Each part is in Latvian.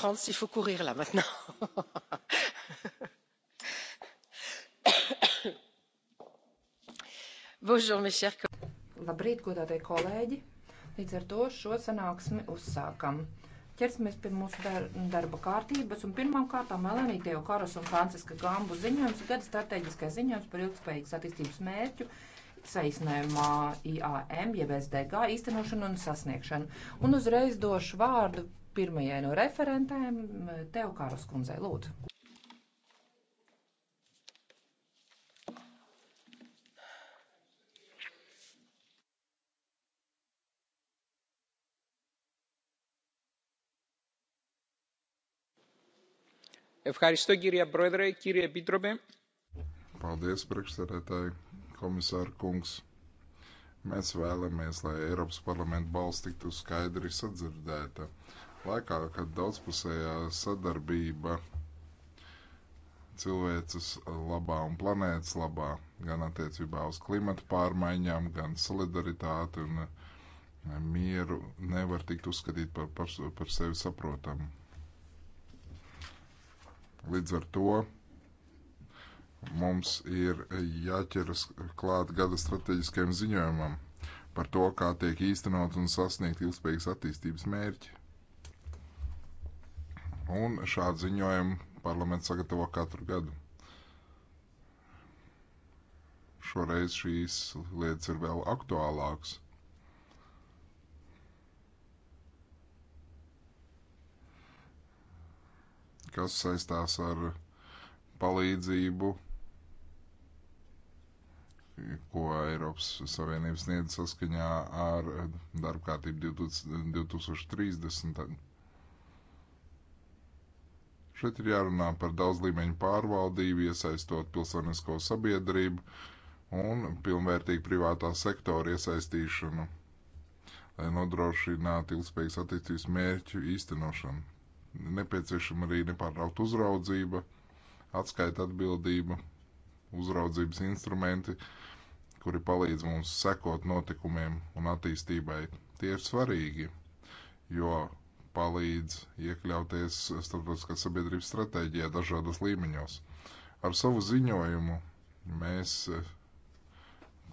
frans il faut courir là maintenant. Bonjour, mes chers collègues. Labrīt, godātie kolēģi! Līdz ar to šo sanāksmi uzsākam. Ķersimies pie mūsu dar darba kārtības un pirmām kārtām Elenija Teo Karas un Franciska Gambu ziņojums, gada strateģiskais ziņojums par ilgspējīgas attīstības mērķu saīsinājumā IAM, jeb SDG īstenošanu un sasniegšanu. Un uzreiz došu vārdu pirmajai no referentēm, tev, Kāras kundzei, lūdzu. Ευχαριστώ κύριε Πρόεδρε, κύριε Επίτροπε. Paldies, priekšsēdētāji, komisāra kungs. Mēs vēlamies, lai Eiropas parlamenta balss tiktu skaidri sadzirdēta, laikā, kad daudzpusējā sadarbība cilvēces labā un planētas labā, gan attiecībā uz klimatu pārmaiņām, gan solidaritāti un eh, mieru nevar tikt uzskatīt par, par, par sevi saprotamu. Līdz ar to mums ir jāķeras klāt gada strateģiskajam ziņojumam par to, kā tiek īstenot un sasniegt ilgspējīgas attīstības mērķi un šādu ziņojumu parlaments sagatavo katru gadu. Šoreiz šīs lietas ir vēl aktuālākas. kas saistās ar palīdzību, ko Eiropas Savienības sniedz saskaņā ar darbkārtību 2030. Šeit ir jārunā par daudzlīmeņu pārvaldību, iesaistot pilsonisko sabiedrību un pilnvērtīgu privātā sektora iesaistīšanu, lai nodrošinātu ilgspējīgas attīstības mērķu īstenošanu. Nepieciešama arī nepārtraukta uzraudzība, atskaita atbildība, uzraudzības instrumenti, kuri palīdz mums sekot notikumiem un attīstībai. Tie ir svarīgi, jo palīdz iekļauties starptautiskās sabiedrības stratēģijā dažādos līmeņos. Ar savu ziņojumu mēs eh,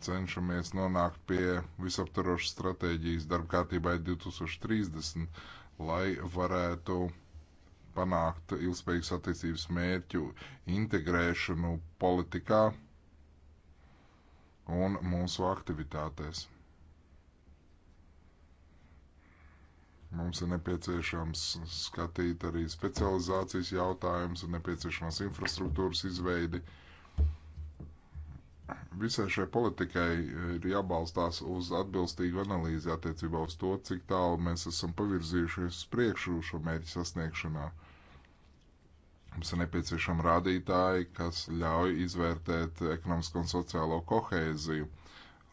cenšamies nonākt pie visaptvarošas stratēģijas darba kārtībai 2030, lai varētu panākt ilgspējīgas attīstības mērķu integrēšanu politikā un mūsu aktivitātēs. Mums ir nepieciešams skatīt arī specializācijas jautājumus, ir nepieciešamas infrastruktūras izveidi. Visai šai politikai ir jābalstās uz atbilstīgu analīzi attiecībā uz to, cik tālu mēs esam pavirzījušies uz priekšu šo mērķu sasniegšanā. Mums ir nepieciešami rādītāji, kas ļauj izvērtēt ekonomisko un sociālo kohēziju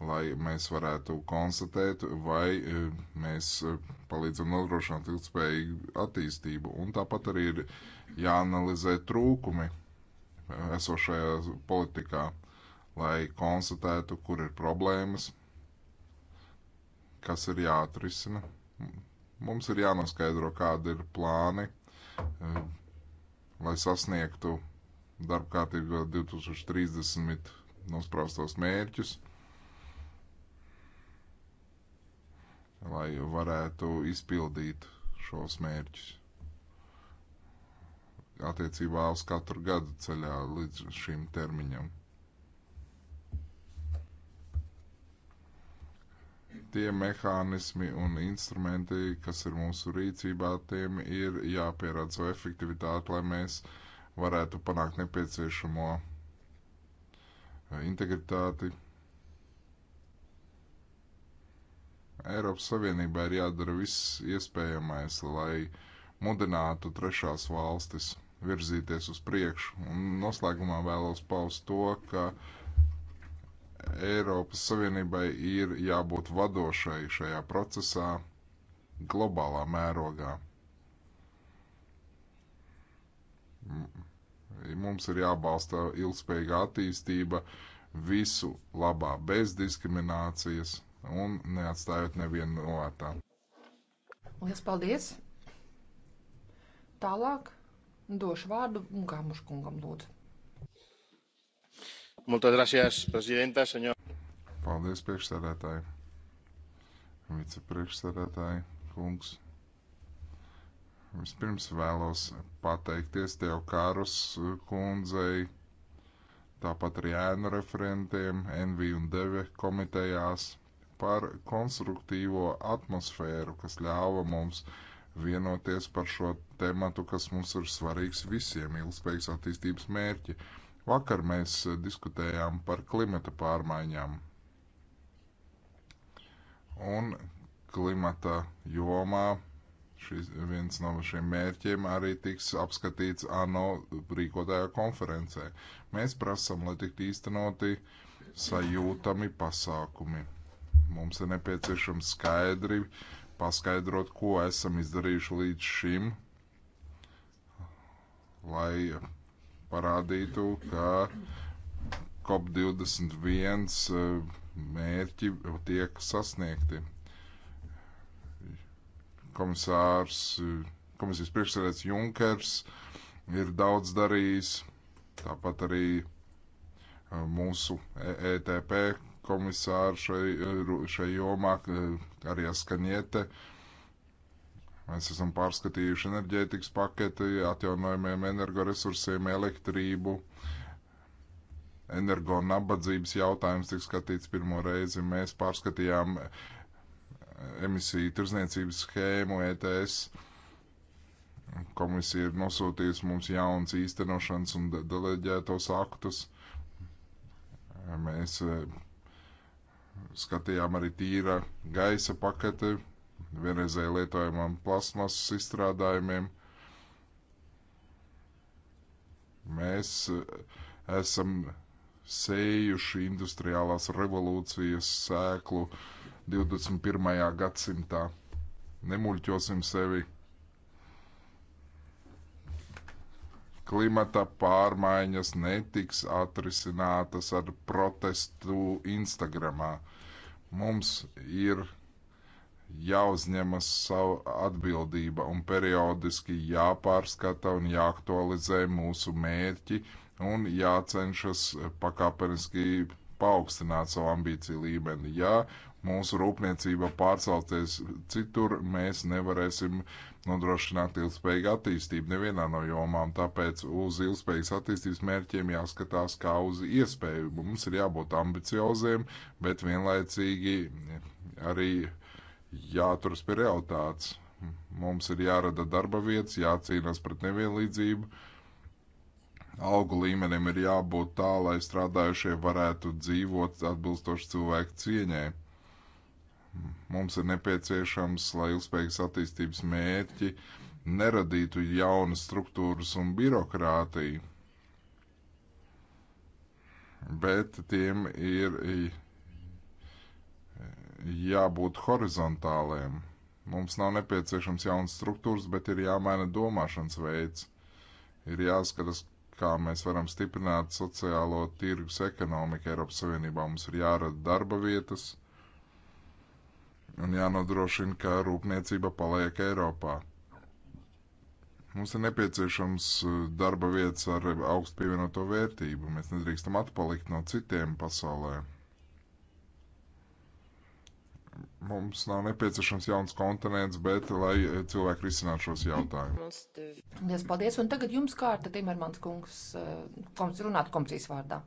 lai mēs varētu konstatēt, vai e, mēs e, palīdzam nodrošināt ilgspējīgu attīstību. Un tāpat arī ir jāanalizē trūkumi e, esošajā politikā, lai konstatētu, kur ir problēmas, kas ir jāatrisina. Mums ir jānoskaidro, kādi ir plāni, lai sasniegtu darbkārtībā 2030 nospraustos mērķus. lai varētu izpildīt šos mērķus attiecībā uz katru gadu ceļā līdz šim termiņam. Tie mehānismi un instrumenti, kas ir mūsu rīcībā, tiem ir jāpierāda savu efektivitāti, lai mēs varētu panākt nepieciešamo eh, integritāti Eiropas Savienībā ir jādara viss iespējamais, lai mudinātu trešās valstis virzīties uz priekšu. Un noslēgumā vēlos paust to, ka Eiropas Savienībai ir jābūt vadošai šajā procesā globālā mērogā mums ir jābalsta ilgspējīga attīstība visu labā, bez diskriminācijas, un neatstājot nevienu novārtā. Lielas paldies! Tālāk došu vārdu Gāmušu kungam lūdzu. Muchas gracias, presidenta, señor. Paldies, priekšsēdētāji, vicepriekšsēdētāji, kungs. Vispirms vēlos pateikties tev, Kārus kundzei, tāpat arī ēnu referentiem, NV un DV komitejās par konstruktīvo atmosfēru, kas ļāva mums vienoties par šo tematu, kas mums ir svarīgs visiem ilgspējīgas attīstības mērķi. Vakar mēs diskutējām par klimata pārmaiņām. Un klimata jomā šis viens no šiem mērķiem arī tiks apskatīts ANO rīkotajā konferencē. Mēs prasam, lai tiktu īstenoti sajūtami pasākumi. Mums ir nepieciešams skaidri paskaidrot, ko esam izdarījuši līdz šim, lai parādītu, ka COP21 eh, mērķi tiek sasniegti. Komisārs, eh, komisijas priekšsēdētājs Junkers ir daudz darījis, tāpat arī eh, mūsu ETP e komisāru šai, šai jomā, arī Askaniete. Mēs esam pārskatījuši enerģētikas paketi, atjaunojumiem energoresursiem, elektrību. Energo nabadzības jautājums tiks skatīts pirmo reizi. Mēs pārskatījām emisiju tirzniecības schēmu ETS. Komisija ir nosūtījusi mums jauns īstenošanas un deleģētos aktus. Mēs skatījām arī tīra gaisa paketi vienreizēji lietojamām plasmasas izstrādājumiem. Mēs eh, esam sējuši industriālās revolūcijas sēklu 21. gadsimtā. Nemuļķosim sevi. Klimata pārmaiņas netiks atrisinātas ar protestu Instagramā. Mums ir jāuzņemas savu atbildība un periodiski jāpārskata un jāaktualizē mūsu mērķi un jācenšas pakāpeniski paaugstināt savu ambīciju līmeni. Ja mūsu rūpniecība pārcelties citur, mēs nevarēsim nodrošināt ilgspējīgu attīstību nevienā no jomām, tāpēc uz ilgspējīgas attīstības mērķiem jāskatās kā uz iespēju. Mums ir jābūt ambicioziem, bet vienlaicīgi arī jāturas pie realitātes. Mums ir jārada darba vietas, jācīnās pret nevienlīdzību. Algu līmenim ir jābūt tā, lai strādājušie varētu dzīvot atbilstoši cilvēku cieņai Mums ir nepieciešams, lai ilgspējīgas attīstības mērķi neradītu jaunas struktūras un birokrātiju, bet tiem ir jābūt horizontāliem. Mums nav nepieciešams jauns struktūras, bet ir jāmaina domāšanas veids. Ir jāskatās, kā mēs varam stiprināt sociālo tirgus ekonomiku Eiropas Savienībā. Mums ir jārada darba vietas, un jānodrošina, ka rūpniecība paliek Eiropā. Mums ir nepieciešams eh, darba vietas ar augstu pievienoto vērtību. Mēs nedrīkstam atpalikt no citiem pasaulē mums nav nepieciešams jauns kontinents, bet lai eh, cilvēki risinātu šos jautājumus. Liels paldies, un tagad jums kārta, Timermans kungs, eh, komis, runāt komisijas vārdā.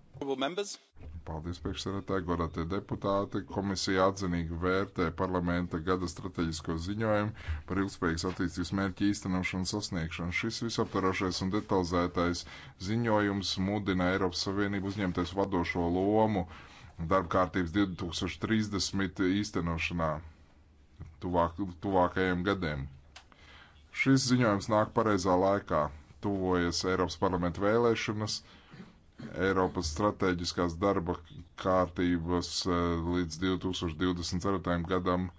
Paldies, priekšsēdētāji, godātie deputāti. Komisija atzinīgi vērtē parlamenta gada strateģisko ziņojumu par ilgspējīgas attīstības mērķu īstenošanu sasniegšanu. Šis visaptarošais un detalizētais ziņojums mudina Eiropas Savienību uzņemties vadošo lomu darba kārtības 2030 īstenošanā tuvāk, tuvākajiem gadiem. Šis ziņojums nāk pareizā laikā. Tuvojas Eiropas parlamenta vēlēšanas, Eiropas strateģiskās darba kārtības eh, līdz 2024. gadam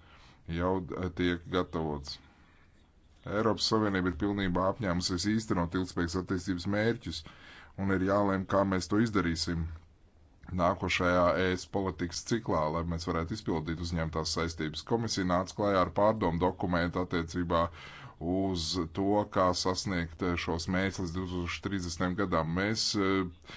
jau tiek gatavots. Eiropas Savienība ir pilnībā apņēmusies īstenot ilgspējīgas attīstības mērķus un ir jālēm, kā mēs to izdarīsim nākošajā ES politikas ciklā, lai mēs varētu izpildīt uzņemtās saistības. Komisija nāca klajā ar pārdomu dokumentu attiecībā uz to, kā sasniegt šos mērķus līdz 2030. gadam. Mēs eh,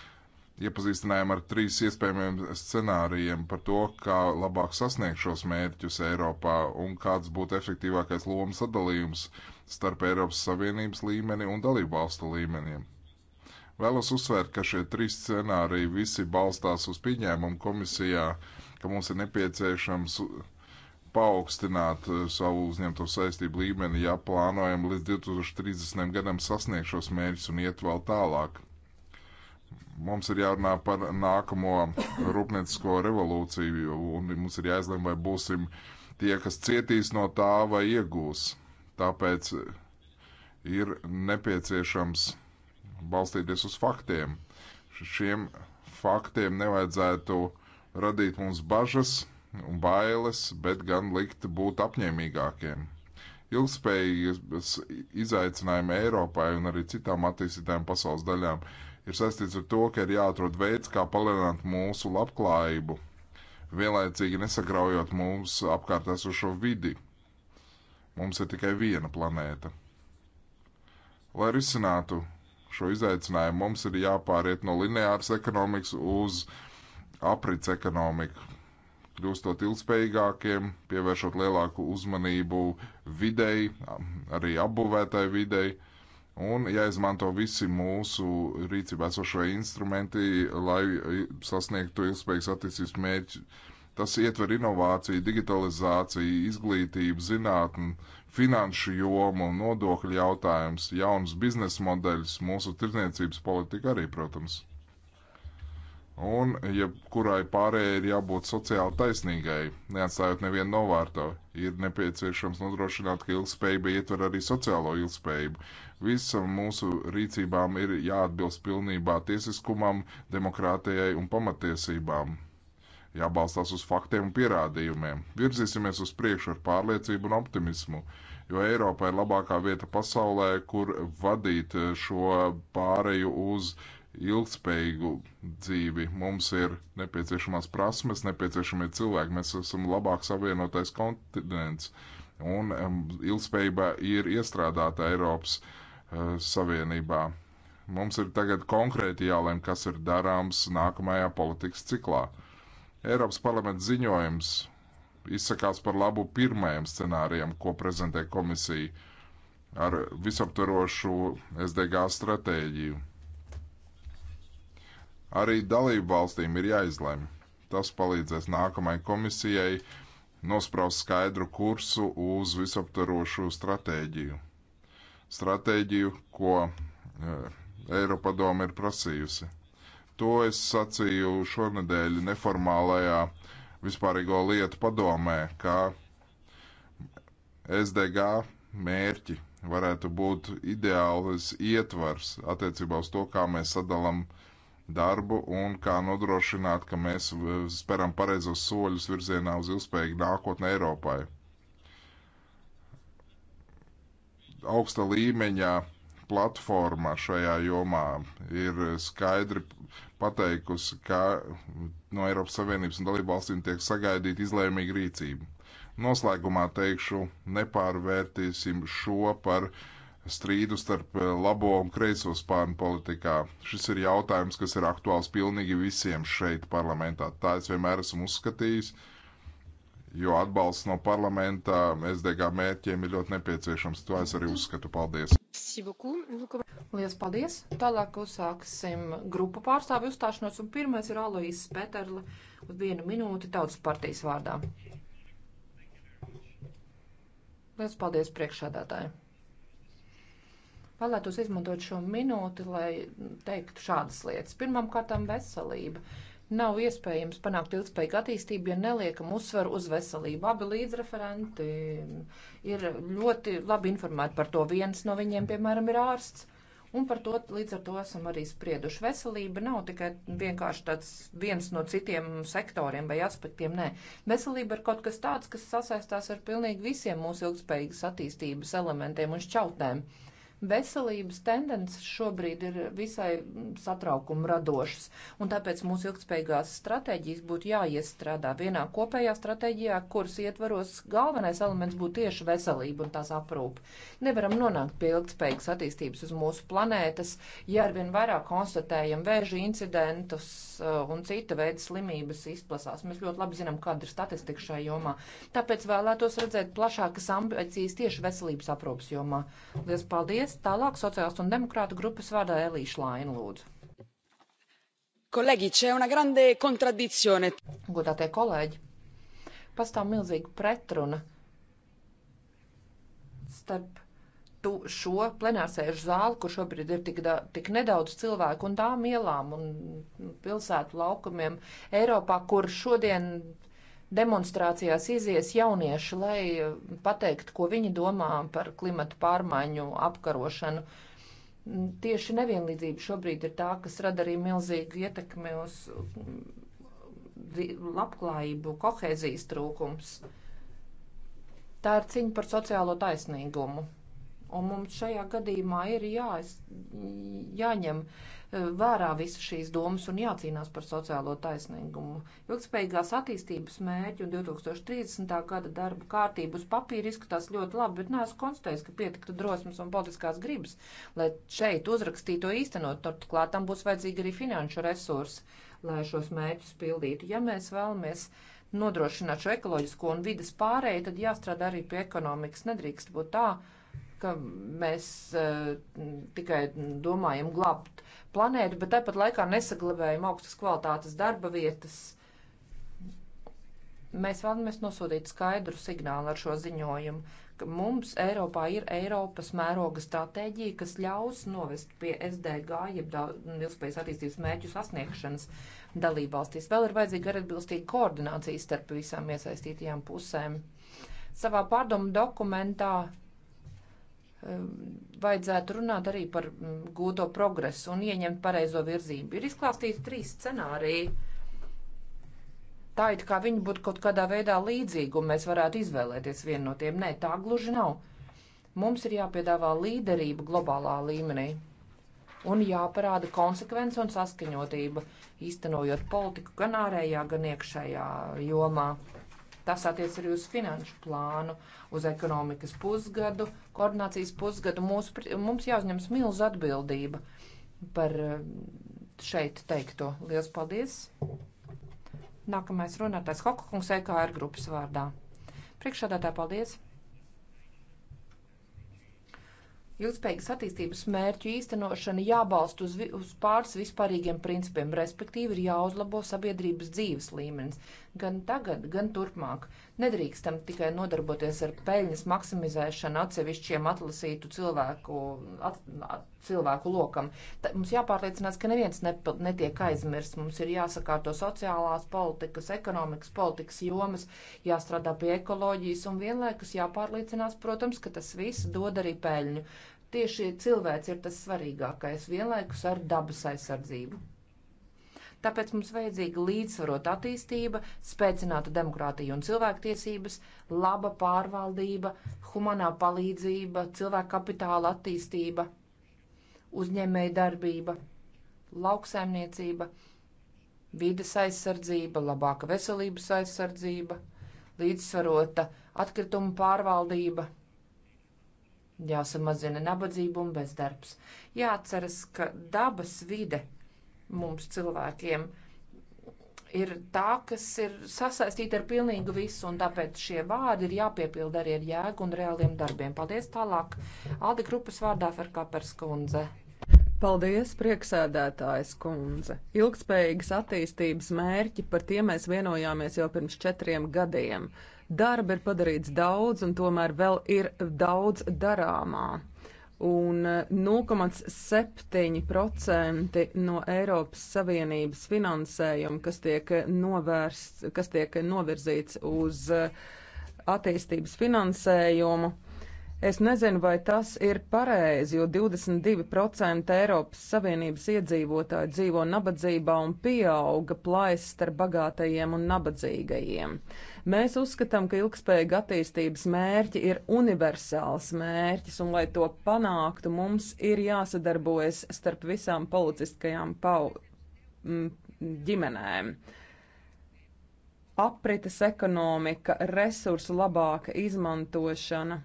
iepazīstinājām ar trīs iespējamiem scenārijiem par to, kā labāk sasniegt šos mērķus Eiropā un kāds būtu efektīvākais lomas sadalījums starp Eiropas Savienības līmeni un dalību valstu līmeniem. Vēlos uzsvērt, ka šie trīs scenāriji visi balstās uz pieņēmumu komisijā, ka mums ir nepieciešams paaugstināt eh, savu uzņemto saistību līmeni, ja plānojam līdz 2030. gadam sasniegt šos mērķus un iet vēl tālāk. Mums ir jārunā par nākamo rūpniecisko revolūciju, un mums ir jāizlem, vai būsim tie, kas cietīs no tā vai iegūs. Tāpēc ir nepieciešams balstīties uz faktiem. Šiem faktiem nevajadzētu radīt mums bažas un bailes, bet gan likt būt apņēmīgākiem. Ilgspējīgas izaicinājumi Eiropai un arī citām attīstītām pasaules daļām ir saistīts ar to, ka ir jāatrod veids, kā palielināt mūsu labklājību, vienlaicīgi nesagraujot mums apkārt esošo vidi. Mums ir tikai viena planēta. Lai risinātu šo izaicinājumu. Mums ir jāpāriet no lineāras ekonomikas uz aprits ekonomiku, kļūstot ilgspējīgākiem, pievēršot lielāku uzmanību videi, arī apbuvētai videi. Un jāizmanto visi mūsu rīcībā esošie instrumenti, lai sasniegtu ilgspējīgas attīstības mērķus. Tas ietver inovāciju, digitalizāciju, izglītību, zinātni, finanšu jomu, nodokļu jautājums, jauns biznesa modeļus, mūsu tirdzniecības politika arī, protams. Un, ja kurai pārējai ir jābūt sociāli taisnīgai, neatstājot nevienu novārto, ir nepieciešams nodrošināt, ka ilgspējība ietver arī sociālo ilgspējību. Visam mūsu rīcībām ir jāatbilst pilnībā tiesiskumam, demokrātijai un pamatiesībām jābalstās uz faktiem un pierādījumiem. Virzīsimies uz priekšu ar pārliecību un optimismu, jo Eiropa ir labākā vieta pasaulē, kur vadīt eh, šo pāreju uz ilgspējīgu dzīvi. Mums ir nepieciešamās prasmes, nepieciešamie cilvēki, mēs esam labāk savienotais kontinents, un ilgspējība ir iestrādāta Eiropas uh, Savienībā. Mums ir tagad konkrēti jālēm, kas ir darāms nākamajā politikas ciklā. Eiropas parlamenta ziņojums izsakās par labu pirmajam scenārijam, ko prezentē komisija ar visaptvarošu SDG stratēģiju. Arī dalību valstīm ir jāizlemj. Tas palīdzēs nākamajai komisijai nospraust skaidru kursu uz visaptvarošu stratēģiju. Stratēģiju, ko eh, Eiropa doma ir prasījusi. To es sacīju šonadēļ neformālajā vispārīgo lietu padomē, ka SDG mērķi varētu būt ideāls ietvars attiecībā uz to, kā mēs sadalām darbu un kā nodrošināt, ka mēs speram pareizos soļus virzienā uz ilgspējīgu nākotni Eiropai. Augsta līmeņa platforma šajā jomā ir skaidri pateikusi, ka no Eiropas Savienības un dalību valstīm tiek sagaidīta izlēmīga rīcība. Noslēgumā teikšu, nepārvērtīsim šo par strīdu starp labo un kreiso spārnu politikā. Šis ir jautājums, kas ir aktuāls pilnīgi visiem šeit parlamentā. Tā es vienmēr esmu uzskatījis. Uh, jo atbalsts no parlamenta SDG mērķiem ir ļoti nepieciešams. To es arī uzskatu. Paldies! Lielas paldies! Tālāk uzsāksim grupu pārstāvi uzstāšanos, un pirmais ir Alojas Peterle uz vienu minūti tautas partijas vārdā. Lielas paldies priekšādātāji! Vēlētos izmantot šo minūti, lai teiktu šādas lietas. Pirmkārt, veselība Nav iespējams panākt ilgspējīgu attīstību, ja neliekam uzsvaru uz veselību. Abi līdzreferenti ir ļoti labi informēti par to. Viens no viņiem, piemēram, ir ārsts. Un par to līdz ar to esam arī sprieduši. Veselība nav tikai vienkārši tāds viens no citiem sektoriem vai aspektiem, nē. Veselība ir kaut kas tāds, kas sasaistās ar pilnīgi visiem mūsu ilgspējīgas attīstības elementiem un šķautēm. Uh, veselības tendences šobrīd ir visai mm, satraukumu radošas, un tāpēc mūsu ilgspējīgās stratēģijas būtu jāiestrādā vienā kopējā stratēģijā, kuras ietvaros galvenais elements būtu tieši veselība un tās aprūpe. Nevaram nonākt pie ilgspējīgas attīstības uz mūsu planētas, ja arvien vairāk konstatējam vēža incidentus, Eh, un cita veida slimības izplasās. Mēs ļoti labi zinām, kāda ir statistika šajā jomā. Tāpēc vēlētos redzēt plašākas ambīcijas tieši veselības aprūpas jomā. Lielas paldies! Tālāk sociālistu un demokrātu grupas vārdā Elīša Laina lūdzu. Kolēģi, čia una grande kontradicione. Godātie kolēģi, pastāv milzīga pretruna starp tu, šo plenārsēžu zāli, kur šobrīd ir tik, da, tik nedaudz cilvēku un tām ielām un pilsētu laukumiem Eiropā, kur šodien demonstrācijās izies jaunieši, lai pateiktu, ko viņi domā par klimatu pārmaiņu apkarošanu. Tieši nevienlīdzība šobrīd ir tā, kas rada arī milzīgu ietekmi uz labklājību, kohēzijas trūkums. Tā ir cīņa par sociālo taisnīgumu. Un mums šajā gadījumā ir jā, jāņem e, vērā visas šīs domas un jācīnās par sociālo taisnīgumu. Ilgspējīgās attīstības mērķi un 2030. gada darba kārtība uz papīra izskatās ļoti labi, bet neesmu konstatējis, ka pietiktu drosmes un politiskās gribas, lai šeit uzrakstīto īstenot. Turklāt tam būs vajadzīgi arī finanšu resursi, lai šos mērķus pildītu. Ja mēs vēlamies nodrošināt šo ekoloģisko un vidas pārēju, tad jāstrādā arī pie ekonomikas. Nedrīkst būt tā, ka ka mēs uh, tikai domājam glābt planētu, bet tāpat laikā nesaglabājam augstas kvalitātes darba vietas. Mēs vēlamies nosūtīt skaidru signālu ar šo ziņojumu, ka mums Eiropā ir Eiropas mēroga stratēģija, kas ļaus novest pie SDG, jeb ilgspējas attīstības mērķu sasniegšanas dalībvalstīs. Vēl ir vajadzīga arī atbilstīga koordinācija starp visām iesaistītajām pusēm. Savā pārdomu dokumentā Um, vajadzētu runāt arī par um, gūto progresu un ieņemt pareizo virzību. Ir izklāstīti trīs scenāriji. Tā it kā viņi būtu kaut kādā veidā līdzīgi, un mēs varētu izvēlēties vienu no tiem. Nē, tā gluži nav. Mums ir jāpiedāvā līderība globālā līmenī un jāparāda konsekvence un saskaņotība, īstenojot politiku gan ārējā, gan iekšējā jomā. Tas attiec arī uz finanšu plānu, uz ekonomikas pusgadu, koordinācijas pusgadu. Mūs, mums jāuzņems milz atbildība par eh, šeit teikto. Lielas paldies! Nākamais runātājs Hokokungs EKR grupas vārdā. Priekšādātāji, paldies! Ilgspējīgas attīstības mērķu īstenošana jābalst uz, vi, uz pāris vispārīgiem principiem, respektīvi ir jāuzlabo sabiedrības dzīves līmenis, gan tagad, gan turpmāk. Nedrīkstam tikai nodarboties ar peļņas maksimizēšanu atsevišķiem atlasītu cilvēku, at, at, cilvēku lokam. Tā, mums jāpārliecinās, ka neviens nep, netiek aizmirsts. Mums ir jāsakārto sociālās politikas, ekonomikas politikas jomas, jāstrādā pie ekoloģijas un vienlaikus jāpārliecinās, protams, ka tas viss dod arī peļņu. Tieši cilvēks ir tas svarīgākais vienlaikus ar dabas aizsardzību. Tāpēc mums vajadzīga līdzsvarota attīstība, spēcināta demokrātija un cilvēktiesības, laba pārvaldība, humanā palīdzība, cilvēka kapitāla attīstība, uzņēmēja darbība, lauksaimniecība, vides aizsardzība, labāka veselības aizsardzība, līdzsvarota atkrituma pārvaldība. Jāsamazina nabadzība un bezdarbs. Jāatceras, ka dabas vide mums cilvēkiem ir tā, kas ir sasaistīta ar pilnīgu visu, un tāpēc šie vārdi ir jāpiepilda arī ar jēgu un reāliem darbiem. Paldies tālāk. Alde grupas vārdā Ferkapers kundze. Paldies, prieksēdētājs kundze. Ilgtspējīgas attīstības mērķi, par tiem mēs vienojāmies jau pirms četriem gadiem. Darba ir padarīts daudz, un tomēr vēl ir daudz darāmā un 0,7% e, no Eiropas Savienības finansējuma, kas tiek, novērsts, kas tiek novirzīts uz e, attīstības finansējumu. Es nezinu, vai tas ir pareizi, jo 22% Eiropas Savienības iedzīvotāji dzīvo nabadzībā un pieauga plaisas starp bagātajiem un nabadzīgajiem. Uh, Mēs uzskatām, ka ilgspējīga attīstības mērķi ir universāls mērķis, un lai to panāktu, mums ir jāsadarbojas starp visām policiskajām pau ģimenēm. Aprites ekonomika, resursu labāka izmantošana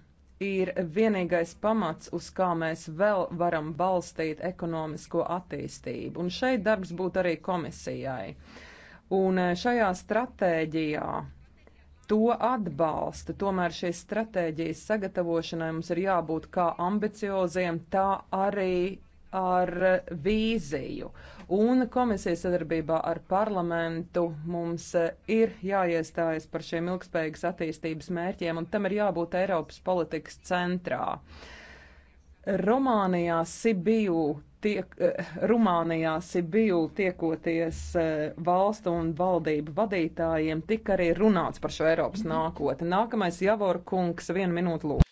ir vienīgais pamats, uz kā mēs vēl varam balstīt ekonomisko attīstību. Un šeit darbs būtu arī komisijai. Un e, šajā stratēģijā to atbalsta. Tomēr šīs stratēģijas sagatavošanai mums ir jābūt kā ambicioziem, tā arī ar vīziju. Un komisijas sadarbībā ar parlamentu mums ir jāiestājas par šiem ilgspējīgas attīstības mērķiem, un tam ir jābūt Eiropas politikas centrā. Romānijā Sibiju tiek, eh, Rumānijā Sibiu tiekoties eh, valstu un valdību vadītājiem, tika arī runāts par šo Eiropas nākotni. Nākamais Javor kungs, vienu minūtu lūdzu.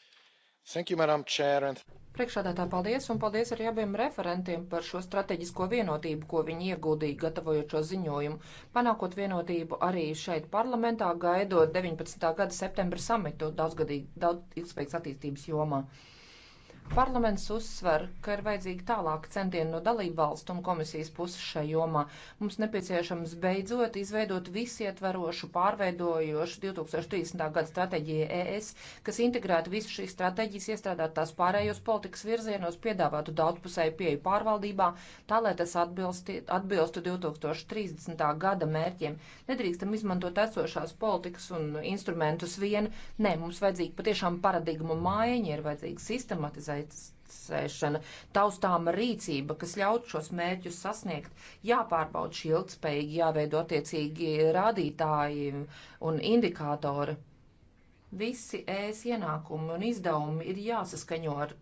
Thank you, Madam Chair. And... Priekšādātā paldies un paldies arī abiem referentiem par šo strateģisko vienotību, ko viņi ieguldīja gatavojot šo ziņojumu, panākot vienotību arī šeit parlamentā, gaidot 19. gada septembra samitu daudzgadīgi daudz ilgspējīgas attīstības jomā. Uh, Parlaments uzsver, ka ir vajadzīgi tālāk centieni no dalību valstu un komisijas puses šai jomā. Mums nepieciešams beidzot izveidot visietvarošu, pārveidojošu 2030. gada stratēģiju ES, kas integrētu visu šīs stratēģijas, iestrādāt tās pārējos politikas virzienos, piedāvātu daudzpusēju pieeju pārvaldībā, tā lai tas atbilsti, atbilstu 2030. gada mērķiem. Nedrīkstam izmantot esošās politikas un instrumentus vien. Nē, mums vajadzīga patiešām paradigma maiņa, ir vajadzīga sistematizēšana finansēšana, taustāma rīcība, kas ļaut šos mērķus sasniegt, jāpārbauda šī ilgspējīgi, jāveido attiecīgi rādītāji un indikātori. Visi ēs ienākumi un izdevumi ir jāsaskaņo ar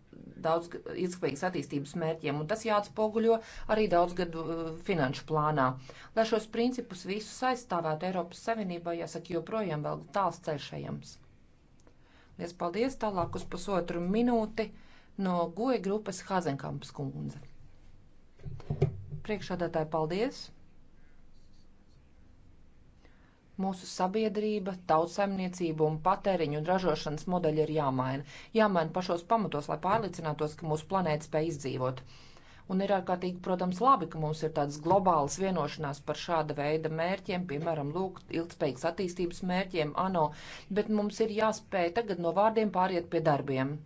daudz ilgspējīgas attīstības mērķiem, un tas jāatspoguļo arī daudzgadu uh, finanšu plānā. Lai šos principus visus aizstāvētu Eiropas Savienībā, jāsaka, joprojām vēl tāls ceļš ejams. Lies paldies tālāk uz pusotru minūti no goja grupas Hazenkampas kundze. Priekšādātāji, paldies! Mūsu sabiedrība, tautsaimniecība un patēriņu un ražošanas modeļi ir jāmaina. Jāmaina pašos pamatos, lai pārliecinātos, ka mūsu planēta spēj izdzīvot. Un ir ārkārtīgi, protams, labi, ka mums ir tādas globālas vienošanās par šāda veida mērķiem, piemēram, lūk, ilgspējīgas attīstības mērķiem, ANO, bet mums ir jāspēj tagad no vārdiem pāriet pie darbiem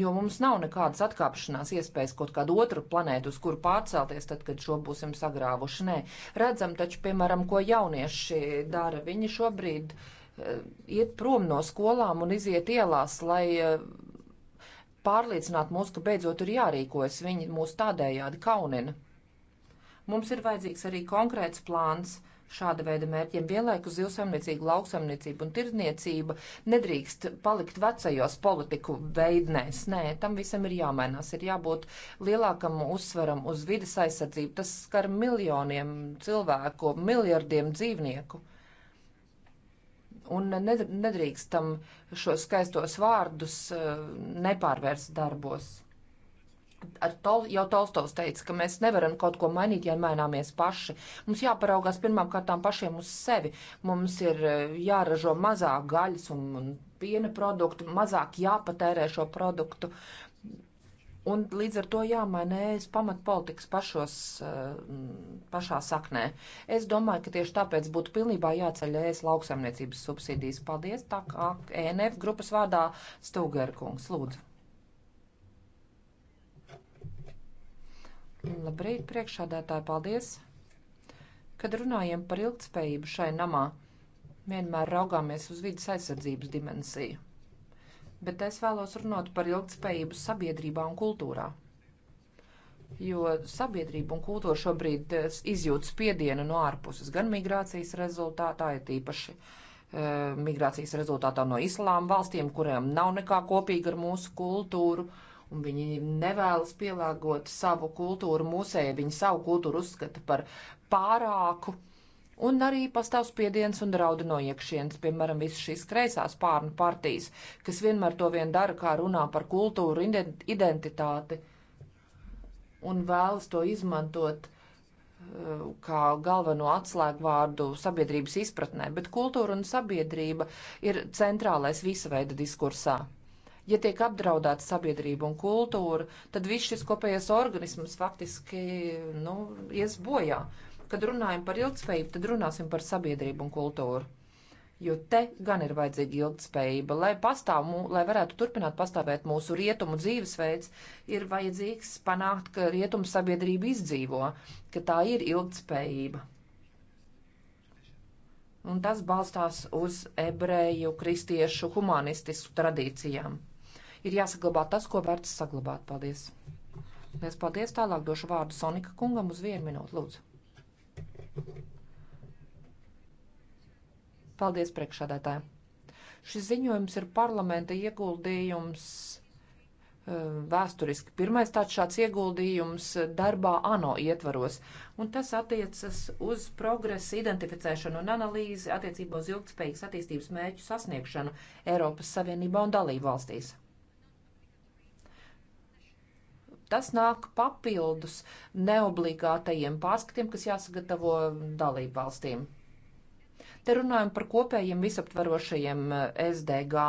jo mums nav nekādas atkāpšanās iespējas kaut kādu otru planētu, uz kuru pārcelties, tad, kad šo būsim sagrāvuši. Nē, redzam taču, piemēram, ko jaunieši dara. Viņi šobrīd uh, iet prom no skolām un iziet ielās, lai uh, eh, pārliecinātu mūs, ka beidzot ir jārīkojas. Viņi mūs tādējādi kaunina. Mums ir vajadzīgs arī konkrēts plāns šāda veida mērķiem. Vienlaikus zivsaimniecība, lauksaimniecība un tirdzniecība nedrīkst palikt vecajos politiku veidnēs. Nē, tam visam ir jāmainās, ir jābūt lielākam uzsvaram uz vidas aizsardzību. Tas skar miljoniem cilvēku, miljardiem dzīvnieku. Un nedrīkstam šos skaistos vārdus eh, nepārvērst darbos tol, jau Tolstovs teica, ka mēs nevaram kaut ko mainīt, ja maināmies paši. Mums jāparaugās pirmām kārtām pašiem uz sevi. Mums ir eh, jāražo mazāk gaļas un, un piena produktu, mazāk jāpatērē šo produktu. Un līdz ar to jāmaina es pamatpolitikas pašos, eh, pašā saknē. Es domāju, ka tieši tāpēc būtu pilnībā jāceļ es lauksaimniecības subsīdijas. Paldies, tā kā ENF grupas vārdā Stūgerkungs, lūdzu. Labrīt, priekšādātāji, paldies! Kad runājam par ilgtspējību šai namā, vienmēr raugāmies uz vidas aizsardzības dimensiju. Bet es vēlos runāt par ilgtspējību sabiedrībā un kultūrā. Jo sabiedrība un kultūra šobrīd eh, izjūt spiedienu no ārpuses, gan migrācijas rezultātā, ja tīpaši eh, migrācijas rezultātā no islāma valstīm, kurām nav nekā kopīga ar mūsu kultūru. Uh, un viņi nevēlas pielāgot savu kultūru musēju, viņi savu kultūru uzskata par pārāku. Un arī pastāv spiediens un draudi no iekšienes, piemēram, visas šīs kreisās pārnu partijas, kas vienmēr to vien dara, kā runā par kultūru, identitāti un vēlas to izmantot uh, kā galveno atslēgvārdu sabiedrības izpratnē, bet kultūra un sabiedrība ir centrālais visa veida diskursā. Ja tiek apdraudēta sabiedrība un kultūra, tad viss šis kopējais organisms faktiski nu, ies bojā. Kad runājam par ilgspējību, tad runāsim par sabiedrību un kultūru. Jo te gan ir vajadzīga ilgspējība, lai, pastāv, lai varētu turpināt pastāvēt mūsu rietumu dzīvesveids, ir vajadzīgs panākt, ka rietumu sabiedrība izdzīvo, ka tā ir ilgspējība. Un tas balstās uz ebreju kristiešu humanistisku tradīcijām ir jāsaglabā tas, ko vērts saglabāt. Paldies! Lies paldies! Tālāk došu vārdu Sonika kungam uz vienu minūtu, lūdzu. Paldies, priekšādātāji! Šis ziņojums ir parlamenta ieguldījums eh, vēsturiski pirmais tāds šāds ieguldījums darbā ANO ietvaros, un tas attiecas uz progresu identificēšanu un analīzi attiecībā uz ilgtspējīgas attīstības mērķu sasniegšanu Eiropas Savienībā un dalību valstīs. Tas nāk papildus neobligātajiem pārskatiem, kas jāsagatavo dalību valstīm. Te runājam par kopējiem visaptvarošajiem eh, SDG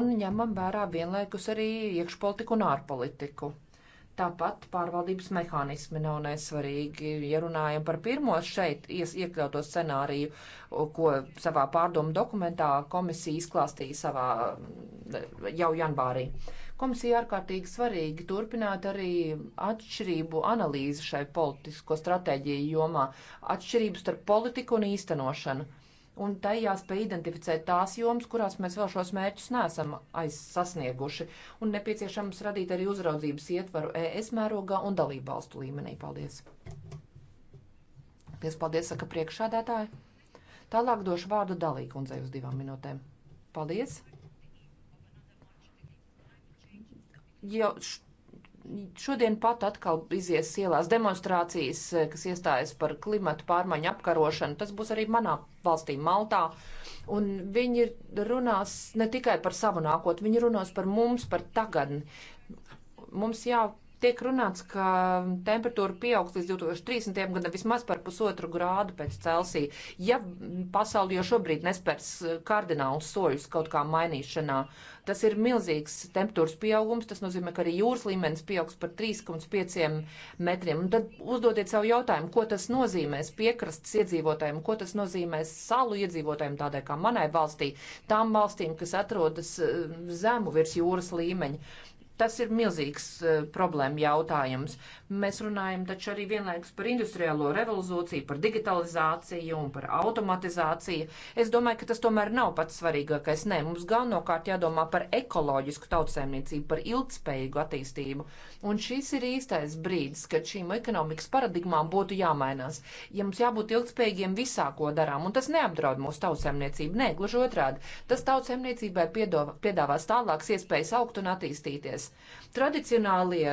un ņemam vērā vienlaikus arī iekšpolitiku un ārpolitiku. Tāpat pārvaldības mehānismi nav nesvarīgi. Ja runājam par pirmo šeit iekļauto scenāriju, ko savā pārdomu dokumentā komisija izklāstīja savā mm, jau janvārī. Komisija ārkārtīgi svarīgi turpināt arī atšķirību analīzi šai politisko stratēģiju jomā, atšķirības starp politiku un īstenošanu. Un tai jāspēj identificēt tās jomas, kurās mēs vēl šos mērķus neesam aizsasnieguši. Un nepieciešams radīt arī uzraudzības ietvaru ES mērogā un dalību valstu līmenī. Paldies! Paldies, paldies, saka priekšādātāji. Tālāk došu vārdu dalīkundzei uz divām minūtēm. Paldies! jau šodien pat atkal izies ielās demonstrācijas, kas iestājas par klimatu pārmaiņu apkarošanu. Tas būs arī manā valstī, Maltā. Un viņi runās ne tikai par savu nākotni, viņi runās par mums, par tagadni. Mums jā, tiek runāts, ka temperatūra pieaugs līdz 2030. gadam vismaz par pusotru grādu pēc Celsija, ja pasauli jau šobrīd nespērs kardinālus soļus kaut kā mainīšanā. Uh, Tas ir milzīgs temperatūras pieaugums, tas nozīmē, ka arī jūras līmenis pieaugs par 3,5 metriem. Un tad uzdodiet savu jautājumu, ko tas nozīmēs piekrastes iedzīvotājiem, ko tas nozīmēs salu iedzīvotājiem, tādai kā manai valstī, tām valstīm, kas atrodas eh, zemu virs jūras līmeņa. Tas ir milzīgs uh, problēma jautājums. Mēs runājam taču arī vienlaikus par industriālo revolūciju, par digitalizāciju un par automatizāciju. Es domāju, ka tas tomēr nav pats svarīgākais. Nē, mums galvenokārt jādomā par ekoloģisku tautsēmniecību, par ilgspējīgu attīstību. Un šis ir īstais brīdis, kad šīm ekonomikas paradigmām būtu jāmainās. Ja mums jābūt ilgspējīgiem visā, ko darām, un tas neapdraud mūsu tautsēmniecību, nē, gluži otrādi, tas tautsēmniecībai piedāvās tālākas iespējas augt un attīstīties vietas. Tradicionālie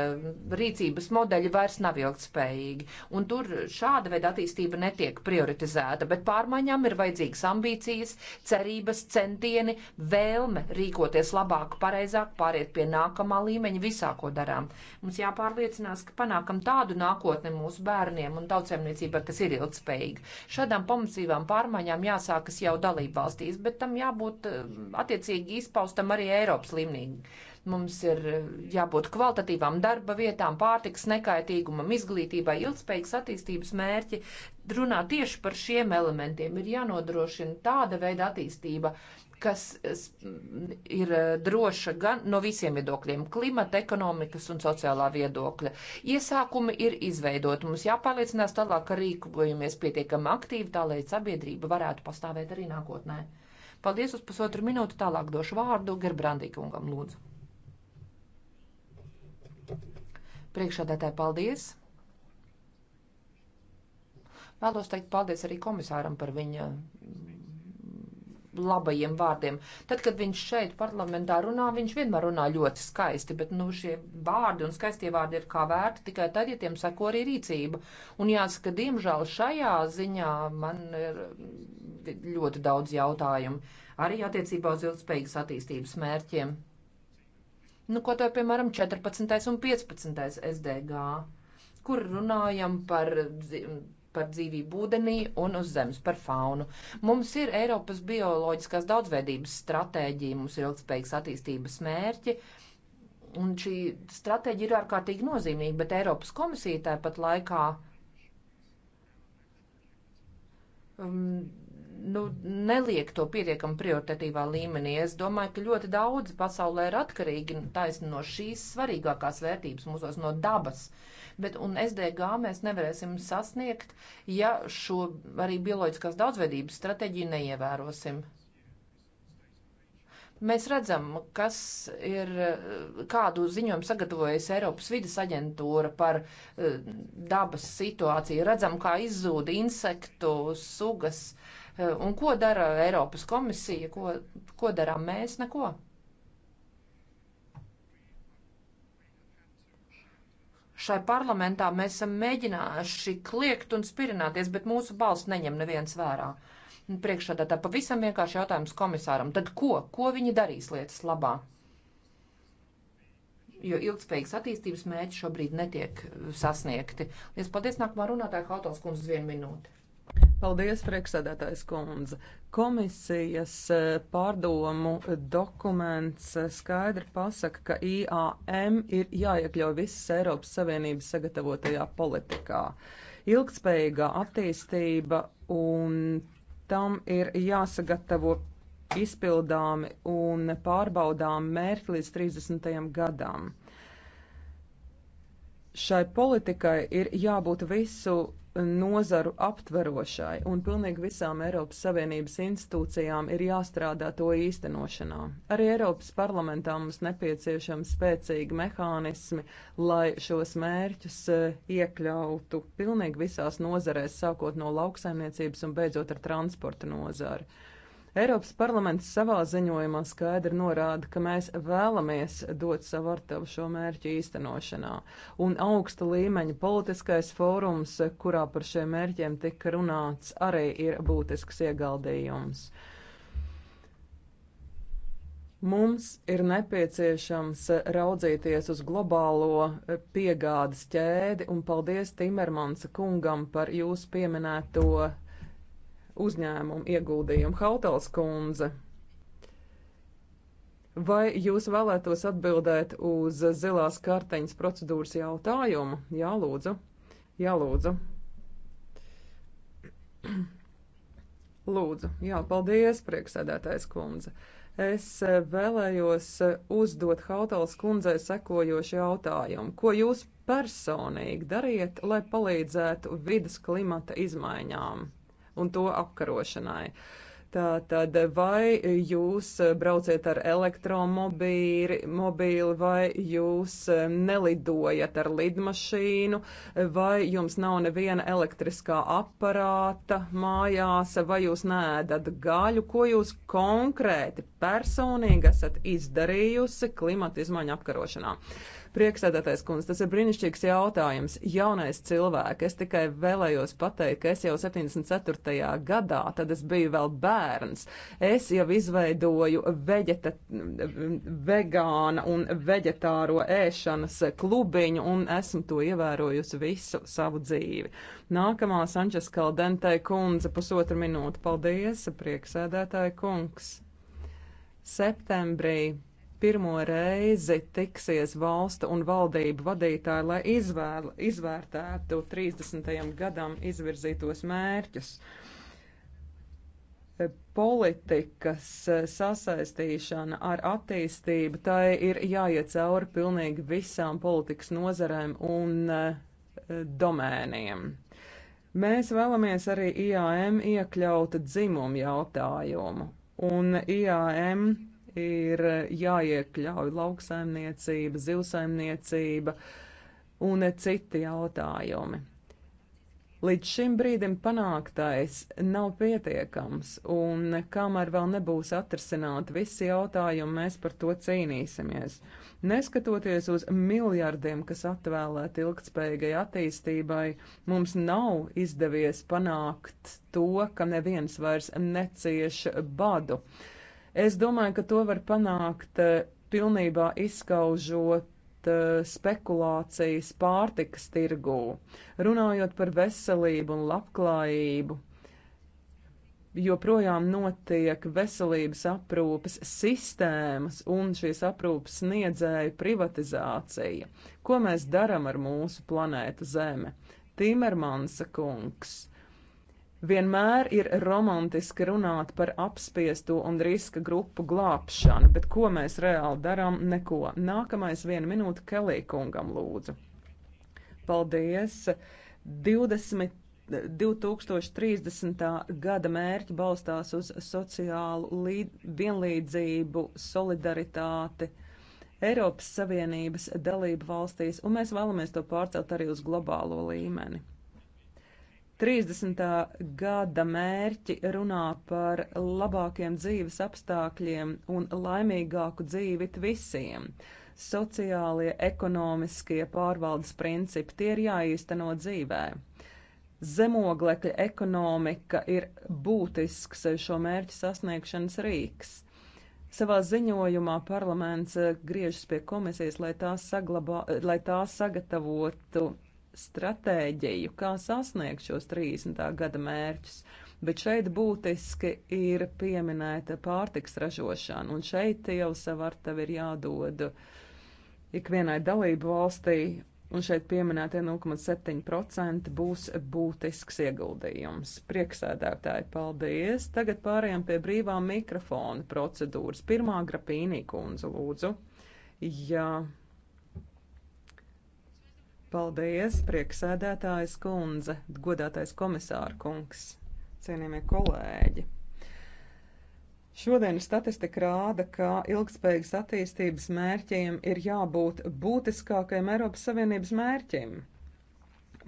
rīcības modeļi vairs nav ilgtspējīgi, un tur šāda veida attīstība netiek prioritizēta, bet pārmaiņām ir vajadzīgas ambīcijas, cerības, centieni, vēlme rīkoties labāk, pareizāk, pāriet pie nākamā līmeņa visā, ko darām. Mums jāpārliecinās, ka panākam tādu nākotni mūsu bērniem un tautsēmniecībai, kas ir ilgtspējīga. Šādām pamatīvām pārmaiņām jāsākas jau dalību valstīs, bet tam jābūt eh, attiecīgi izpaustam arī Eiropas līmenī. Mums ir eh, jābūt kvalitatīvām darba vietām, pārtiks nekaitīgumam, izglītībai, ilgspējīgas attīstības mērķi. Runā tieši par šiem elementiem ir jānodrošina tāda veida attīstība, kas ir eh, droša gan no visiem viedokļiem - klimata, ekonomikas un sociālā viedokļa. Iesākumi ir izveidoti. Mums jāpārliecinās tālāk, ka rīkojamies pietiekami aktīvi, tā lai sabiedrība varētu pastāvēt arī nākotnē. Paldies uz pusotru minūtu, tālāk došu vārdu Gerbrandīkungam lūdzu. Priekšādātāji, paldies! Vēlos teikt paldies arī komisāram par viņa labajiem vārdiem. Tad, kad viņš šeit parlamentā runā, viņš vienmēr runā ļoti skaisti, bet nu, šie vārdi un skaistie vārdi ir kā vērti tikai tad, ja tiem seko arī rīcība. Un jāsaka, diemžēl šajā ziņā man ir ļoti daudz jautājumu arī attiecībā uz ilgspējīgas attīstības mērķiem. Nu, ko to, piemēram, 14. un 15. SDG, kur runājam par par dzīvību ūdenī un uz zemes, par faunu. Mums ir Eiropas bioloģiskās daudzveidības stratēģija, mums ir ilgspējīgas attīstības mērķi. Un šī stratēģija ir ārkārtīgi nozīmīga, bet Eiropas komisija tāpat laikā um, nu, neliek to pietiekam prioritatīvā līmenī. Es domāju, ka ļoti daudz pasaulē ir atkarīgi taisni no šīs svarīgākās vērtības mūsos, no dabas. Bet un SDG mēs nevarēsim sasniegt, ja šo arī bioloģiskās daudzveidības stratēģiju neievērosim. Mēs redzam, kas ir, kādu ziņojumu sagatavojas Eiropas vidas aģentūra par eh, dabas situāciju. Redzam, kā izzūda insektu sugas. Uh, Eh, un ko dara Eiropas komisija? Ko, ko darām mēs? Neko. Šai parlamentā mēs esam mēģinājuši kliegt un spirināties, bet mūsu balss neņem neviens vērā. Priekšādā pavisam vienkārši jautājums komisāram. Tad ko? Ko viņi darīs lietas labā? Jo ilgspējīgas attīstības mērķi šobrīd netiek sasniegti. Lies paldies nākamā runātāja Hautals kundze vienu minūti. Paldies, priekšsēdētājs kundze. Komisijas e, pārdomu dokuments e, skaidri pasaka, ka IAM ir jāiekļauj visas Eiropas Savienības sagatavotajā politikā. Ilgtspējīgā attīstība un tam ir jāsagatavo izpildāmi un pārbaudāmi mērķi līdz 30. gadam. Šai politikai ir jābūt visu nozaru aptverošai, un pilnīgi visām Eiropas Savienības institūcijām ir jāstrādā to īstenošanā. Arī Eiropas parlamentā mums nepieciešami spēcīgi mehānismi, lai šos mērķus e, iekļautu pilnīgi visās nozarēs, sākot no lauksaimniecības un beidzot ar transporta nozari. Eiropas parlaments savā ziņojumā skaidri norāda, ka mēs vēlamies dot savu artavu šo mērķu īstenošanā, un augsta līmeņa politiskais fórums, kurā par šiem mērķiem tika runāts, arī ir būtisks ieguldījums. Mums ir nepieciešams raudzīties uz globālo piegādes ķēdi, un paldies Timermansa kungam par jūsu pieminēto uzņēmumu ieguldījumu. Hautals kundze, vai jūs vēlētos atbildēt uz zilās karteņas procedūras jautājumu? Jā, lūdzu. Jā, lūdzu. Lūdzu, jā, paldies, prieksēdētājs kundze. Es vēlējos uzdot Hautals kundzei sekojošu jautājumu. Ko jūs personīgi dariet, lai palīdzētu vidas klimata izmaiņām? un to apkarošanai. Tātad, vai jūs brauciet ar elektromobīli, mobīli, vai jūs nelidojat ar lidmašīnu, vai jums nav neviena elektriskā aparāta mājās, vai jūs nēdat gaļu, ko jūs konkrēti personīgi esat izdarījusi klimata izmaiņu apkarošanā? Prieksēdētais kundze, tas ir brīnišķīgs jautājums. Jaunais cilvēks, es tikai vēlējos pateikt, ka es jau 74. gadā, tad es biju vēl bērns, es jau izveidoju veģeta, vegāna un veģetāro ēšanas klubiņu un esmu to ievērojusi visu savu dzīvi. Nākamā Sančes Kaldentei kundze, pusotra minūte. Paldies, prieksēdētāja kungs! Septembrī pirmo reizi tiksies valsta un valdību vadītāji, lai izvēl, izvērtētu 30. gadam izvirzītos mērķus. Politikas sasaistīšana ar attīstību, tai ir jāiet cauri pilnīgi visām politikas nozarēm un eh, domēniem. Mēs vēlamies arī IAM iekļaut dzimumu jautājumu, un IAM ir jāiekļauj lauksaimniecība, zivsaimniecība un citi jautājumi. Līdz šim brīdim panāktais nav pietiekams, un kamēr vēl nebūs atrisināti visi jautājumi, mēs par to cīnīsimies. Neskatoties uz miljardiem, kas atvēlēti ilgtspējīgai attīstībai, mums nav izdevies panākt to, ka neviens vairs necieš badu. Uh, Es domāju, ka to var panākt eh, pilnībā izskaužot eh, spekulācijas pārtikas tirgū, runājot par veselību un labklājību. Joprojām notiek veselības aprūpes sistēmas un šīs aprūpes sniedzēju privatizācija. Ko mēs darām ar mūsu planētu Zeme? Timermansa kungs Vienmēr ir romantiski runāt par apspiesto un riska grupu glābšanu, bet ko mēs reāli darām? Neko. Nākamais viena minūte Kelī kungam lūdzu. Paldies! 20. 2030. gada mērķi balstās uz sociālu līd, vienlīdzību, solidaritāti Eiropas Savienības dalību valstīs, un mēs vēlamies to pārcelt arī uz globālo līmeni. 30. gada mērķi runā par labākiem dzīves apstākļiem un laimīgāku dzīvi visiem. Sociālie, ekonomiskie pārvaldes principi tie ir jāīsteno dzīvē. Zemoglekļa ekonomika ir būtisks šo mērķu sasniegšanas rīks. Savā ziņojumā parlaments griežas pie komisijas, lai tā, saglabā, lai tā sagatavotu stratēģiju, kā sasniegt šos 30. gada mērķus. Bet šeit būtiski ir pieminēta pārtiks ražošana, un šeit jau savartav ir jādod ikvienai dalību valstī, un šeit pieminētie 0,7% būs būtisks ieguldījums. Prieksēdētāji, paldies! Tagad pārējām pie brīvā mikrofona procedūras. Pirmā grapīnī kundze, lūdzu. Jā. Ja Paldies, prieksēdētājas kundze, godātais komisāra kungs, cienījamie kolēģi. Šodien statistika rāda, ka ilgspējīgas attīstības mērķiem ir jābūt būtiskākajam Eiropas Savienības mērķim.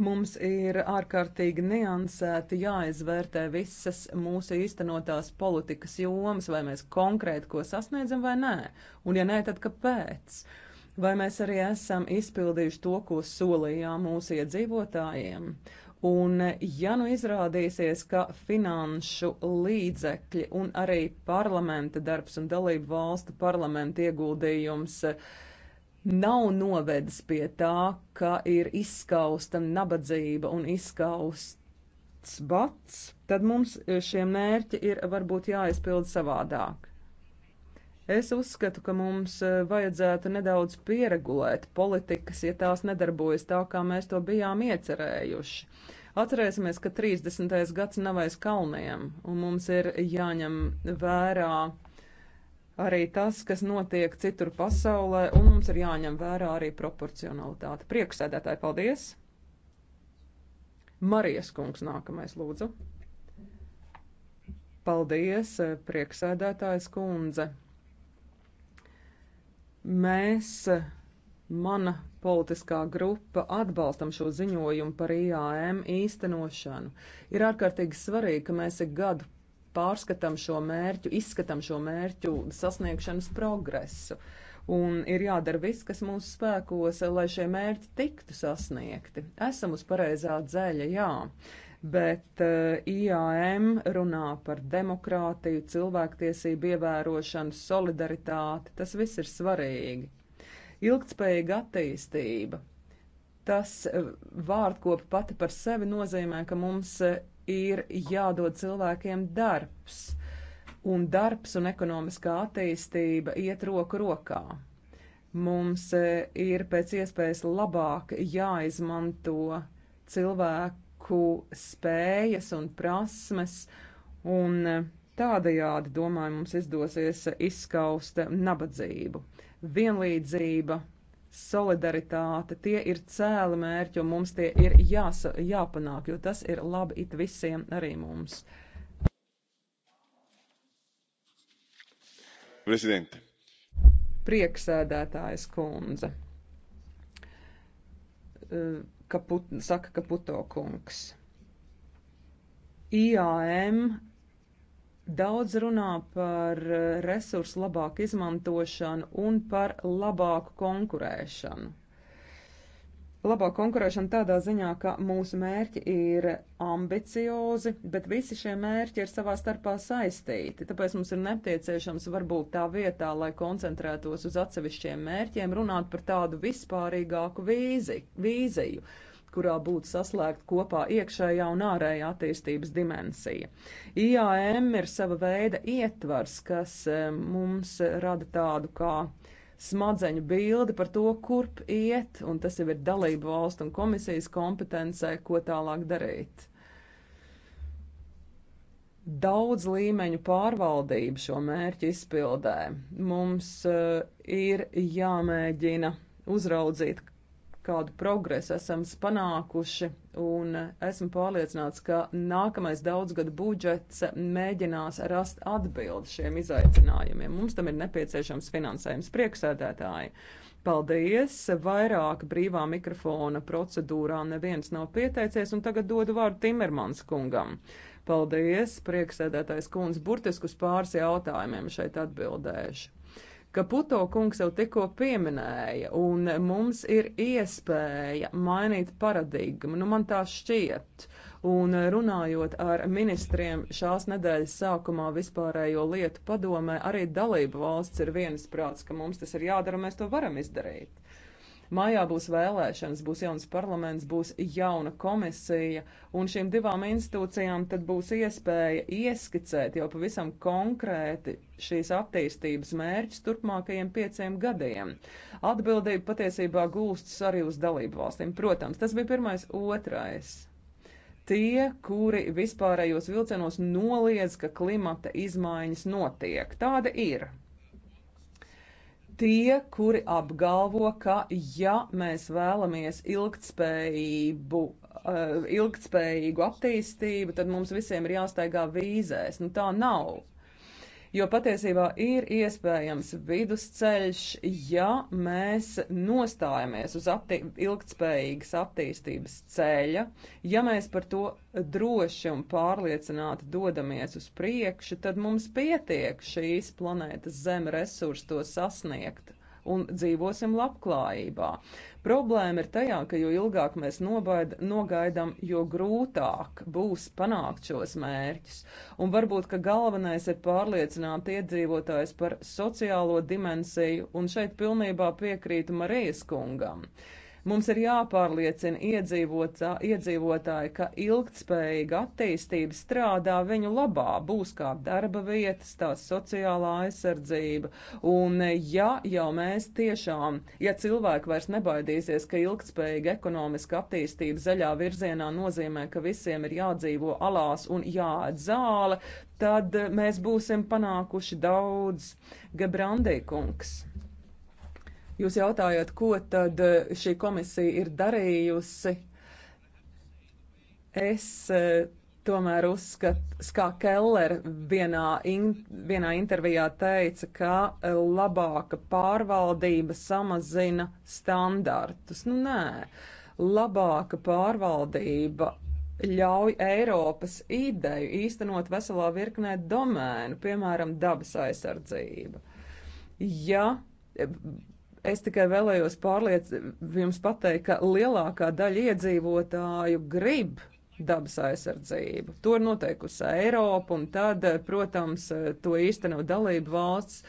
Mums ir ārkārtīgi niansēti jāizvērtē visas mūsu īstenotās politikas jomas, vai mēs konkrēti ko sasniedzam vai nē, un ja nē, tad kāpēc? Uh, vai mēs arī esam izpildījuši to, ko solījām mūsu iedzīvotājiem. Un, ja nu izrādīsies, ka finanšu līdzekļi un arī parlamenta darbs un dalību valstu parlamenta ieguldījums eh, nav novedis pie tā, ka ir izskausta nabadzība un izskausts bats, tad mums eh, šie mērķi ir varbūt jāizpild savādāk. Es uzskatu, ka mums eh, vajadzētu nedaudz pieregulēt politikas, ja tās nedarbojas tā, kā mēs to bijām iecerējuši. Atcerēsimies, ka 30. gads nav aiz kalniem, un mums ir jāņem vērā arī tas, kas notiek citur pasaulē, un mums ir jāņem vērā arī proporcionalitāte. Priekšsēdētāji, paldies! Marijas kungs nākamais, lūdzu. Paldies, eh, prieksēdētājs kundze. Mēs, mana politiskā grupa, atbalstam šo ziņojumu par IAM īstenošanu. Ir ārkārtīgi svarīgi, ka mēs ik gadu pārskatām šo mērķu, izskatām šo mērķu sasniegšanas progresu. Un ir jādara viss, kas mūsu spēkos, lai šie mērķi tiktu sasniegti. Esam uz pareizā dzeļa, jā. Uh, bet uh, eh, IAM runā par demokrātiju, cilvēktiesību ievērošanu, solidaritāti. Tas viss ir svarīgi. Ilgtspējīga attīstība. Tas eh, vārdkopa pati par sevi nozīmē, ka mums eh, ir jādod cilvēkiem darbs, un darbs un ekonomiskā attīstība iet roku rokā mums ir pēc iespējas labāk jāizmanto cilvēku cilvēku spējas un prasmes, un eh, tādajādi, domāju, mums izdosies izskaust nabadzību. Vienlīdzība, solidaritāte, tie ir cēli mērķi, un mums tie ir jāsa, jāpanāk, jo tas ir labi it visiem, arī mums. Prezidente. Prieksēdētājas kundze eh, Kaput, saka Kaputo kungs. IAM daudz runā par resursu labāku izmantošanu un par labāku konkurēšanu. Labā konkurēšana tādā ziņā, ka mūsu mērķi ir ambiciozi, bet visi šie mērķi ir savā starpā saistīti. Tāpēc mums ir nepieciešams varbūt tā vietā, lai koncentrētos uz atsevišķiem mērķiem, runāt par tādu vispārīgāku vīzi, vīziju kurā būtu saslēgta kopā iekšējā un ārējā attīstības dimensija. IAM ir sava veida ietvars, kas eh, mums rada tādu kā uh, smadzeņu bildi par to, kurp iet, un tas jau ir dalību valstu un komisijas kompetencē, ko tālāk darīt. Daudz līmeņu pārvaldība šo mērķu izpildē. Mums uh, ir jāmēģina uzraudzīt kādu progresu esam panākuši, un esmu pārliecināts, ka nākamais daudzgada budžets mēģinās rast atbildi šiem izaicinājumiem. Mums tam ir nepieciešams finansējums prieksēdētāji. Paldies! Vairāk brīvā mikrofona procedūrā neviens nav pieteicies, un tagad dodu vārdu Timermans kungam. Paldies, prieksēdētais kundze, burtiskus pāris jautājumiem šeit atbildēšu ka Puto kungs jau tikko pieminēja, un mums ir iespēja mainīt paradigmu. Nu, man tā šķiet. Un runājot ar ministriem šās nedēļas sākumā vispārējo lietu padomē, arī dalību valsts ir vienas prāts, ka mums tas ir jādara, mēs to varam izdarīt. Mājā būs vēlēšanas, būs jauns parlaments, būs jauna komisija, un šīm divām institūcijām tad būs iespēja ieskicēt jau pavisam konkrēti šīs attīstības mērķus turpmākajiem pieciem gadiem. Atbildība patiesībā gulstas arī uz dalību valstīm. Protams, tas bija pirmais. Otrais tie, kuri vispārējos vilcienos noliedz, ka klimata izmaiņas notiek. Tāda ir tie, kuri apgalvo, ka ja mēs vēlamies ilgtspējību, eh, ilgtspējīgu attīstību, tad mums visiem ir jāstaigā vīzēs. Nu, tā nav jo patiesībā ir iespējams vidusceļš, ja mēs nostājamies uz attī ilgtspējīgas attīstības ceļa, ja mēs par to droši un pārliecināti dodamies uz priekšu, tad mums pietiek šīs planētas zem resursu to sasniegt un dzīvosim labklājībā. Problēma ir tajā, ka jo ilgāk mēs nobaida, nogaidam, jo grūtāk būs panākt šos mērķus. Un varbūt, ka galvenais ir pārliecināt iedzīvotājs par sociālo dimensiju, un šeit pilnībā piekrītu Marijas kungam. Uh, Mums ir jāpārliecina iedzīvotā, iedzīvotāji, ka ilgtspējīga attīstība strādā viņu labā, būs kā darba vietas, tā sociālā aizsardzība. Un ja jau mēs tiešām, ja cilvēki vairs nebaidīsies, ka ilgtspējīga ekonomiska attīstība zaļā virzienā nozīmē, ka visiem ir jādzīvo alās un jāēd zāle, tad mēs būsim panākuši daudz. Gebrandīkungs. Jūs jautājat, ko tad eh, šī komisija ir darījusi? Es eh, tomēr uzskatu, kā Keller vienā, in, vienā intervijā teica, ka eh, labāka pārvaldība samazina standartus. Nu, nē, labāka pārvaldība ļauj Eiropas ideju īstenot veselā virknē domēnu, piemēram, dabas aizsardzība. Ja Es tikai vēlējos pārliec jums pateikt, ka lielākā daļa iedzīvotāju grib dabas aizsardzību. To ir noteikusi Eiropa, un tad, protams, to īsteno dalību valsts.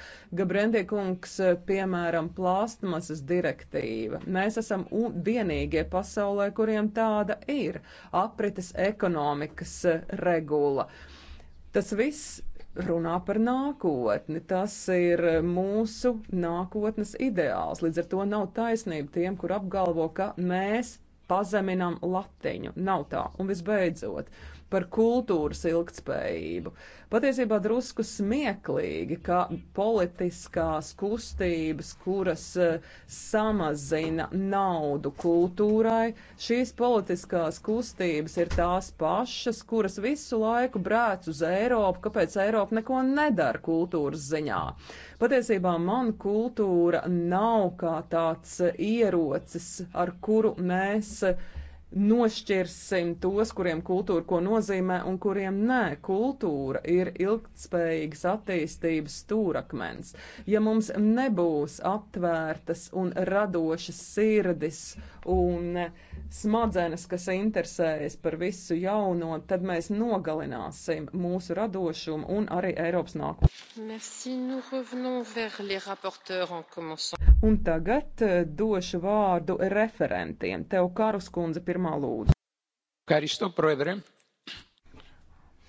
Gabrendiekungs, piemēram, plāstmasas direktīva. Mēs esam vienīgie pasaulē, kuriem tāda ir aprites ekonomikas regula. Tas viss runā par nākotni. Tas ir mūsu nākotnes ideāls. Līdz ar to nav taisnība tiem, kur apgalvo, ka mēs pazeminam latiņu. Nav tā. Un visbeidzot, par kultūras ilgtspējību. Patiesībā drusku smieklīgi, ka politiskās kustības, kuras eh, samazina naudu kultūrai, šīs politiskās kustības ir tās pašas, kuras visu laiku brēc uz Eiropu, kāpēc Eiropa neko nedara kultūras ziņā. Patiesībā man kultūra nav kā tāds ierocis, ar kuru mēs mēs nošķirsim tos, kuriem kultūra ko nozīmē un kuriem nē. Kultūra ir ilgtspējīgas attīstības stūrakmens. Ja mums nebūs aptvērtas un radošas sirdis un smadzenes, kas interesējas par visu jauno, tad mēs nogalināsim mūsu radošumu un arī Eiropas nākotnē. Un tagad eh, došu vārdu referentiem. Tev, Karus kundze, pirmā jomā lūdzu. Karisto, proedre.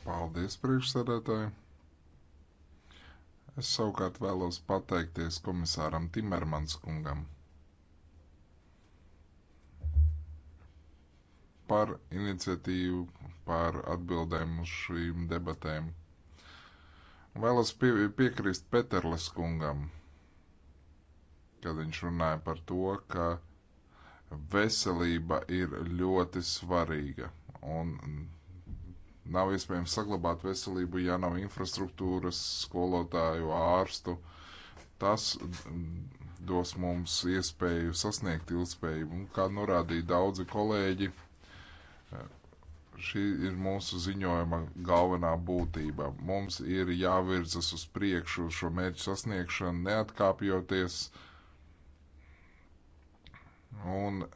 Paldies, priekšsēdētāji. Es savukārt vēlos pateikties komisāram Timermans kungam par iniciatīvu, par atbildēm uz šīm debatēm. Vēlos pie, piekrist Peterles kungam, kad viņš runāja par to, ka veselība ir ļoti svarīga. Un nav iespējams saglabāt veselību, ja nav infrastruktūras, skolotāju, ārstu. Tas dos mums iespēju sasniegt ilgspējību. Un, kā norādīja daudzi kolēģi, šī ir mūsu ziņojuma galvenā būtība. Mums ir jāvirzas uz priekšu šo mērķu sasniegšanu, neatkāpjoties no un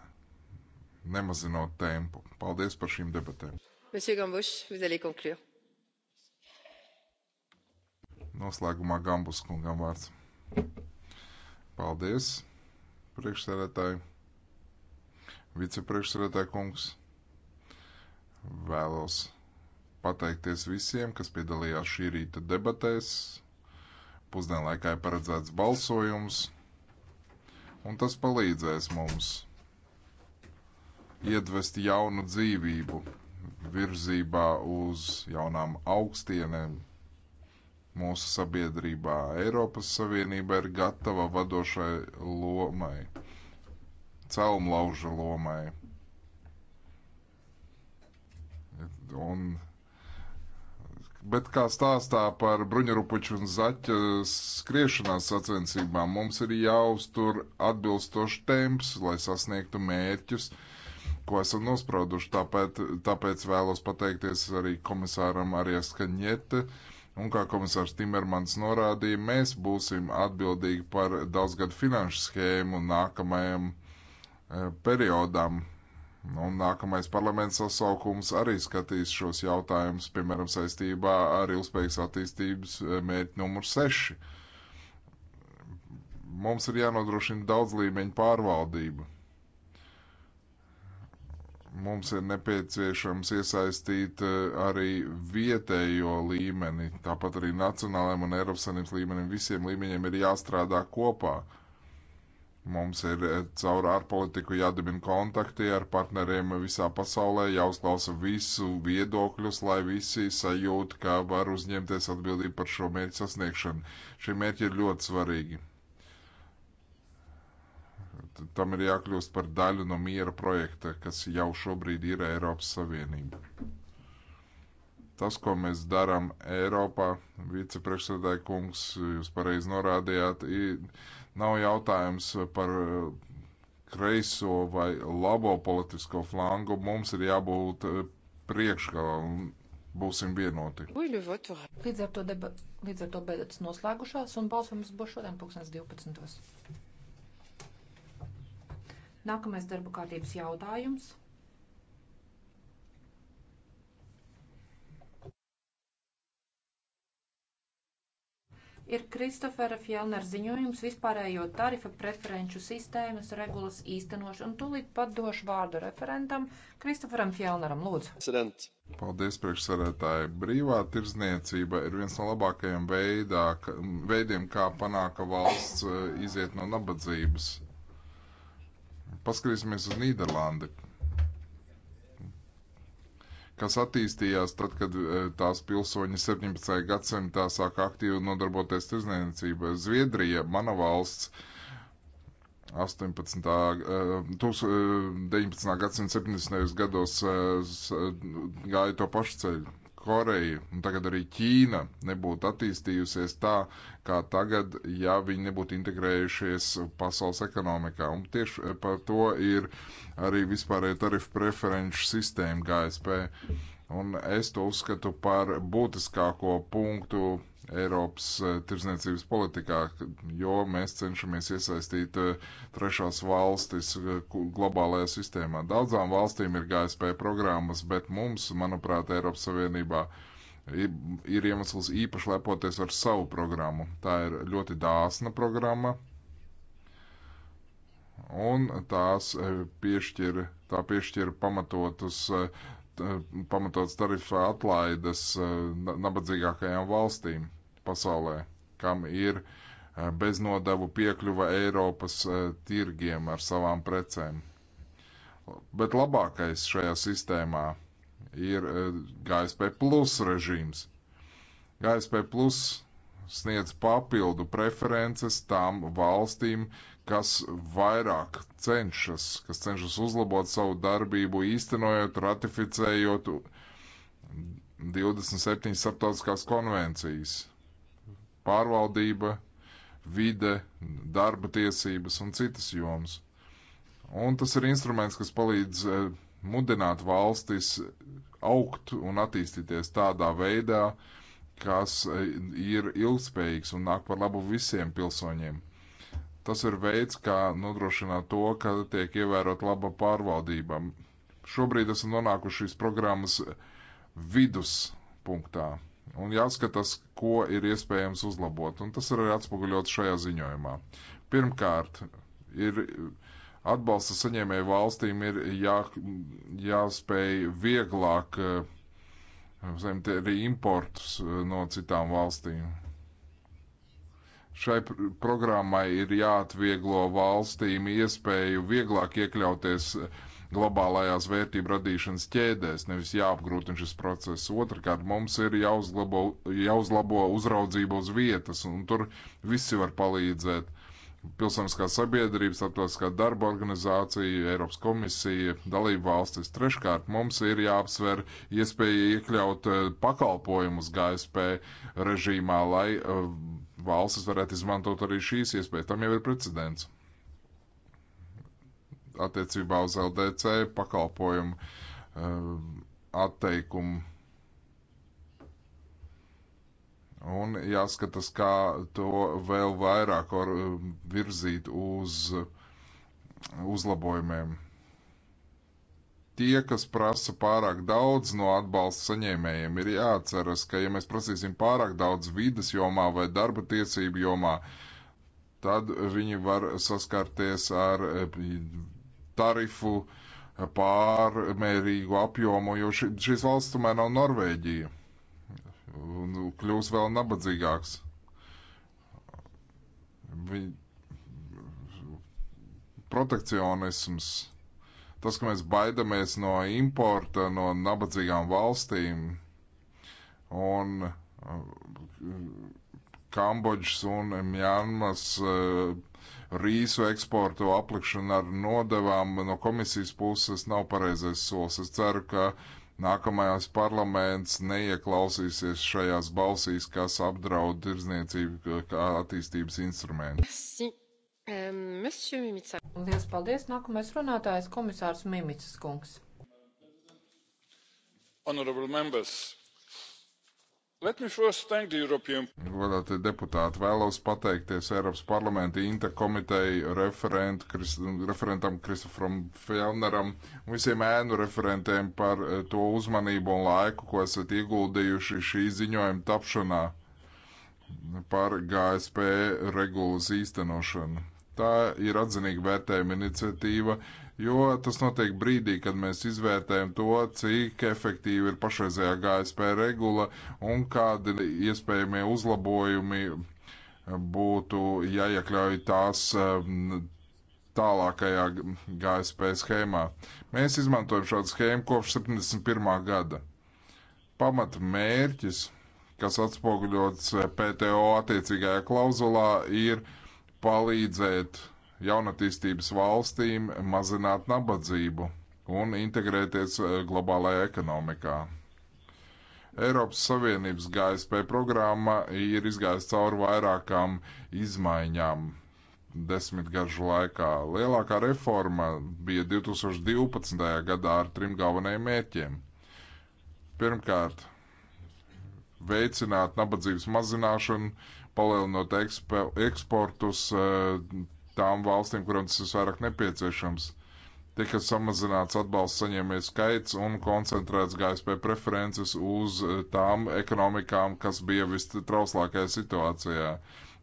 nemazinot tempu. Paldies par šīm debatēm. Noslēgumā Gambus kungam vārds. Paldies, priekšsēdētāji, vicepriekšsēdētāji kungs. Vēlos pateikties visiem, kas piedalījās šī rīta debatēs. Pusdienlaikā ir paredzēts balsojums un tas palīdzēs mums iedvest jaunu dzīvību virzībā uz jaunām augstienēm. Mūsu sabiedrībā Eiropas Savienība ir gatava vadošai lomai, celmlauža lomai. Un Bet kā stāstā par bruņurupuču un zaķa skriešanās sacensībām, mums ir jāuztur atbilstoši temps, lai sasniegtu mērķus, ko esam nosprauduši. Tāpēc, tāpēc vēlos pateikties arī komisāram Arijas Kaņete. Un kā komisārs Timermans norādīja, mēs būsim atbildīgi par daudzgadu finanšu schēmu nākamajam eh, periodam, Un nu, nākamais parlaments sasaukums arī skatīs šos jautājumus, piemēram, saistībā ar ilgspējīgas attīstības eh, mērķi numur 6. Mums ir jānodrošina daudz līmeņu pārvaldība. Mums ir nepieciešams iesaistīt eh, arī vietējo līmeni, tāpat arī nacionālajiem un Eiropas Savienības līmenim. Visiem līmeņiem ir jāstrādā kopā. Mums ir eh, caur ārpolitiku jādibina kontakti ar partneriem visā pasaulē, jāuzklausa visu viedokļus, lai visi sajūt, ka var uzņemties atbildību par šo mērķu sasniegšanu. Šie mērķi ir ļoti svarīgi. Tam ir jākļūst par daļu no miera projekta, kas jau šobrīd ir Eiropas Savienība. Tas, ko mēs darām Eiropā, vicepriekšsēdētāji kungs, jūs pareizi norādījāt, ir Nav jautājums par eh, kreiso vai labo politisko flangu. Mums ir jābūt eh, priekšgalā un būsim vienoti. Līdz ar to, deba, līdz ar to beidzas noslēgušās un balsojums būs šodien 2012. Nākamais darba kārtības jautājums. ir Kristofera Fjellner ziņojums vispārējo tarifa preferenču sistēmas regulas īstenošana. Un tūlīt pat došu vārdu referentam Kristoferam Fjellneram. Lūdzu. Excellent. Paldies, priekšsarētāji. Brīvā tirzniecība ir viens no labākajiem veidā, ka, veidiem, kā panāka valsts eh, iziet no nabadzības. Paskatīsimies uz Nīderlandi kas attīstījās tad, kad e, tās pilsoņi 17. gadsimtā sāk aktīvi nodarboties tirzniecībā. Zviedrija, mana valsts, 18. 19. E, e, gadsimta 70. gados gāja to pašu ceļu. Koreja un tagad arī Ķīna nebūtu attīstījusies tā, kā tagad, ja viņi nebūtu integrējušies pasaules ekonomikā. Un tieši eh, par to ir arī vispārēja tarifu preferenču sistēma GSP. Un es to uzskatu par būtiskāko punktu Eiropas eh, tirzniecības politikā, jo mēs cenšamies iesaistīt eh, trešās valstis eh, globālajā sistēmā. Daudzām valstīm ir GSP programmas, bet mums, manuprāt, Eiropas Savienībā ir iemesls īpaši lepoties ar savu programmu. Tā ir ļoti dāsna programma, un tās piešķir, tā piešķir pamatotus Eh, pamatots tarifa atlaides eh, nabadzīgākajām valstīm pasaulē, kam ir eh, beznodevu piekļuva Eiropas tirgiem ar savām precēm. Bet labākais šajā sistēmā ir GSP plus režīms. GSP plus sniedz papildu preferences tām valstīm, uh, kas vairāk cenšas, kas cenšas uzlabot savu darbību, īstenojot, ratificējot 27 starptautiskās konvencijas - pārvaldība, vide, darba tiesības un citas jomas. Un tas ir instruments, kas palīdz eh, mudināt valstis augt un attīstīties tādā veidā, kas eh, ir ilgspējīgs un nāk par labu visiem pilsoņiem. Tas ir veids, kā nodrošināt to, ka tiek ievērot laba pārvaldība. Šobrīd esam nonākuši šīs programmas viduspunktā un jāskatās, ko ir iespējams uzlabot. Un tas ir arī atspoguļots šajā ziņojumā. Pirmkārt, ir atbalsta saņēmēju valstīm ir jā, jāspēj vieglāk eh, zemt arī importus eh, no citām valstīm. Šai programmai ir jāatvieglo valstīm iespēju vieglāk iekļauties globālajās vērtību radīšanas ķēdēs, nevis jāapgrūtina šis process. Otrakārt, mums ir jāuzlabo, jāuzlabo uzraudzība uz vietas, un tur visi var palīdzēt. Pilsoniskā sabiedrība, starptautiskā darba organizācija, Eiropas komisija, dalība valstis. Treškārt, mums ir jāapsver iespēja iekļaut eh, pakalpojumus GSP režīmā, lai eh, valstis varētu izmantot arī šīs iespējas. Tam jau ir precedents. Attiecībā uz LDC pakalpojumu eh, atteikumu. Un jāskatās, kā to vēl vairāk eh, virzīt uz uzlabojumiem tie, kas prasa pārāk daudz no atbalsta saņēmējiem, ir jāatceras, ka ja mēs prasīsim pārāk daudz vidas jomā vai darba tiesību jomā, tad viņi var saskarties ar eh, tarifu pārmērīgu apjomu, jo ši, šīs valsts tomēr nav Norvēģija. Un kļūs vēl nabadzīgāks. Vi... Protekcionisms Tas, ka mēs baidamies no importa no nabadzīgām valstīm un uh, Kambodžas un Mjānmas uh, rīsu eksportu aplikšana ar nodevām no komisijas puses nav pareizais solis. Es ceru, ka nākamajās parlaments neieklausīsies šajās balsīs, kas apdraud tirzniecību kā attīstības instrumentu. Lielas paldies. Nākamais runātājs komisārs Mimicas kungs. Godātie deputāti, vēlos pateikties Eiropas parlamenta Inta komiteju referent, Krist, referentam Kristofram Fjellneram un visiem ēnu referentiem par eh, to uzmanību un laiku, ko esat ieguldījuši šī ziņojuma tapšanā par GSP regulas īstenošanu Tā ir atzinīgi vērtējuma iniciatīva, jo tas notiek brīdī, kad mēs izvērtējam to, cik efektīva ir pašreizējā GSP regula un kādi iespējamie uzlabojumi būtu jāiekļauj tās um, tālākajā GSP schēmā. Mēs izmantojam šādu schēmu kopš 71. gada. Pamatmērķis, kas atspoguļots PTO attiecīgajā klauzulā, ir uh, palīdzēt jaunatīstības valstīm mazināt nabadzību un integrēties eh, globālajā ekonomikā. Eiropas Savienības GSP programma ir izgājusi cauri vairākām izmaiņām desmitgažu laikā. Lielākā reforma bija 2012. gadā ar trim galvenajiem mērķiem. Pirmkārt, veicināt nabadzības mazināšanu, uh, palielinot ekspo, eksportus eh, tām valstīm, kurām tas ir vairāk nepieciešams. Tika samazināts atbalsts saņēmēju skaits un koncentrēts GSP preferences uz eh, tām ekonomikām, kas bija vistrauslākajā situācijā.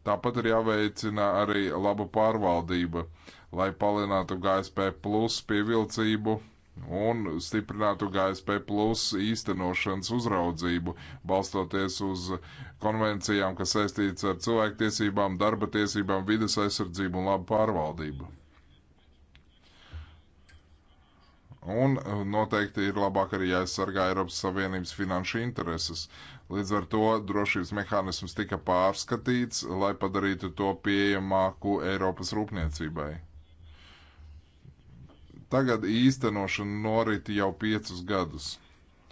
Tāpat ir jāveicina arī laba pārvaldība, lai palielinātu GSP plus pievilcību un stiprinātu GSP plus īstenošanas uzraudzību, balstoties uz konvencijām, kas saistīts ar cilvēktiesībām, darba tiesībām, vidas aizsardzību un labu pārvaldību. Un e, noteikti ir labāk arī jāaizsargā Eiropas Savienības finanšu intereses. Līdz ar to drošības mehānisms tika pārskatīts, lai padarītu to pieejamāku Eiropas rūpniecībai. Tagad īstenošana norit jau piecus gadus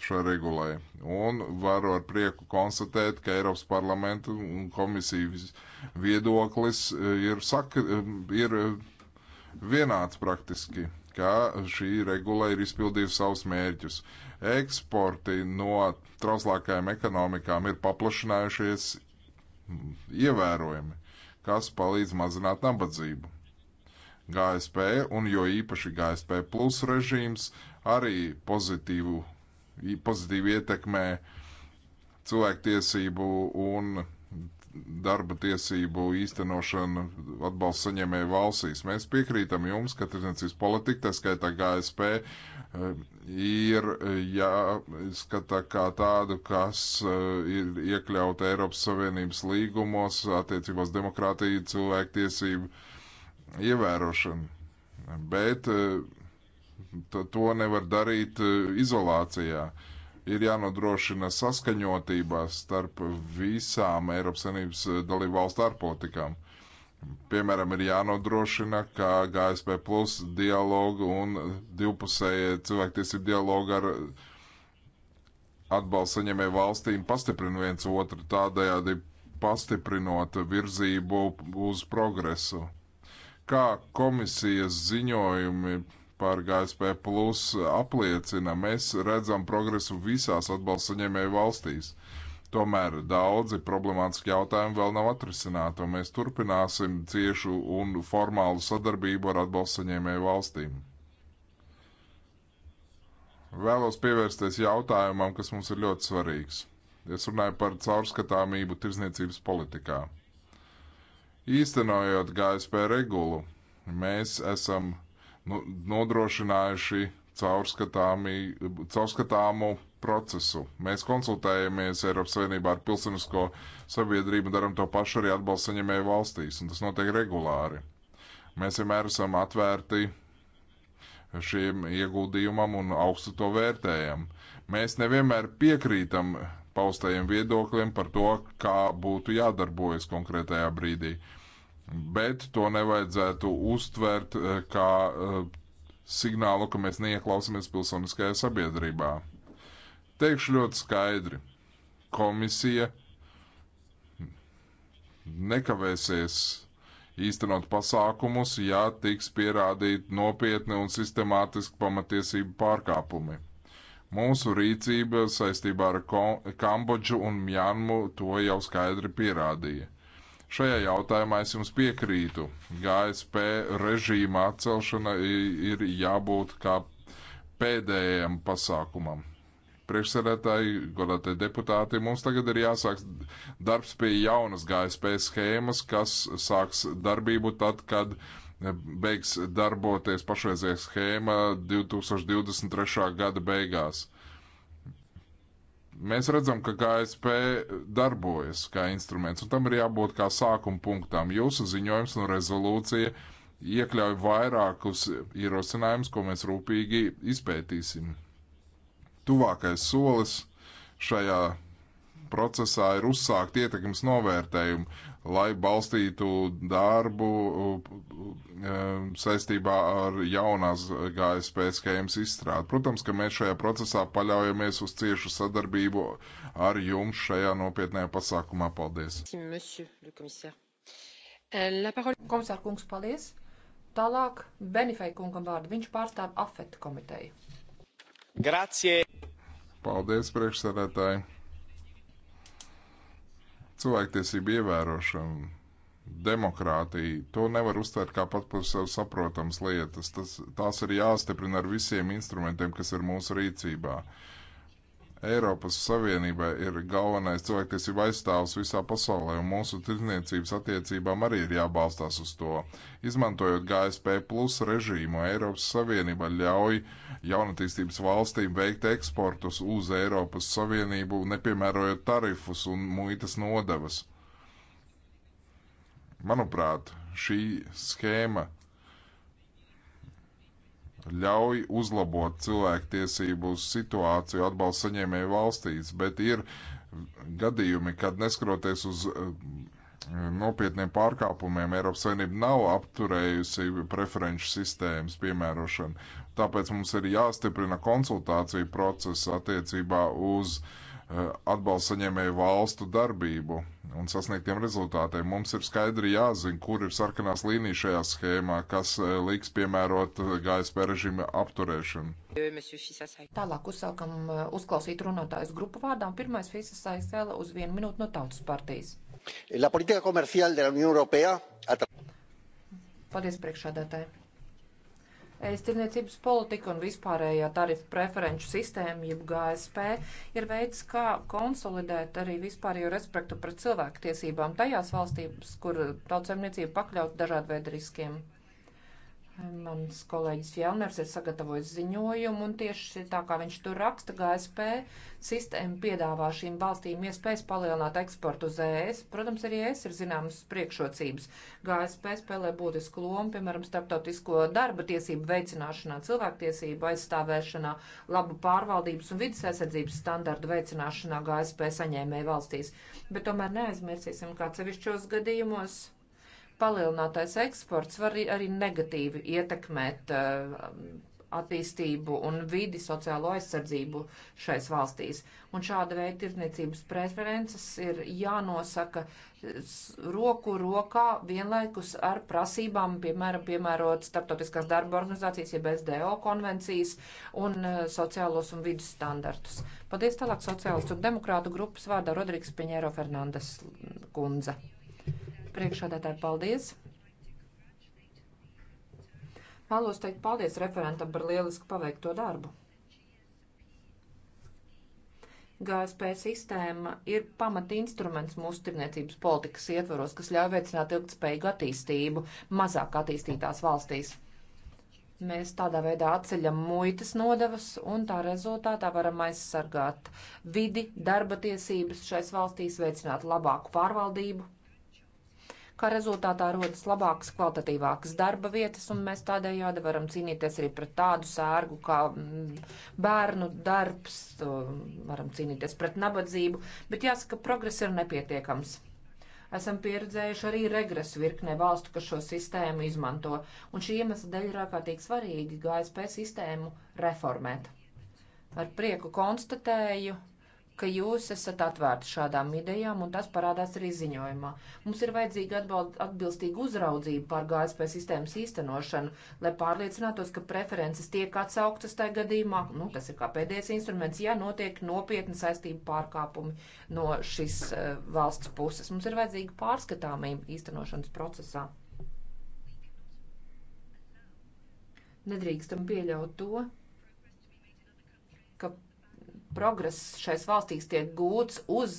šai regulai, un varu ar prieku konstatēt, ka Eiropas parlamenta un komisijas viedoklis e, ir, sak, e, ir vienāds praktiski, ka šī regula ir izpildījusi savus mērķus. Eksporti no trauslākajām ekonomikām ir paplašinājušies ievērojami, kas palīdz mazināt nabadzību. GSP un jo īpaši GSP plus režīms arī pozitīvu, pozitīvi ietekmē cilvēktiesību un darba tiesību īstenošanu atbalsta saņēmēju valstīs. Mēs piekrītam jums, ka tirdzniecības politika, tā skaitā GSP, eh, ir jāskatā kā tādu, kas eh, ir iekļauta Eiropas Savienības līgumos attiecībās demokrātiju, cilvēktiesību ievērošanu, bet eh, to nevar darīt eh, izolācijā. Ir jānodrošina saskaņotībā starp visām Eiropas Savienības eh, dalību valstu ārpolitikām. Piemēram, ir jānodrošina, ka GSP plus dialogu un divpusēja cilvēktiesību dialogu ar atbalsta saņemēju valstīm pastiprina viens otru, tādējādi pastiprinot virzību uz progresu kā komisijas ziņojumi par GSP plus apliecina, mēs redzam progresu visās atbalsta saņēmēju valstīs. Tomēr daudzi problemātiski jautājumi vēl nav atrisināti, un mēs turpināsim ciešu un formālu sadarbību ar atbalsta saņēmēju valstīm. Vēlos pievērsties jautājumam, kas mums ir ļoti svarīgs. Es runāju par caurskatāmību tirzniecības politikā. Īstenojot GSP regulu, mēs esam nu, nodrošinājuši caurskatāmu procesu. Mēs konsultējamies Eiropas Savienībā ar pilsonisko sabiedrību un darām to pašu arī atbalsta saņemēju valstīs, un tas notiek regulāri. Mēs vienmēr esam atvērti šiem ieguldījumam un augstu to vērtējam. Mēs nevienmēr piekrītam paustajiem viedokļiem par to, kā būtu jādarbojas konkrētajā brīdī. Bet to nevajadzētu uztvert eh, kā eh, signālu, ka mēs neieklausāmies pilsoniskajā sabiedrībā. Teikšu ļoti skaidri. Komisija nekavēsies īstenot pasākumus, ja tiks pierādīti nopietni un sistemātiski pamatiesību pārkāpumi. Mūsu rīcība saistībā ar Kambodžu un Mjanmu to jau skaidri pierādīja. Šajā jautājumā es jums piekrītu. GSP režīma atcelšana ir jābūt kā pēdējiem pasākumam. Priekšsēdētāji, godātie deputāti, mums tagad ir jāsāks darbs pie jaunas GSP schēmas, kas sāks darbību tad, kad uh, beigs darboties pašreizējā schēma 2023. gada beigās. Mēs redzam, ka KSP darbojas kā instruments, un tam ir jābūt kā sākuma punktam. Jūsu ziņojums un rezolūcija iekļauj vairākus ierosinājumus, ko mēs rūpīgi izpētīsim. Tuvākais solis šajā procesā ir uzsākt ietekmes novērtējumu, lai balstītu darbu eh, saistībā ar jaunās GSP schēmas izstrādi. Protams, ka mēs šajā procesā paļaujamies uz ciešu sadarbību ar jums šajā nopietnējā pasākumā. Paldies! Euh, Komisār kungs, paldies! Tālāk Benifei kungam vārdu. Viņš pārstāv afetu komiteju. Grazie! Paldies, priekšsēdētāji! cilvēktiesību ievērošanu, demokrātiju, to nevar uztvert kā pat par sev saprotams lietas. Tas, tās ir jāstiprina ar visiem instrumentiem, kas ir mūsu rīcībā. Uh, Eiropas Savienība ir galvenais cilvēktiesība aizstāvs visā pasaulē, un mūsu tirdzniecības attiecībām arī ir jābalstās uz to. Izmantojot GSP plus režīmu, Eiropas Savienība ļauj jaunatīstības valstīm veikt eksportus uz Eiropas Savienību, nepiemērojot tarifus un muitas nodevas. Manuprāt, šī schēma ļauj uzlabot cilvēktiesību situāciju atbalsta saņēmēju valstīs, bet ir gadījumi, kad neskroties uz eh, nopietniem pārkāpumiem Eiropas Savienība nav apturējusi preferenču sistēmas piemērošanu. Tāpēc mums ir jāstiprina konsultāciju process attiecībā uz uh, Eh, atbalsta saņēmēju valstu darbību un sasniegtiem rezultātiem. Mums ir skaidri jāzina, kur ir sarkanās līnijas šajā schēmā, kas eh, liks piemērot eh, GSP režīma apturēšanu. Tālāk uzsākam uzklausīt runātājus grupu vārdām. Pirmais Fisas aizsēla uz vienu minūtu no tautas partijas. La politika comercial de la Unión Europea. Paldies, priekšādātāji. Ēstirniecības politika un vispārējā tarifu preferenču sistēma, jeb GSP, ir veids, kā konsolidēt arī vispārējo respektu pret cilvēku tiesībām tajās valstīs, kur tautsēmniecība pakļaut dažādu veidu riskiem. Mans kolēģis Fjellners ir sagatavojis ziņojumu, un tieši tā kā viņš tur raksta, GSP sistēma piedāvā šīm valstīm iespējas palielināt eksportu uz ES. Protams, arī ES ir zināmas priekšrocības. GSP spēlē būtisku lomu, piemēram, starptautisko darba tiesību veicināšanā, cilvēktiesību aizstāvēšanā, labu pārvaldības un vidas aizsardzības standartu veicināšanā GSP saņēmēju valstīs. Bet tomēr neaizmirsīsim, kā sevišķos gadījumos palielinātais eksports var arī negatīvi ietekmēt eh, attīstību un vidi, sociālo aizsardzību šais valstīs. Un šāda veida tirdzniecības preferences ir jānosaka eh, roku rokā vienlaikus ar prasībām, piemēram, piemērot starptautiskās darba organizācijas, jeb SDO konvencijas un eh, sociālos un vidus standartus. Paldies tālāk sociālistu un demokrātu grupas vārdā Rodrigas Piņēro Fernandes kundze. Priekšādātāji, paldies! Vēlos teikt paldies referentam par lielisku paveikto darbu. GSP sistēma ir pamatinstruments mūsu tirniecības politikas ietvaros, kas ļauj veicināt ilgtspējīgu attīstību mazāk attīstītās valstīs. Mēs tādā veidā atceļam muitas nodevas un tā rezultātā varam aizsargāt vidi, darba tiesības šais valstīs, veicināt labāku pārvaldību kā rezultātā rodas labākas, kvalitatīvākas darba vietas, un mēs tādējādi varam cīnīties arī pret tādu sērgu kā mm, bērnu darbs, varam cīnīties pret nabadzību, bet jāsaka, progress ir nepietiekams. Esam pieredzējuši arī regresu virknē valstu, kas šo sistēmu izmanto, un šī iemesla dēļ ir ārkārtīgi svarīgi GSP sistēmu reformēt. Ar prieku konstatēju, ka jūs esat atvērti šādām idejām, un tas parādās arī ziņojumā. Mums ir vajadzīga atbilstīga uzraudzība pār GSP sistēmas īstenošanu, lai pārliecinātos, ka preferences tiek atsauktas tajā gadījumā, nu, tas ir kā pēdējais instruments, ja notiek nopietni saistību pārkāpumi no šīs uh, eh, valsts puses. Mums ir vajadzīga pārskatāmība īstenošanas procesā. Nedrīkstam pieļaut to, progress šais valstīs tiek gūts uz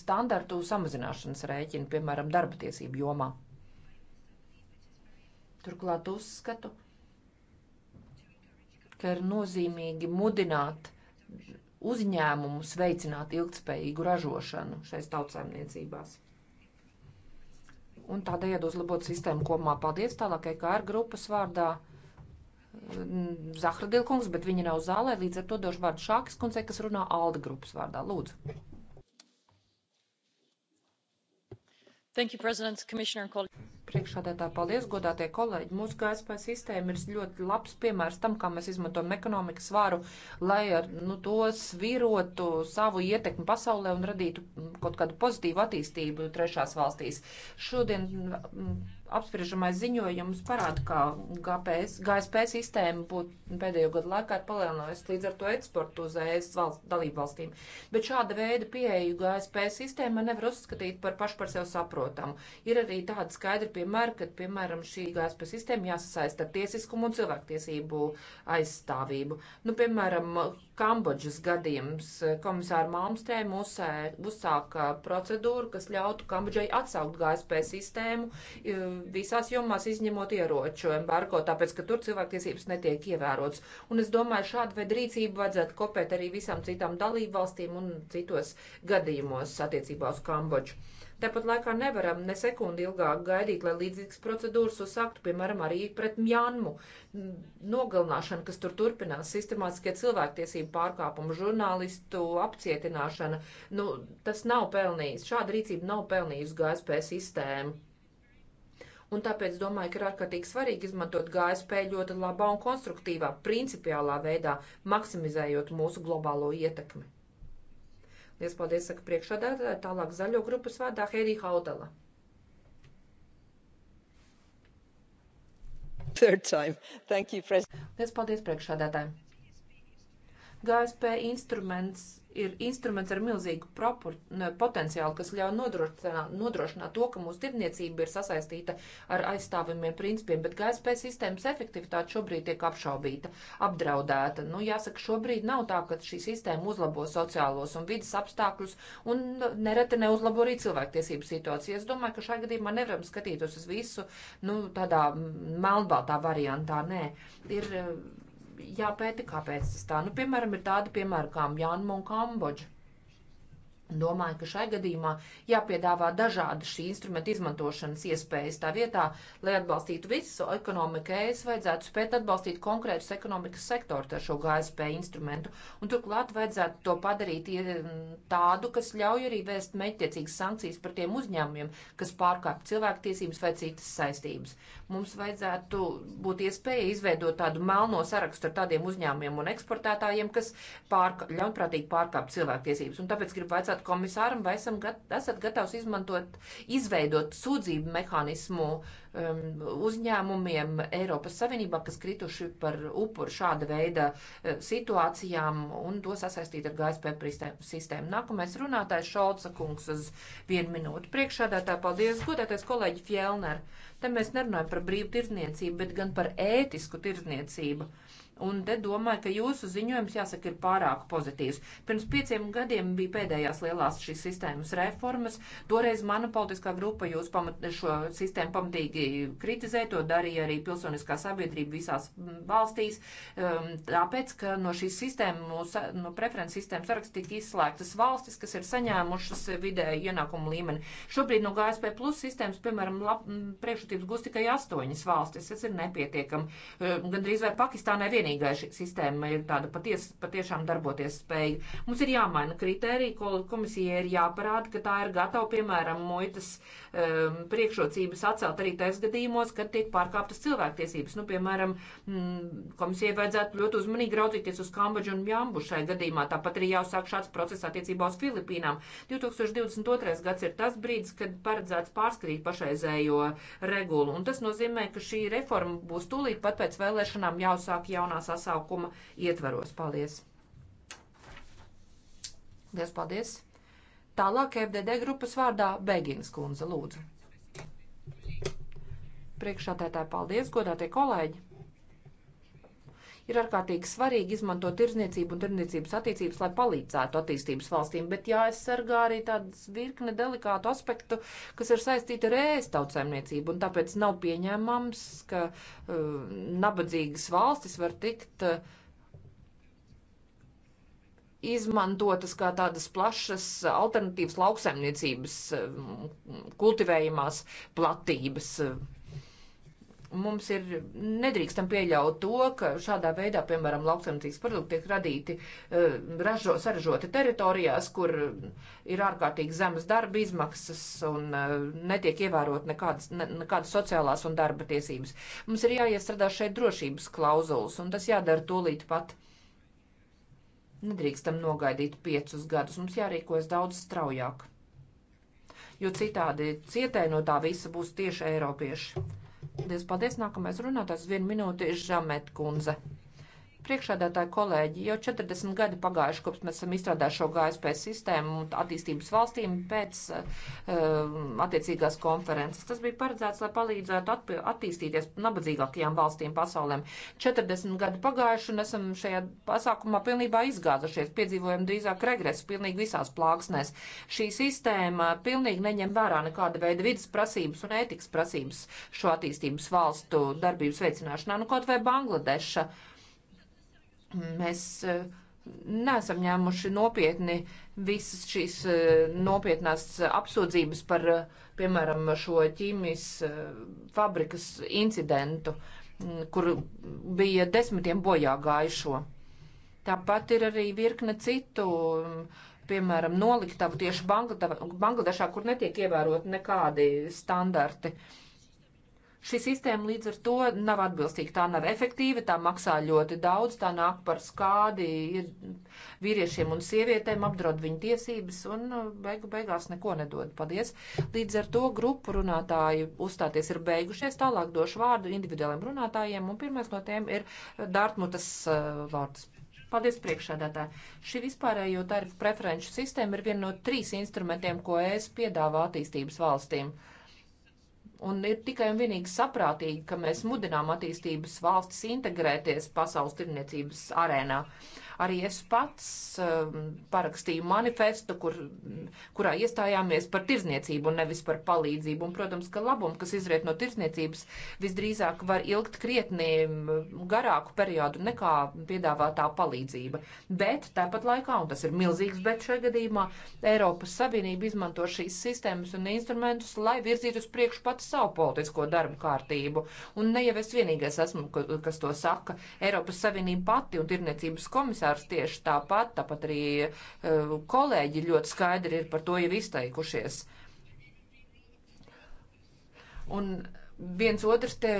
standartu samazināšanas rēķina, piemēram, darba tiesību jomā. Turklāt uzskatu, ka ir nozīmīgi mudināt uzņēmumus veicināt ilgtspējīgu ražošanu šais tautsēmniecībās. Un tādējādi uzlabot sistēmu kopumā. Paldies tālāk EKR grupas vārdā. Zahradilkungs, bet viņa nav zālē, līdz ar to došu vārdu Šākas kundzei, kas runā Alda grupas vārdā. Lūdzu. Thank you, President, Commissioner and colleagues priekšādētā paldies, godātie kolēģi. Mūsu GSP sistēma ir ļoti labs piemērs tam, kā mēs izmantojam ekonomikas svāru, lai ar nu, to svirotu savu ietekmi pasaulē un radītu kaut kādu pozitīvu attīstību trešās valstīs. Šodien apspriežamais ziņojums parāda, ka GPS, GSP sistēma būtu pēdējo gadu laikā palielinājusi līdz ar to eksportu uz ES valst, dalību valstīm. Bet šāda veida pieeju GSP sistēma nevar uzskatīt par pašu par sev saprotamu. Ir arī tāda skaidra piemēra, kad, piemēram, šī GSP sistēma jāsasaista ar tiesiskumu un cilvēktiesību aizstāvību. Nu, piemēram, Kambodžas gadījums. Eh, komisāra Malmstrēm uzsāka procedūru, kas ļautu Kambodžai atsaukt GSP sistēmu visās jomās izņemot ieroču embargo, tāpēc, ka tur cilvēktiesības netiek ievērots. Un es domāju, šādu veidu rīcību vajadzētu kopēt arī visām citām dalībvalstīm un citos gadījumos attiecībā uz Kambodžu. Tāpat laikā nevaram ne sekundi ilgāk gaidīt, lai līdzīgas procedūras uzsāktu, piemēram, arī pret Mjanmu. Nogalināšana, kas tur turpinās, sistemātiskie cilvēktiesību pārkāpumi, žurnālistu apcietināšana, nu, tas nav pelnījis. Šāda rīcība nav pelnījusi GSP sistēmu un tāpēc domāju, ka ir ārkārtīgi svarīgi izmantot GSP ļoti labā un konstruktīvā, principiālā veidā, maksimizējot mūsu globālo ietekmi. Lies paldies, saka priekšādātāji, tālāk zaļo grupas vārdā Hērī Haudala. Third time. Thank you, President. Lies paldies priekšādātājiem. GSP instruments ir instruments ar milzīgu propor, potenciālu, kas ļauj nodrošināt, nodrošināt to, ka mūsu tirniecība ir sasaistīta ar aizstāvamiem principiem, bet GSP sistēmas efektivitāte šobrīd tiek apšaubīta, apdraudēta. Nu, jāsaka, šobrīd nav tā, ka šī sistēma uzlabo sociālos un vidas apstākļus un nereti neuzlabo arī cilvēktiesību situāciju. Es domāju, ka šajā gadījumā nevaram skatīties uz visu nu, tādā melnbaltā variantā. Nē, ir jāpēta, kāpēc tas tā. Nu, piemēram, ir tāda piemēra kā Mjanma un Kambodža. Domāju, ka šai gadījumā jāpiedāvā dažādi šī instrumenta izmantošanas iespējas. Tā vietā, lai atbalstītu visu ekonomiku, es vajadzētu spēt atbalstīt konkrētus ekonomikas sektorus ar šo GSP instrumentu. Un turklāt vajadzētu to padarīt tādu, kas ļauj arī vēst mēķtiecīgas sankcijas par tiem uzņēmumiem, kas pārkāpj cilvēktiesības vai citas saistības. Mums vajadzētu būt iespēja izveidot tādu melno sarakstu ar tādiem uzņēmumiem un eksportētājiem, kas pārka ļaunprātīgi pārkāpj cilvēktiesības. Un tāpēc gribu vaicāt jautāt komisāram, vai esam gat, esat gatavs izmantot, izveidot sūdzību mehānismu um, uzņēmumiem Eiropas Savienībā, kas krituši par upuru šāda veida uh, situācijām un to sasaistīt ar GSP sistēmu. Nākamais runātājs Šolca kungs uz vienu minūtu. Priekšādātā paldies, godētais kolēģi Fjellner. Te mēs nerunājam par brīvu tirdzniecību, bet gan par ētisku tirdzniecību. Uh, Un te domāju, ka jūsu ziņojums, jāsaka, ir pārāk pozitīvs. Pirms pieciem gadiem bija pēdējās lielās šīs sistēmas reformas. Toreiz mana politiskā grupa jūs pamat, šo sistēmu pamatīgi kritizēja, to darīja arī pilsoniskā sabiedrība visās valstīs, um, tāpēc, ka no šīs sistēmas, no preferences sistēmas saraksta tika izslēgtas valstis, kas ir saņēmušas vidēju ienākumu līmeni. Šobrīd no GSP plus sistēmas, piemēram, lab, priekšrocības gūs tikai astoņas valstis. Tas ir nepietiekami. Uh, gandrīz vai Pakistānai vien vienīgai šī sistēma ir tāda paties, patiešām darboties spēja. Mums ir jāmaina kriteriji, ko komisijai ir jāparāda, ka tā ir gatava, piemēram, muitas um, priekšrocības atcelt arī tais gadījumos, kad tiek pārkāptas cilvēktiesības. Nu, piemēram, mm, komisijai vajadzētu ļoti uzmanīgi raudzīties uz Kambodžu un Mjambu šai gadījumā. Tāpat arī jāuzsāk šāds process attiecībā uz Filipīnām. 2022. gads ir tas brīdis, kad paredzēts pārskatīt pašreizējo regulu, un tas nozīmē, ka šī reforma būs tūlīt pat pēc vēlēšanām jāuzsāk jaunā nākamā sasaukuma ietvaros. Paldies! Liels paldies! Tālāk FDD grupas vārdā Beginas kundze lūdzu. Priekšādētāji, paldies, godātie kolēģi! Ir ārkārtīgi svarīgi izmantot tirzniecību un tirzniecības attiecības, lai palīdzētu attīstības valstīm, bet jāaizsargā arī tādas virkne delikātu aspektu, kas ir saistīti ar ēstautsēmniecību, un tāpēc nav pieņēmams, ka uh, nabadzīgas valstis var tikt uh, izmantotas kā tādas plašas alternatīvas lauksaimniecības um, kultivējumās platības uh, mums ir nedrīkstam pieļaut to, ka šādā veidā, piemēram, lauksaimniecības produkti tiek radīti, e, ražo, saražoti teritorijās, kur ir ārkārtīgi zemas darba izmaksas un e, netiek ievērot nekādas, ne, nekādas sociālās un darba tiesības. Mums ir jāiestrādā šeit drošības klauzulas, un tas jādara tūlīt pat. Nedrīkstam nogaidīt piecus gadus, mums jārīkojas daudz straujāk, jo citādi cietē no tā visa būs tieši eiropieši. Liels paldies! Nākamais runātājs vienu minūti ir Žamet kundze. Priekšādātāji kolēģi, jau 40 gadi pagājuši, kopš mēs esam izstrādājuši šo GSP sistēmu attīstības valstīm pēc uh, attiecīgās konferences. Tas bija paredzēts, lai palīdzētu atp, attīstīties nabadzīgākajām valstīm pasaulēm. 40 gadi pagājuši un esam šajā pasākumā pilnībā izgāzušies, piedzīvojam drīzāk regresu pilnīgi visās plāksnēs. Šī sistēma pilnīgi neņem vērā nekāda veida vidas prasības un ētikas prasības šo attīstības valstu darbības veicināšanā, nu kaut vai Bangladeša. Uh, Mēs eh, neesam ņēmuši nopietni visas šīs eh, nopietnās apsūdzības par, eh, piemēram, šo ķīmijas fabrikas incidentu, mm, kur bija desmitiem bojā gājušo. Tāpat ir arī virkne citu, mm, piemēram, noliktavu tieši Bangladešā, kur netiek ievērot nekādi standarti. Uh, Šī sistēma līdz ar to nav atbilstīga, tā nav efektīva, tā maksā ļoti daudz, tā nāk par skādi vīriešiem un sievietēm, apdraud viņu tiesības un nu, beigu beigās neko nedod. Paldies! Līdz ar to grupu runātāji uzstāties ir beigušies, tālāk došu vārdu individuāliem runātājiem un pirmais no tiem ir Dārtmutas uh, vārds. Paldies, priekšsēdētāji. Šī vispārējo tarifu preferenču sistēma ir viena no trīs instrumentiem, ko es piedāvā attīstības valstīm. Uh, Un ir tikai un vienīgi saprātīgi, ka mēs mudinām attīstības valstis integrēties pasaules tirniecības arēnā. Uh, Arī es pats um, parakstīju manifestu, kur, kurā iestājāmies par tirzniecību un nevis par palīdzību. Un, protams, ka labumu, kas izriet no tirzniecības, visdrīzāk var ilgt krietni um, garāku periodu nekā piedāvātā palīdzība. Bet tāpat laikā, un tas ir milzīgs bet šajā gadījumā, Eiropas Savienība izmanto šīs sistēmas un instrumentus, lai virzītu uz priekšu pati savu politisko darbu kārtību. Un ne jau es vienīgais esmu, kas to saka. Eiropas Savienība pati un tirniecības komisija komisārs tieši tāpat, tāpat arī e, kolēģi ļoti skaidri ir par to jau izteikušies. Un viens otrs te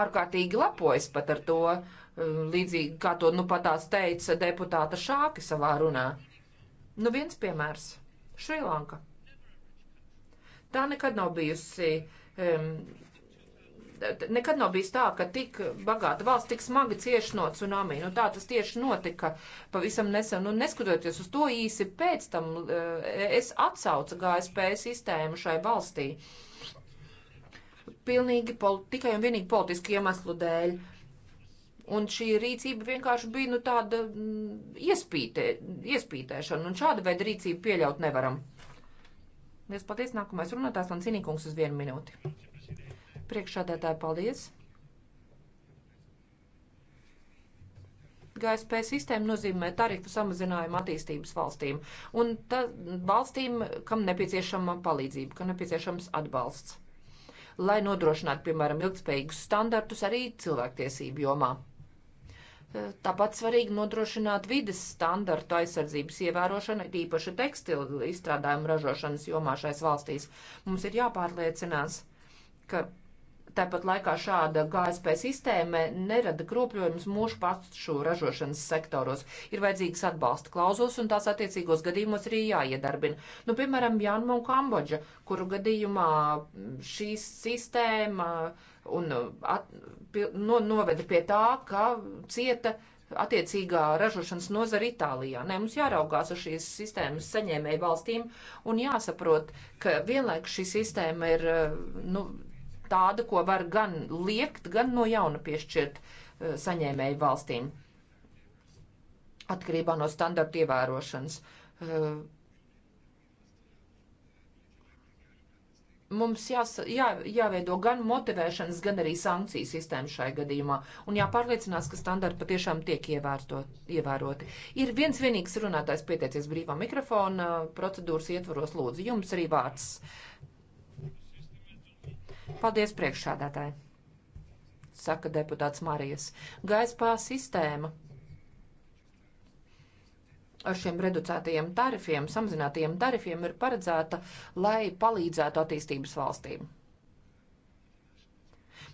ārkārtīgi lepojas pat ar to, e, līdzīgi kā to nu patās teica deputāta Šāki savā runā. Nu viens piemērs - Šrilanka. Tā nekad nav bijusi um, nekad nav bijis tā, ka tik bagāta valsts tik smagi cieši no tsunami. Nu, tā tas tieši notika pavisam nesen. Nu, neskatoties uz to īsi pēc tam, eh, es atsaucu GSP sistēmu šai valstī. Pilnīgi pol, tikai un vienīgi politiski iemeslu dēļ. Un šī rīcība vienkārši bija nu, tāda mm, iespītē, iespītēšana, un šāda veida rīcību pieļaut nevaram. Liels paldies, nākamais runātājs Lancīnīkungs uz vienu minūti. Priekšādātāji, paldies! GSP sistēma nozīmē tarifu samazinājumu attīstības valstīm un tā, valstīm, kam nepieciešama palīdzība, kam nepieciešams atbalsts, lai nodrošinātu, piemēram, ilgspējīgus standartus arī cilvēktiesību jomā. Tāpat svarīgi nodrošināt vides standartu aizsardzības ievērošanu, īpaši tekstilu izstrādājumu ražošanas jomā šais valstīs. Mums ir jāpārliecinās, ka Tāpat laikā šāda GSP sistēma nerada kropļojumus mūsu pašu ražošanas sektoros. Ir vajadzīgs atbalsta klauzulas un tās attiecīgos gadījumos arī jāiedarbina. Nu, piemēram, Janma un Kambodža, kuru gadījumā šī sistēma uh, un uh, at, no, noveda pie tā, ka cieta attiecīgā ražošanas nozara Itālijā. Nē, mums jāraugās uz šīs sistēmas saņēmēju valstīm un jāsaprot, ka vienlaikus šī sistēma ir uh, nu, tāda, ko var gan liekt, gan no jauna piešķirt eh, saņēmēju valstīm atkarībā no standarta ievērošanas. Eh, mums jās, jā, jāveido gan motivēšanas, gan arī sankciju sistēma šai gadījumā, un jāpārliecinās, ka standarti patiešām tiek ievērto, ievēroti. Ir viens vienīgs runātājs pieteicies brīvā mikrofona procedūras ietvaros, lūdzu, jums arī vārds. Uh, Paldies priekšādātāji, saka deputāts Marijas. Gaispā sistēma ar šiem reducētajiem tarifiem, samazinātajiem tarifiem ir paredzēta, lai palīdzētu attīstības valstīm.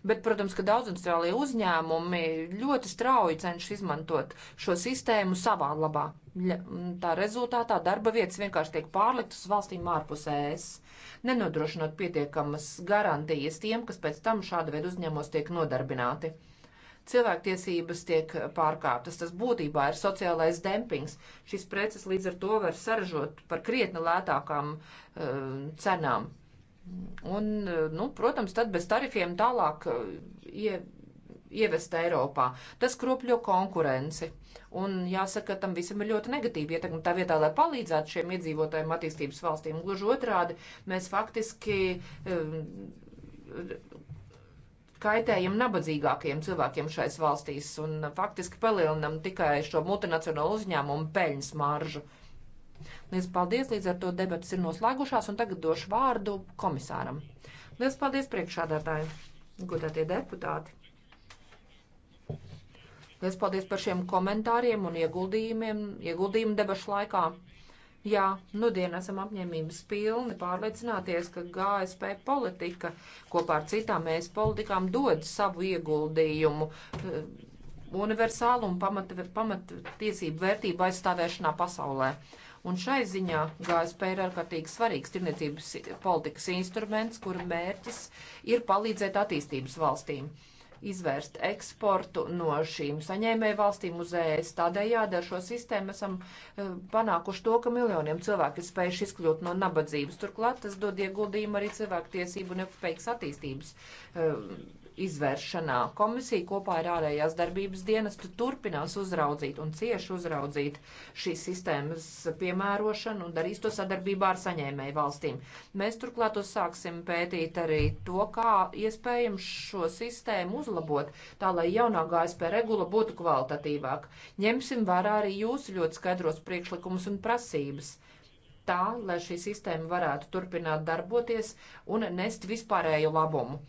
Bet, protams, ka daudz Austrālija uzņēmumi ļoti strauji cenšas izmantot šo sistēmu savā labā. Tā rezultātā darba vietas vienkārši tiek pārliktas valstīm ārpus ES, nenodrošinot pietiekamas garantijas tiem, kas pēc tam šāda veida uzņēmumos tiek nodarbināti cilvēktiesības tiek pārkāptas. Tas būtībā ir sociālais dempings. Šis preces līdz ar to var saražot par krietni lētākām uh, cenām. Un, nu, protams, tad bez tarifiem tālāk e, ie, ievest Eiropā. Tas kropļo konkurenci. Un jāsaka, tam visam ir ļoti negatīva ietekme. Tā vietā, lai palīdzētu šiem iedzīvotājiem attīstības valstīm, gluži otrādi, mēs faktiski. Um, kaitējam nabadzīgākiem cilvēkiem šais valstīs un faktiski palielinam tikai šo multinacionālu uzņēmumu peļņas maržu. Uh, Liels paldies, līdz ar to debatas ir noslēgušās, un tagad došu vārdu komisāram. Liels paldies priekšādātāji, godātie deputāti. Liels paldies par šiem komentāriem un ieguldījumiem, ieguldījumu debašu laikā. Jā, nudien esam apņēmības pilni pārliecināties, ka GSP politika kopā ar citām mēs e politikām dod savu ieguldījumu eh, universālu un pamata, pamata tiesību vērtību aizstāvēšanā pasaulē. Un šai ziņā GSP ir ārkārtīgi svarīgs tirniecības politikas instruments, kura mērķis ir palīdzēt attīstības valstīm izvērst eksportu no šīm saņēmēju valstīm uz ES. Tādējādi ar šo sistēmu esam e, panākuši to, ka miljoniem cilvēku ir spējuši izkļūt no nabadzības. Turklāt tas dod ieguldījumu arī cilvēku tiesību un nepaspējīgas attīstības um, izvēršanā. Komisija kopā ar ārējās darbības dienestu turpinās uzraudzīt un cieši uzraudzīt šīs sistēmas piemērošanu un darīs to sadarbībā ar saņēmēju valstīm. Mēs turklāt uzsāksim pētīt arī to, kā iespējams šo sistēmu uzlabot, tā lai jaunā GSP regula būtu kvalitatīvāka. Ņemsim vērā arī jūsu ļoti skaidros priekšlikumus un prasības tā, lai šī sistēma varētu turpināt darboties un nest vispārēju labumu.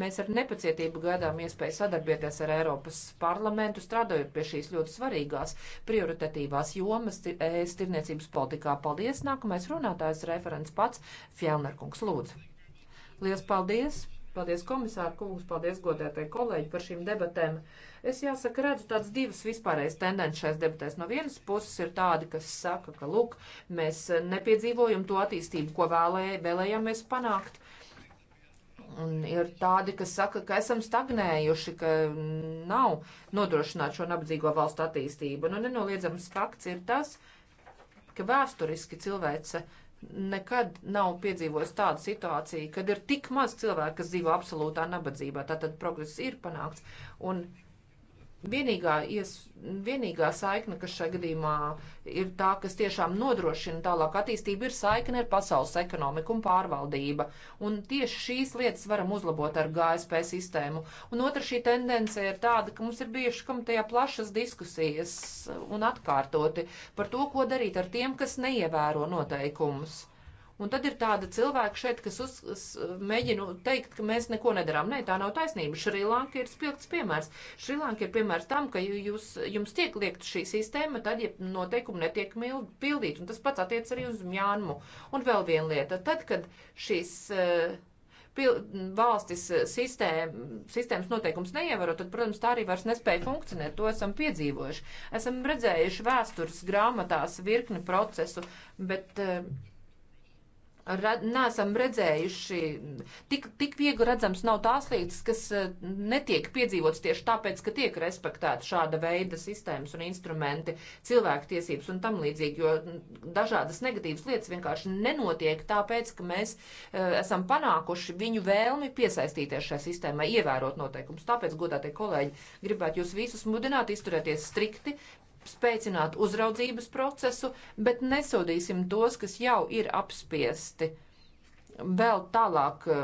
Mēs ar nepacietību gaidām iespēju sadarbieties ar Eiropas parlamentu, strādājot pie šīs ļoti svarīgās prioritatīvās jomas ES tirniecības politikā. Paldies! Nākamais runātājs referents pats Fjellnerkungs lūdzu. Lielas paldies! Paldies, komisāra kungs, paldies, godētai kolēģi, par šīm debatēm. Es jāsaka, redzu tādas divas vispārējas tendences šajās debatēs. No vienas puses ir tādi, kas saka, ka, lūk, mēs nepiedzīvojam to attīstību, ko vēlē, vēlējāmies panākt. Un ir tādi, kas saka, ka esam stagnējuši, ka nav nodrošināta šo nabadzīgo valstu attīstība. Nu, nenoliedzams fakts ir tas, ka vēsturiski cilvēce nekad nav piedzīvojis tādu situāciju, kad ir tik maz cilvēku, kas dzīvo absolūtā nabadzībā. Tātad progress ir panākts. Un Vienīgā, ies, vienīgā saikne, kas šajā gadījumā ir tā, kas tiešām nodrošina tālāk attīstību, ir saikne ar pasaules ekonomiku un pārvaldība. Un tieši šīs lietas varam uzlabot ar GSP sistēmu. Un otra šī tendence ir tāda, ka mums ir bijuši kam tajā plašas diskusijas un atkārtoti par to, ko darīt ar tiem, kas neievēro noteikumus Un tad ir tāda cilvēka šeit, kas uz, uz, mēģina teikt, ka mēs neko nedarām. Nē, tā nav taisnība. Šrilanka ir spilgts piemērs. Šrilanka ir piemērs tam, ka jūs, jums tiek liekta šī sistēma, tad, ja noteikumi netiek pildīti. Un tas pats attiec arī uz Mjānmu. Un vēl viena lieta. Tad, kad šīs. Uh, pil, valstis e, sistēma, sistēmas noteikums neievēro, tad, protams, tā arī vairs nespēja funkcionēt. To esam piedzīvojuši. Esam redzējuši vēstures grāmatās virkni procesu, bet. Uh, Red, nesam redzējuši, tik, tik viegli redzams nav tās lietas, kas e, netiek piedzīvotas tieši tāpēc, ka tiek respektēta šāda veida sistēmas un instrumenti, cilvēktiesības un tam līdzīgi, jo dažādas negatīvas lietas vienkārši nenotiek tāpēc, ka mēs uh, esam panākuši viņu vēlmi piesaistīties šai sistēmai, ievērot noteikumus. Tāpēc, godātie kolēģi, gribētu jūs visus mudināt izturēties strikti spēcināt uzraudzības procesu, bet nesodīsim tos, kas jau ir apspiesti, vēl tālāk eh,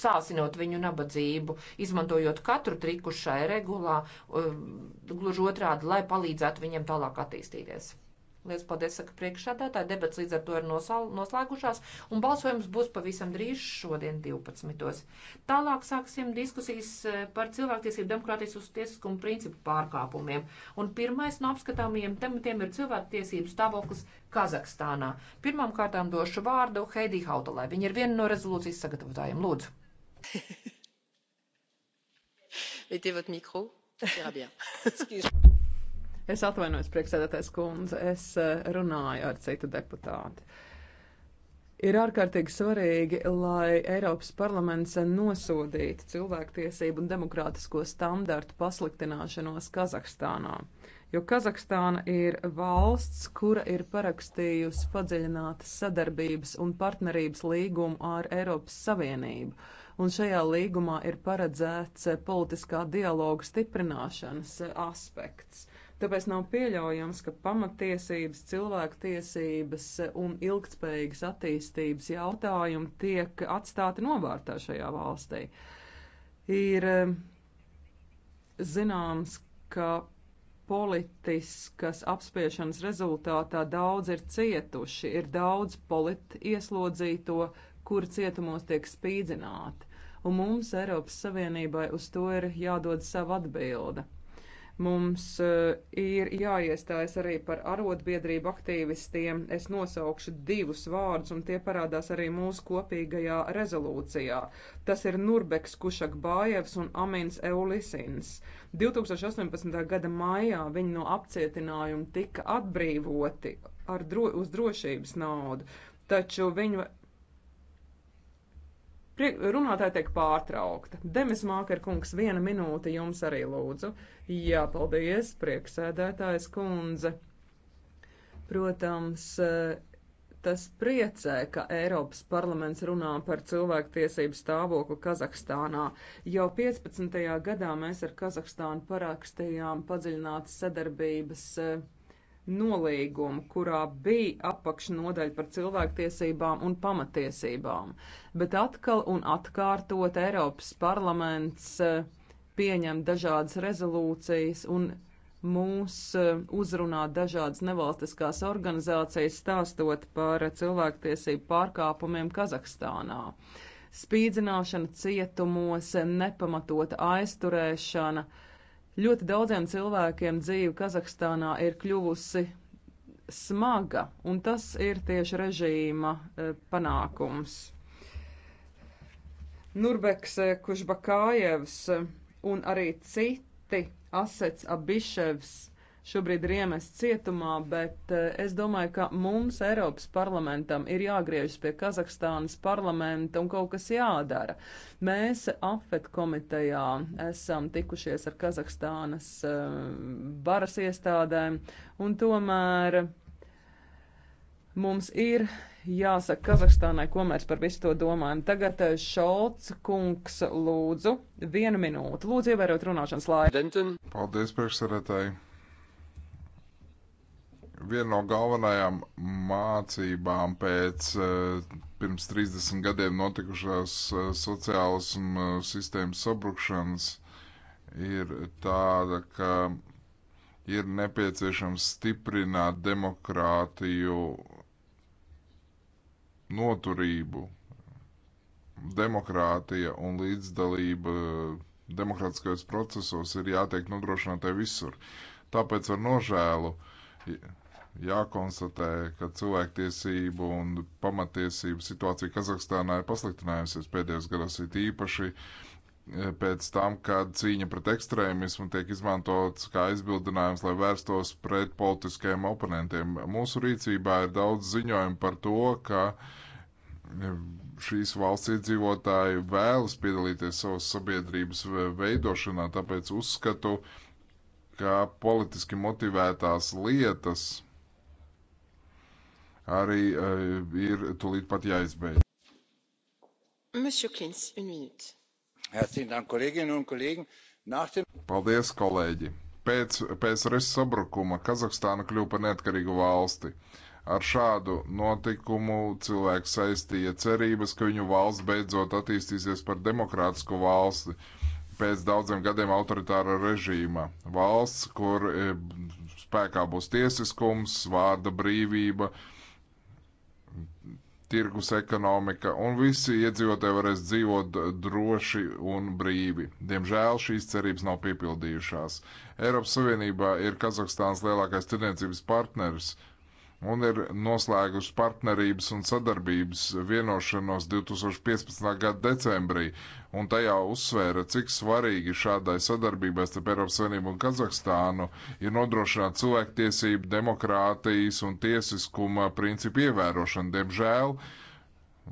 sāsinot viņu nabadzību, izmantojot katru triku šai regulā, eh, gluži otrādi, lai palīdzētu viņiem tālāk attīstīties. Lielas paldies, saka priekšsādātāji. Debats līdz ar to ir noslēgušās, un balsojums būs pavisam drīz šodien 12. Tālāk sāksim diskusijas eh, par cilvēktiesību demokrātijas uz tiesiskumu principu pārkāpumiem. Un pirmais no apskatāmajiem tematiem ir cilvēktiesību stāvoklis Kazahstānā. Pirmām kārtām došu vārdu Heidī Hautalai. Viņa ir viena no rezolūcijas sagatavotājiem. Lūdzu. Mettez votre micro, ça ira bien. Es atvainojos, priekšsēdētājs kundze, es eh, runāju ar citu deputātu. Ir ārkārtīgi svarīgi, lai Eiropas parlaments nosodītu cilvēktiesību un demokrātisko standartu pasliktināšanos Kazahstānā, jo Kazahstāna ir valsts, kura ir parakstījusi padziļinātas sadarbības un partnerības līgumu ar Eiropas Savienību, un šajā līgumā ir paredzēts politiskā dialoga stiprināšanas aspekts. Tāpēc nav pieļaujams, ka pamatiesības, cilvēktiesības un ilgtspējīgas attīstības jautājumi tiek atstāti novārtā šajā valstī. Ir eh, zināms, ka politiskas apspiešanas rezultātā daudz ir cietuši, ir daudz politieslodzīto, kuri cietumos tiek spīdzināti. Un mums, Eiropas Savienībai, uz to ir jādod sava atbilde. Mums eh, ir jāiestājas arī par arotbiedrību aktīvistiem. Es nosaukšu divus vārdus, un tie parādās arī mūsu kopīgajā rezolūcijā. Tas ir Nurbeks Kušakbājevs un Amins Eulisins. 2018. gada maijā viņi no apcietinājuma tika atbrīvoti dro uz drošības naudu, taču viņu Runātāja tiek pārtraukta. Demis Māker kungs, viena minūte jums arī lūdzu. Jā, paldies, prieksēdētājs kundze. Protams, eh, tas priecē, ka Eiropas parlaments runā par cilvēktiesību stāvokli Kazahstānā. Jau 15. gadā mēs ar Kazahstānu parakstījām padziļinātas sadarbības uh, nolīgumu, kurā bija apakšnodaļa par cilvēktiesībām un pamatiesībām. Bet atkal un atkārtot Eiropas parlaments eh, pieņem dažādas rezolūcijas un mūs eh, uzrunā dažādas nevalstiskās organizācijas stāstot par cilvēktiesību pārkāpumiem Kazahstānā spīdzināšana cietumos, nepamatota aizturēšana, Ļoti daudziem cilvēkiem dzīve Kazahstānā ir kļuvusi smaga, un tas ir tieši režīma e, panākums. Nurbeks e, Kužbakājevs e, un arī citi Asets Abiševs šobrīd ir iemests cietumā, bet eh, es domāju, ka mums, Eiropas parlamentam, ir jāgriežas pie Kazahstānas parlamenta un kaut kas jādara. Mēs AFET komitejā esam tikušies ar Kazahstānas eh, varas iestādēm un tomēr. Mums ir jāsaka Kazahstānai, ko mēs par visu to domājam. Tagad eh, Šolts kungs lūdzu vienu minūtu. Lūdzu ievērot runāšanas laiku. Paldies, priekšsarētāji! Viena no galvenajām mācībām pēc eh, pirms 30 gadiem notikušās eh, sociālismu eh, sistēmas sabrukšanas ir tāda, ka ir nepieciešams stiprināt demokrātiju noturību. Demokrātija un līdzdalība demokrātiskajos procesos ir jātiek nodrošinātai visur. Tāpēc ar nožēlu jākonstatē, ka cilvēktiesību un pamatiesību situācija Kazahstānā ir pasliktinājusies pēdējos gados it īpaši e, pēc tam, kad cīņa pret ekstrēmismu tiek izmantots kā aizbildinājums, lai vērstos pret politiskajiem oponentiem. Mūsu rīcībā ir daudz ziņojumu par to, ka šīs valsts iedzīvotāji vēlas piedalīties savas sabiedrības veidošanā, tāpēc uzskatu, ka politiski motivētās lietas arī uh, ir tulīt pat jāizbeidz. Paldies, kolēģi! Pēc PSRS sabrukuma Kazahstāna kļuva par neatkarīgu valsti. Ar šādu notikumu cilvēki saistīja cerības, ka viņu valsts beidzot attīstīsies par demokrātisku valsti pēc daudziem gadiem autoritāra režīma. Valsts, kur eh, spēkā būs tiesiskums, vārda brīvība, uh, tirgus ekonomika, un visi iedzīvotāji varēs dzīvot droši un brīvi. Diemžēl šīs cerības nav piepildījušās. Eiropas Savienībā ir Kazahstānas lielākais tirdzniecības partners, un ir noslēgusi partnerības un sadarbības vienošanos 2015. gada decembrī, un tajā uzsvēra, cik svarīgi šādai sadarbībai starp Eiropas Savienību un Kazahstānu ir nodrošināt cilvēktiesību, demokrātijas un tiesiskuma principu ievērošanu. Diemžēl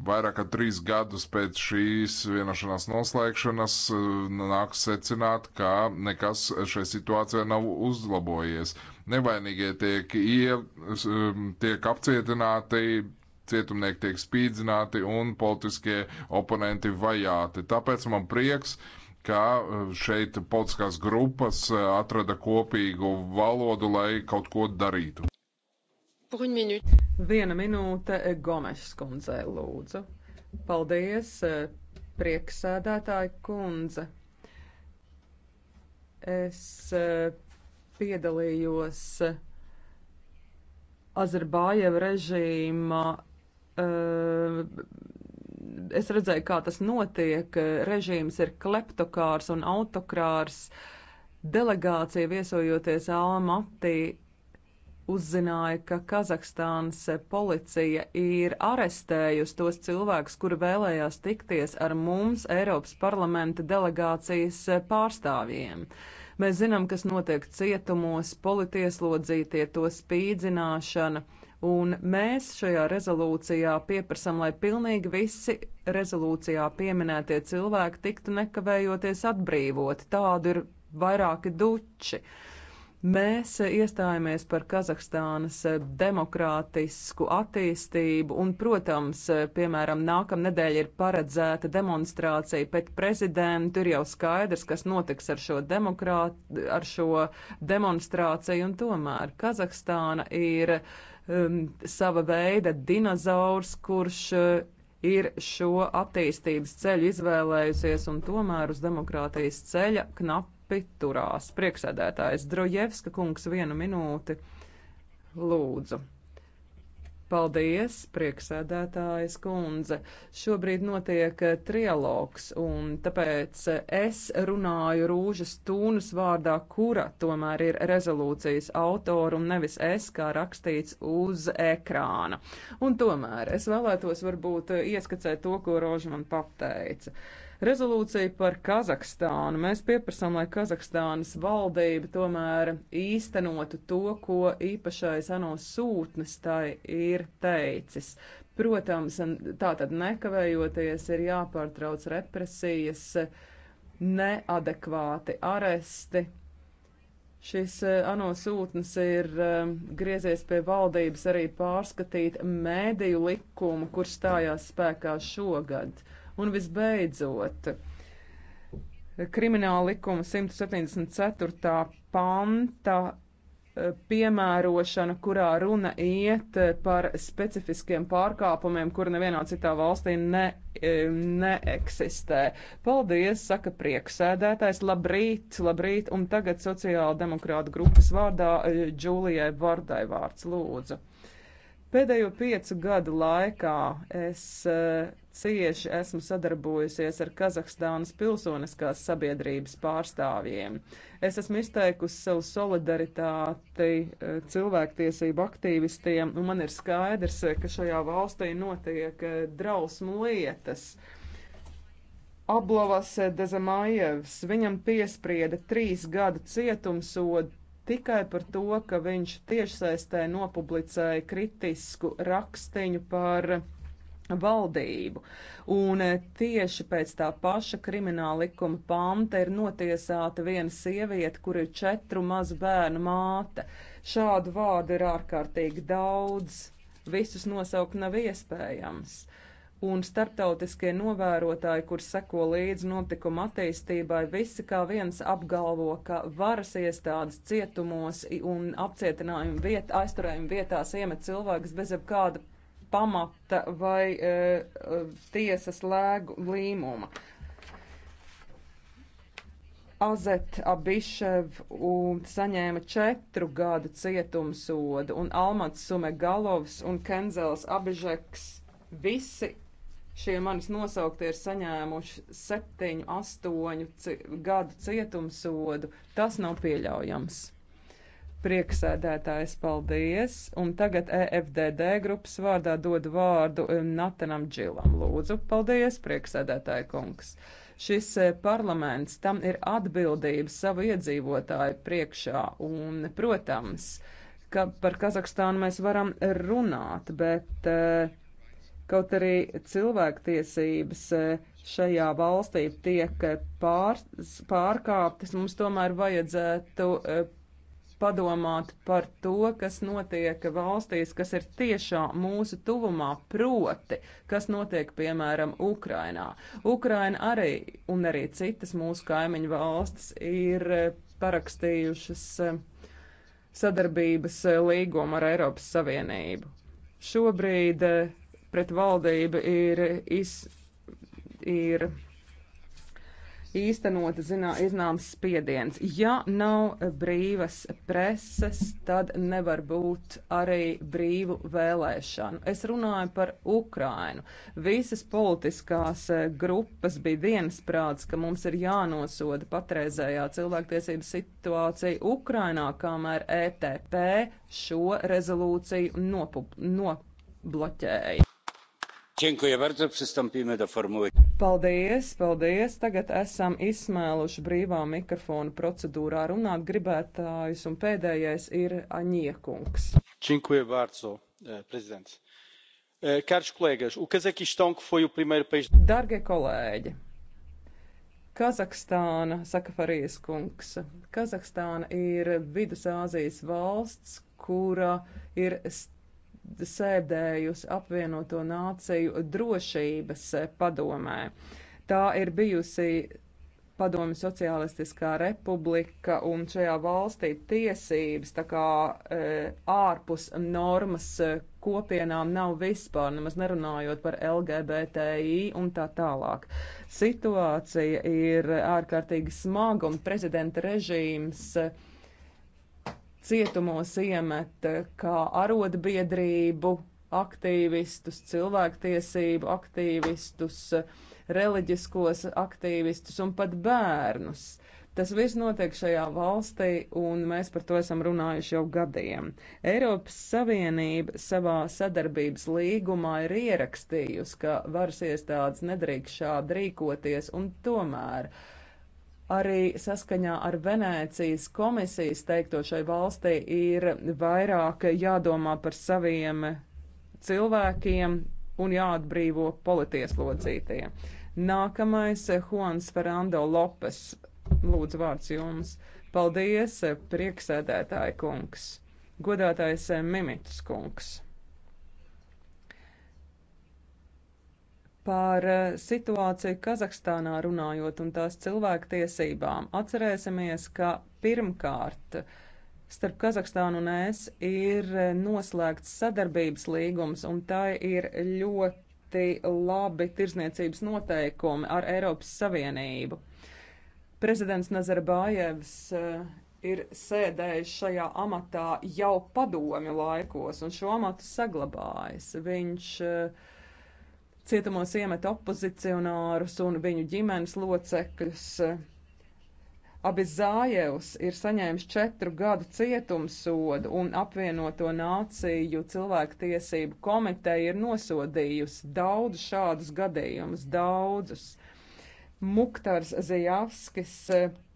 Vairāk kā trīs gadus pēc šīs vienošanās noslēgšanas eh, nāk secināt, ka nekas šai situācijai nav uzlabojies. Nevainīgie tiek, ie, eh, tiek apcietināti, cietumnieki tiek spīdzināti un politiskie oponenti vajāti. Tāpēc man prieks, ka eh, šeit politiskās grupas atrada kopīgu valodu, lai kaut ko darītu. Viena minūte Gomešs kundzei lūdzu. Paldies, prieksēdētāja kundze. Es eh, piedalījos eh, Azerbaijeva režīma eh, es redzēju, kā tas notiek. Režīms ir kleptokārs un autokrārs. Delegācija viesojoties Almatī uzzināja, ka Kazahstānas policija ir arestējusi tos cilvēkus, kuri vēlējās tikties ar mums, Eiropas parlamenta delegācijas pārstāvjiem. Mēs zinām, kas notiek cietumos, politieslodzītie, to spīdzināšana, un mēs šajā rezolūcijā pieprasam, lai pilnīgi visi rezolūcijā pieminētie cilvēki tiktu nekavējoties atbrīvoti. Tādu ir vairāki duči. Uh, Mēs iestājāmies par Kazahstānas demokrātisku attīstību, un, protams, piemēram, nākamā nedēļa ir paredzēta demonstrācija pret prezidentu. Ir jau skaidrs, kas notiks ar šo, demokrāt, ar šo demonstrāciju, un tomēr Kazahstāna ir um, sava veida dinozaurs, kurš uh, ir šo attīstības ceļu izvēlējusies, un tomēr uz demokrātijas ceļa knap piturās. Prieksēdētājs Drojevska kungs vienu minūti lūdzu. Paldies, prieksēdētājas kundze. Šobrīd notiek trialogs, un tāpēc es runāju Rūžas Tūnas vārdā, kura tomēr ir rezolūcijas autora, un nevis es, kā rakstīts uz ekrāna. Un tomēr es vēlētos varbūt ieskacēt to, ko Roža man pateica. Uh, Rezolūcija par Kazahstānu. Mēs pieprasām, lai Kazahstānas valdība tomēr īstenotu to, ko īpašais ANO sūtnis tai ir teicis. Protams, tātad nekavējoties ir jāpārtrauc represijas, neadekvāti aresti, Šis eh, ANO sūtnis ir um, griezies pie valdības arī pārskatīt mēdīju likumu, kurš stājās spēkā šogad. Un visbeidzot, krimināla likuma 174. panta e, piemērošana, kurā runa iet e, par specifiskiem pārkāpumiem, kur nevienā citā valstī ne, e, neeksistē. Paldies, saka prieksēdētājs. Labrīt, labrīt, un tagad sociāla demokrāta grupas vārdā Džūlijai Vardai vārds lūdzu. Pēdējo piecu gadu laikā es cieši esmu sadarbojusies ar Kazahstānas pilsoniskās sabiedrības pārstāvjiem. Es esmu izteikusi savu solidaritāti eh, cilvēktiesību aktīvistiem, un man ir skaidrs, eh, ka šajā valstī notiek eh, drausmu lietas. Ablovas Dezemājevs, viņam piesprieda trīs gadu cietumsodu tikai par to, ka viņš tiešsaistē nopublicēja kritisku rakstiņu par valdību. Un e, tieši pēc tā paša krimināla likuma panta ir notiesāta viena sieviete, kur ir četru mazu bērnu māte. Šādu vārdu ir ārkārtīgi daudz. Visus nosaukt nav iespējams. Un starptautiskie novērotāji, kur seko līdzi notikuma attīstībai, visi kā viens apgalvo, ka varas iestādes cietumos un apcietinājuma viet, aizturējuma vietās iemet cilvēkus bez jebkāda pamata vai e, e, tiesas lēgu līmuma. Azet Abišev un saņēma četru gadu cietumsodu, un Almats Sumegalovs un Kenzels Abižeks visi šie manis nosauktie ir saņēmuši septiņu, astoņu gadu cietumsodu. Tas nav pieļaujams. Prieksēdētājs, paldies! Un tagad EFDD grupas vārdā dodu vārdu um, Natanam Džilam. Lūdzu, paldies, prieksēdētāja kungs! Šis eh, parlaments tam ir atbildība savu iedzīvotāju priekšā un, protams, ka par Kazahstānu mēs varam runāt, bet eh, kaut arī cilvēktiesības eh, šajā valstī tiek pār, pārkāptas, mums tomēr vajadzētu padomāt par to, kas notiek valstīs, kas ir tiešā mūsu tuvumā, proti, kas notiek piemēram Ukrainā. Ukraina arī un arī citas mūsu kaimiņu valstis ir e, parakstījušas e, sadarbības e, līgumu ar Eiropas Savienību. Šobrīd pret valdību ir, iz, ir īstenot zinā, iznāms spiediens. Ja nav brīvas preses, tad nevar būt arī brīvu vēlēšanu. Es runāju par Ukrainu. Visas politiskās eh, grupas bija viensprāts, ka mums ir jānosoda patreizējā cilvēktiesības situācija Ukrainā, kamēr ETP šo rezolūciju nopub, nobloķēja. Paldies, paldies. Tagad esam izsmēluši brīvā mikrofona procedūrā runāt gribētājus, un pēdējais ir Aņiekungs. Činkuja vārdzo, e, prezidents. E, Karš kolēģis, u Kazahistão, ka foi o primeiro país. Dargie kolēģi, Kazahstāna, saka Farijas kungs, Kazahstāna ir Vidusāzijas valsts, kura ir sēdējusi apvienoto nāciju drošības padomē. Tā ir bijusi Padomju Socialistiskā republika un šajā valstī tiesības tā kā e, ārpus normas e, kopienām nav vispār, nemaz nerunājot par LGBTI un tā tālāk. Situācija ir ārkārtīgi smaga un prezidenta režīms. E, cietumos iemet eh, kā arotbiedrību aktīvistus, cilvēktiesību aktīvistus, reliģiskos aktīvistus un pat bērnus. Tas viss notiek šajā valstī, un mēs par to esam runājuši jau gadiem. Eiropas Savienība savā sadarbības līgumā ir ierakstījusi, ka varas iestādes nedrīkst šādi rīkoties, un tomēr uh, Arī saskaņā ar Venēcijas komisijas teikto šai valstī ir vairāk jādomā par saviem cilvēkiem un jāatbrīvo politieslodzītie. Nākamais Juans Ferrando Lopes. Lūdzu, vārds jums. Paldies, prieksēdētāji kungs. Godātais eh, Mimits kungs. Par eh, situāciju Kazahstānā runājot un tās cilvēktiesībām, atcerēsimies, ka pirmkārt starp Kazahstānu un es ir eh, noslēgts sadarbības līgums, un tai ir ļoti labi tirzniecības noteikumi ar Eiropas Savienību. Prezidents Nazarbājevs eh, ir sēdējis šajā amatā jau padomi laikos un šo amatu saglabājis. Viņš uh, Cietumos iemet opozicionārus un viņu ģimenes locekļus. Abizājevs ir saņēmis četru gadu cietumsodu un apvienoto nāciju cilvēktiesību komiteja ir nosodījusi daudz šādus gadījumus, daudzus. Muktars Zijavskis,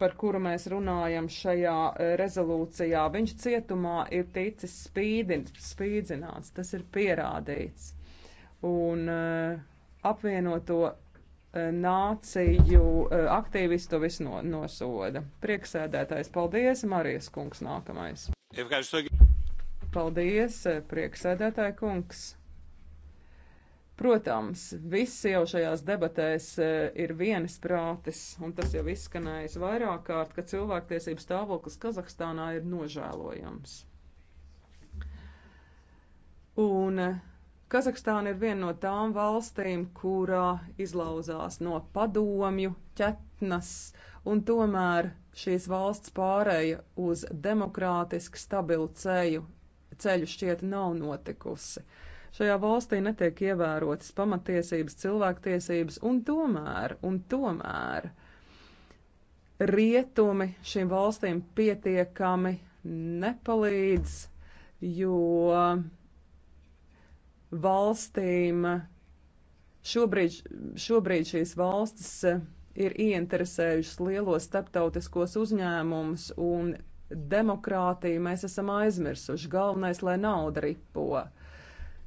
par kuru mēs runājam šajā e, rezolūcijā, viņš cietumā ir ticis spīdin, spīdzināts, tas ir pierādīts un eh, apvienoto eh, nāciju eh, aktīvistu to visu no, nosoda. Prieksēdētājs, paldies, Marijas kungs nākamais. Paldies, prieksēdētāja kungs. Protams, visi jau šajās debatēs ir vienas prātes, un tas jau izskanējis vairāk kārt, ka cilvēktiesības stāvoklis Kazahstānā ir nožēlojams. Un Kazahstāna ir viena no tām valstīm, kurā izlauzās no padomju ķetnes, un tomēr šīs valsts pārēja uz demokrātiski stabilu ceļu, ceļu šķiet nav notikusi. Šajā valstī netiek ievērotas pamatiesības, cilvēktiesības, un tomēr, un tomēr rietumi šīm valstīm pietiekami nepalīdz, jo valstīm šobrīd, šobrīd šīs valstis eh, ir ieinteresējušas lielos starptautiskos uzņēmumus un demokrātiju mēs esam aizmirsuši. Galvenais, lai nauda ripo.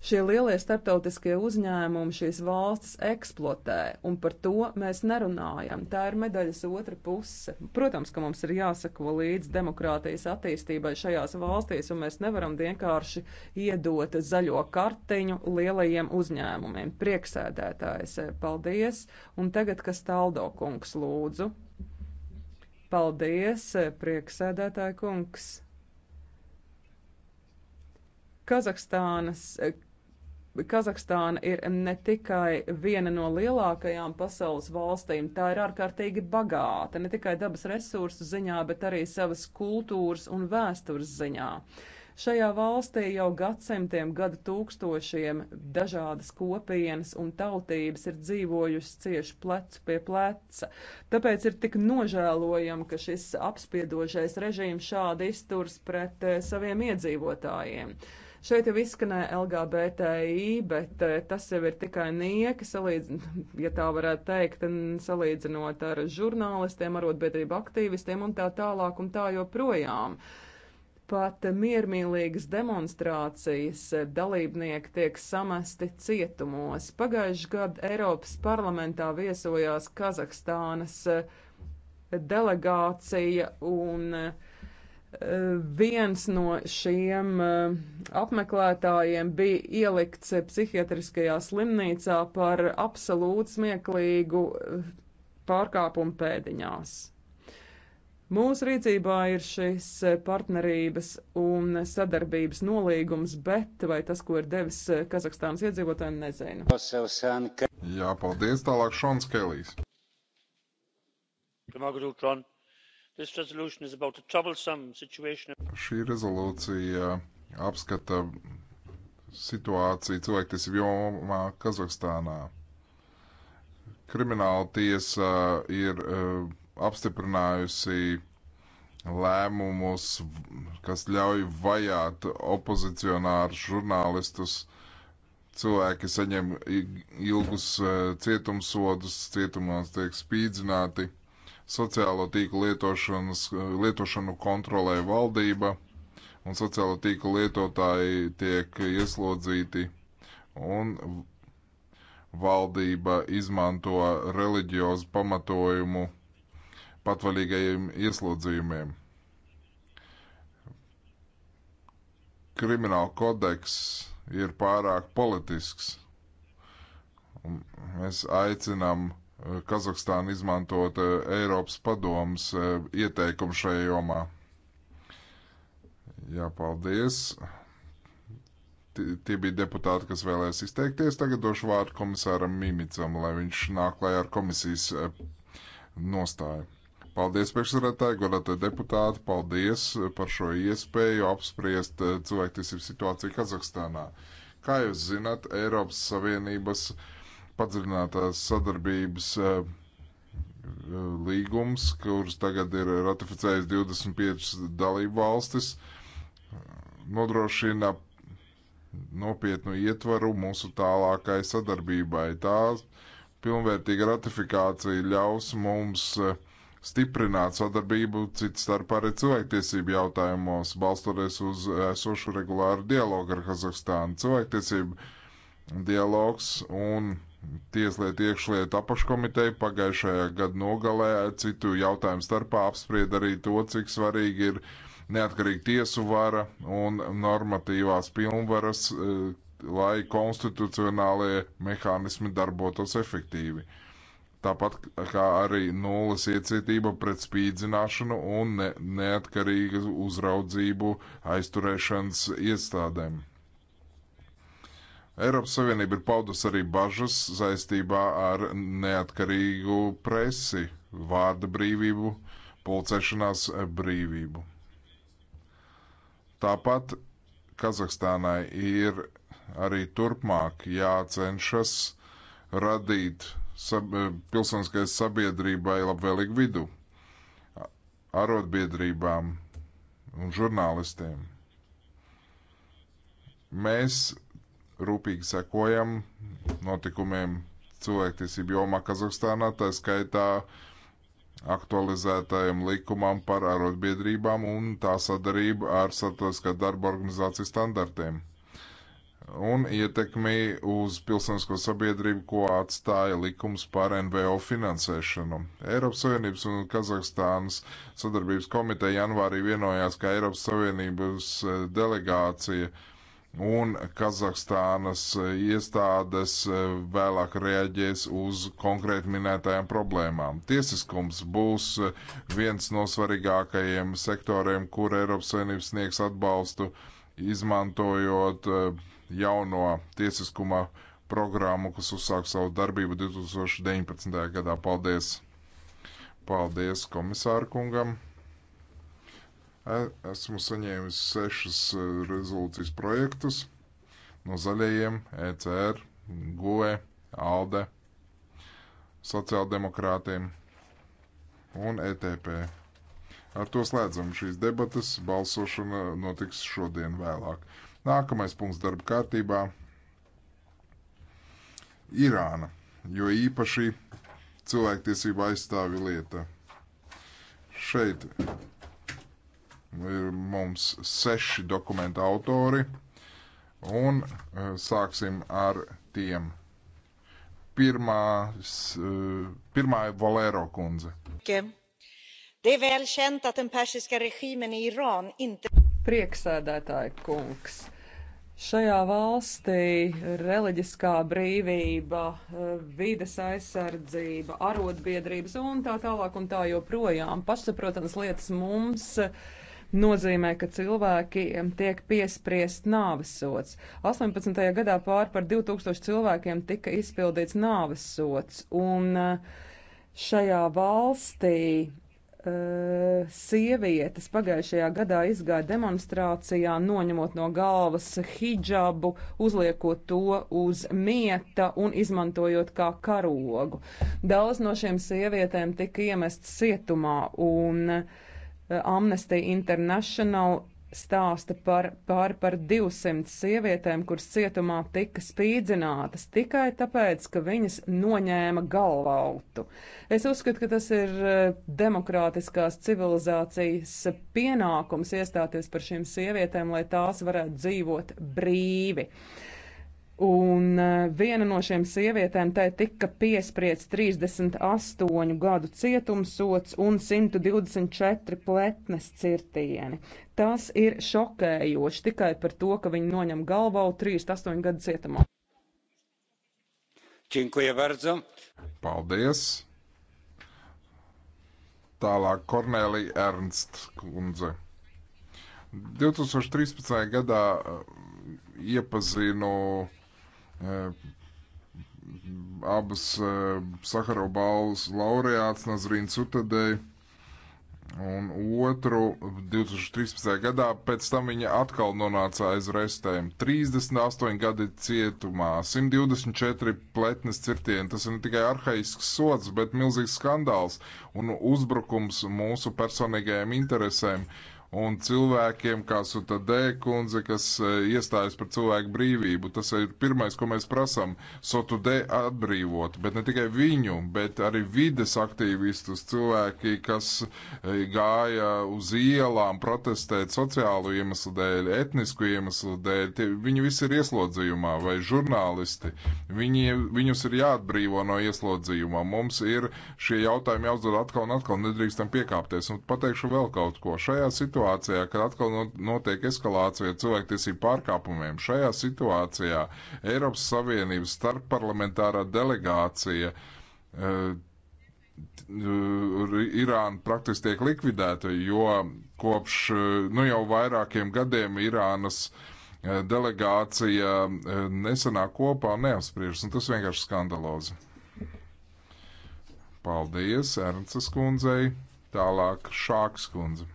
Šie lielie starptautiskie uzņēmumi šīs valstis eksploatē, un par to mēs nerunājam. Tā ir medaļas otra puse. Protams, ka mums ir jāsako līdz demokrātijas attīstībai šajās valstīs, un mēs nevaram vienkārši iedot zaļo kartiņu lielajiem uzņēmumiem. Prieksēdētājs, paldies! Un tagad, kas taldo kungs lūdzu? Paldies, prieksēdētāja kungs! Kazahstānas Kazahstāna ir ne tikai viena no lielākajām pasaules valstīm, tā ir ārkārtīgi bagāta ne tikai dabas resursu ziņā, bet arī savas kultūras un vēstures ziņā. Šajā valstī jau gadsimtiem, gadu tūkstošiem dažādas kopienas un tautības ir dzīvojušas cieši plecu pie pleca. Tāpēc ir tik nožēlojami, ka šis apspiedošais režīms šādi izturs pret eh, saviem iedzīvotājiem. Uh, Šeit jau izskanēja LGBTI, bet eh, tas jau ir tikai nieki, salīdz, ja tā varētu teikt, salīdzinot ar žurnālistiem, arotbiedrību aktīvistiem un tā tālāk un tā joprojām. Pat miermīlīgas demonstrācijas dalībnieki tiek samesti cietumos. Pagājuši gadu Eiropas parlamentā viesojās Kazahstānas eh, delegācija un uh, viens no šiem eh, apmeklētājiem bija ielikts psihiatriskajā slimnīcā par absolūti smieklīgu eh, pārkāpumu pēdiņās. Mūsu rīcībā ir šis eh, partnerības un sadarbības nolīgums, bet vai tas, ko ir devis Kazahstānas iedzīvotājiem, nezinu. Jā, paldies. Tālāk Šons Kelijs. Šī rezolūcija apskata situāciju cilvēktiesību jomā Kazahstānā. Krimināla tiesa ir uh, apstiprinājusi lēmumus, kas ļauj vajāt opozicionārus žurnālistus. Cilvēki saņem ilgus uh, cietumsodus, cietumos tiek spīdzināti sociālo tīklu lietošanu kontrolē valdība, un sociālo tīklu lietotāji tiek ieslodzīti, un valdība izmanto reliģiozu pamatojumu patvaļīgajiem ieslodzījumiem. Krimināla kodeks ir pārāk politisks. Mēs aicinām Kazahstāna izmantot eh, Eiropas padomas eh, ieteikumu šajā jomā. Jā, paldies. T tie bija deputāti, kas vēlēs izteikties. Tagad došu vārdu komisāram Mimicam, lai viņš nāk klajā ar komisijas eh, nostāju. Paldies, priekšsarētāji, godātie deputāti, paldies par šo iespēju apspriest cilvēktiesību situāciju Kazahstānā. Kā jūs zināt, Eiropas Savienības uh, padziļinātās sadarbības e, e, līgums, kurus tagad ir ratificējis 25 dalību valstis, nodrošina nopietnu ietvaru mūsu tālākai sadarbībai. Tā pilnvērtīga ratifikācija ļaus mums e, stiprināt sadarbību citu starp arī cilvēktiesību jautājumos, balstoties uz esošu regulāru dialogu ar Kazahstānu. Cilvēktiesību dialogs un Tieslietu iekšlietu apakškomiteja pagājušajā gada nogalē citu jautājumu starpā apspried arī to, cik svarīgi ir neatkarīga tiesu vara un normatīvās pilnvaras, eh, lai konstitucionālie mehānismi darbotos efektīvi. Tāpat kā arī nulles iecietība pret spīdzināšanu un ne neatkarīgu uzraudzību aizturēšanas iestādēm. Eiropas Savienība ir paudusi arī bažas saistībā ar neatkarīgu presi, vārda brīvību, pulcēšanās brīvību. Tāpat Kazahstānai ir arī turpmāk jācenšas radīt sab pilsoniskai sabiedrībai labvēlīgu vidu arotbiedrībām un žurnālistiem. Mēs rūpīgi sekojam notikumiem cilvēktiesību jomā Kazahstānā, tā skaitā aktualizētajam likumam par arotbiedrībām un tā sadarību ar starptautiskā darba organizācijas standartiem un ietekmi uz pilsonisko sabiedrību, ko atstāja likums par NVO finansēšanu. Eiropas Savienības un Kazahstānas sadarbības komiteja janvārī vienojās, ka Eiropas Savienības eh, delegācija uh, un Kazahstānas eh, iestādes eh, vēlāk reaģēs uz konkrēti minētajām problēmām. Tiesiskums būs eh, viens no svarīgākajiem sektoriem, kur Eiropas Savienības sniegs atbalstu, izmantojot jauno tiesiskuma programmu, kas uzsāk savu darbību 2019. gadā. Paldies! Paldies komisāru kungam! Esmu saņēmis sešas e, rezolūcijas projektus no zaļajiem, ECR, GOE, ALDE, sociāldemokrātiem un ETP. Ar to slēdzam šīs debatas. Balsošana notiks šodien vēlāk. Nākamais punkts darba kārtībā - Irāna, jo īpaši cilvēktiesība aizstāvi lieta. Šeit Ir mums seši dokumenta autori, un eh, sāksim ar tiem. Pirmā, eh, pirmā ir Valero kundze. Prieksēdētāji kungs. Šajā valstī reliģiskā brīvība, eh, vides aizsardzība, arotbiedrības un tā tālāk un tā joprojām pašsaprotams lietas mums nozīmē, ka cilvēkiem tiek piespriest nāvesots. 18. gadā pār par 2000 cilvēkiem tika izpildīts nāvesots, un eh, šajā valstī uh, sievietes pagājušajā gadā izgāja demonstrācijā, noņemot no galvas hidžabu, uzliekot to uz mieta un izmantojot kā karogu. Daudz no šiem sievietēm tika iemestas cietumā, un uh, Eh, Amnesty International stāsta par pār par 200 sievietēm, kuras cietumā tika spīdzinātas tikai tāpēc, ka viņas noņēma galvautu. Es uzskatu, ka tas ir eh, demokrātiskās civilizācijas pienākums iestāties par šīm sievietēm, lai tās varētu dzīvot brīvi. Uh, Un eh, viena no šiem sievietēm tai tika piespriezt 38 gadu cietumsots un 124 pletnes cirtieni. Tas ir šokējoši tikai par to, ka viņi noņem galvā 38 gadu cietumā. Paldies! Tālāk Kornelija Ernsts kundze. 2013. gadā eh, iepazinu Eh, abas eh, Sakaro balvas laureāts Nazrīna Sutadei un otru 2013. gadā, pēc tam viņa atkal nonāca aiz restēm. 38 gadi cietumā, 124 pletnes cirtieni, tas ir ne tikai arhaisks sots, bet milzīgs skandāls un uzbrukums mūsu personīgajiem interesēm. Uh, un cilvēkiem, kā Suta Dēkundze, kas e, iestājas par cilvēku brīvību. Tas ir pirmais, ko mēs prasam - Sotu Dē atbrīvot, bet ne tikai viņu, bet arī vides aktīvistus, cilvēki, kas e, gāja uz ielām protestēt sociālu iemeslu dēļ, etnisku iemeslu dēļ. Tie, viņi visi ir ieslodzījumā vai žurnālisti. Viņi, viņus ir jāatbrīvo no ieslodzījumā. Mums ir šie jautājumi jāuzdod atkal un atkal, nedrīkstam piekāpties. Un pateikšu vēl kaut ko. Šajā situācijā situācijā, kad atkal notiek eskalācija cilvēktiesību pārkāpumiem. Šajā situācijā Eiropas Savienības starpparlamentārā delegācija uh, Irāna praktiski tiek likvidēta, jo kopš eh, nu, jau vairākiem gadiem Irānas eh, delegācija nesanāk kopā un neapspriežas, un tas vienkārši skandalozi. Paldies Ernces kundzei, tālāk Šāks kundzei.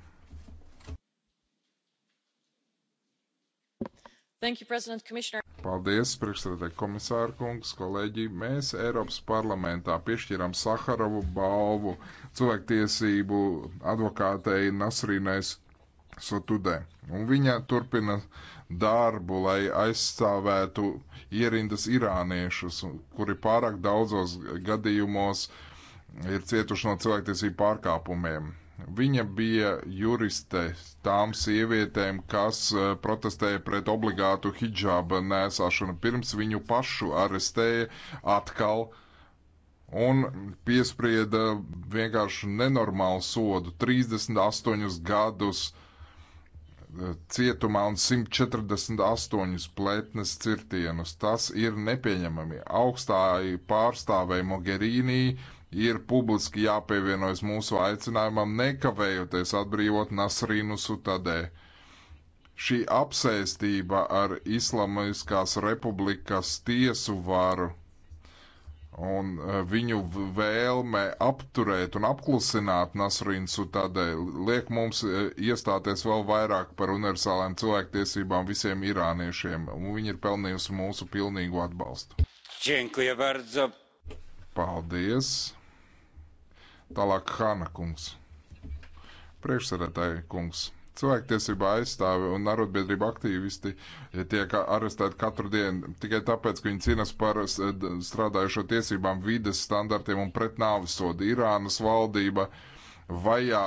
You, Paldies, priekšsēdētāji komisāra kungs, kolēģi. Mēs Eiropas parlamentā piešķiram Saharovu balvu cilvēktiesību advokātei Nasrīnais Sotudē. Un viņa turpina darbu, lai aizstāvētu ierindas irāniešus, kuri pārāk daudzos gadījumos ir cietuši no cilvēktiesību pārkāpumiem. Viņa bija juriste tām sievietēm, kas eh, protestēja pret obligātu hijāba nēsāšanu. Pirms viņu pašu arestēja atkal un piesprieda vienkārši nenormālu sodu - 38 gadus eh, cietumā un 148 plētnes cirtienus. Tas ir nepieņemami. Augstāji pārstāvēja Mogherīnija ir publiski jāpievienojas mūsu aicinājumam, nekavējoties atbrīvot Nasrīnu Sutadē. Šī apsēstība ar Islamiskās republikas tiesu varu un e, viņu vēlme apturēt un apklusināt Nasrīnu Sutadē liek mums e, iestāties vēl vairāk par universālām cilvēktiesībām visiem irāniešiem, un viņi ir pelnījusi mūsu pilnīgu atbalstu. Dziękuję bardzo. Paldies! Tālāk Hāna kungs. Priekšsēdētāji kungs. Cilvēktiesība aizstāve un narodbiedrība aktīvisti tiek arestēti katru dienu tikai tāpēc, ka viņi cīnās par strādājušo tiesībām, vides standartiem un pret nāvisodu. Irānas valdība vajā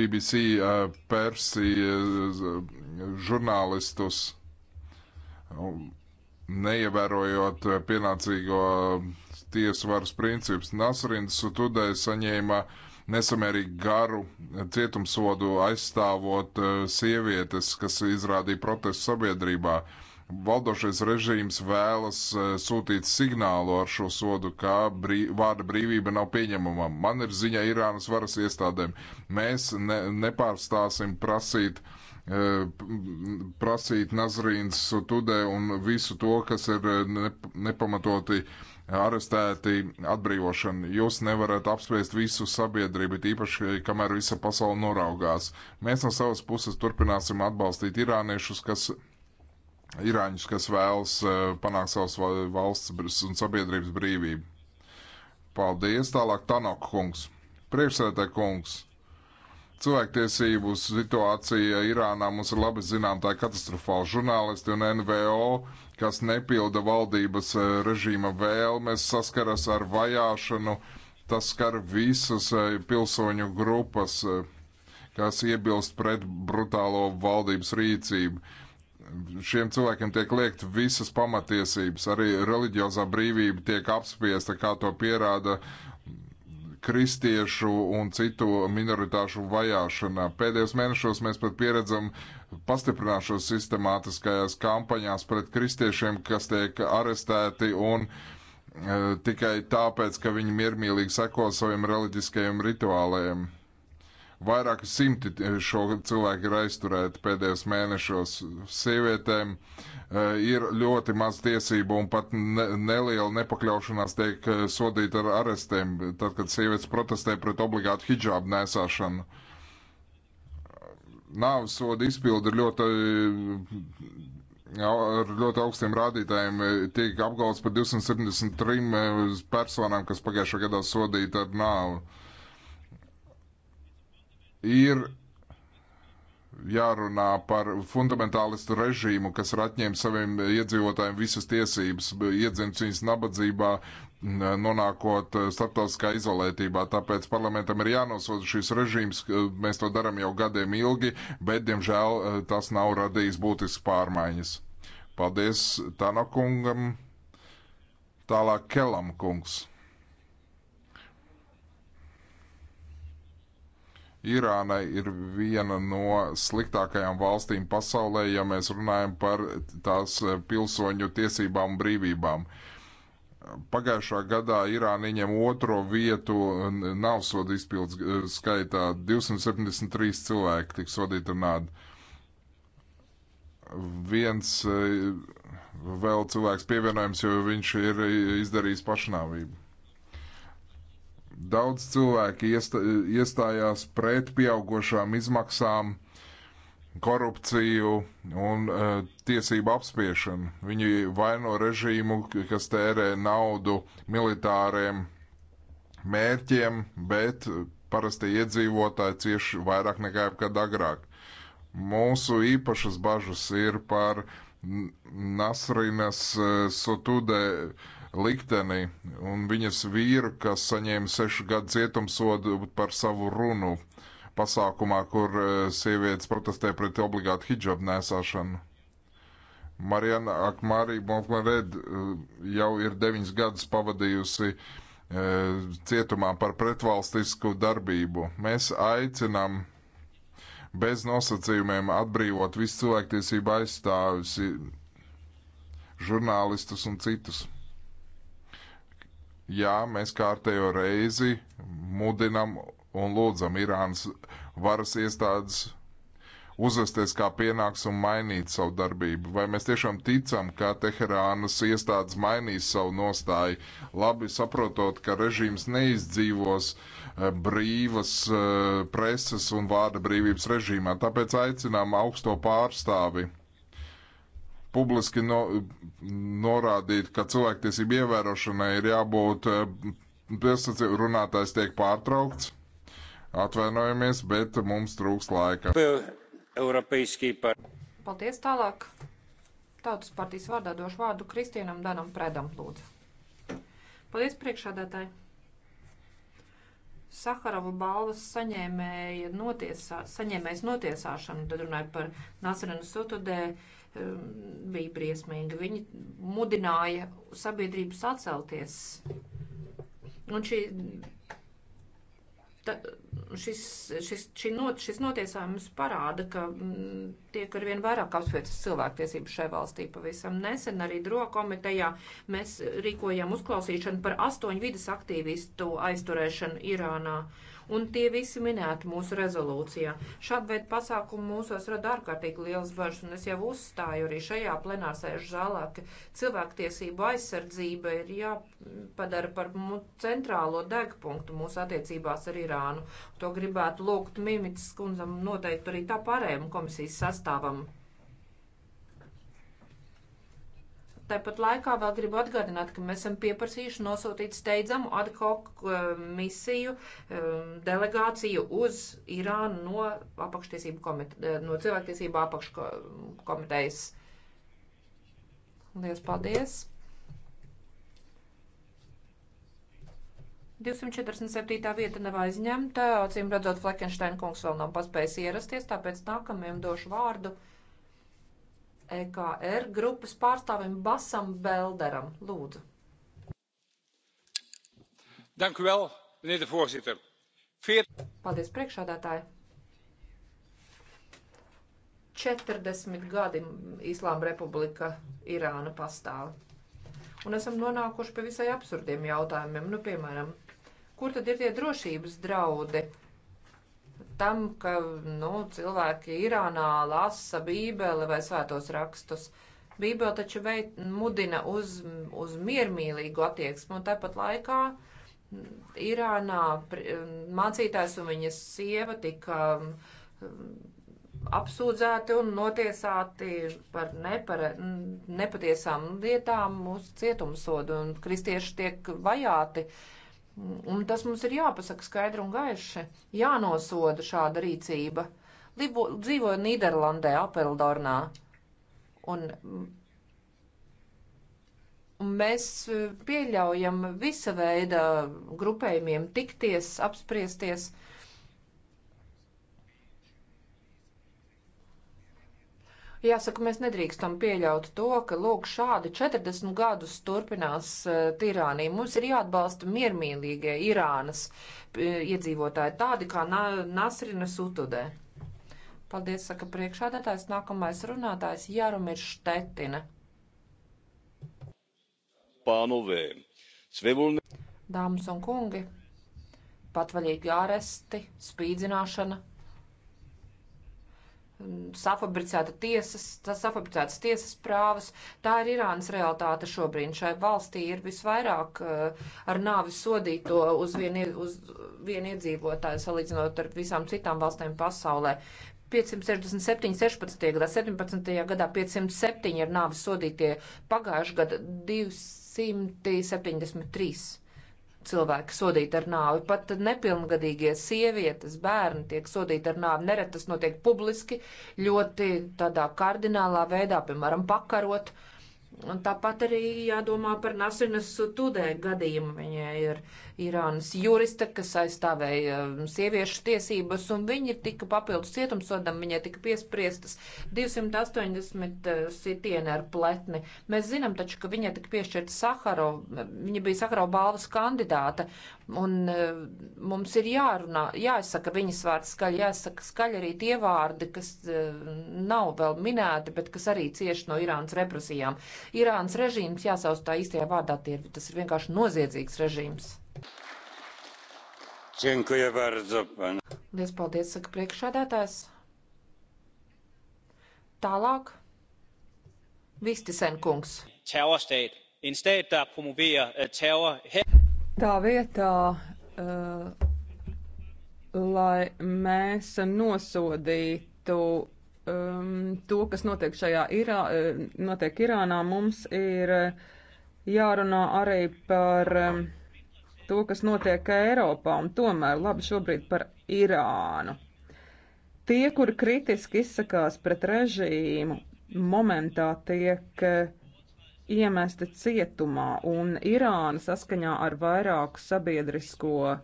BBC Persija žurnālistus neievērojot pienācīgo tiesu varas principus. Nasrins Tudai saņēma nesamērīgi garu cietumsodu aizstāvot eh, sievietes, kas izrādīja protestu sabiedrībā. Valdošais režīms vēlas eh, sūtīt signālu ar šo sodu, ka brīv, vārda brīvība nav pieņemama. Man ir ziņa Irānas varas iestādēm. Mēs ne, nepārstāsim prasīt uh, prasīt Nazarīnas Tudē un visu to, kas ir eh, nepamatoti arestēti atbrīvošanu. Jūs nevarat apspriest visu sabiedrību, īpaši, kamēr visa pasaule noraugās. Mēs no savas puses turpināsim atbalstīt irāniešus, kas. Irāņus, kas vēlas eh, panākt savas valsts un sabiedrības brīvību. Paldies, tālāk Tanok kungs. Priekšsēdētāj kungs Cilvēktiesību situācija Irānā mums ir labi zinām, tā ir katastrofāla. Žurnālisti un NVO, kas nepilda valdības eh, režīma vēlmes, saskaras ar vajāšanu. Tas skar visas eh, pilsoņu grupas, eh, kas iebilst pret brutālo valdības rīcību. Šiem cilvēkiem tiek liekt visas pamatiesības, arī reliģiozā brīvība tiek apspiesta, kā to pierāda kristiešu un citu minoritāšu vajāšanā. Pēdējos mēnešos mēs pat pieredzam pastiprināšos sistemātiskajās kampaņās pret kristiešiem, kas tiek arestēti un uh, tikai tāpēc, ka viņi miermīlīgi seko saviem reliģiskajiem rituāliem. Vairāki simti eh, šo cilvēku ir aizturēti pēdējos mēnešos. Sievietēm eh, ir ļoti maz tiesību un pat ne, neliela nepakļaušanās tiek eh, sodīta ar arestēm, tad, kad sievietes protestē pret obligātu hijābu nesāšanu. Nāves soda izpildi ir ļoti ar ļoti augstiem rādītājiem tiek apgalvots par 273 personām, kas pagājušā gadā sodīta ar nāvu ir jārunā par fundamentālistu režīmu, kas ir atņēmis saviem iedzīvotājiem visas tiesības, iedzimts viņas nabadzībā, nonākot eh, starptautiskā izolētībā. Tāpēc parlamentam ir jānosoda šis režīms, mēs to daram jau gadiem ilgi, bet, diemžēl, eh, tas nav radījis būtisks pārmaiņas. Paldies Tanakungam, tālāk Kelam kungs. Irāna ir viena no sliktākajām valstīm pasaulē, ja mēs runājam par tās pilsoņu tiesībām un brīvībām. Pagājušā gadā Irāna ieņem otro vietu navsodu izpildus eh, skaitā. 273 cilvēki tik sodīti ar nādu. Viens eh, vēl cilvēks pievienojums, jo viņš ir izdarījis pašnāvību. Daudz cilvēki iestājās pret pieaugušām izmaksām, korupciju un uh, tiesību apspiešanu. Viņi vaino režīmu, kas tērē naudu militāriem mērķiem, bet parasti iedzīvotāji cieši vairāk nekā jebkad agrāk. Mūsu īpašas bažas ir par Nasrinas e, Sotude likteni, un viņas vīru, kas saņēma sešu gadu cietumsodu par savu runu pasākumā, kur e, sievietes protestē pret obligātu hijabu nesāšanu. Marijana Akmārī Montlared e, jau ir deviņas gadus pavadījusi e, cietumā par pretvalstisku darbību. Mēs aicinām bez nosacījumiem atbrīvot visu cilvēktiesību aizstāvis, žurnālistus un citus. Jā, mēs kārtējo reizi mudinam un lūdzam Irānas varas iestādes uzvesties kā pienāks un mainīt savu darbību. Vai mēs tiešām ticam, ka Teherānas iestādes mainīs savu nostāju, labi saprotot, ka režīms neizdzīvos eh, brīvas eh, preses un vārda brīvības režīmā. Tāpēc aicinām augsto pārstāvi publiski no, norādīt, ka cilvēktiesību ievērošanai ir jābūt, piesacīt, eh, runātājs tiek pārtraukts. Atvainojamies, bet mums trūks laika. Paldies tālāk. Tautas partijas vārdā došu vārdu Kristienam Danam Predam, lūdzu. Paldies priekšādātāji. Saharova balvas saņēmēja notiesā, saņēmējs notiesāšanu, tad runāja par Nasrinu Sutudē. Uh, Um, bija briesmīga. Viņi mudināja sabiedrības atcelties. Un šī, ta, šis, šis, šī not, šis notiesājums parāda, ka m, mm, tiek arvien vairāk apspriestas cilvēktiesības šai valstī. Pavisam nesen arī Dro komitejā mēs rīkojām uzklausīšanu par astoņu vidas aktīvistu aizturēšanu Irānā. Uh, un tie visi minēti mūsu rezolūcijā. Šāda veida pasākumu mūsos rada ārkārtīgi liels bažas, un es jau uzstāju arī šajā plenārsēžu zālē, ka cilvēktiesību aizsardzība ir jāpadara par centrālo degpunktu mūsu attiecībās ar Irānu. To gribētu lūgt Mimits kundzam noteikti arī tā pārējiem komisijas sastāvam. Tāpat laikā vēl gribu atgādināt, ka mēs esam pieprasījuši nosūtīt steidzamu ad hoc eh, misiju eh, delegāciju uz Irānu no, komite, eh, no cilvēktiesību apakškomitejas. Lielas paldies! 247. vieta nav aizņemta, acīm redzot, Fleckensteina kungs vēl nav paspējis ierasties, tāpēc nākamajam došu vārdu. EKR grupas pārstāvim Basam Belderam. Lūdzu. Dank u wel, meneer de voorzitter. Vier... Paldies, priekšādātāji. 40 gadi Islāma republika Irāna pastāv. Un esam nonākuši pie visai absurdiem jautājumiem. Nu, piemēram, kur tad ir tie drošības draudi? tam, ka nu, cilvēki Irānā lasa Bībeli vai svētos rakstus. Bībeli taču veid, mudina uz, uz miermīlīgu attieksmu, un tāpat laikā Irānā mācītājs un viņas sieva tika um, apsūdzēti un notiesāti par nepare, nepatiesām lietām uz cietumsodu, un kristieši tiek vajāti. Uh, Un tas mums ir jāpasaka skaidri un gaiši, jānosoda šāda rīcība. Libo, dzīvoju Nīderlandē, Apeldornā, un, un mēs e, pieļaujam visa veida grupējumiem tikties, apspriesties. Uh, Jāsaka, mēs nedrīkstam pieļaut to, ka lūk šādi 40 gadus turpinās e, tirānija. Mums ir jāatbalsta miermīlīgie Irānas e, iedzīvotāji, tādi kā Nasrina Sutudē. Paldies, saka priekšādātājs. Nākamais runātājs Jaromir Štetina. Pānovē, svevulni. Dāmas un kungi, patvaļīgi āresti, spīdzināšana, safabricēta tiesas, safabricētas tiesas prāvas. Tā ir Irānas realitāte šobrīd. Šai valstī ir visvairāk eh, ar nāvi sodīto uz vienu uz vien iedzīvotāju, salīdzinot ar visām citām valstīm pasaulē. 567, 16. gadā, 17. gadā 507 ir nāvis sodītie, pagājušajā gadā 273 cilvēki sodīti ar nāvi. Pat nepilngadīgie sievietes, bērni tiek sodīti ar nāvi. Neret tas notiek publiski, ļoti tādā kardinālā veidā, piemēram, pakarot uh, Un tāpat arī jādomā par Nasrinas Tudē gadījumu. Viņa ir Irānas jurista, kas aizstāvēja um, sieviešu tiesības, un viņa tika papildus cietumsodam, viņai tika piespriestas 280 uh, sitieni ar pletni. Mēs zinām taču, ka viņai tika piešķirta Sakaro, um, viņa bija Sakaro balvas kandidāta, Un e, mums ir jārunā, jāsaka viņas vārds skaļi, jāsaka skaļi arī tie vārdi, kas e, nav vēl minēti, bet kas arī cieši no Irānas represijām. Irānas režīms jāsaus tā īstajā vārdā, tie, tas ir vienkārši noziedzīgs režīms. Lies paldies, saka priekšādātājs. Tālāk. Vistisen kungs. Terrorstat. En stat, der promoverer øh, terror. Tā vietā, uh, lai mēs nosodītu um, to, kas notiek šajā Irā, eh, notiek Irānā, mums ir jārunā arī par um, to, kas notiek Eiropā, un tomēr labi šobrīd par Irānu. Tie, kuri kritiski izsakās pret režīmu, momentā tiek uh, iemesti cietumā, un Irāna saskaņā ar vairāku sabiedrisko uh,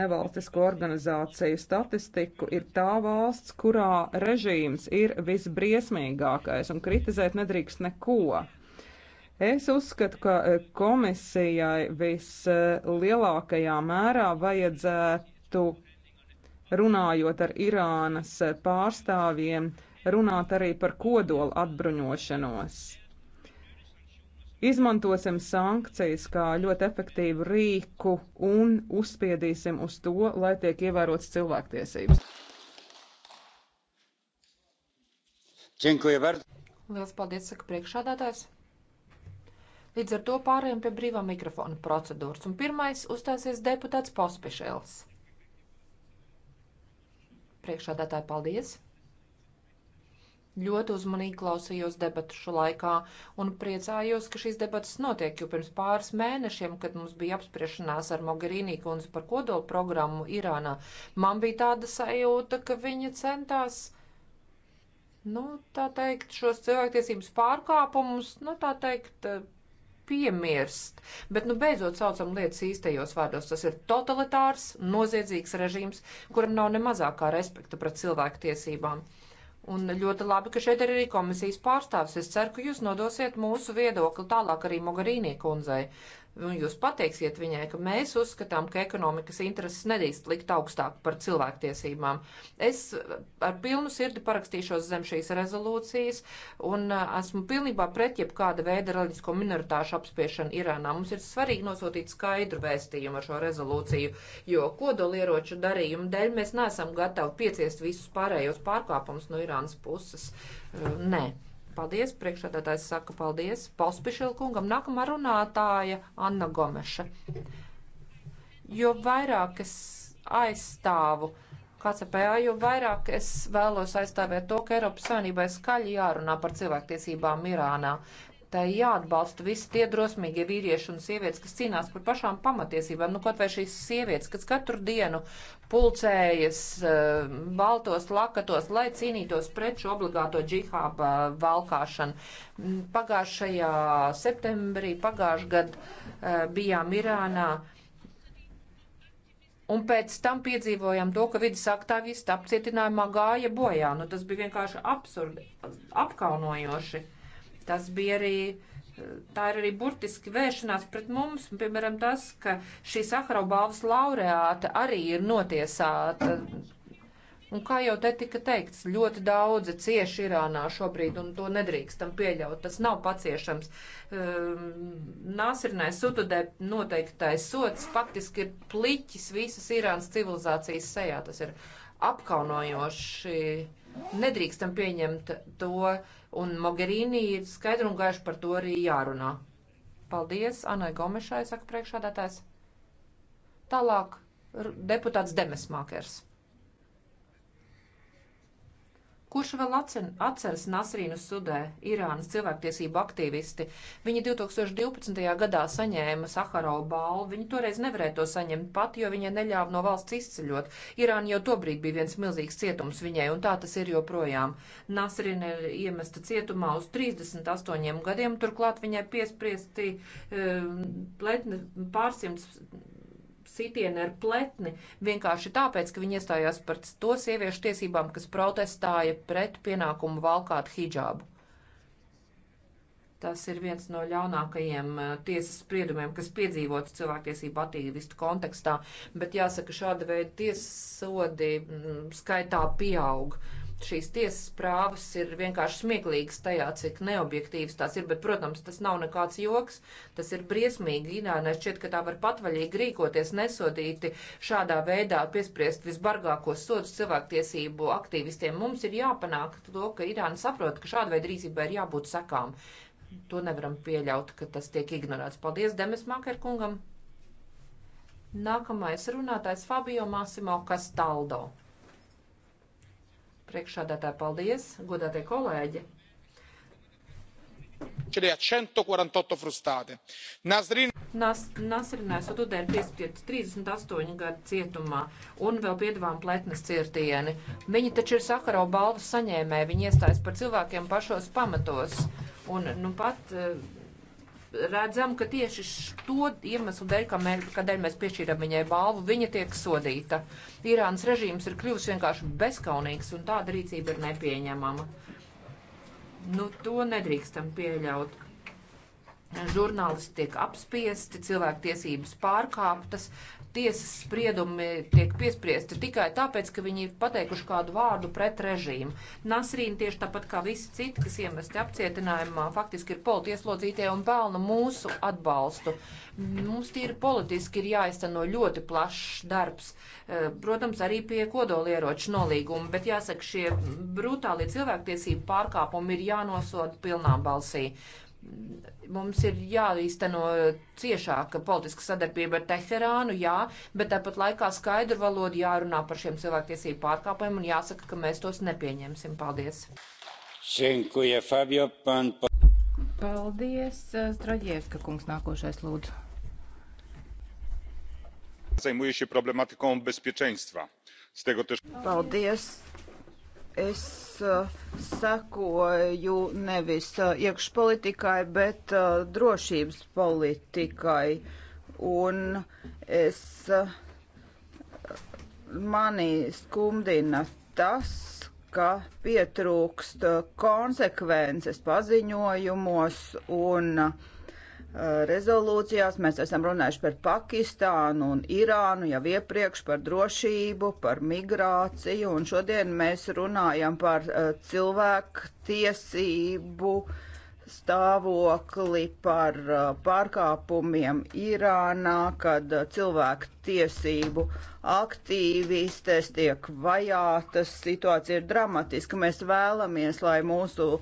nevalstisko organizāciju statistiku ir tā valsts, kurā režīms ir visbriesmīgākais un kritizēt nedrīkst neko. Es uzskatu, ka eh, komisijai vislielākajā mērā vajadzētu, runājot ar Irānas eh, pārstāvjiem, runāt arī par kodola atbruņošanos. Izmantosim sankcijas kā ļoti efektīvu rīku un uzspiedīsim uz to, lai tiek ievērotas cilvēktiesības. Lielas paldies, saka priekšādātājs. Līdz ar to pārējām pie brīvā mikrofona procedūras. Un pirmais uzstāsies deputāts Pospišēls. Priekšādātāji, paldies! Ļoti uzmanīgi klausījos debatušu laikā un priecājos, ka šīs debatas notiek, jo pirms pāris mēnešiem, kad mums bija apspriešanās ar Mogherini kundzi par kodolu programmu Irānā, man bija tāda sajūta, ka viņa centās nu, tā teikt, šos cilvēktiesības pārkāpumus, nu, tā teikt, piemirst. Bet, nu, beidzot saucam lietas īstajos vārdos. Tas ir totalitārs, noziedzīgs režīms, kuram nav ne mazākā respekta pret cilvēktiesībām. tiesībām. Un ļoti labi, ka šeit ir arī komisijas pārstāvs. Es ceru, ka jūs nodosiet mūsu viedokli tālāk arī Mogarīnī kundzei, Nu, jūs pateiksiet viņai, ka mēs uzskatām, ka ekonomikas intereses nedrīkst likt augstāk par cilvēktiesībām. Es ar pilnu sirdi parakstīšos zem šīs rezolūcijas un uh, esmu pilnībā pret jebkāda veida reliģisko minoritāšu apspiešanu Irānā. Mums ir svarīgi nosūtīt skaidru vēstījumu ar šo rezolūciju, jo kodolieroču darījumu dēļ mēs neesam gatavi pieciest visus pārējos pārkāpumus no Irānas puses. Uh, nē. Paldies, priekšsādātājs saka paldies Pospišila kungam. Nākamā runātāja Anna Gomeša. Jo vairāk es aizstāvu KCPA, jo vairāk es vēlos aizstāvēt to, ka Eiropas Savienībai skaļi jārunā par cilvēktiesībām Irānā tai jāatbalsta visi tie drosmīgie vīrieši un sievietes, kas cīnās par pašām pamatiesībām. Nu, kaut vai šīs sievietes, kas katru dienu pulcējas eh, baltos lakatos, lai cīnītos pret šo obligāto džihāba eh, valkāšanu. Mm, pagājušajā septembrī, pagājušajā gadā eh, bijām Irānā. Un pēc tam piedzīvojām to, ka vidas aktāvisti apcietinājumā gāja bojā. Nu, tas bija vienkārši absurdi, apkaunojoši. Tas bija arī tā ir arī burtiski vēršanās pret mums, un, piemēram, tas, ka šī Saharova balvas laureāte arī ir notiesāta. Un kā jau te tika teikts, ļoti daudzi cieši Irānā šobrīd, un to nedrīkstam pieļaut. Tas nav paciešams. Um, ehm, Nāsirnai sududē noteiktais sots faktiski ir pliķis visas Irānas civilizācijas sejā. Tas ir apkaunojoši. Uh, Nedrīkstam pieņemt to, un Mogherini ir skaidri un gaiši par to arī jārunā. Paldies Anai Gomešai, saka priekšādātājs. Tālāk deputāts Demesmakers. Kurš vēl atceras Nasrīnu Sudē, Irānas cilvēktiesību aktīvisti? Viņa 2012. gadā saņēma Saharov balvu. Viņa toreiz nevarēja to saņemt pat, jo viņai neļāva no valsts izceļot. Irāna jau tobrīd bija viens milzīgs cietums viņai, un tā tas ir joprojām. Nasrīna ir iemesta cietumā uz 38 gadiem, turklāt viņai piespriesti e, eh, um, pārsimts sitieni ar pletni, vienkārši tāpēc, ka viņi iestājās par to sieviešu tiesībām, kas protestāja pret pienākumu valkāt hijābu. Tas ir viens no ļaunākajiem eh, tiesas spriedumiem, kas piedzīvots cilvēktiesību attīvistu kontekstā, bet jāsaka, šāda veida tiesas sodi mm, skaitā pieaug. Uh, šīs tiesas prāvas ir vienkārši smieklīgas tajā, cik neobjektīvas tās ir, bet, protams, tas nav nekāds joks, tas ir briesmīgi ināinai šķiet, ka tā var patvaļīgi rīkoties nesodīti šādā veidā piespriest visbargākos sodus cilvēktiesību aktīvistiem. Mums ir jāpanāk to, ka Irāna saprot, ka šāda veida rīcībai ir jābūt sekām. To nevaram pieļaut, ka tas tiek ignorēts. Paldies Demes Maker kungam! Nākamais runātājs Fabio Masimo Castaldo. Priekšādātā paldies, godātie kolēģi! carcere a centoquarantotto frustate. Nasrin Nasrinai Sotudēļ piespriedz 38 gadu cietumā un vēl piedavām pletnes cirtieni. Viņi taču ir Sakarau balvas saņēmēji, viņi iestājas par cilvēkiem pašos pamatos. Un, nu, pat, uh, redzam, ka tieši to iemeslu dēļ, kādēļ mēs piešķīram viņai balvu, viņa tiek sodīta. Irānas režīms ir kļuvis vienkārši bezkaunīgs, un tāda rīcība ir nepieņemama. Nu, to nedrīkstam pieļaut. Žurnālisti tiek apspiesti, cilvēktiesības pārkāptas, tiesas spriedumi tiek piespriesti tikai tāpēc, ka viņi ir pateikuši kādu vārdu pret režīmu. Nasrīna tieši tāpat kā visi citi, kas iemesti apcietinājumā, faktiski ir politieslodzītie un pelna mūsu atbalstu. Mums tīri politiski ir jāizteno ļoti plašs darbs. Eh, protams, arī pie kodolieroču nolīguma, bet jāsaka, šie brutālie cilvēktiesību pārkāpumi ir jānosoda pilnā balsī. Mums ir jāīsteno ciešāka politiska sadarbība ar Teherānu, jā, bet tāpat laikā skaidru valodu jārunā par šiem cilvēktiesību pārkāpumiem un jāsaka, ka mēs tos nepieņemsim. Paldies! Šenkuja, Fabio, pan... Paldies, Straģievska kungs, nākošais lūdzu. Zajmuje się problematyką bezpieczeństwa. Z tego też... Paldies! Es uh, sekoju nevis uh, iekšpolitikai, bet uh, drošības politikai. Un es manī skumdina tas, ka pietrūkst konsekvences paziņojumos un uh, Eh, rezolūcijās mēs esam runājuši par Pakistānu un Irānu jau iepriekš, par drošību, par migrāciju, un šodien mēs runājam par eh, cilvēku tiesību stāvokli, par eh, pārkāpumiem Irānā, kad cilvēku tiesību aktīvistes tiek vajātas, situācija ir dramatiska. Mēs vēlamies, lai mūsu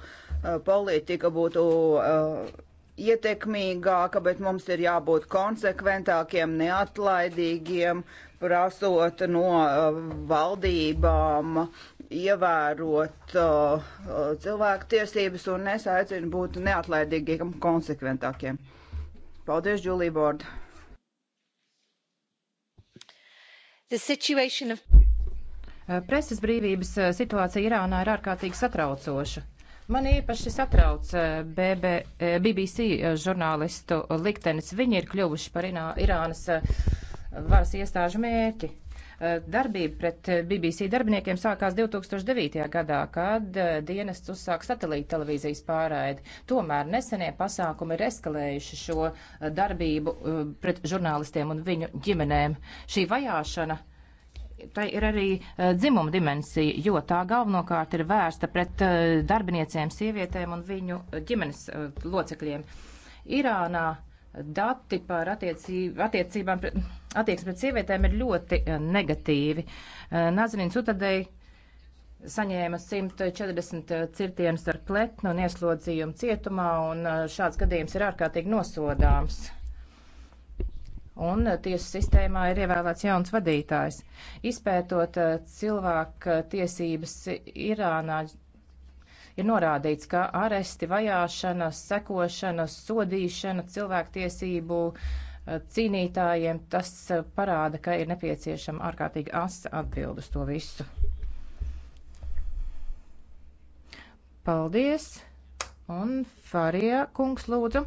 politika būtu uh, ietekmīgāka, bet mums ir jābūt konsekventākiem, neatlaidīgiem, prasot no uh, valdībām ievērot uh, uh cilvēku tiesības, un es aicinu būt neatlaidīgiem, konsekventākiem. Paldies, Julija Borda! Of... Preses brīvības uh, situācija Irānā ir ārkārtīgi satraucoša. Man īpaši satrauc BB, eh, BBC eh, eh, žurnālistu liktenis. Viņi ir kļuvuši par Inā, Irānas varas iestāžu mērķi. Darbība pret BBC darbiniekiem sākās 2009. gadā, kad dienests uzsāk satelīta televīzijas pārraidi. Tomēr nesenie pasākumi ir eskalējuši šo darbību pret žurnālistiem un viņu ģimenēm. Šī vajāšana tai ir arī eh, dzimuma dimensija, jo tā galvenokārt ir vērsta pret eh, darbiniecēm, sievietēm un viņu eh, ģimenes locekļiem. Irānā dati par attiecībām, attieksmi pret sievietēm ir ļoti negatīvi. Nazarins Utadei saņēma 140 cirtienus ar pletnu un ieslodzījumu cietumā, un šāds gadījums ir ārkārtīgi nosodāms un uh, tiesu sistēmā ir ievēlēts jauns vadītājs. Izpētot uh, cilvēku uh, tiesības Irānā, ir norādīts, ka aresti, vajāšana, sekošana, sodīšana cilvēktiesību cīnītājiem tas parāda, ka ir nepieciešama ārkārtīgi asa atbild uz to visu. Paldies! Un Farijā kungs lūdzu.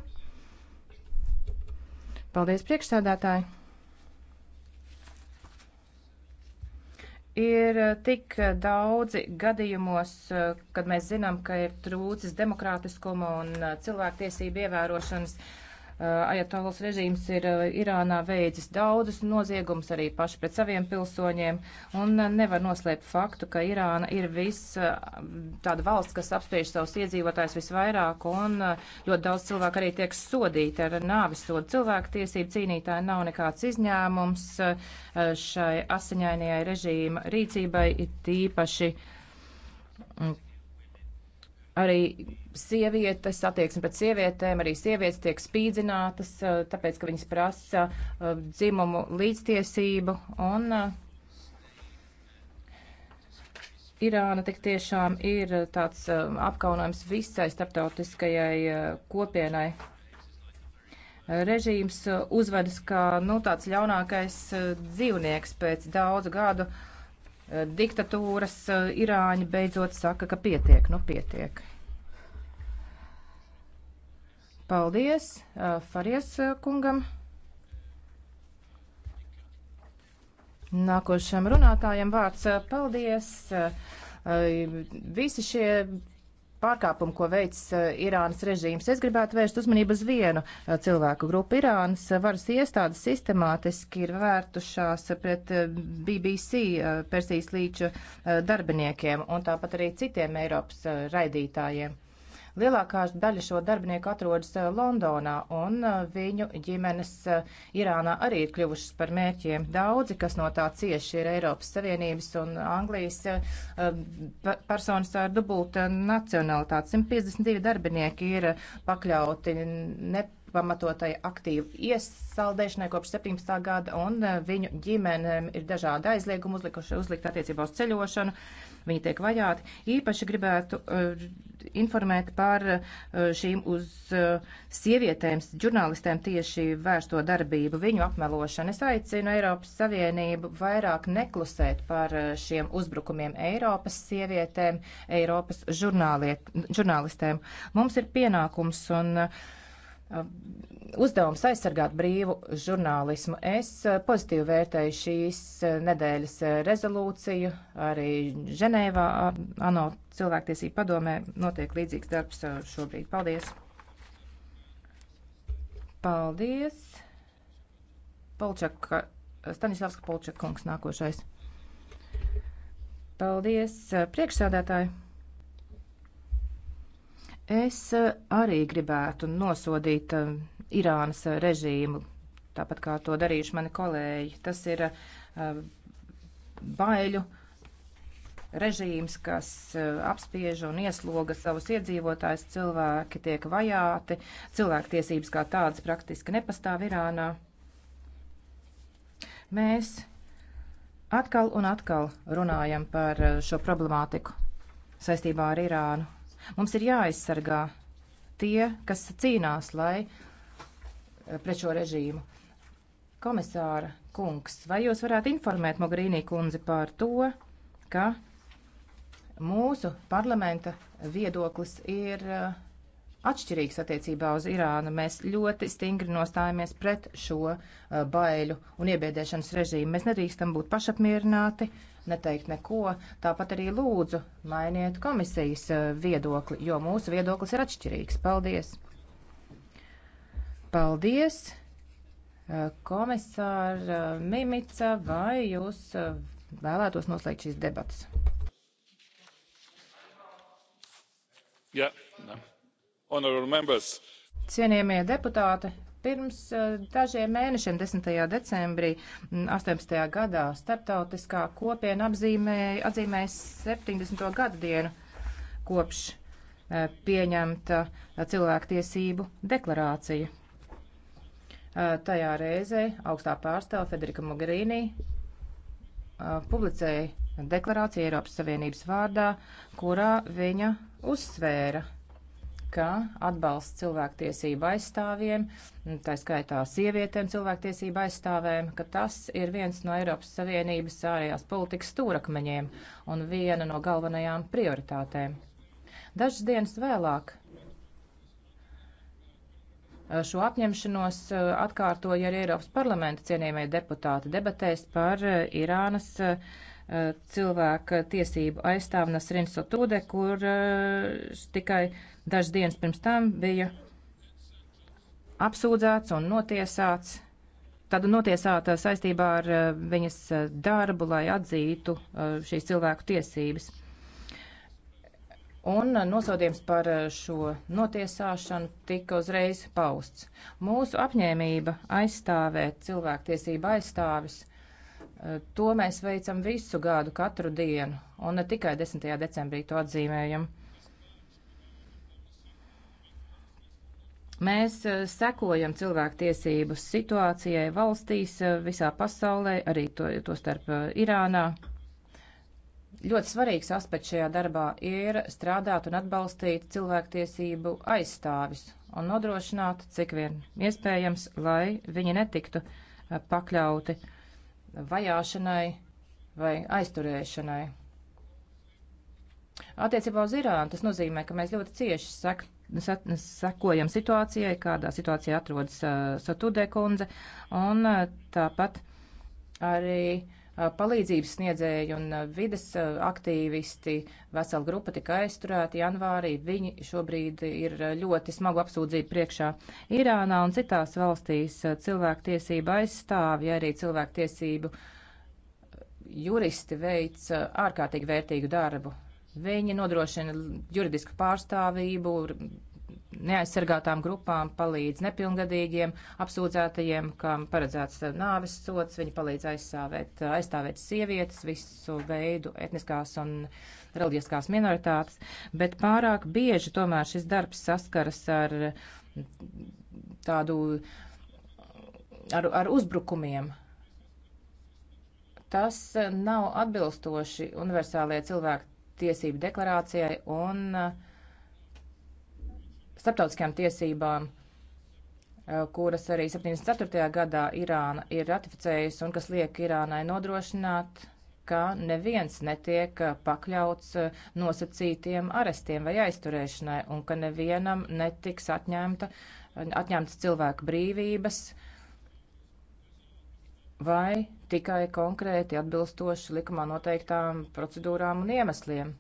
Paldies, priekšsādātāji! ir eh, tik eh, daudzi gadījumos, eh, kad mēs zinām, ka ir trūcis demokrātiskuma un cilvēktiesību ievērošanas. Eh, Ajatolas režīms ir eh, Irānā veicis daudzus noziegumus arī paši pret saviem pilsoņiem, un eh, nevar noslēpt faktu, ka Irāna ir viss tāda valsts, kas apspiež savus iedzīvotājus visvairāk, un ļoti daudz cilvēku arī tiek sodīti ar nāvisodu. Cilvēku tiesību cīnītāji nav nekāds izņēmums šai asiņainajai režīma rīcībai, tīpaši arī sievietes, attieksme pret sievietēm, arī sievietes tiek spīdzinātas, eh, tāpēc, ka viņas prasa eh, dzimumu līdztiesību un eh, Irāna tik tiešām ir tāds apkaunojums visai starptautiskajai kopienai. Režīms uzvedas kā nu, tāds ļaunākais dzīvnieks pēc daudzu gadu uh, Eh, diktatūras eh, Irāņi beidzot saka, ka pietiek, nu pietiek. Paldies eh, Faries kungam. Nākošam runātājam vārds. Paldies. Visi šie pārkāpumu, ko veic eh, Irānas režīms. Es gribētu vērst uzmanību uz vienu eh, cilvēku grupu. Irānas eh, varas iestādes sistemātiski ir vērtušās pret BBC Persijas līča darbiniekiem un tāpat arī citiem Eiropas raidītājiem. Lielākā daļa šo darbinieku atrodas eh, Londonā, un eh, viņu ģimenes eh, Irānā arī ir kļuvušas par mērķiem. Daudzi, kas no tā cieši, ir Eiropas Savienības un Anglijas personas ar dubulta nacionalitāti. 152 darbinieki ir pakļauti nepamatotai aktīvu iesaldēšanai kopš 17. gada, un viņu ģimenēm ir dažādi aizliegumi uzlikuši, uzlikt attiecībā uz ceļošanu. Uh, viņi tiek vajāti. Īpaši gribētu uh, informēt par uh, šīm uz uh, sievietēm, žurnālistēm tieši vērsto darbību, viņu apmelošanu. Es aicinu Eiropas Savienību vairāk neklusēt par šiem uzbrukumiem Eiropas sievietēm, Eiropas žurnālistēm. Mums ir pienākums un uh, uzdevums aizsargāt brīvu žurnālismu. Es eh, pozitīvi vērtēju šīs eh, nedēļas eh, rezolūciju. Arī Ženēvā, ANO cilvēktiesība padomē, notiek līdzīgs darbs šobrīd. Paldies! Paldies! Polčaka, Stanislavska Polčaka kungs nākošais. Paldies, priekšsādātāji! Es eh, arī gribētu nosodīt eh, Irānas eh, režīmu, tāpat kā to darījuši mani kolēģi. Tas ir baiļu režīms, kas apspiež un iesloga savus iedzīvotājus, cilvēki tiek vajāti, cilvēktiesības kā tādas praktiski nepastāv Irānā. Mēs atkal un atkal runājam par šo problemātiku saistībā ar Irānu. Mums ir jāaizsargā tie, kas cīnās, lai eh, pret šo režīmu. Komisāra kungs, vai jūs varētu informēt Mogrīnī kundzi par to, ka mūsu parlamenta viedoklis ir uh, atšķirīgs attiecībā uz Irānu. Mēs ļoti stingri nostājamies pret šo uh, baiļu un iebiedēšanas režīmu. Mēs nedrīkstam būt pašapmierināti, neteikt neko. Tāpat arī lūdzu mainiet komisijas uh, viedokli, jo mūsu viedoklis ir atšķirīgs. Paldies! Paldies! Uh, komisāra uh, Mimica, vai jūs uh, vēlētos noslēgt šīs debatas? Yeah, no. Cienījamie deputāti, pirms eh, dažiem mēnešiem, 10. decembrī 18. Mm, gadā, starptautiskā kopiena apzīmēja, atzīmēja 70. gadu dienu kopš eh, pieņemta eh, cilvēktiesību deklarācija. Tajā reizē augstā pārstāva Federika Mogherini publicēja deklarāciju Eiropas Savienības vārdā, kurā viņa uzsvēra ka atbalsts cilvēktiesību aizstāvjiem, tā skaitā sievietēm cilvēktiesību aizstāvēm, ka tas ir viens no Eiropas Savienības ārējās politikas stūrakmeņiem un viena no galvenajām prioritātēm. Dažas dienas vēlāk eh, šo apņemšanos eh, atkārtoja arī Eiropas parlamenta cienījamie deputāti debatēs par eh, Irānas cilvēka tiesību aizstāvnas Rinso Tude, kur tikai Dažas dienas pirms tam bija apsūdzēts un notiesāts. Tad notiesāta saistībā ar eh, viņas eh, darbu, lai atzītu eh, šīs cilvēku tiesības. Un nosodījums par šo notiesāšanu tika uzreiz pausts. Mūsu apņēmība aizstāvēt cilvēktiesību aizstāvis, to mēs veicam visu gadu, katru dienu, un ne tikai 10. decembrī to atzīmējam. Mēs eh, sekojam cilvēktiesību situācijai valstīs eh, visā pasaulē, arī to, to starp eh, Irānā. Ļoti svarīgs aspekts šajā darbā ir strādāt un atbalstīt cilvēktiesību aizstāvis un nodrošināt, cik vien iespējams, lai viņi netiktu pakļauti vajāšanai vai aizturēšanai. Attiecībā uz Irānu tas nozīmē, ka mēs ļoti cieši sekam sekojam situācijai, kādā situācijā atrodas uh, Satudē kundze, un uh, tāpat arī uh, palīdzības sniedzēji un vides aktīvisti, vesela grupa tika aizturēti janvārī. Viņi šobrīd ir ļoti smagu apsūdzību priekšā Irānā un citās valstīs cilvēktiesība aizstāvja, arī cilvēktiesību juristi veic ārkārtīgi vērtīgu darbu Viņi nodrošina juridisku pārstāvību neaizsargātām grupām, palīdz nepilngadīgiem apsūdzētajiem, kam paredzēts uh, nāves sots, viņi palīdz aizstāvēt, uh, aizstāvēt sievietes, visu veidu etniskās un reliģiskās minoritātes, bet pārāk bieži tomēr šis darbs saskaras ar tādu, ar, ar uzbrukumiem, tas nav atbilstoši universālajai cilvēku tiesību deklarācijai un eh, starptautiskajām tiesībām, eh, kuras arī 74. gadā Irāna ir ratificējusi un kas liek Irānai nodrošināt, ka neviens netiek eh, pakļauts nosacītiem arestiem vai aizturēšanai un ka nevienam netiks atņemta, atņemtas cilvēka brīvības. Uh, vai tikai konkrēti atbilstoši likumā noteiktām procedūrām un iemesliem.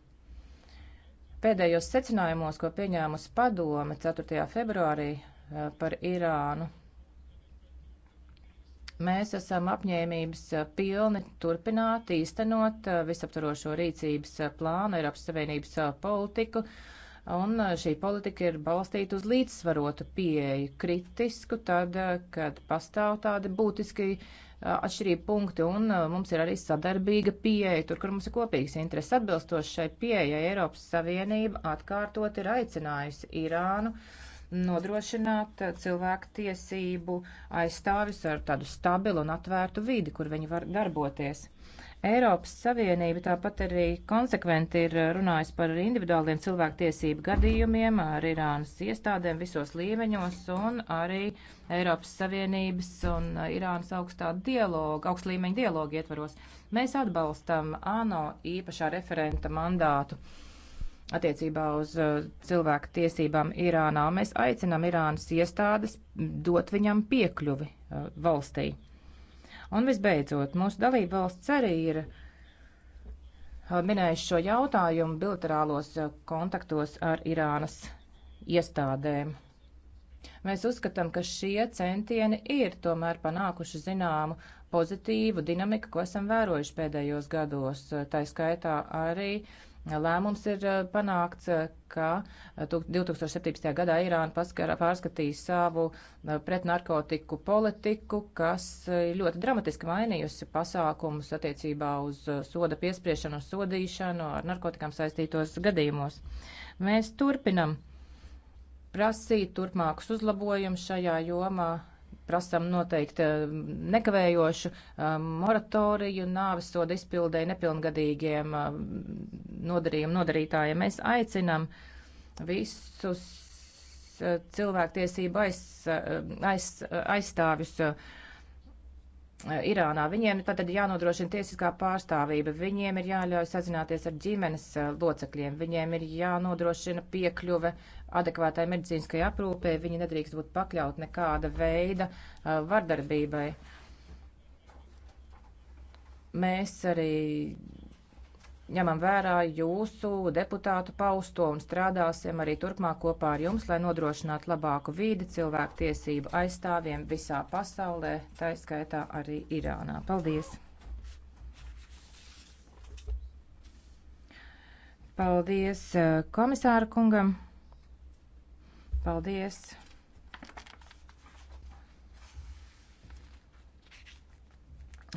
Pēdējos secinājumos, ko pieņēmusi padome 4. februārī eh, par Irānu, mēs esam apņēmības eh, pilni turpināt īstenot eh, visaptvarošo rīcības plānu Eiropas Savienības politiku, un šī politika ir balstīta uz līdzsvarotu pieeju, kritisku tad, kad pastāv tādi būtiski atšķirīgi punkti, un uh, mums ir arī sadarbīga pieeja, tur, kur mums ir kopīgs interesi. Atbilstoši šai pieejai Eiropas Savienība atkārtot ir aicinājusi Irānu nodrošināt uh, cilvēku tiesību aizstāvis ar tādu stabilu un atvērtu vidi, kur viņi var darboties. Eiropas Savienība tāpat arī konsekventi ir runājusi par individuāliem cilvēktiesību gadījumiem ar Irānas iestādēm visos līmeņos un arī Eiropas Savienības un Irānas augstā dialoga, augst līmeņa dialoga ietvaros. Mēs atbalstam ANO īpašā referenta mandātu attiecībā uz uh, cilvēku tiesībām Irānā. Mēs aicinām Irānas iestādes dot viņam piekļuvi uh, valstī. Un visbeidzot, mūsu dalība valsts arī ir minējuši šo jautājumu bilaterālos kontaktos ar Irānas iestādēm. Mēs uzskatām, ka šie centieni ir tomēr panākuši zināmu pozitīvu dinamiku, ko esam vērojuši pēdējos gados, tā skaitā arī uh, Lēmums ir eh, panākts, eh, ka 2017. Eh, gadā Irāna pārskatīja savu pretnarkotiku politiku, kas ļoti dramatiski mainījusi pasākumus attiecībā uz soda piespriešanu un sodīšanu ar narkotikām saistītos gadījumos. Mēs turpinam prasīt turpmākus uzlabojumus šajā jomā prasam noteikti eh, nekavējošu eh, moratoriju nāvisodu izpildēji nepilngadīgiem eh, nodarījumu nodarītājiem. Mēs aicinam visus cilvēktiesību aiz, aiz, aizstāvjus Eh, Irānā. Viņiem tātad jānodrošina tiesiskā pārstāvība, viņiem ir jāļauj sazināties ar ģimenes eh, locekļiem, viņiem ir jānodrošina piekļuve adekvātai medicīniskai aprūpē, viņi nedrīkst būt pakļaut nekāda veida eh, vardarbībai. Mēs arī ņemam vērā jūsu deputātu pausto un strādāsim arī turpmāk kopā ar jums, lai nodrošinātu labāku vīdi cilvēku tiesību aizstāvjiem visā pasaulē, tā skaitā arī Irānā. Paldies! Paldies eh, komisāra kungam! Paldies!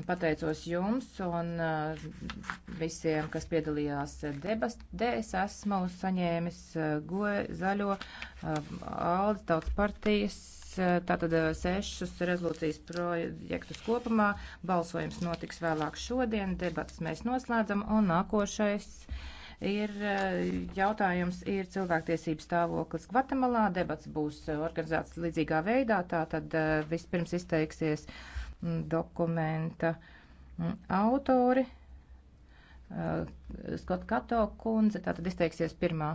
Pateicos jums un eh, visiem, kas piedalījās debatē. Es esmu saņēmis eh, goja zaļo eh, Aldis tautas partijas tātad sešus rezolūcijas projektus kopumā. Balsojums notiks vēlāk šodien, debatas mēs noslēdzam, un nākošais ir jautājums ir cilvēktiesības stāvoklis Gvatemalā. Debats būs organizēts līdzīgā veidā, tātad vispirms izteiksies dokumenta autori. Eh, Skot Kato kundze, tātad izteiksies pirmā.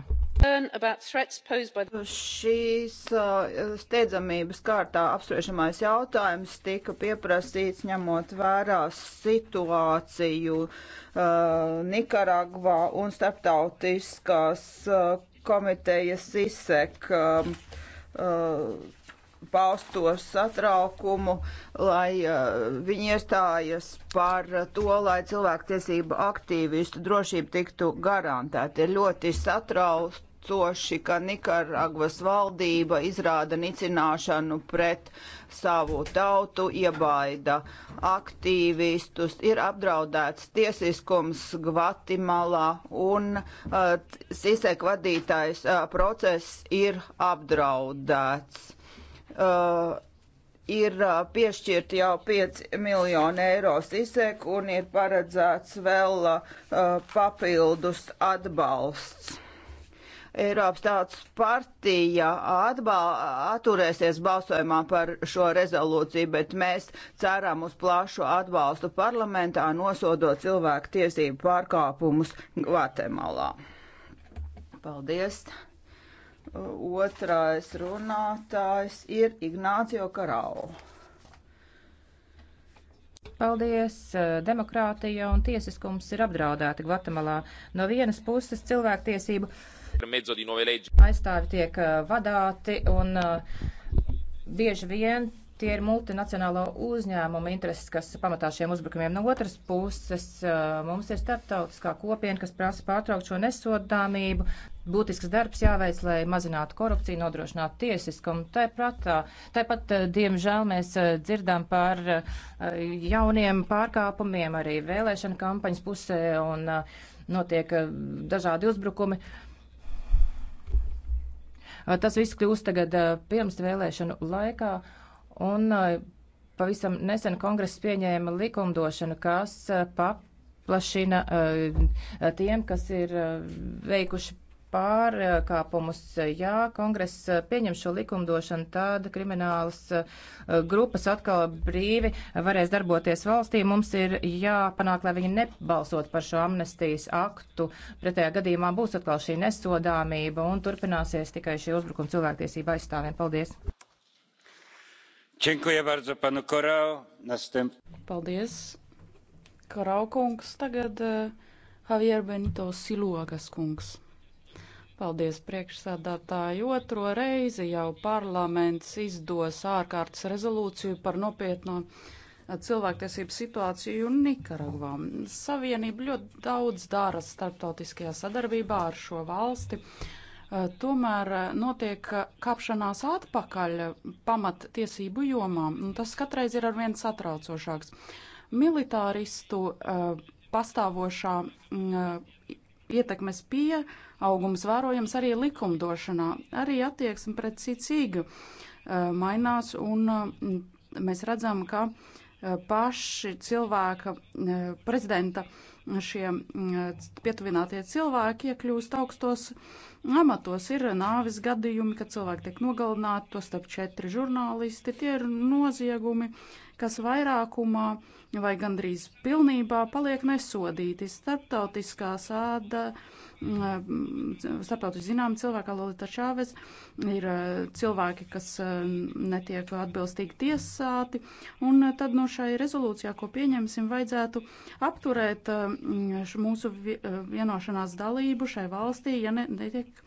Šīs eh, steidzamības kārtā apspriežamais jautājums tika pieprasīts ņemot vērā situāciju uh, Nikaragvā un starptautiskās uh, komitejas izsek. Uh, uh, pausto satraukumu, lai uh, viņi iestājas par to, lai cilvēktiesību aktīvistu drošība tiktu garantēta. Ir ļoti satraucoši, ka Nikaragvas valdība izrāda nicināšanu pret savu tautu, iebaida aktīvistus, ir apdraudēts tiesiskums Gvatemalā un uh, Sisek vadītājs uh, process ir apdraudēts uh, ir uh, piešķirti jau 5 miljoni eiro SISEK un ir paredzēts vēl uh, papildus atbalsts. Eiropas tautas partija atturēsies balsojumā par šo rezolūciju, bet mēs ceram uz plašu atbalstu parlamentā nosodot cilvēku tiesību pārkāpumus Gvatemalā. Paldies! Otrais runātājs ir Ignācio Karau. Paldies! Eh, demokrātija un tiesiskums ir apdraudēti Gvatemalā. No vienas puses cilvēktiesību aizstāvi tiek eh, vadāti un eh, bieži vien tie ir multinacionālo uzņēmumu intereses, kas pamatā šiem uzbrukumiem. No otras puses, eh, mums ir starptautiskā kopiena, kas prasa pārtraukt šo nesodāmību. Būtisks darbs jāveic, lai mazinātu korupciju, nodrošinātu tiesiskumu. Tāpat, eh, tāpat, eh, diemžēl, mēs dzirdām par jauniem pārkāpumiem arī vēlēšana kampaņas pusē un notiek dažādi uzbrukumi. Tas viss kļūst tagad pirms vēlēšanu laikā. Un uh, pavisam nesen kongress pieņēma likumdošanu, kas uh, paplašina uh, tiem, kas ir veikuši pārkāpumus. Ja kongress pieņem šo likumdošanu, tad kriminālas grupas atkal brīvi varēs darboties valstī. Mums ir jāpanāk, lai viņi nebalsot par šo amnestijas aktu. Pretējā gadījumā būs atkal šī nesodāmība un turpināsies tikai šie uzbrukumi cilvēktiesību aizstāvjiem. Paldies! Bardzo, panu Korau. Nastemp... Paldies, Korau kungs. Tagad uh, Javier Benito Siluagas kungs. Paldies priekšsādātāju. Otro reizi jau parlaments izdos ārkārtas rezolūciju par nopietno eh, cilvēktiesību situāciju Nikaragvā. Savienība ļoti daudz dara starptautiskajā sadarbībā ar šo valsti, Eh, tomēr eh, notiek eh, kāpšanās atpakaļ pamattiesību jomām. Tas katreiz ir arvien satraucošāks. Militāristu pastāvošā mm, ietekmes pieaugums vērojams arī likumdošanā, arī attieksme pret sīcīgu mainās, un mm, mēs redzam, ka paši cilvēka prezidenta šie mm, pietuvinātie cilvēki iekļūst augstos amatos ir nāvis gadījumi, kad cilvēki tiek nogalināti, to starp četri žurnālisti. Tie ir noziegumi, kas vairākumā vai gandrīz pilnībā paliek nesodīti. Starptautiskā sāda. Uh, Mm, eh, starptautiski zinām cilvēki, kā Lolita Čāves, ir eh, cilvēki, kas eh, netiek atbilstīgi tiesāti, un tad no šai rezolūcijā, ko pieņemsim, vajadzētu apturēt mm, mūsu vienošanās dalību šai valstī, ja ne, netiek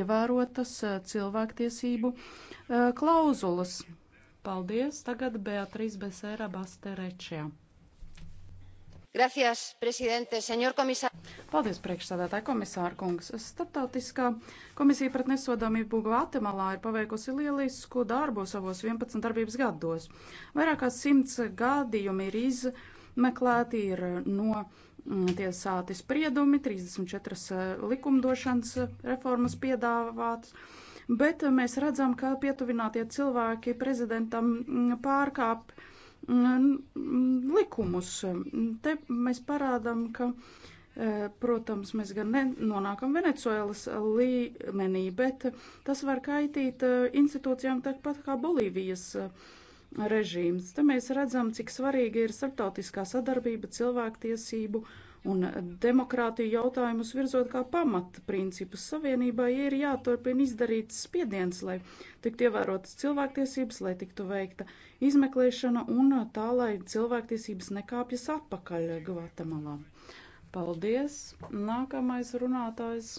ievērotas cilvēktiesību klauzulas. Paldies, tagad Beatriz Besēra Basterečija. Gracias, prezidente, senor komisār. Paldies, priekšsādātāja komisāra kungs. Startautiskā komisija pret nesodāmību Gvatemalā ir paveikusi lielisku darbu savos 11 darbības gados. Vairākās simts gadījumi ir izmeklēti, ir no mm, tiesāti spriedumi, 34 eh, likumdošanas reformas piedāvātas. Bet mēs redzam, ka pietuvinātie cilvēki prezidentam mm, pārkāp likumus. Te mēs parādām, ka, e, protams, mēs gan nenonākam Venecuēlas līmenī, bet tas var kaitīt e, institūcijām tāpat kā Bolīvijas e, režīms. Te mēs redzam, cik svarīga ir starptautiskā sadarbība cilvēktiesību un demokrātiju jautājumus virzot kā pamata principus. Savienībai ir jāturpina izdarīt spiediens, lai tiktu ievērotas cilvēktiesības, lai tiktu veikta izmeklēšana un tā, lai cilvēktiesības nekāpjas atpakaļ Gvatemalā. Paldies! Nākamais runātājs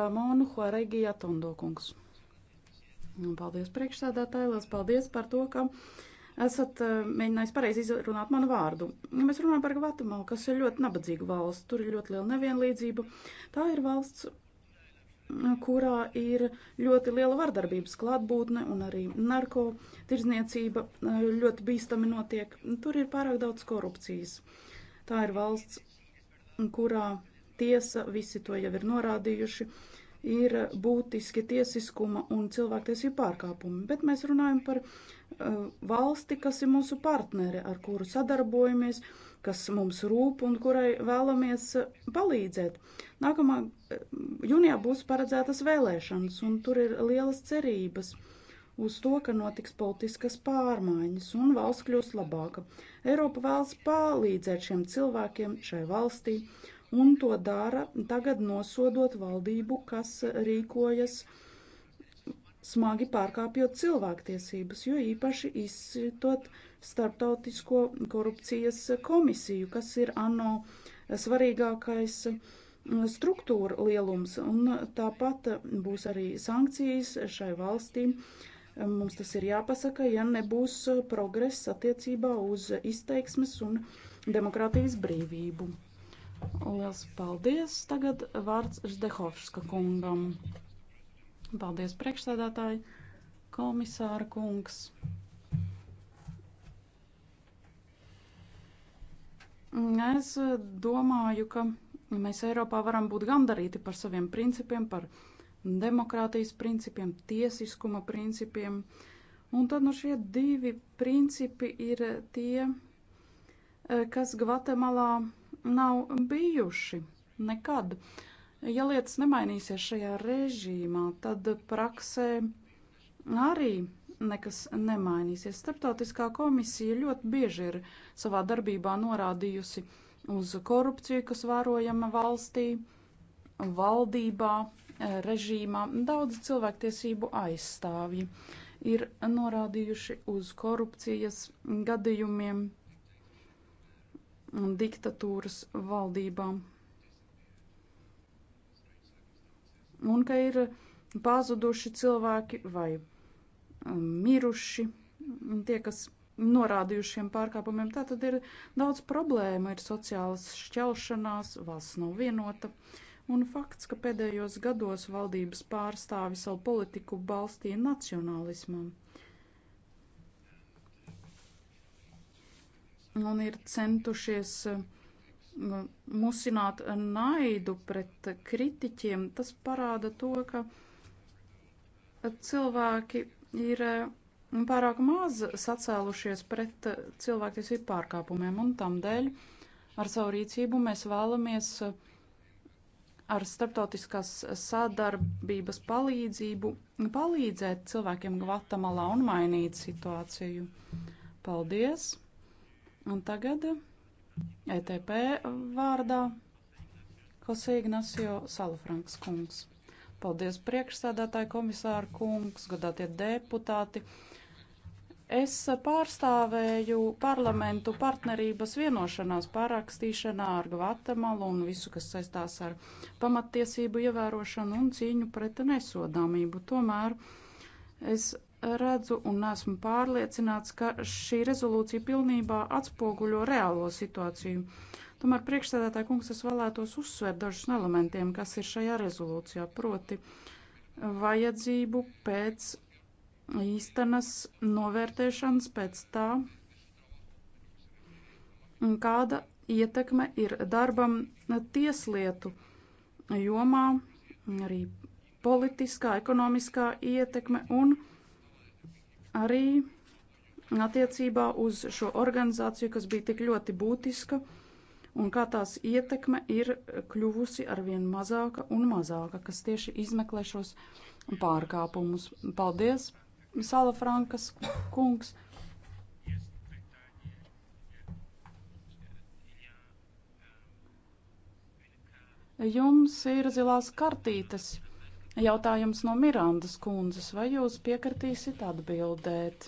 Ramonu Huaregija Tondokungs. Paldies priekšsādātāji, liels paldies par to, ka esat eh, mēģinājis pareizi izrunāt manu vārdu. Mēs runājam par Gvatemalu, kas ir ļoti nabadzīga valsts, tur ir ļoti liela nevienlīdzība. Tā ir valsts, kurā ir ļoti liela vardarbības klātbūtne un arī narko tirdzniecība eh, ļoti bīstami notiek. Tur ir pārāk daudz korupcijas. Tā ir valsts, kurā tiesa, visi to jau ir norādījuši, ir būtiski tiesiskuma un cilvēktiesību pārkāpumi. Bet mēs runājam par uh, Uh, valsti, kas ir mūsu partneri, ar kuru sadarbojamies, kas mums rūp un kurai vēlamies uh, palīdzēt. Nākamā uh, jūnijā būs paredzētas vēlēšanas, un tur ir lielas cerības uz to, ka notiks politiskas pārmaiņas un valsts kļūs labāka. Eiropa vēlas palīdzēt šiem cilvēkiem šai valstī un to dara tagad nosodot valdību, kas rīkojas uh, smagi pārkāpjot cilvēktiesības, jo īpaši izsitot starptautisko korupcijas komisiju, kas ir ANO svarīgākais mm, struktūra lielums, un tāpat būs arī sankcijas šai valstīm. Mums tas ir jāpasaka, ja nebūs progress attiecībā uz izteiksmes un demokrātijas brīvību. Lielas paldies! Tagad vārds Ždehovska kungam. Paldies, priekšsēdētāji, komisāra kungs. Es domāju, ka mēs Eiropā varam būt gandarīti par saviem principiem, par demokrātijas principiem, tiesiskuma principiem. Un tad no nu šie divi principi ir tie, eh, kas Gvatemalā nav bijuši nekad. Uh, Ja lietas nemainīsies šajā režīmā, tad praksē arī nekas nemainīsies. Startautiskā komisija ļoti bieži ir savā darbībā norādījusi uz korupciju, kas vērojama valstī, valdībā, režīmā. Daudz cilvēktiesību aizstāvji ir norādījuši uz korupcijas gadījumiem diktatūras valdībām un ka ir pazuduši cilvēki vai um, miruši tie, kas norādījušiem pārkāpumiem. Tā tad ir daudz problēma, ir sociālas šķelšanās, valsts nav vienota. Un fakts, ka pēdējos gados valdības pārstāvi savu politiku balstīja nacionālismam. Un ir centušies uh, musināt naidu pret kritiķiem, tas parāda to, ka cilvēki ir eh, pārāk maz sacēlušies pret cilvēktiesību pārkāpumiem, un tamdēļ ar savu rīcību mēs vēlamies eh, ar starptautiskās sadarbības palīdzību palīdzēt cilvēkiem Gvatemalā un mainīt situāciju. Paldies! Un tagad ETP vārdā Hosē Ignacio Salafranks kungs. Paldies priekšsēdētāji komisāru kungs, godātie deputāti. Es pārstāvēju parlamentu partnerības vienošanās pārakstīšanā ar Gvatemalu un visu, kas saistās ar pamattiesību ievērošanu un cīņu pret nesodāmību. Tomēr es redzu un esmu pārliecināts, ka šī rezolūcija pilnībā atspoguļo reālo situāciju. Tomēr priekšsēdētāja kungs es vēlētos uzsvērt dažus elementiem, kas ir šajā rezolūcijā, proti vajadzību pēc īstenas novērtēšanas pēc tā, kāda ietekme ir darbam tieslietu jomā, arī politiskā, ekonomiskā ietekme un ietekme arī attiecībā uz šo organizāciju, kas bija tik ļoti būtiska un kā tās ietekme ir kļuvusi arvien mazāka un mazāka, kas tieši izmeklē šos pārkāpumus. Paldies, Sala Frankas kungs! Jums ir zilās kartītes Jautājums no Mirandas kundzes, vai jūs piekritīsit atbildēt?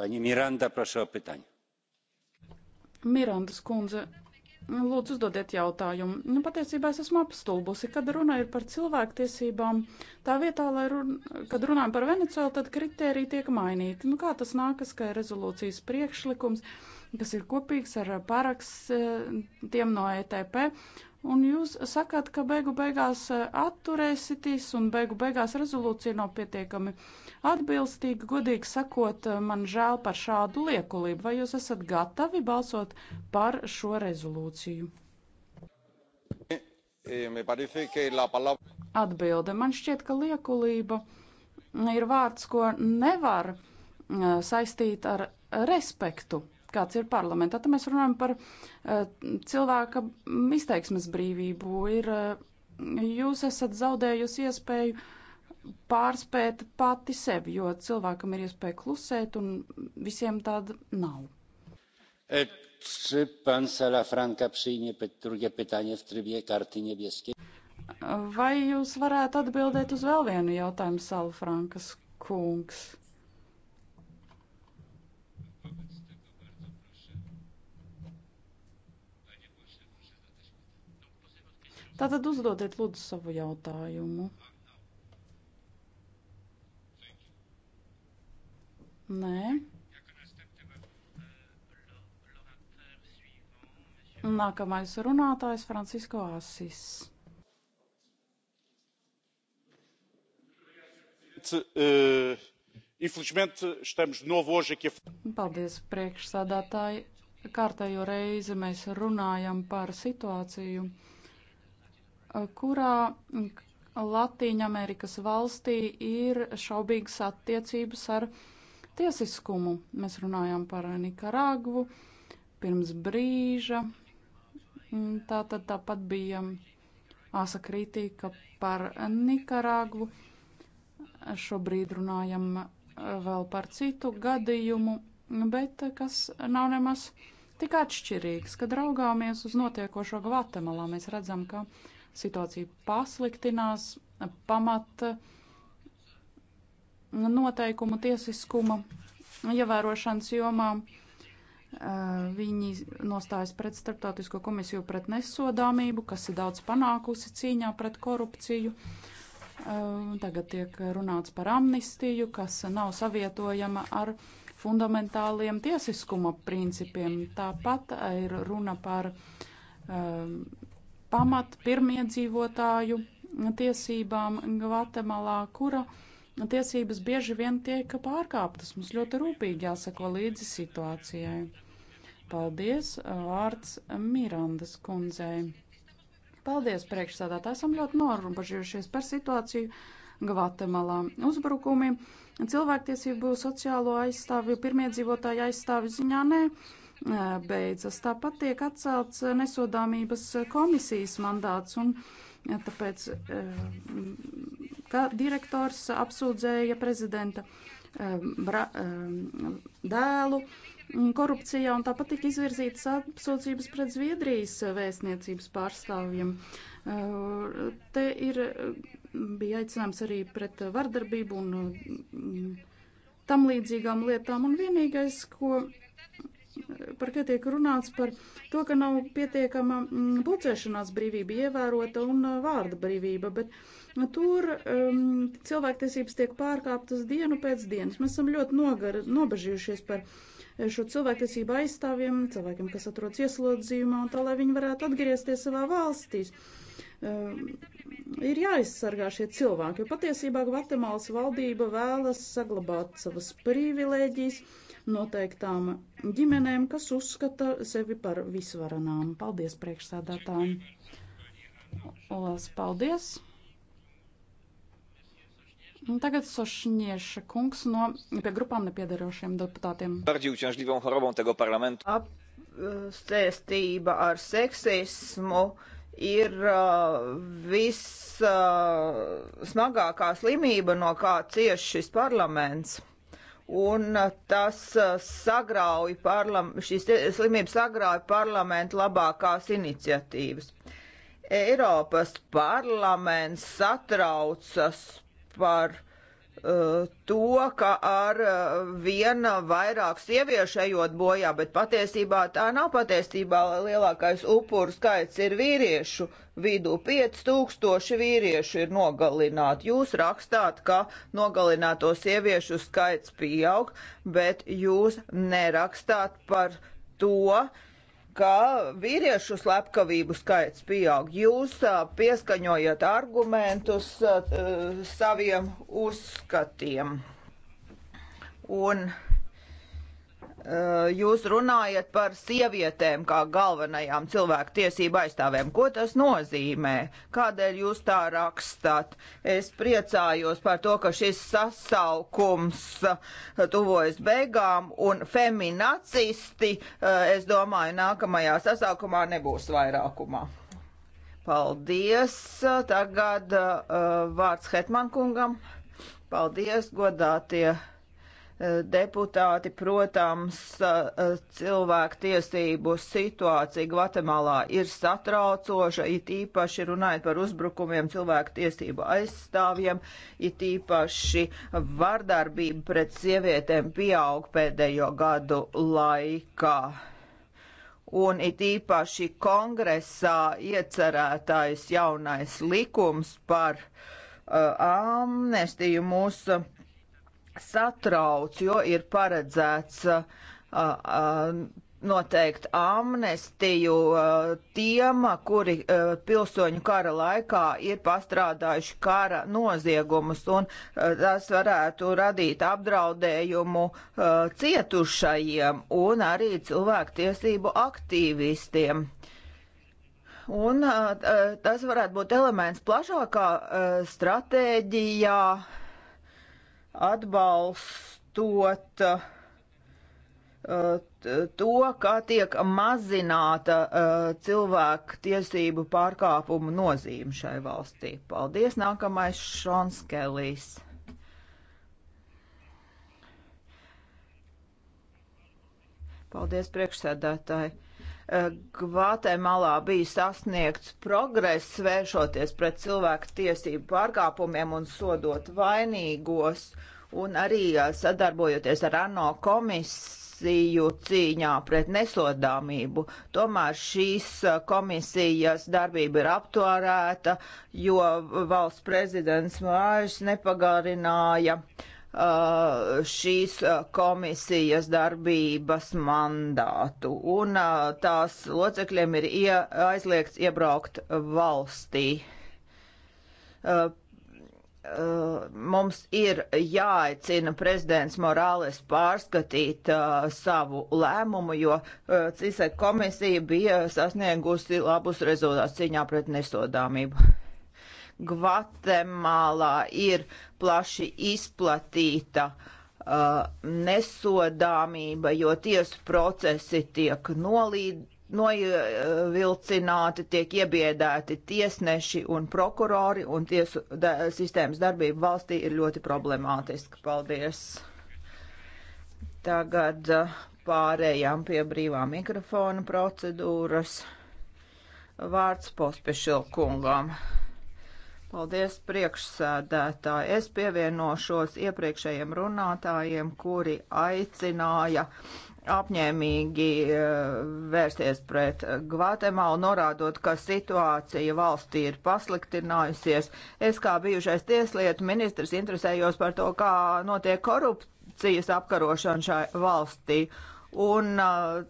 Pani Miranda, prašu pytań. Mirandas kundze, lūdzu uzdodiet jautājumu. Nu, patiesībā es esmu apstulbusi, kad runa ir par cilvēktiesībām. Tā vietā, lai run, kad runājam par Venecuēlu, tad kritēriji tiek mainīti. Nu, kā tas nākas, ka ir rezolūcijas priekšlikums? Uh, kas ir kopīgs ar parakstiem eh, no ETP. Un jūs sakat, ka beigu beigās eh, atturēsitīs un beigu beigās rezolūcija nav pietiekami atbilstīga. Godīgi sakot, eh, man žēl par šādu liekulību. Vai jūs esat gatavi balsot par šo rezolūciju? Atbilde. Man šķiet, ka liekulība ir vārds, ko nevar saistīt ar respektu kāds ir parlamentā. Tad mēs runājam par uh, cilvēka izteiksmes brīvību. Ir, uh, jūs esat zaudējusi iespēju pārspēt pati sevi, jo cilvēkam ir iespēja klusēt, un visiem tāda nav. Eh, czy pan Salafranka przyjmie drugie pytanie w trybie karty niebieskiej? Vai jūs varētu atbildēt uz vēl vienu jautājumu, Salafrankas kungs? Tātad uzdodiet lūdzu savu jautājumu. Nē. Nākamais runātājs Francisko Asis. E, infelizmente, estamos de novo hoje aqui a. Paldies, priekšsādātāji. Kārtējo reizi mēs runājam par situāciju kurā Latīņamerikas valstī ir šaubīgas attiecības ar tiesiskumu. Mēs runājām par Nikaragvu pirms brīža. Tā tad tāpat bija āsa kritika par Nikaragvu. Šobrīd runājam eh, vēl par citu gadījumu, bet eh, kas nav nemaz tik atšķirīgs. Kad raugāmies uz notiekošo Gvatemalā, mēs redzam, ka situācija pasliktinās, pamata mm, noteikumu tiesiskuma ievērošanas jomā. Eh, viņi nostājas pret starptautisko komisiju pret nesodāmību, kas ir daudz panākusi cīņā pret korupciju. Eh, tagad tiek runāts par amnistiju, kas nav savietojama ar fundamentāliem tiesiskuma principiem. Tāpat ir runa par um, pamat pirmiedzīvotāju tiesībām Gvatemalā, kura tiesības bieži vien tiek pārkāptas. Mums ļoti rūpīgi jāsako līdzi situācijai. Paldies, vārds Mirandas kundzei. Paldies, priekšsādātāji, esam ļoti norumbažījušies par situāciju Gvatemalā. Uzbrukumi cilvēktiesību sociālo aizstāvju, pirmiedzīvotāju aizstāvju ziņā nē. Ne beidzas. Tāpat tiek atcelts nesodāmības komisijas mandāts, un tāpēc direktors apsūdzēja prezidenta dēlu korupcijā, un tāpat tika izvirzītas apsūdzības pret Zviedrijas vēstniecības pārstāvjiem. Te ir, bija aicinājums arī pret vardarbību un tam līdzīgām lietām, un vienīgais, ko par ka tiek runāts par to, ka nav pietiekama mm, pulcēšanās brīvība ievērota un uh, vārda brīvība, bet uh, tur um, cilvēktiesības tiek pārkāptas dienu pēc dienas. Mēs esam ļoti nogar, nobežījušies par uh, šo cilvēktiesību aizstāvjiem, cilvēkiem, kas atrodas ieslodzījumā, un tā, lai viņi varētu atgriezties savā valstīs. Um, ir jāaizsargā šie cilvēki, jo patiesībā Gvatemalas valdība vēlas saglabāt savas privilēģijas noteiktām ģimenēm, kas uzskata sevi par visvaranām. Paldies priekšsēdētājiem! Lielas paldies! Un tagad Sošņieša kungs no pie grupām nepiedarošiem deputātiem. Apsēstība e, ar seksismu ir uh, e, viss uh, smagākā slimība, no kā cieš šis parlaments un tas uh, sagrauj parlam, šīs slimības sagrauj parlamentu labākās iniciatīvas. Eiropas parlaments satraucas par Eh, to, ka ar eh, viena vairāk sieviešu ejot bojā, bet patiesībā tā nav patiesībā. Lielākais upuru skaits ir vīriešu vidū. 5000 vīriešu ir nogalināti. Jūs rakstāt, ka nogalināto sieviešu skaits pieaug, bet jūs nerakstāt par to, uh, ka vīriešu slepkavību skaits pieaug. Jūs pieskaņojat argumentus saviem uzskatiem. Un uh, Eh, jūs runājat par sievietēm kā galvenajām cilvēku tiesību aizstāvēm. Ko tas nozīmē? Kādēļ jūs tā rakstāt? Es priecājos par to, ka šis sasaukums eh, tuvojas beigām un feminacisti, eh, es domāju, nākamajā sasaukumā nebūs vairākumā. Paldies. Tagad uh, vārds Hetman kungam. Paldies, godātie deputāti, protams, eh, cilvēku tiesību situācija Gvatemalā ir satraucoša, it īpaši runājot par uzbrukumiem cilvēku tiesību aizstāvjiem, it īpaši vardarbība pret sievietēm pieaug pēdējo gadu laikā. Un it īpaši kongresā iecerētājs jaunais likums par uh, amnestiju mūsu uh, satrauc, jo ir paredzēts uh, uh, noteikt amnestiju uh, tiem, kuri uh, pilsoņu kara laikā ir pastrādājuši kara noziegumus, un uh, tas varētu radīt apdraudējumu uh, cietušajiem un arī cilvēktiesību aktīvistiem. Un uh, tas varētu būt elements plašākā uh, stratēģijā atbalstot uh, to, kā tiek mazināta uh, cilvēku tiesību pārkāpumu nozīme šai valstī. Paldies, nākamais Šons Kelijs. Paldies, priekšsēdētāji. Gvatemalā bija sasniegts progress, vēršoties pret cilvēku tiesību pārkāpumiem un sodot vainīgos, un arī sadarbojoties ar ANO komisiju cīņā pret nesodāmību. Tomēr šīs komisijas darbība ir aptvarēta, jo valsts prezidents Māris nepagarināja uh, Uh, šīs uh, komisijas darbības mandātu, un uh, tās locekļiem ir ie, aizliegts iebraukt valstī. Mums ir jāaicina prezidents Morāles pārskatīt savu lēmumu, jo CISE komisija bija sasniegusi labus rezultātus cīņā pret nesodāmību. Gvatemalā ir plaši izplatīta uh, nesodāmība, jo tiesu procesi tiek nolīd, novilcināti, tiek iebiedēti tiesneši un prokurori, un tiesu da sistēmas darbība valstī ir ļoti problemātiska. Paldies! Tagad uh, pārējām pie brīvā mikrofona procedūras. Vārds pospešilkungam. kungam. Paldies priekšsēdētāji. Es pievienošos iepriekšējiem runātājiem, kuri aicināja apņēmīgi eh, vērsties pret Gvatemalu, norādot, ka situācija valstī ir pasliktinājusies. Es kā bijušais tieslietu ministrs interesējos par to, kā notiek korupcijas apkarošana šai valstī un uh,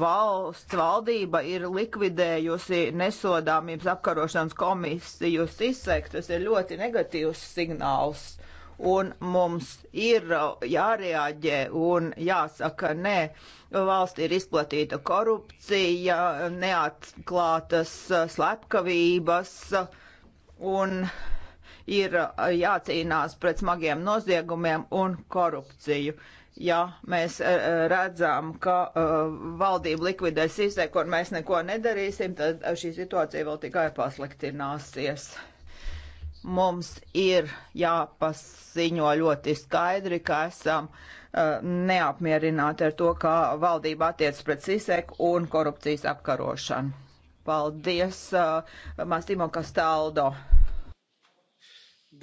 valsts valdība ir likvidējusi nesodāmības apkarošanas komisiju SISEK. Tas ir ļoti negatīvs signāls. Un mums ir uh, jārēģē un jāsaka, nē, valstī ir izplatīta korupcija, neatklātas uh, slepkavības un ir jācīnās pret smagiem noziegumiem un korupciju. Uh, ja mēs e, e, redzam, ka e, valdība likvidēs sistēmu, kur mēs neko nedarīsim, tad šī situācija vēl tikai pasliktināsies. Mums ir jāpasiņo ļoti skaidri, ka esam neapmierināti ar to, kā valdība attiec pret sisēku un korupcijas apkarošanu. Paldies, Mastimo Kastaldo.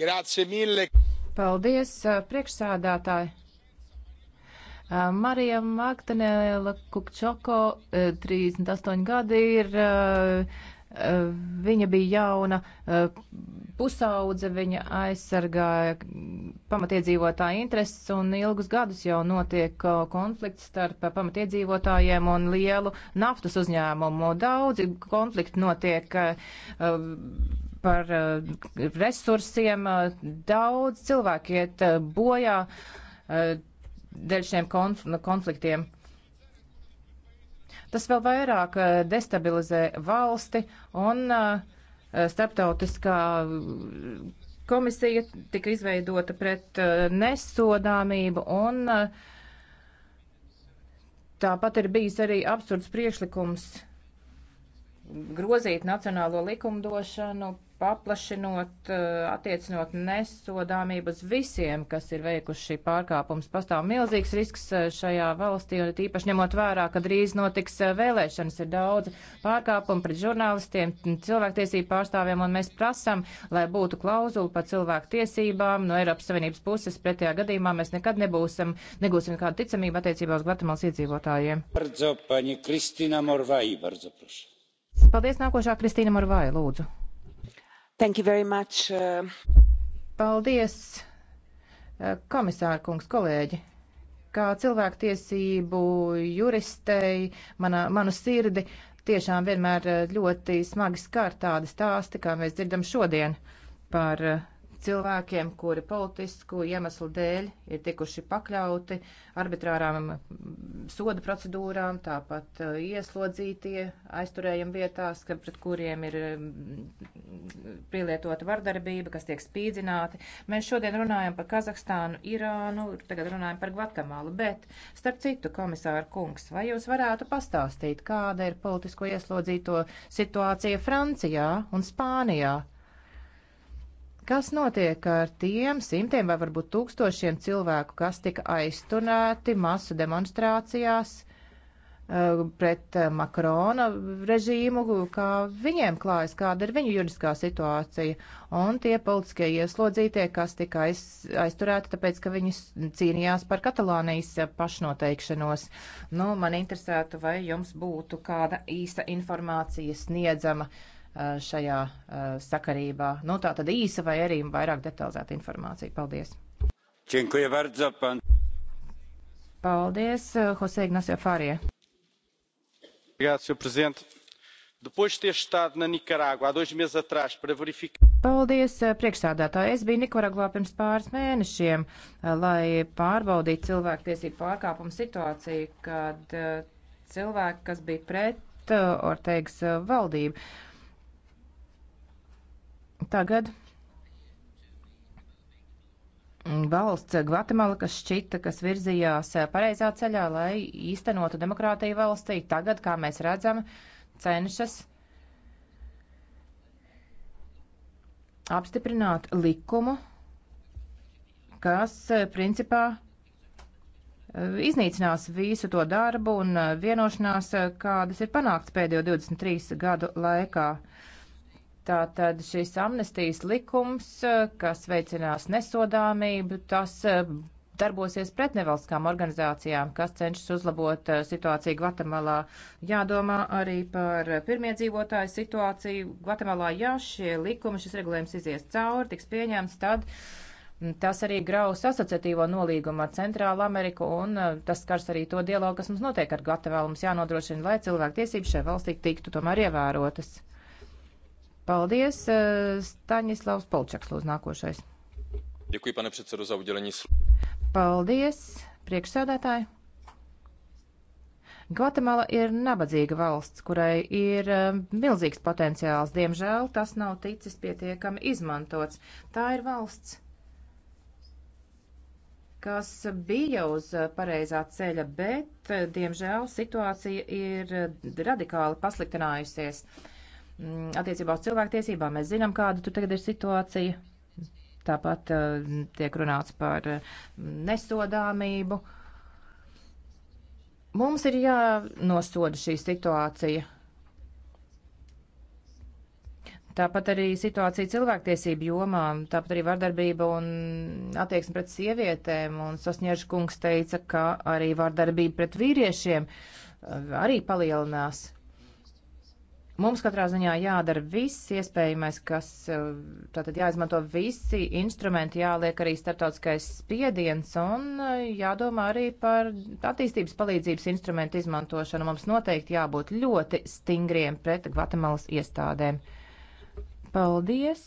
Grazie mille. Paldies, priekšsādātāji. Marija Magdanēla Kupčoko, 38 gadi ir, viņa bija jauna pusaudze, viņa aizsargāja pamatiedzīvotāju intereses un ilgus gadus jau notiek konflikts starp pamatiedzīvotājiem un lielu naftas uzņēmumu. Daudzi konflikti notiek par resursiem, daudz cilvēku iet bojā dēļ šiem konf nu, konfliktiem. Tas vēl vairāk eh, destabilizē valsti un eh, starptautiskā eh, komisija tika izveidota pret nesodāmību un tāpat ir bijis arī absurds priekšlikums grozīt nacionālo likumdošanu paplašinot, eh, attiecinot nesodāmību uz visiem, kas ir veikuši pārkāpums. Pastāv milzīgs risks eh, šajā valstī, un tīpaši ņemot vērā, ka drīz notiks eh, vēlēšanas, ir daudz pārkāpumu pret žurnālistiem, cilvēktiesību pārstāvjiem, un mēs prasam, lai būtu klauzula par cilvēku tiesībām no Eiropas Savienības puses. Pretējā gadījumā mēs nekad nebūsim, negūsim nekādu ticamību attiecībā uz Gvatemalas iedzīvotājiem. Bardzo, paņi, Kristina Morvai, bardzo, prošu. Paldies, nākošā Kristīna Morvai, lūdzu. Thank you very much. Uh, Paldies, uh, komisāra kungs, kolēģi. Kā cilvēktiesību juristei, mana, manu sirdi tiešām vienmēr uh, ļoti smagi skar tādi stāsti, kā mēs dzirdam šodien par cilvēkiem, kuri politisku iemeslu dēļ ir tikuši pakļauti arbitrārām soda procedūrām, tāpat uh, ieslodzītie aizturējumi vietās, ka pret kuriem ir um, pielietota vardarbība, kas tiek spīdzināti. Mēs šodien runājam par Kazahstānu, Irānu, tagad runājam par Gvatemalu, bet starp citu, komisāra kungs, vai jūs varētu pastāstīt, kāda ir politisko ieslodzīto situācija Francijā un Spānijā? Kas notiek ar tiem simtiem vai varbūt tūkstošiem cilvēku, kas tika aizturēti masu demonstrācijās eh, pret eh, Makrona režīmu, kā viņiem klājas, kāda ir viņu juridiskā situācija, un tie politiskie ieslodzītie, kas tika aiz, aizturēti, tāpēc, ka viņi cīnījās par Katalānijas eh, pašnoteikšanos. Nu, man interesētu, vai jums būtu kāda īsta informācija sniedzama. Uh, šajā sakarībā. Nu, tā tad īsa vai arī vairāk detalizēta informācija. Paldies! Paldies, Jose Ignacio Fārie. Depois de ter estado na Nicarágua há dois meses atrás para verificar. Paldies, priekšsādātāji. Es biju Nikaraglā pirms pāris mēnešiem, lai pārbaudītu cilvēktiesību pārkāpumu situāciju, kad cilvēki, kas bija pret Ortegas valdību, Tagad valsts Gvatemala, kas šķita, kas virzījās pareizā ceļā, lai īstenotu demokrātiju valstī, tagad, kā mēs redzam, cenšas apstiprināt likumu, kas eh, principā eh, iznīcinās visu to darbu un eh, vienošanās, kādas ir panākts pēdējo 23 gadu laikā. Uh, Tātad šis amnestijas likums, eh, kas veicinās nesodāmību, tas eh, darbosies pret nevalstiskām organizācijām, kas cenšas uzlabot eh, situāciju Gvatemalā. Jādomā arī par pirmiedzīvotāju situāciju Gvatemalā. Ja šie likumi, šis regulējums izies cauri, tiks pieņemts, tad mm, tas arī graus asociatīvo nolīgumu ar Centrālu Ameriku, un tas skars arī to dialogu, kas mums notiek ar Gvatemalu. Mums jānodrošina, lai cilvēku tiesības šajā valstī tiktu tomēr ievērotas. Paldies. Eh, Staņislavs Polčaks lūdzu nākošais. Děkuji, pane předsedo, za udělení slova. Paldies, priekšsēdētāji. Gvatemala ir nabadzīga valsts, kurai ir eh, milzīgs potenciāls. Diemžēl tas nav ticis pietiekami izmantots. Tā ir valsts, kas bija uz pareizā ceļa, bet, eh, diemžēl, situācija ir radikāli pasliktinājusies. Uh, Mm, attiecībā uz cilvēktiesībām. Mēs zinām, kāda tur tagad ir situācija. Tāpat eh, tiek runāts par eh, nesodāmību. Mums ir jānosoda šī situācija. Tāpat arī situācija cilvēktiesību jomā, tāpat arī vardarbība un attieksme pret sievietēm, un Sasņēža kungs teica, ka arī vardarbība pret vīriešiem eh, arī palielinās. Mums katrā ziņā jādara viss iespējamais, kas eh, tātad jāizmanto visi instrumenti, jāliek arī starptautiskais spiediens un eh, jādomā arī par attīstības palīdzības instrumentu izmantošanu. Mums noteikti jābūt ļoti stingriem pret Gvatemalas iestādēm. Paldies!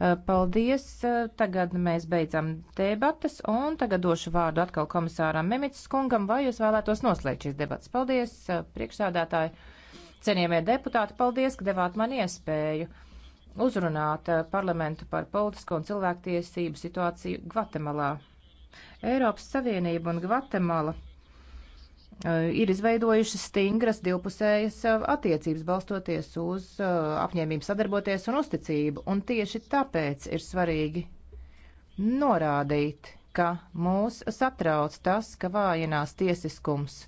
Eh, paldies! Eh, tagad mēs beidzam debatas un tagad došu vārdu atkal komisāram Mimits kungam, vai jūs vēlētos noslēgt šīs debatas. Paldies, eh, priekšsādātāji! Cienījamie deputāti, paldies, ka devāt man iespēju uzrunāt parlamentu par politisko un cilvēktiesību situāciju Gvatemalā. Eiropas Savienība un Gvatemala Eh, ir izveidojuši stingras divpusējas eh, attiecības balstoties uz eh, apņēmību sadarboties un uzticību. Un tieši tāpēc ir svarīgi norādīt, ka mūs satrauc tas, ka vājinās tiesiskums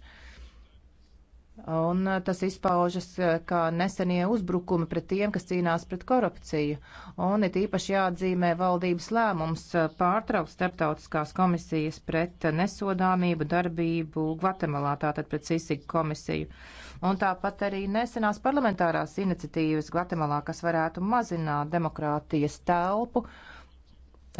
Un uh, tas izpaužas uh, kā nesenie uzbrukumi pret tiem, kas cīnās pret korupciju. Un it īpaši jāatzīmē valdības lēmums uh, pārtraukt starptautiskās komisijas pret nesodāmību darbību Gvatemalā, tātad pret Sisiku komisiju. Un tāpat arī nesenās parlamentārās iniciatīvas Gvatemalā, kas varētu mazināt demokrātijas telpu. Uh,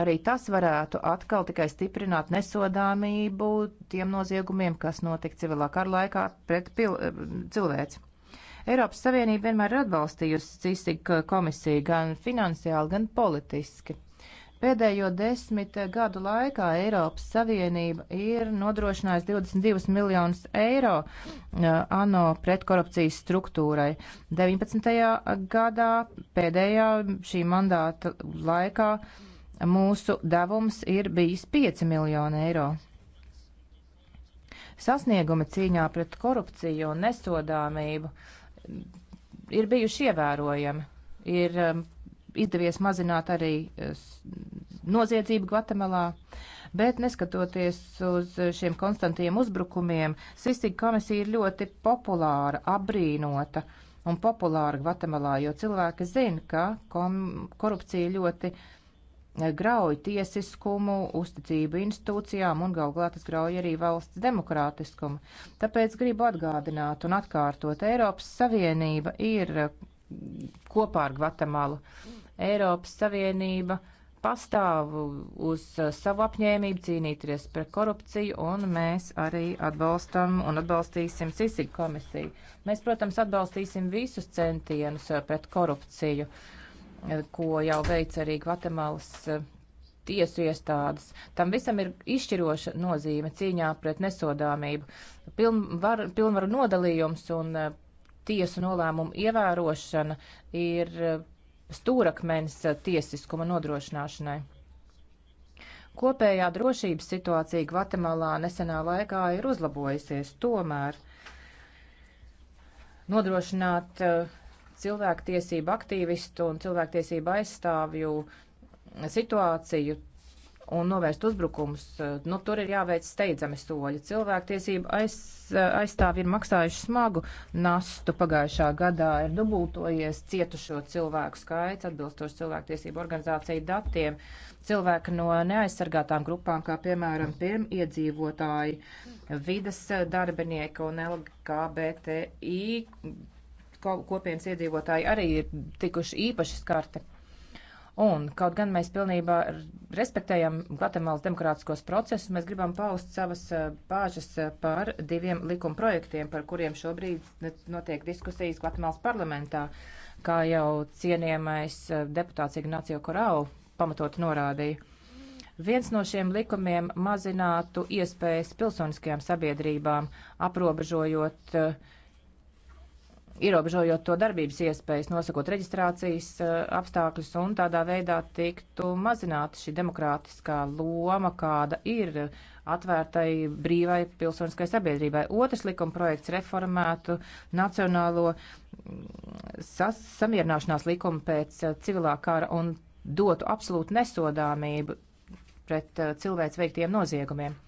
Arī tas varētu atkal tikai stiprināt nesodāmību tiem noziegumiem, kas notika civilā kara laikā pret pil, cilvēci. Eiropas Savienība vienmēr ir atbalstījusi CISIG komisiju gan finansiāli, gan politiski. Pēdējo desmit gadu laikā Eiropas Savienība ir nodrošinājusi 22 miljonus eiro uh, ANO pretkorupcijas struktūrai. 19. gadā pēdējā šī mandāta laikā uh, mūsu devums ir bijis 5 miljoni eiro. Sasniegumi cīņā pret korupciju un nesodāmību ir bijuši ievērojami. Ir um, izdevies mazināt arī uh, noziedzību Gvatemalā, bet neskatoties uz šiem konstantiem uzbrukumiem, Sistika komisija ir ļoti populāra, apbrīnota un populāra Gvatemalā, jo cilvēki zina, ka korupcija ļoti uh, grauj tiesiskumu, uzticību institūcijām un galvā tas grauj arī valsts demokrātiskumu. Tāpēc gribu atgādināt un atkārtot, Eiropas Savienība ir eh, kopā ar Gvatemalu. Eiropas Savienība pastāv uz eh, savu apņēmību cīnīties pret korupciju, un mēs arī atbalstam un atbalstīsim Sisiku komisiju. Mēs, protams, atbalstīsim visus centienus eh, pret korupciju. Uh, ko jau veic arī Gvatemalas eh, tiesu iestādes. Tam visam ir izšķiroša nozīme cīņā pret nesodāmību. Pilnvar, pilnvaru nodalījums un eh, tiesu nolēmumu ievērošana ir eh, stūrakmenis tiesiskuma nodrošināšanai. Kopējā drošības situācija Gvatemalā nesenā laikā ir uzlabojusies, tomēr nodrošināt uh, cilvēktiesību aktīvistu un cilvēktiesību aizstāvju situāciju un novērst uzbrukumus, nu, tur ir jāveic steidzami soļi. Cilvēktiesība aiz, aizstāvi ir maksājuši smagu nastu pagājušā gadā, ir dubultojies cietušo cilvēku skaits atbilstoši cilvēktiesību organizāciju datiem. Cilvēki no neaizsargātām grupām, kā piemēram pirm iedzīvotāji, vidas darbinieki un LGBTI kopienas iedzīvotāji arī ir tikuši īpaši skarti. Un, kaut gan mēs pilnībā respektējam Gvatemalas demokrātiskos procesus, mēs gribam paust savas eh, bāžas eh, par diviem likuma projektiem, par kuriem šobrīd notiek diskusijas Gvatemalas parlamentā, kā jau cienījamais eh, deputāts Ignācio Korau pamatot norādīja. Viens no šiem likumiem mazinātu iespējas pilsoniskajām sabiedrībām, aprobežojot uh, ierobežojot to darbības iespējas, nosakot reģistrācijas eh, apstākļus un tādā veidā tiktu mazināta šī demokrātiskā loma, kāda ir atvērtai brīvai pilsoniskai sabiedrībai. Otrs likuma projekts reformētu nacionālo mm, samierināšanās likumu pēc eh, civilā kara un dotu absolūtu nesodāmību pret eh, cilvēks veiktiem noziegumiem.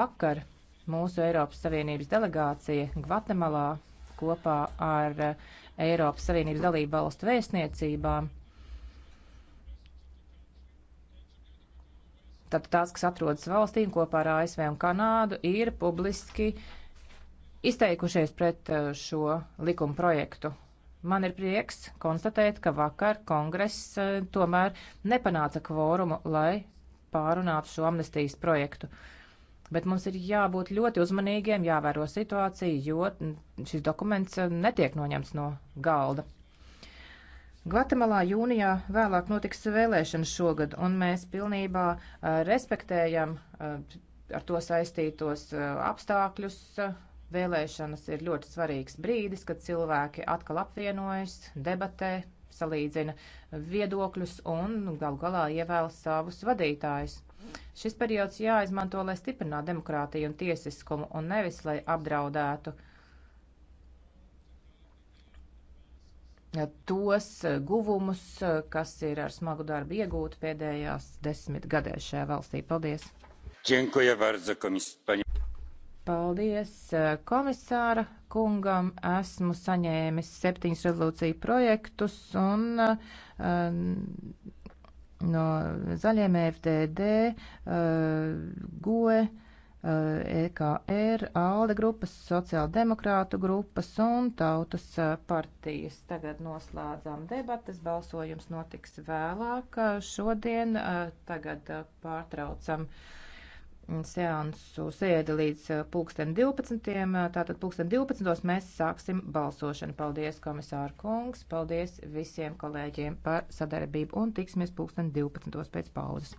Vakar mūsu Eiropas Savienības delegācija Gvatemalā kopā ar eh, Eiropas Savienības dalību valstu vēstniecībām. Tad tās, kas atrodas valstīm kopā ar ASV un Kanādu, ir publiski izteikušies pret eh, šo likuma projektu. Man ir prieks konstatēt, ka vakar kongress eh, tomēr nepanāca kvorumu, lai pārunātu šo amnestijas projektu. Uh, Bet mums ir jābūt ļoti uzmanīgiem, jāvēro situācija, jo mm, šis dokuments eh, netiek noņemts no galda. Gvatemalā jūnijā vēlāk notiks vēlēšanas šogad, un mēs pilnībā uh, respektējam uh, ar to saistītos uh, apstākļus. Vēlēšanas ir ļoti svarīgs brīdis, kad cilvēki atkal apvienojas, debatē, salīdzina viedokļus un gal galā ievēl savus vadītājus. Šis periods jāizmanto, lai stiprinātu demokrātiju un tiesiskumu, un nevis, lai apdraudētu eh, tos eh, guvumus, eh, kas ir ar smagu darbu iegūti pēdējās desmit gadēs šajā valstī. Paldies! Paldies komisāra kungam. Esmu saņēmis septiņus rezolūciju projektus un uh, no zaļiem FDD, eh, GOE, EKR, eh, e ALDE grupas, sociāldemokrātu grupas un tautas eh, partijas. Tagad noslēdzām debatas, balsojums notiks vēlāk šodien, tagad pārtraucam seansu sēdi līdz eh, pulksten 12. Eh, tātad pulksten 12. mēs sāksim balsošanu. Paldies, komisāra kungs, paldies visiem kolēģiem par sadarbību un tiksimies pulksten 12. pēc pauzes.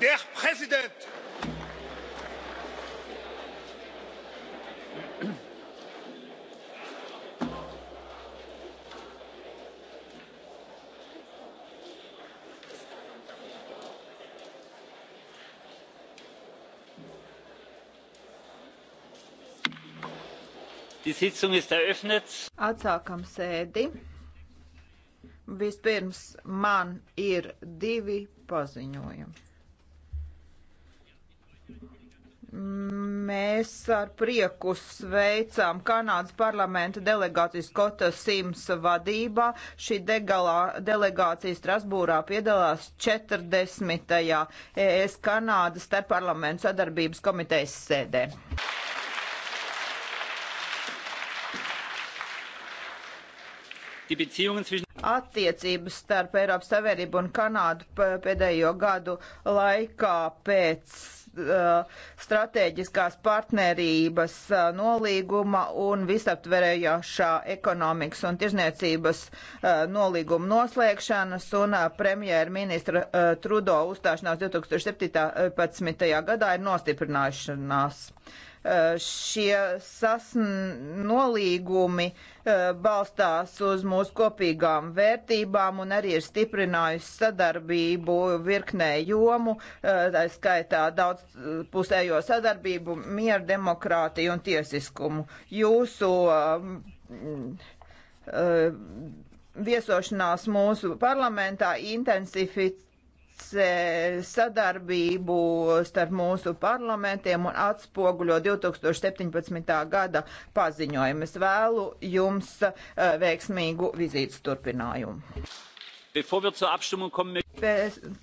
der präsident! Atsākam sēdi. Vispirms man ir divi paziņojumi. Mēs ar prieku sveicām Kanādas parlamenta delegācijas Kota Simsa vadībā. Šī degalā, delegācija Strasbūrā piedalās 40. ES Kanādas starpparlamentu sadarbības komitejas sēdē. Attiecības starp Eiropas Savienību un Kanādu pēdējo gadu laikā pēc Uh, stratēģiskās partnerības uh, nolīguma un visaptverējošā ekonomikas un tirzniecības uh, nolīguma noslēgšanas un premjerministra Trudo uzstāšanās 2017. gadā ir nostiprināšanās šie sasnolīgumi eh, balstās uz mūsu kopīgām vērtībām un arī ir stiprinājusi sadarbību virknē jomu, eh, tā skaitā daudzpusējo sadarbību, mieru, demokrātiju un tiesiskumu. Jūsu eh, viesošanās mūsu parlamentā intensificē E, sadarbību starp mūsu parlamentiem un atspoguļo 2017. gada paziņojumu. Es vēlu jums e, veiksmīgu vizītes turpinājumu.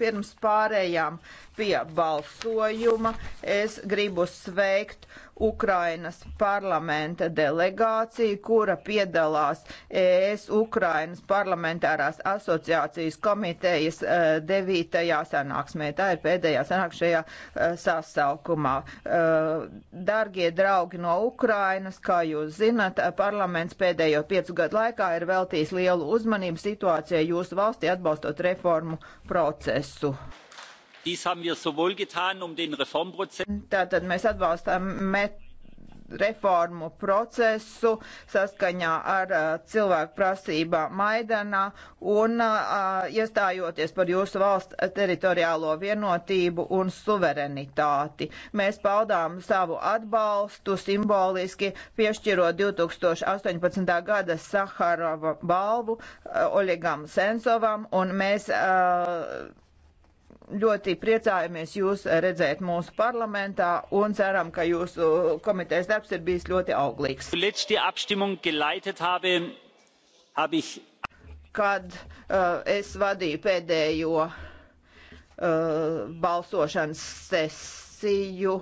Pirms pārējām pie balsojuma es gribu sveikt Ukrainas parlamenta delegācija, kura piedalās ES Ukrainas parlamentārās asociācijas komitejas e, devītajā sanāksmē. Tā ir pēdējā sanāksmē šajā e, sasaukumā. E, Dargie draugi no Ukrainas, kā jūs zinat, parlaments pēdējo piecu gadu laikā ir veltījis lielu uzmanību situācijai jūsu valstī atbalstot reformu procesu. Um Tātad mēs atbalstām met reformu procesu saskaņā ar uh, cilvēku prasībām Maidanā un uh, uh, iestājoties par jūsu valsts teritoriālo vienotību un suverenitāti. Mēs paudām savu atbalstu simboliski piešķirot 2018. gada Saharova balvu uh, Oļegam Sensovam un mēs uh, ļoti priecājamies jūs redzēt mūsu parlamentā un ceram, ka jūsu komitejas darbs ir bijis ļoti auglīgs. Kad uh, es vadīju pēdējo uh, balsošanas sesiju,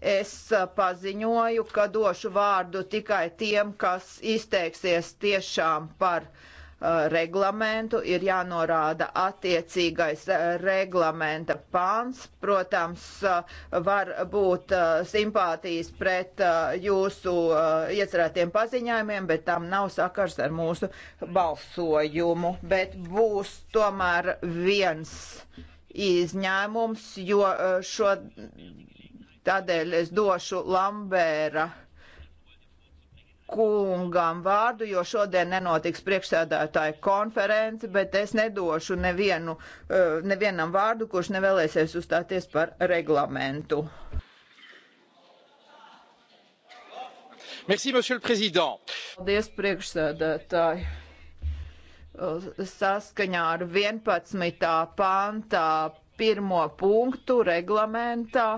es uh, paziņoju, ka došu vārdu tikai tiem, kas izteiksies tiešām par uh, Uh, reglamentu, ir jānorāda attiecīgais uh, reglamenta pāns. Protams, uh, var būt simpātijas pret jūsu iecerētiem paziņojumiem, bet tam nav sakars ar mūsu balsojumu. Bet būs tomēr viens izņēmums, jo šo tādēļ es došu Lambēra kungam vārdu, jo šodien nenotiks priekšsēdētāja konference, bet es nedošu nevienu, eh, nevienam vārdu, kurš nevēlēsies uzstāties par reglamentu. Merci, monsieur le président. Paldies, priekšsēdētāji. Saskaņā ar 11. pāntā pirmo punktu reglamentā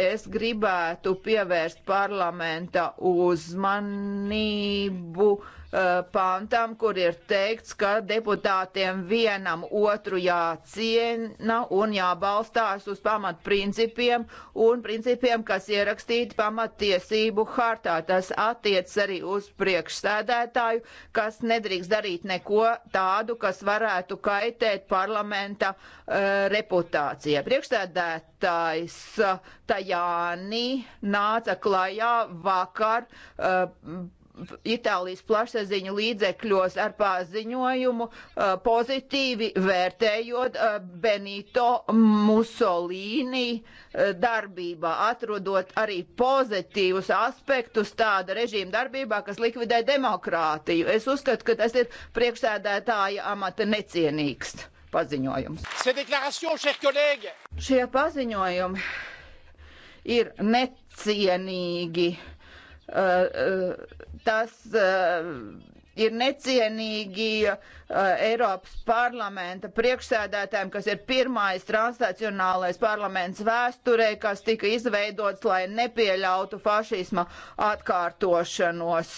Es gribētu pievērst parlamenta uzmanību uh, Eh, pantam, kur ir teikts, ka deputātiem vienam otru jāciena un jābalstās uz pamatprincipiem un principiem, kas ierakstīti pamattiesību hartā. Tas attiec arī uz priekšsēdētāju, kas nedrīkst darīt neko tādu, kas varētu kaitēt parlamenta uh, reputācijai. Priekšsēdētājs eh, Tajāni nāca klajā vakar uh, Itālijas plašsaziņu līdzekļos ar paziņojumu uh, pozitīvi vērtējot uh, Benito Mussolīni uh, darbībā, atrodot arī pozitīvus aspektus tāda režīma darbībā, kas likvidē demokrātiju. Es uzskatu, ka tas ir priekšsēdētāja amata necienīgs paziņojums. Šie paziņojumi ir necienīgi. Eh, eh, tas eh, ir necienīgi Eiropas parlamenta priekšsēdētājiem, kas ir pirmais transnacionālais parlaments vēsturē, kas tika izveidots, lai nepieļautu fašisma atkārtošanos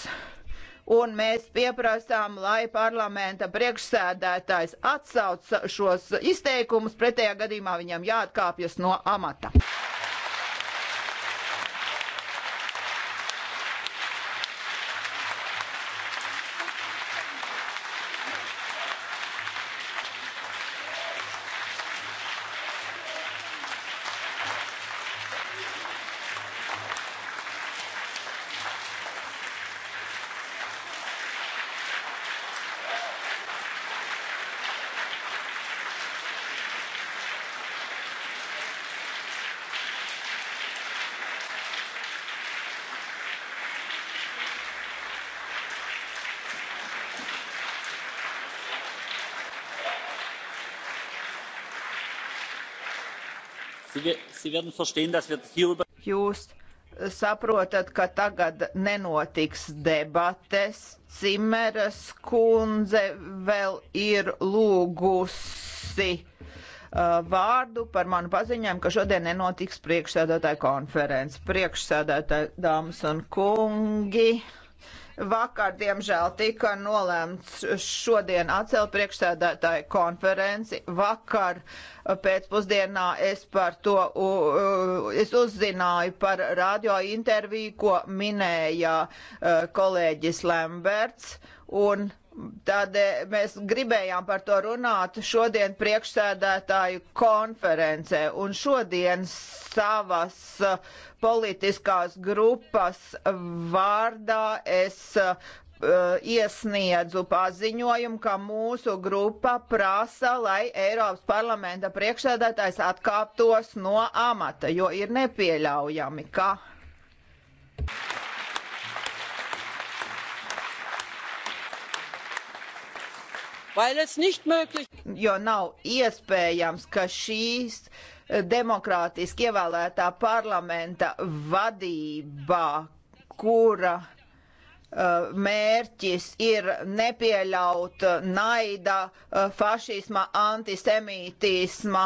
un mēs pieprasām, lai parlamenta priekšsēdētājs atsauc šos izteikumus, pretējā gadījumā viņam jāatkāpjas no amata. Jūs saprotat, ka tagad nenotiks debates. Cimeras kundze vēl ir lūgusi uh, vārdu par manu paziņojumu, ka šodien nenotiks priekšsēdētāja konferences. Priekšsēdētāja dāmas un kungi. Vakar, diemžēl, tika nolēmts šodien atcelt priekšsēdētāju konferenci. Vakar uh, pēcpusdienā es par to uh, es uzzināju par radio interviju, ko minēja uh, kolēģis Lemberts. Un Tādēļ eh, mēs gribējām par to runāt šodien priekšsēdētāju konferencē, un šodien savas eh, politiskās grupas vārdā es eh, iesniedzu paziņojumu, ka mūsu grupa prasa, lai Eiropas parlamenta priekšsēdētājs atkāptos no amata, jo ir nepieļaujami, ka. jo nav iespējams, ka šīs eh, demokrātiski ievēlētā parlamenta vadībā, kura eh, mērķis ir nepieļaut eh, naida, fašisma, antisemītisma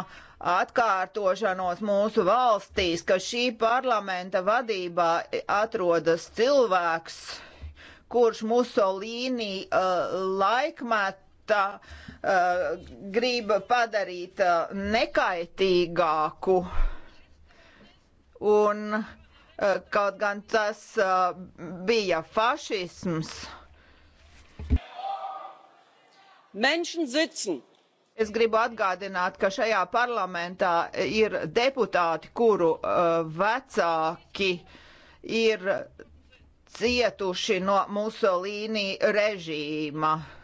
atkārtošanos mūsu valstīs, ka šī parlamenta vadībā atrodas cilvēks, kurš Musolīni laikmet tā uh, grib padarīt uh, nekaitīgāku un uh, kaut gan tas uh, bija fašisms. Menschen sitzen. Es gribu atgādināt, ka šajā parlamentā ir deputāti, kuru uh, vecāki ir cietuši no Musolīni režīma. Uh,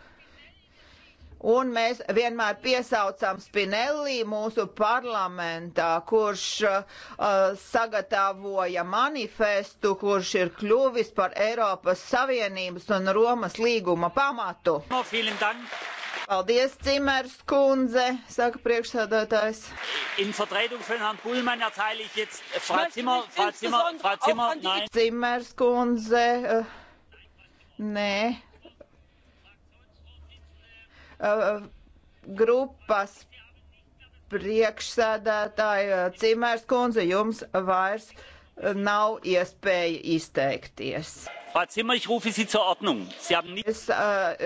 Un mēs vienmēr piesaucam Spinelli mūsu parlamentā, kurš uh, sagatavoja manifestu, kurš ir kļuvis par Eiropas Savienības un Romas līguma pamatu. No, Paldies, Cimers kundze, saka priekšsēdētājs. In Vertretung von Herrn Bullmann erteile ich jetzt Frau Zimmer, Frau Zimmer, Frau Zimmer, nein. Cimers kundze, uh, nē uh, grupas priekšsēdētāja Cimērs kundze, jums vairs nav iespēja izteikties. Frau Zimmer, ich rufe Sie zur Ordnung. Sie haben nicht. Es uh,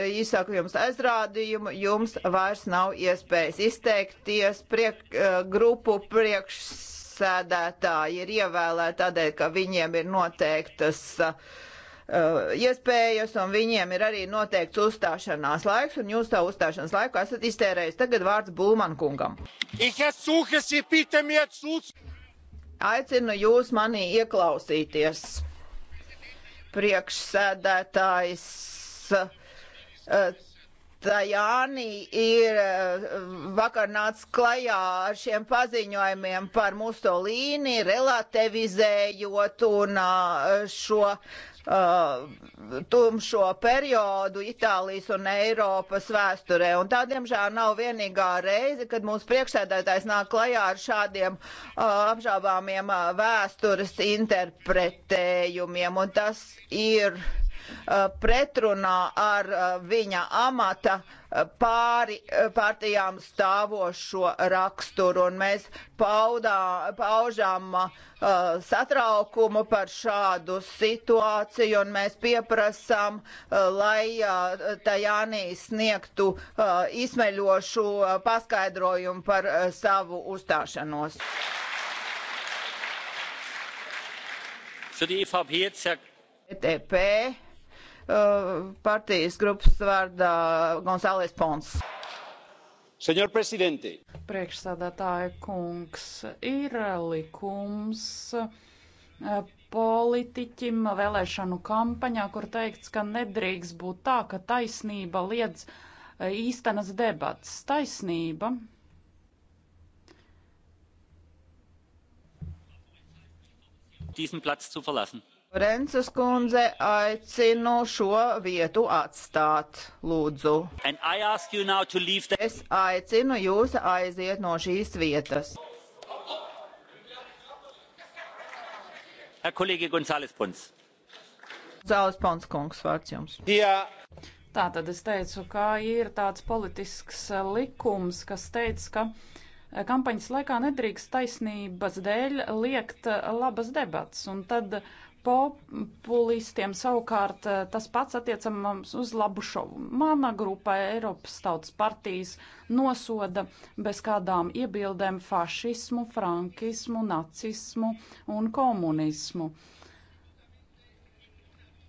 izsaku jums aizrādījumu, jums vairs nav iespējas izteikties. Priek, uh, grupu priekšsēdētāji ir ievēlēti tādēļ, ka viņiem ir noteiktas uh, Uh, iespējas, un viņiem ir arī noteikts uzstāšanās laiks, un jūs savu uzstāšanās laiku esat iztērējis. Tagad vārds Bulman kungam. Aicinu jūs manī ieklausīties. Priekšsēdētājs uh, Tajāni ir uh, vakar nācis klajā ar šiem paziņojumiem par Musolīni, relativizējot un šo uh, uh, tumšo periodu Itālijas un Eiropas vēsturē. Un tā, diemžēl, nav vienīgā reize, kad mūsu priekšsēdētājs nāk klajā ar šādiem uh, apžābāmiem uh, vēstures interpretējumiem. Un tas ir. Uh, Uh, pretrunā ar uh, viņa amata uh, pāri, pārtījām stāvošo raksturu, un mēs paudā, paužām uh, satraukumu par šādu situāciju, un mēs pieprasām, uh, lai uh, Tajānī sniegtu izmeļošu paskaidrojumu par savu uzstāšanos. Für die EVP Uh, partijas grupas vārdā Gonzāles Pons. Senor prezidente. Priekšsādātāja kungs ir likums uh, politiķim vēlēšanu kampaņā, kur teikts, ka nedrīkst būt tā, ka taisnība liedz uh, īstenas debats. Taisnība. Diesen Platz zu verlassen. Rences kundze, aicinu šo vietu atstāt, lūdzu. The... Es aicinu jūs aiziet no šīs vietas. Kolēģi Gonzāles Pons. Zāles Pons kungs, vārds jums. Jā. Yeah. Tā tad es teicu, ka ir tāds politisks likums, kas teica, ka eh, kampaņas laikā nedrīkst taisnības dēļ liekt eh, labas debats. Un tad uh, populistiem savukārt eh, tas pats attiecams uz Labušovu. Mana grupa Eiropas Tautas partijas nosoda bez kādām iebildēm fašismu, frankismu, nacismu un komunismu.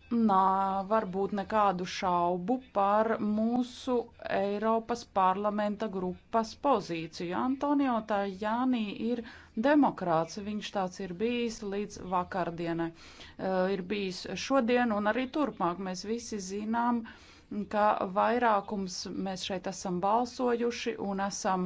Nā, varbūt nekādu šaubu par mūsu Eiropas parlamenta grupas pozīciju. Antonio Tajānī ir demokrāts. Viņš tāds ir bijis līdz vakardienai, eh, ir bijis šodien un arī turpmāk. Mēs visi zinām, ka vairākums mēs šeit esam balsojuši un esam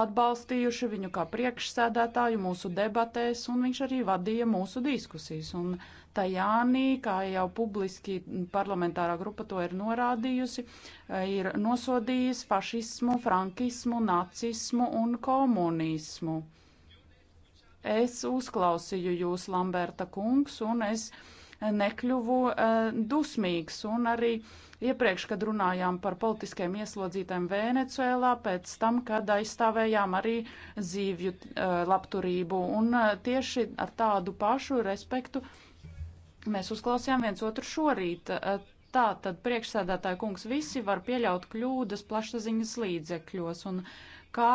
atbalstījuši viņu kā priekšsēdētāju mūsu debatēs, un viņš arī vadīja mūsu diskusijas. Un Tajānī, kā jau publiski parlamentārā grupa to ir norādījusi, eh, ir nosodījis fašismu, frankismu, nacismu un komunismu. Es uzklausīju jūs, Lamberta kungs, un es nekļuvu uh, dusmīgs. Un arī iepriekš, kad runājām par politiskiem ieslodzītēm Venecuēlā, pēc tam, kad aizstāvējām arī zīvju uh, eh, labturību. Un uh, tieši ar tādu pašu respektu mēs uzklausījām viens otru šorīt. Uh, tā tad priekšsēdētāja kungs visi var pieļaut kļūdas plašsaziņas līdzekļos. Un kā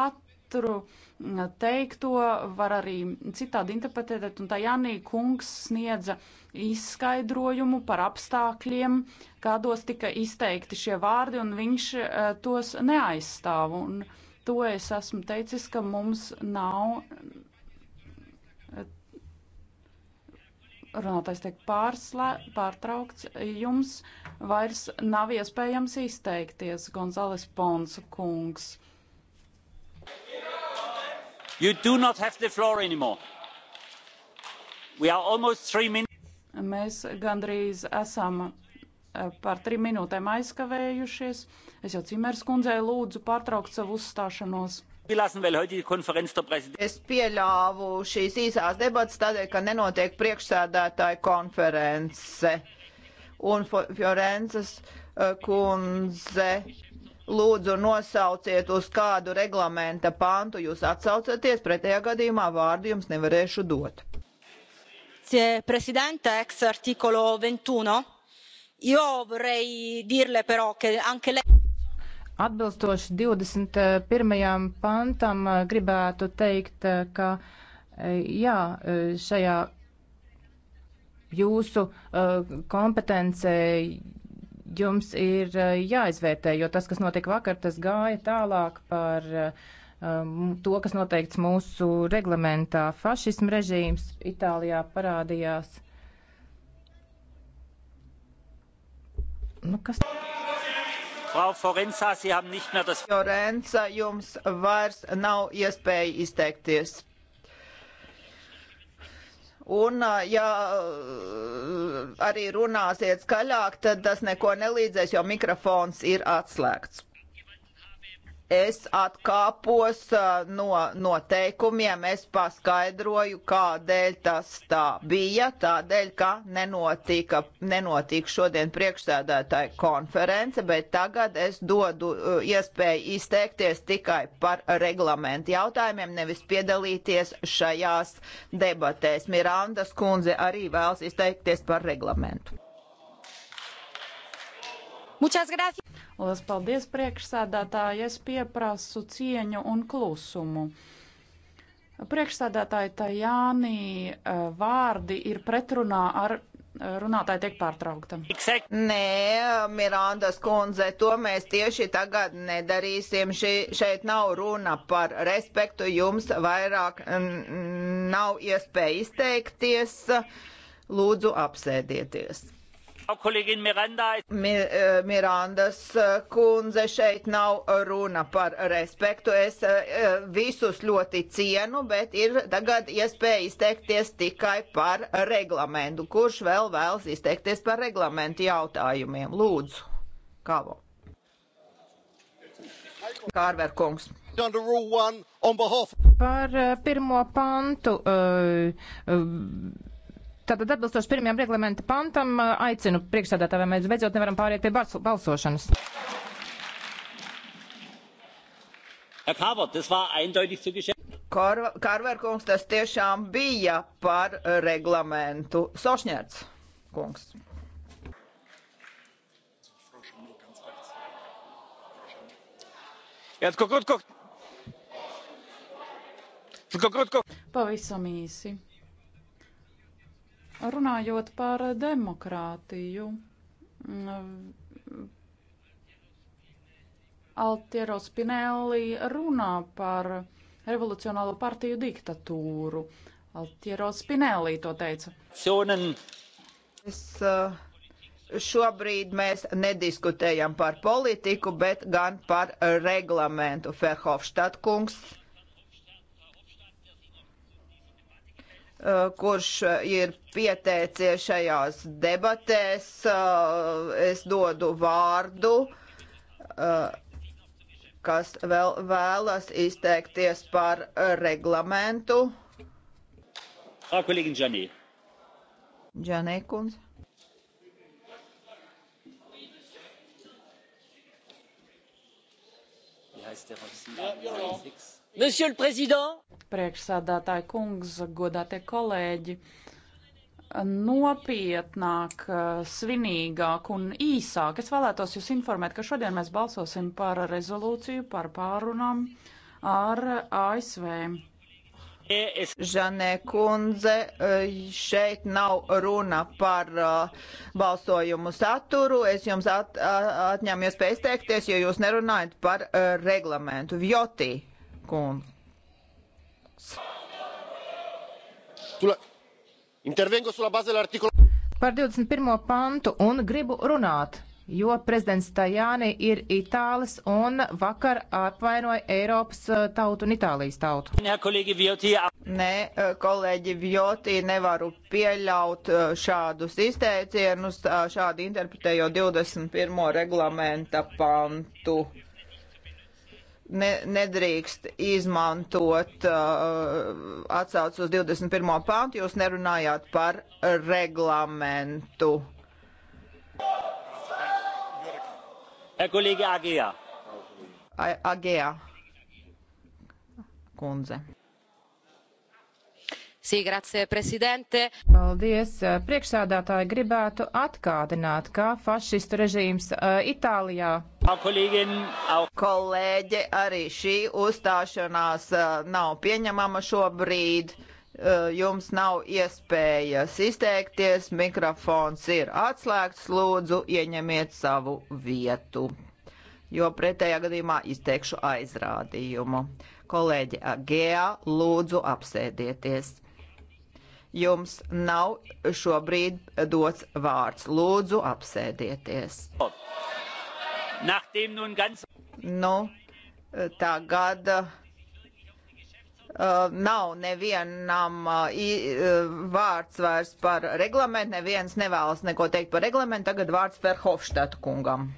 katru teikto var arī citādi interpretēt, un tā Janī kungs sniedza izskaidrojumu par apstākļiem, kādos tika izteikti šie vārdi, un viņš tos neaizstāv. Un to es esmu teicis, ka mums nav. Runātais tiek pārslē, pārtraukts. Jums vairs nav iespējams izteikties, Gonzales Ponsu kungs. You do not have the floor anymore. We are almost three minutes. Mēs gandrīz esam eh, par trim minūtēm aizkavējušies. Es jau Cimers kundzei lūdzu pārtraukt savu uzstāšanos. Es pieļāvu šīs īsās debatas tādēļ, ka nenotiek priekšsēdētāja konference. Un Fiorences eh, kundze lūdzu nosauciet uz kādu reglamenta pantu jūs atsaucaties, pretējā gadījumā vārdu jums nevarēšu dot. Presidente, ex articolo 21. Io vorrei dirle però che anche lei. Atbilstoši 21. pantam eh, gribētu teikt, eh, ka eh, jā, šajā jūsu kompetencē jums ir eh, jāizvērtē, jo tas, kas notika vakar, tas gāja tālāk par um, to, kas noteikts mūsu reglamentā. Fašismu režīms Itālijā parādījās. Nu, kas... Frau Forenza, Sie haben nicht mehr das. Forenza, jums vairs nav iespēja izteikties. Un, ja arī runāsiet skaļāk, tad tas neko nelīdzēs, jo mikrofons ir atslēgts es atkāpos uh, no noteikumiem, es paskaidroju, kādēļ tas tā bija, tādēļ, ka nenotika, nenotika šodien priekšsēdētāja konference, bet tagad es dodu uh, iespēju izteikties tikai par reglamentu jautājumiem, nevis piedalīties šajās debatēs. Mirandas kundze arī vēlas izteikties par reglamentu. Lielas paldies priekšsēdētāji, es pieprasu cieņu un klusumu. Priekšsēdētāji Tajānī eh, vārdi ir pretrunā ar eh, runātāja tiek pārtraukta. Nē, Mirandas kundze, to mēs tieši tagad nedarīsim. Ši, šeit nav runa par respektu, jums vairāk nav iespēja izteikties. Lūdzu, apsēdieties. Mir, eh, Mirandas eh, kundze šeit nav runa par respektu. Es eh, visus ļoti cienu, bet ir tagad iespēja izteikties tikai par reglamentu. Kurš vēl vēlas izteikties par reglamentu jautājumiem? Lūdzu, Kavo. Kārver kungs. Par pirmo pantu. Uh, uh, Tātad atbilstoši pirmajam reglamenta pantam aicinu priekšsādātājiem, mēs beidzot nevaram pāriet pie balso balsošanas. Herr Carver, das war eindeutig zu Geschäft. Karverkungs, tas tiešām bija par reglamentu. Sošņērts kungs. Jetzt guck, guck, guck. Guck, guck, guck. Pavisam īsi. Runājot par demokrātiju, Altiero Spinelli runā par revolucionālo partiju diktatūru. Altiero Spinelli to teica. Es, uh, šobrīd mēs nediskutējam par politiku, bet gan par reglamentu. Ferhofštad kungs Eh, kurš ir pieteicies šajās debatēs. Eh, es dodu vārdu, eh, kas vēl vēlas izteikties par reglamentu. Frau ah, Kollegin Jamie. Janē kundze. Wie heißt der Roxy? Ja, ja. Priekšsādātāji kungs, godātie kolēģi, nopietnāk, svinīgāk un īsāk. Es vēlētos jūs informēt, ka šodien mēs balsosim par rezolūciju, par pārunām ar ASV. Žanē kundze, šeit nav runa par uh, balsojumu saturu. Es jums at, at, atņemu iespēju izteikties, jo jūs nerunājat par uh, reglamentu. Vjotī kungs. Intervengo sulla base dell'articolo par 21. pantu un gribu runāt, jo prezidents Tajāni ir itālis un vakar apvainoja Eiropas eh, tautu un Itālijas tautu. Nē, kolēģi Vjotī, eh, nevaru pieļaut eh, šādus izteicienus, šādi interpretējot 21. reglamenta pantu ne, nedrīkst izmantot uh, atsaucu uz 21. pāntu, jūs nerunājāt par reglamentu. Kolēģi Agijā. Agijā. Kundze. Sīgracie prezidente. Paldies. Eh, Priekšsādātāji gribētu atgādināt, kā fašistu režīms eh, Itālijā. Kolēģi, arī šī uzstāšanās eh, nav pieņemama šobrīd jums nav iespējas izteikties, mikrofons ir atslēgts, lūdzu, ieņemiet savu vietu, jo pretējā gadījumā izteikšu aizrādījumu. Kolēģi Agēā, lūdzu, apsēdieties! Jums nav šobrīd dots vārds. Lūdzu, apsēdieties. Nu, tagad Uh, nav nevienam uh, uh, vārds vairs par reglamentu, neviens nevēlas neko teikt par reglamentu, tagad vārds Verhofstadt kungam.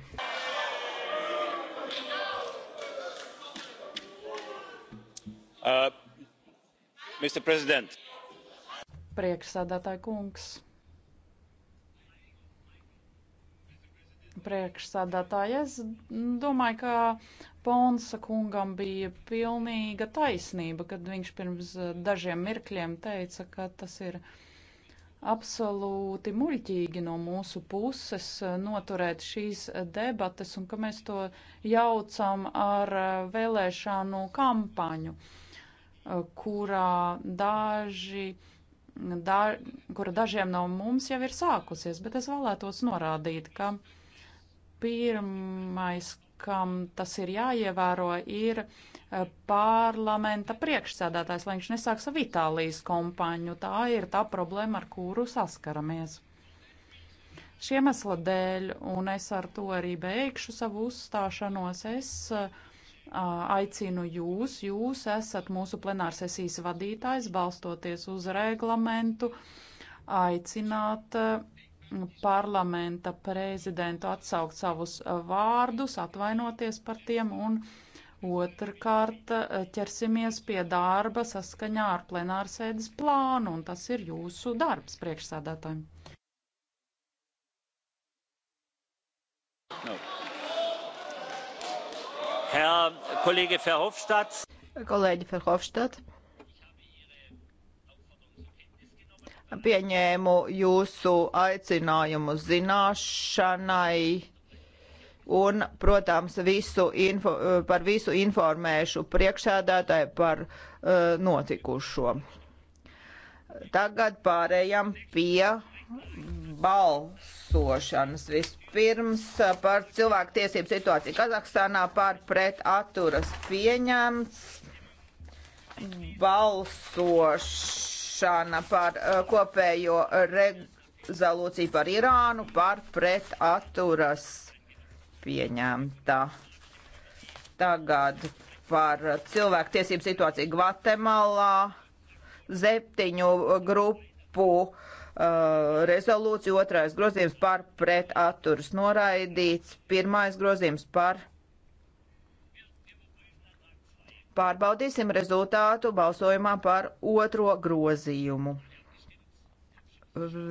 Uh, Mr. President. Priekšsēdētāji kungs. Priekšsēdētāji, es domāju, ka Ponsa kungam bija pilnīga taisnība, kad viņš pirms dažiem mirkļiem teica, ka tas ir absolūti muļķīgi no mūsu puses noturēt šīs debates un ka mēs to jaucam ar vēlēšanu kampaņu, kurā daži uh, da, kura dažiem no mums jau ir sākusies, bet es vēlētos norādīt, ka pirmais, kam tas ir jāievēro, ir e, parlamenta priekšsēdētājs, lai viņš nesāk savu Itālijas kompāņu. Tā ir tā problēma, ar kuru saskaramies. Šiem esla dēļ, un es ar to arī beigšu savu uzstāšanos, es uh, aicinu jūs, jūs esat mūsu plenārsesijas vadītājs, balstoties uz reglamentu, aicināt parlamenta prezidentu atsaukt savus vārdus, atvainoties par tiem un otrkārt ķersimies pie darba saskaņā ar plenārsēdes plānu, un tas ir jūsu darbs priekšsādātājiem. No. Herr Kollege Verhofstadt. Kolēģi Verhofstadt. Pieņēmu jūsu aicinājumu zināšanai un, protams, visu info, par visu informēšu priekšsēdētāju par uh, notikušo. Tagad pārējām pie balsošanas vispār. Vispirms par cilvēku tiesību situāciju Kazahstānā pār pret atturas pieņemts balsošana par kopējo rezolūciju par Irānu par pret atturas pieņemta. Tagad par cilvēku tiesību situāciju Gvatemalā septiņu grupu uh, Eh, rezolūciju, otrais grozījums par pret atturas noraidīts, pirmais grozījums par. Pārbaudīsim rezultātu balsojumā par otro grozījumu.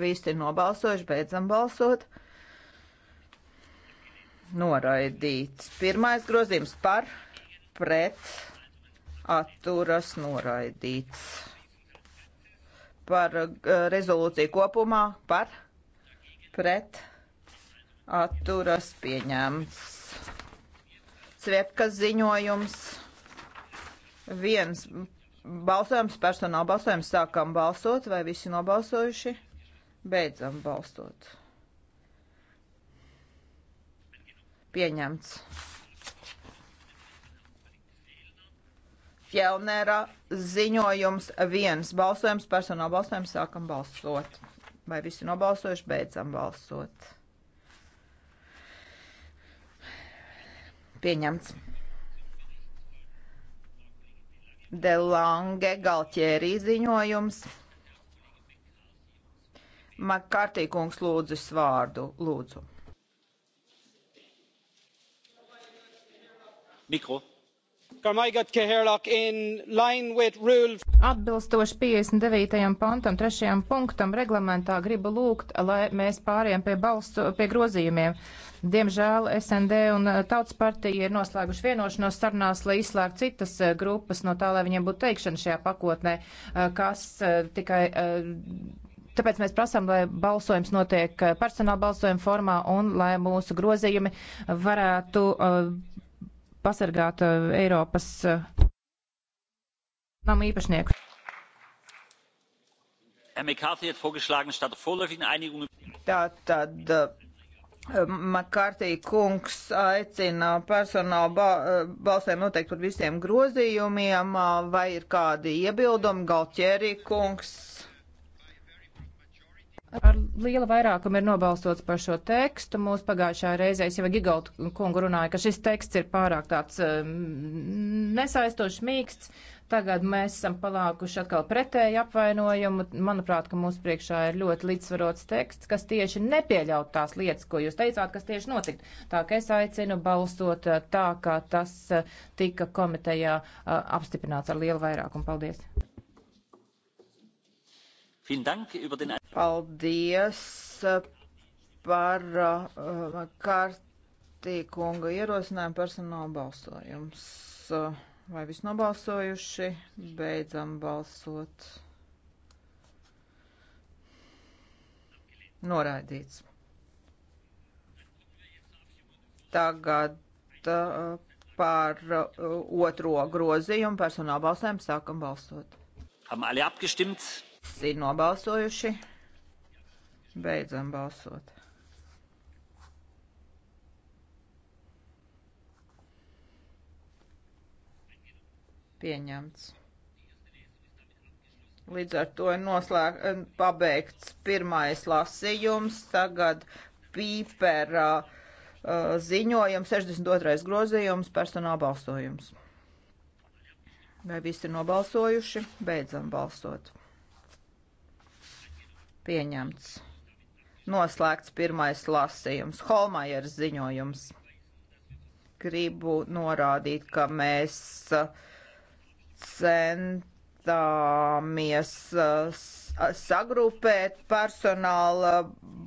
Visi ir nobalsojuši, beidzam balsot. Noraidīts. Pirmais grozījums par pret atturas noraidīts par eh, rezolūciju kopumā par pret atturas pieņēmts. Svietkas ziņojums. Viens balsojums, personāla balsojums, sākam balsot, vai visi nobalsojuši? Beidzam balsot. Pieņemts. Fjellnera ziņojums viens balsojums, personāla balsojums, sākam balsot. Vai visi nobalsojuši, beidzam balsot. Pieņemts. Delange Galtjērī ziņojums. Makārtīkungs lūdzu svārdu, lūdzu. Mikro. Atbilstoši 59. pantam, 3. punktam reglamentā gribu lūgt, lai mēs pāriem pie balsu, pie grozījumiem. Diemžēl SND un eh, Tautas partija ir noslēguši vienošanos sarunās, lai izslēgtu citas eh, grupas no tā, lai viņiem būtu teikšana šajā pakotnē, eh, kas tikai. Tāpēc mēs prasām, lai balsojums notiek personāla balsojuma formā un lai mūsu grozījumi varētu pasargāt uh, Eiropas uh, namu īpašniekus. Tā tad uh, Makārtī kungs aicina personālu ba balsēm noteikti par visiem grozījumiem, vai ir kādi iebildumi, Galķērī kungs Ar lielu vairākumu ir nobalstots par šo tekstu. Mūsu pagājušā reizē jau Gigalda kungu runāja, ka šis teksts ir pārāk tāds um, nesaistošs, mīksts. Tagad mēs esam palākuši atkal pretēju apvainojumu. Manuprāt, ka mūsu priekšā ir ļoti līdzsvarots teksts, kas tieši nepieļaut tās lietas, ko jūs teicāt, kas tieši notikt. Tā ka es aicinu balsot uh, tā, kā tas uh, tika komitejā uh, apstiprināts ar lielu vairākumu. Paldies! Paldies uh, par uh, kārtīkunga ierosinājumu personāla balsojums. Uh, vai viss nobalsojuši? Beidzam balsot. Noraidīts. Tagad uh, par uh, otro grozījumu personāla balsēm sākam balsot. Haben alle abgestimmt? Visi nobalsojuši. Beidzam balsot. Pieņemts. Līdz ar to ir noslēg, eh, pabeigts pirmais lasījums, tagad pīpera uh, ziņojums, 62. grozījums, personāla balsojums. Vai visi ir nobalsojuši? Beidzam balsot. Pieņemts. Noslēgts pirmais lasījums. Holmajers ziņojums. Gribu norādīt, ka mēs uh, centāmies uh, sagrupēt personāla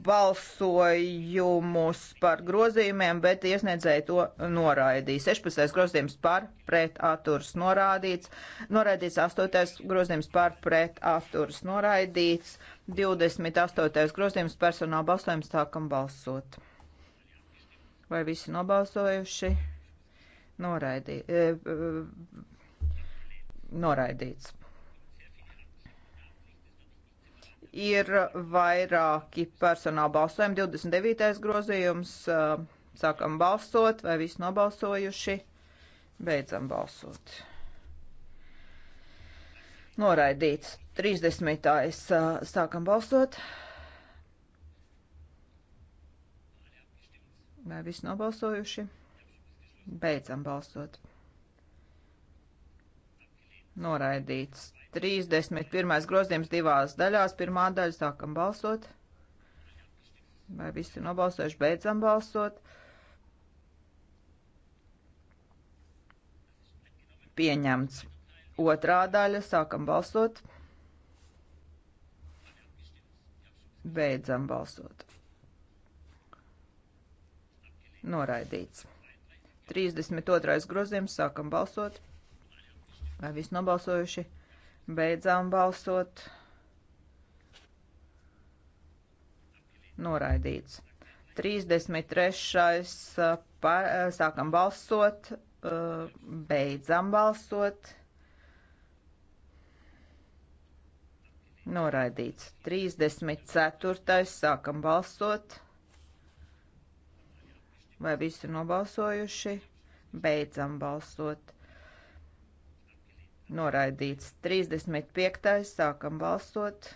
balsojumus par grozījumiem, bet iesniedzēji to noraidīja. 16. grozījums par pret atturs norādīts, noraidīts 8. grozījums par pret atturs noraidīts, 28. grozījums personāla balsojums sākam balsot. Vai visi nobalsojuši? Noraidī, e, e, noraidīts. ir vairāki personāla balsojumi. 29. grozījums. Sākam balsot, vai visi nobalsojuši? Beidzam balsot. Noraidīts. 30. sākam balsot. Vai visi nobalsojuši? Beidzam balsot. Noraidīts. 31. grozījums divās daļās. Pirmā daļa sākam balsot. Vai visi nobalsojuši, beidzam balsot. Pieņemts. Otrā daļa sākam balsot. Beidzam balsot. Noraidīts. 32. grozījums sākam balsot. Vai visi nobalsojuši? Beidzām balsot. Noraidīts. 33. Uh, par, uh, sākam balsot. Uh, beidzam balsot. Noraidīts. 34. sākam balsot. Vai visi nobalsojuši? Beidzam balsot. Noraidīts 35. Sākam balsot.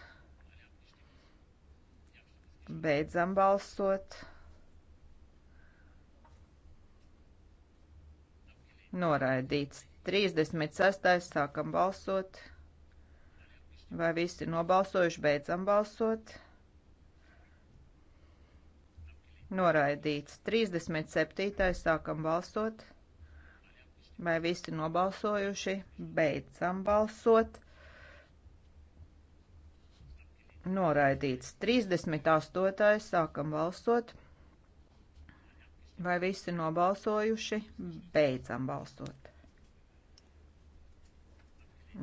Beidzam balsot. Noraidīts 36. Sākam balsot. Vai visi nobalsojuši? Beidzam balsot. Noraidīts 37. Sākam balsot. Vai visi nobalsojuši? Beidzam balsot. Noraidīts 38. Sākam balsot. Vai visi nobalsojuši? Beidzam balsot.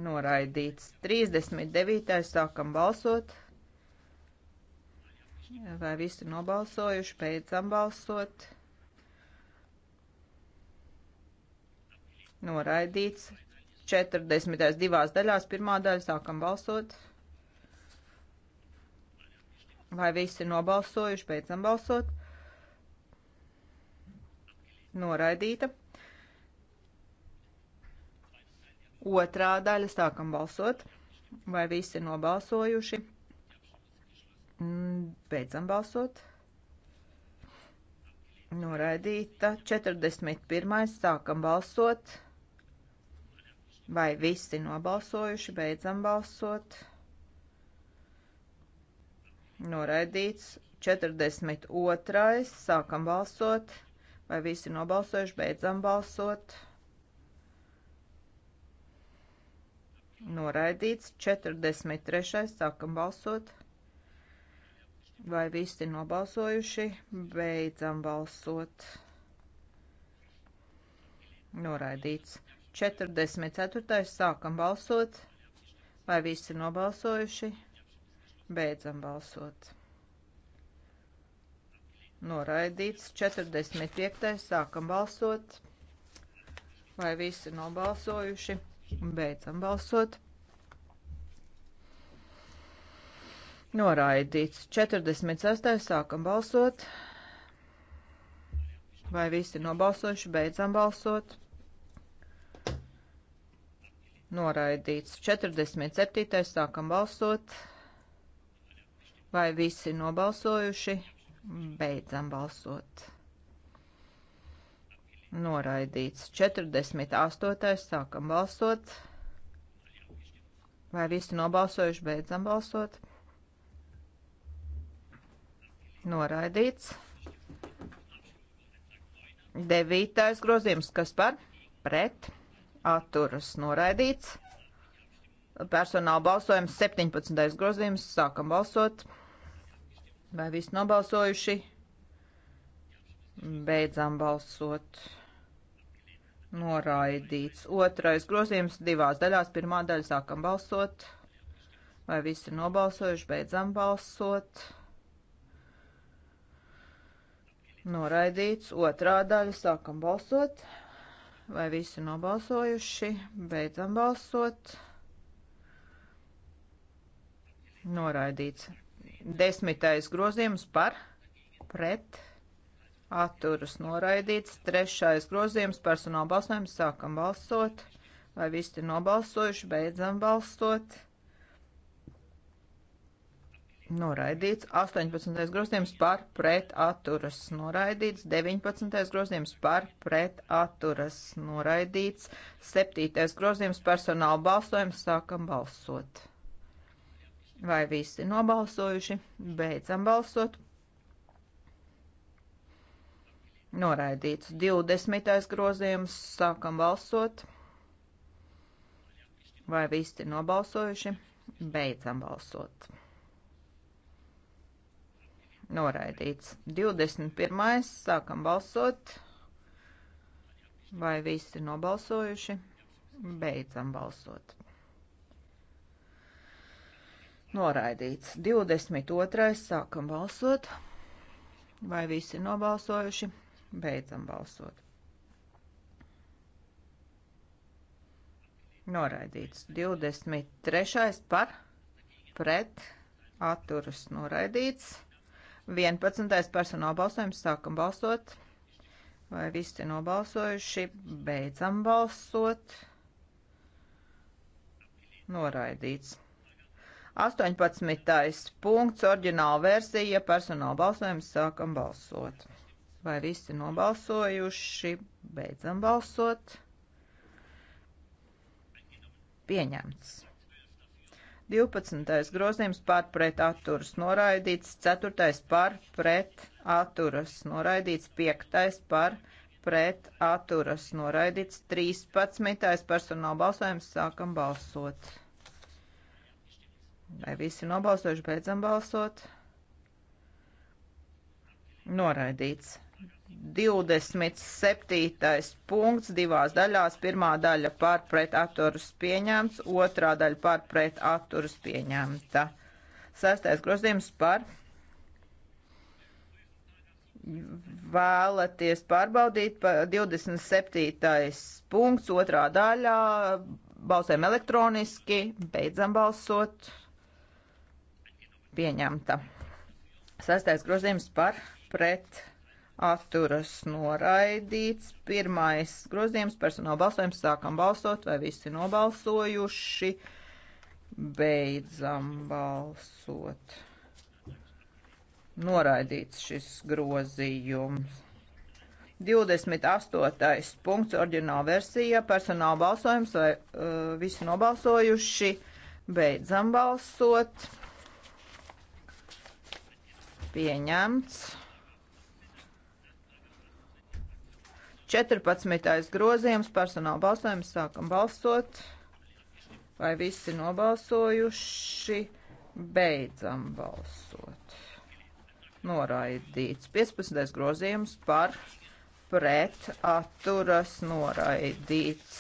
Noraidīts 39. Sākam balsot. Vai visi nobalsojuši? Beidzam balsot noraidīts. 40. divās daļās, pirmā daļa, sākam balsot. Vai visi ir nobalsojuši, beidzam balsot? Noraidīta. Otrā daļa, sākam balsot. Vai visi ir nobalsojuši? Beidzam balsot. Noraidīta. 41. sākam balsot. Vai visi nobalsojuši? Beidzam balsot. Noraidīts. 42. Sākam balsot. Vai visi nobalsojuši? Beidzam balsot. Noraidīts. 43. Sākam balsot. Vai visi nobalsojuši? Beidzam balsot. Noraidīts. 44. sākam balsot. Vai visi ir nobalsojuši? Beidzam balsot. Noraidīts 45. sākam balsot. Vai visi ir nobalsojuši? Beidzam balsot. Noraidīts 46. sākam balsot. Vai visi ir nobalsojuši? Beidzam balsot noraidīts. 47. sākam balsot. Vai visi nobalsojuši? Beidzam balsot. Noraidīts. 48. sākam balsot. Vai visi nobalsojuši? Beidzam balsot. Noraidīts. Devītais grozījums, kas par? Pret atturas noraidīts. Personāla balsojums 17. grozījums. Sākam balsot. Vai visi nobalsojuši? Beidzam balsot. Noraidīts. Otrais grozījums divās daļās. Pirmā daļa sākam balsot. Vai visi ir nobalsojuši? Beidzam balsot. Noraidīts. Otrā daļa sākam balsot. Vai visi nobalsojuši? Beidzam balsot. Noraidīts. Desmitais grozījums par pret atturas noraidīts. Trešais grozījums personāla balsojums. Sākam balsot. Vai visi ir nobalsojuši? Beidzam balsot. Noraidīts 18. grozījums par pret atturas. Noraidīts 19. grozījums par pret atturas. Noraidīts 7. grozījums personāla balsojums. Sākam balsot. Vai visi nobalsojuši? Beidzam balsot. Noraidīts 20. grozījums. Sākam balsot. Vai visi nobalsojuši? Beidzam balsot noraidīts. 21. sākam balsot. Vai visi ir nobalsojuši? Beidzam balsot. Noraidīts. 22. sākam balsot. Vai visi ir nobalsojuši? Beidzam balsot. Noraidīts. 23. par pret atturus noraidīts. 11. personāla balsojums. Sākam balsot. Vai visi nobalsojuši? Beidzam balsot. Noraidīts. 18. punkts, oriģināla versija, personāla balsojums, sākam balsot. Vai visi nobalsojuši? Beidzam balsot. Pieņemts. 12. grozījums par pret atturas noraidīts, 4. par pret atturas noraidīts, 5. par pret atturas noraidīts, 13. personāla balsojums sākam balsot. Vai visi ir nobalsojuši, beidzam balsot? Noraidīts. 27. punkts divās daļās. Pirmā daļa par pretatturus pieņemts, otrā daļa par pretatturus pieņemta. Sestais grozījums par vēlaties pārbaudīt pa 27. punkts otrā daļā. Balsēm elektroniski, beidzam balsot. Pieņemta. Sestais grozījums par pretatturus atturas noraidīts. Pirmais grozījums personāla balsojums sākam balsot, vai visi nobalsojuši. Beidzam balsot. Noraidīts šis grozījums. 28. punkts oriģināla versija personāla balsojums vai uh, visi nobalsojuši. Beidzam balsot. Pieņemts. 14. grozījums personāla balsojums. Sākam balsot. Vai visi nobalsojuši? Beidzam balsot. Noraidīts. 15. grozījums par pret atturas noraidīts.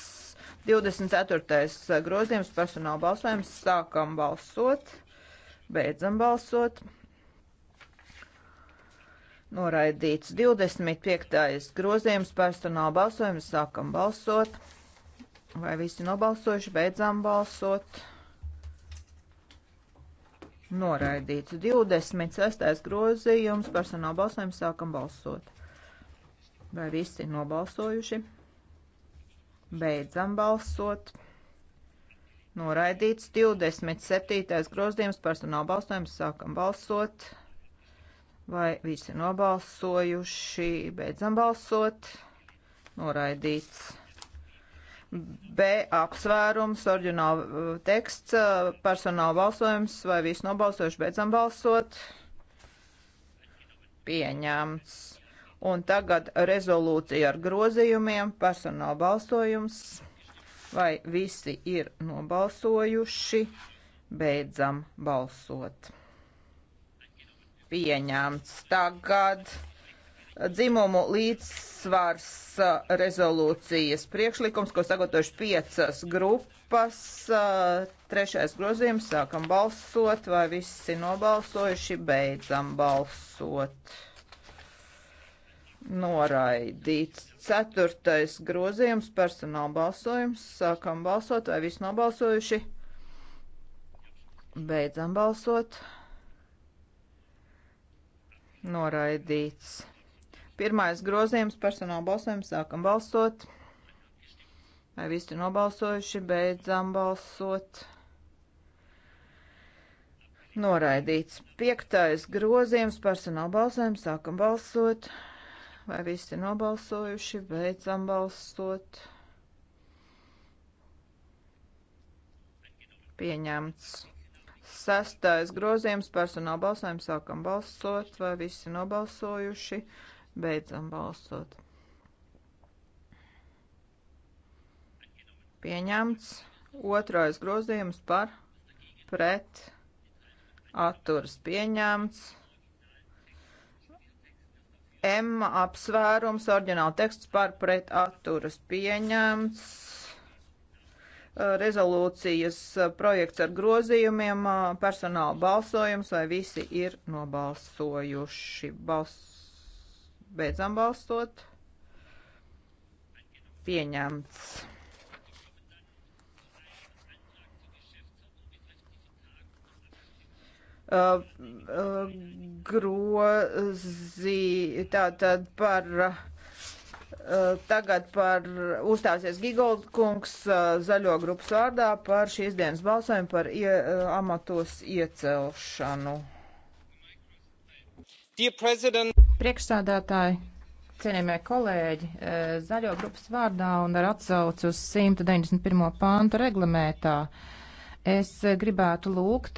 24. grozījums personāla balsojums. Sākam balsot. Beidzam balsot noraidīts. 25. grozījums personāla balsojums. Sākam balsot. Vai visi nobalsojuši? Beidzam balsot. Noraidīts. 26. grozījums personāla balsojums. Sākam balsot. Vai visi nobalsojuši? Beidzam balsot. Noraidīts 27. grozījums personāla balsojums. Sākam balsot. Vai visi nobalsojuši? Beidzam balsot. Noraidīts. B apsvērums, oriģināla uh, teksts, uh, personāla balsojums, vai visi nobalsojuši, beidzam balsot. Pieņemts. Un tagad rezolūcija ar grozījumiem, personāla balsojums, vai visi ir nobalsojuši, beidzam balsot pieņemts. Tagad dzimumu līdzsvars uh, rezolūcijas priekšlikums, ko sagatavojuši piecas grupas. Uh, trešais grozījums sākam balsot, vai visi nobalsojuši, beidzam balsot. Noraidīts. Ceturtais grozījums personāla balsojums. Sākam balsot, vai visi nobalsojuši. Beidzam balsot noraidīts. Pirmais grozījums personāla balsojums sākam balsot. Vai visi ir nobalsojuši? Beidzam balsot. Noraidīts. Piektais grozījums personāla balsojums sākam balsot. Vai visi ir nobalsojuši? Beidzam balsot. Pieņemts. Sestais grozījums personāla balsojumu sākam balsot, vai visi nobalsojuši, beidzam balsot. Pieņemts otrais grozījums par pret atturas pieņemts. M apsvērums, orģināla teksts par pret atturas pieņemts rezolūcijas projekts ar grozījumiem, personāla balsojums, vai visi ir nobalsojuši. Bals... Beidzam balsot. Pieņemts. Uh, uh, grozi tātad par uh, Eh, tagad par uzstāsies Gigoldkungs eh, zaļo grupas vārdā par šīs dienas balsojumu par ie, eh, amatos iecelšanu. Priekšsādātāji, cienījamie kolēģi, zaļo grupas vārdā un ar atsaucu uz 191. pāntu reglamentā es gribētu lūgt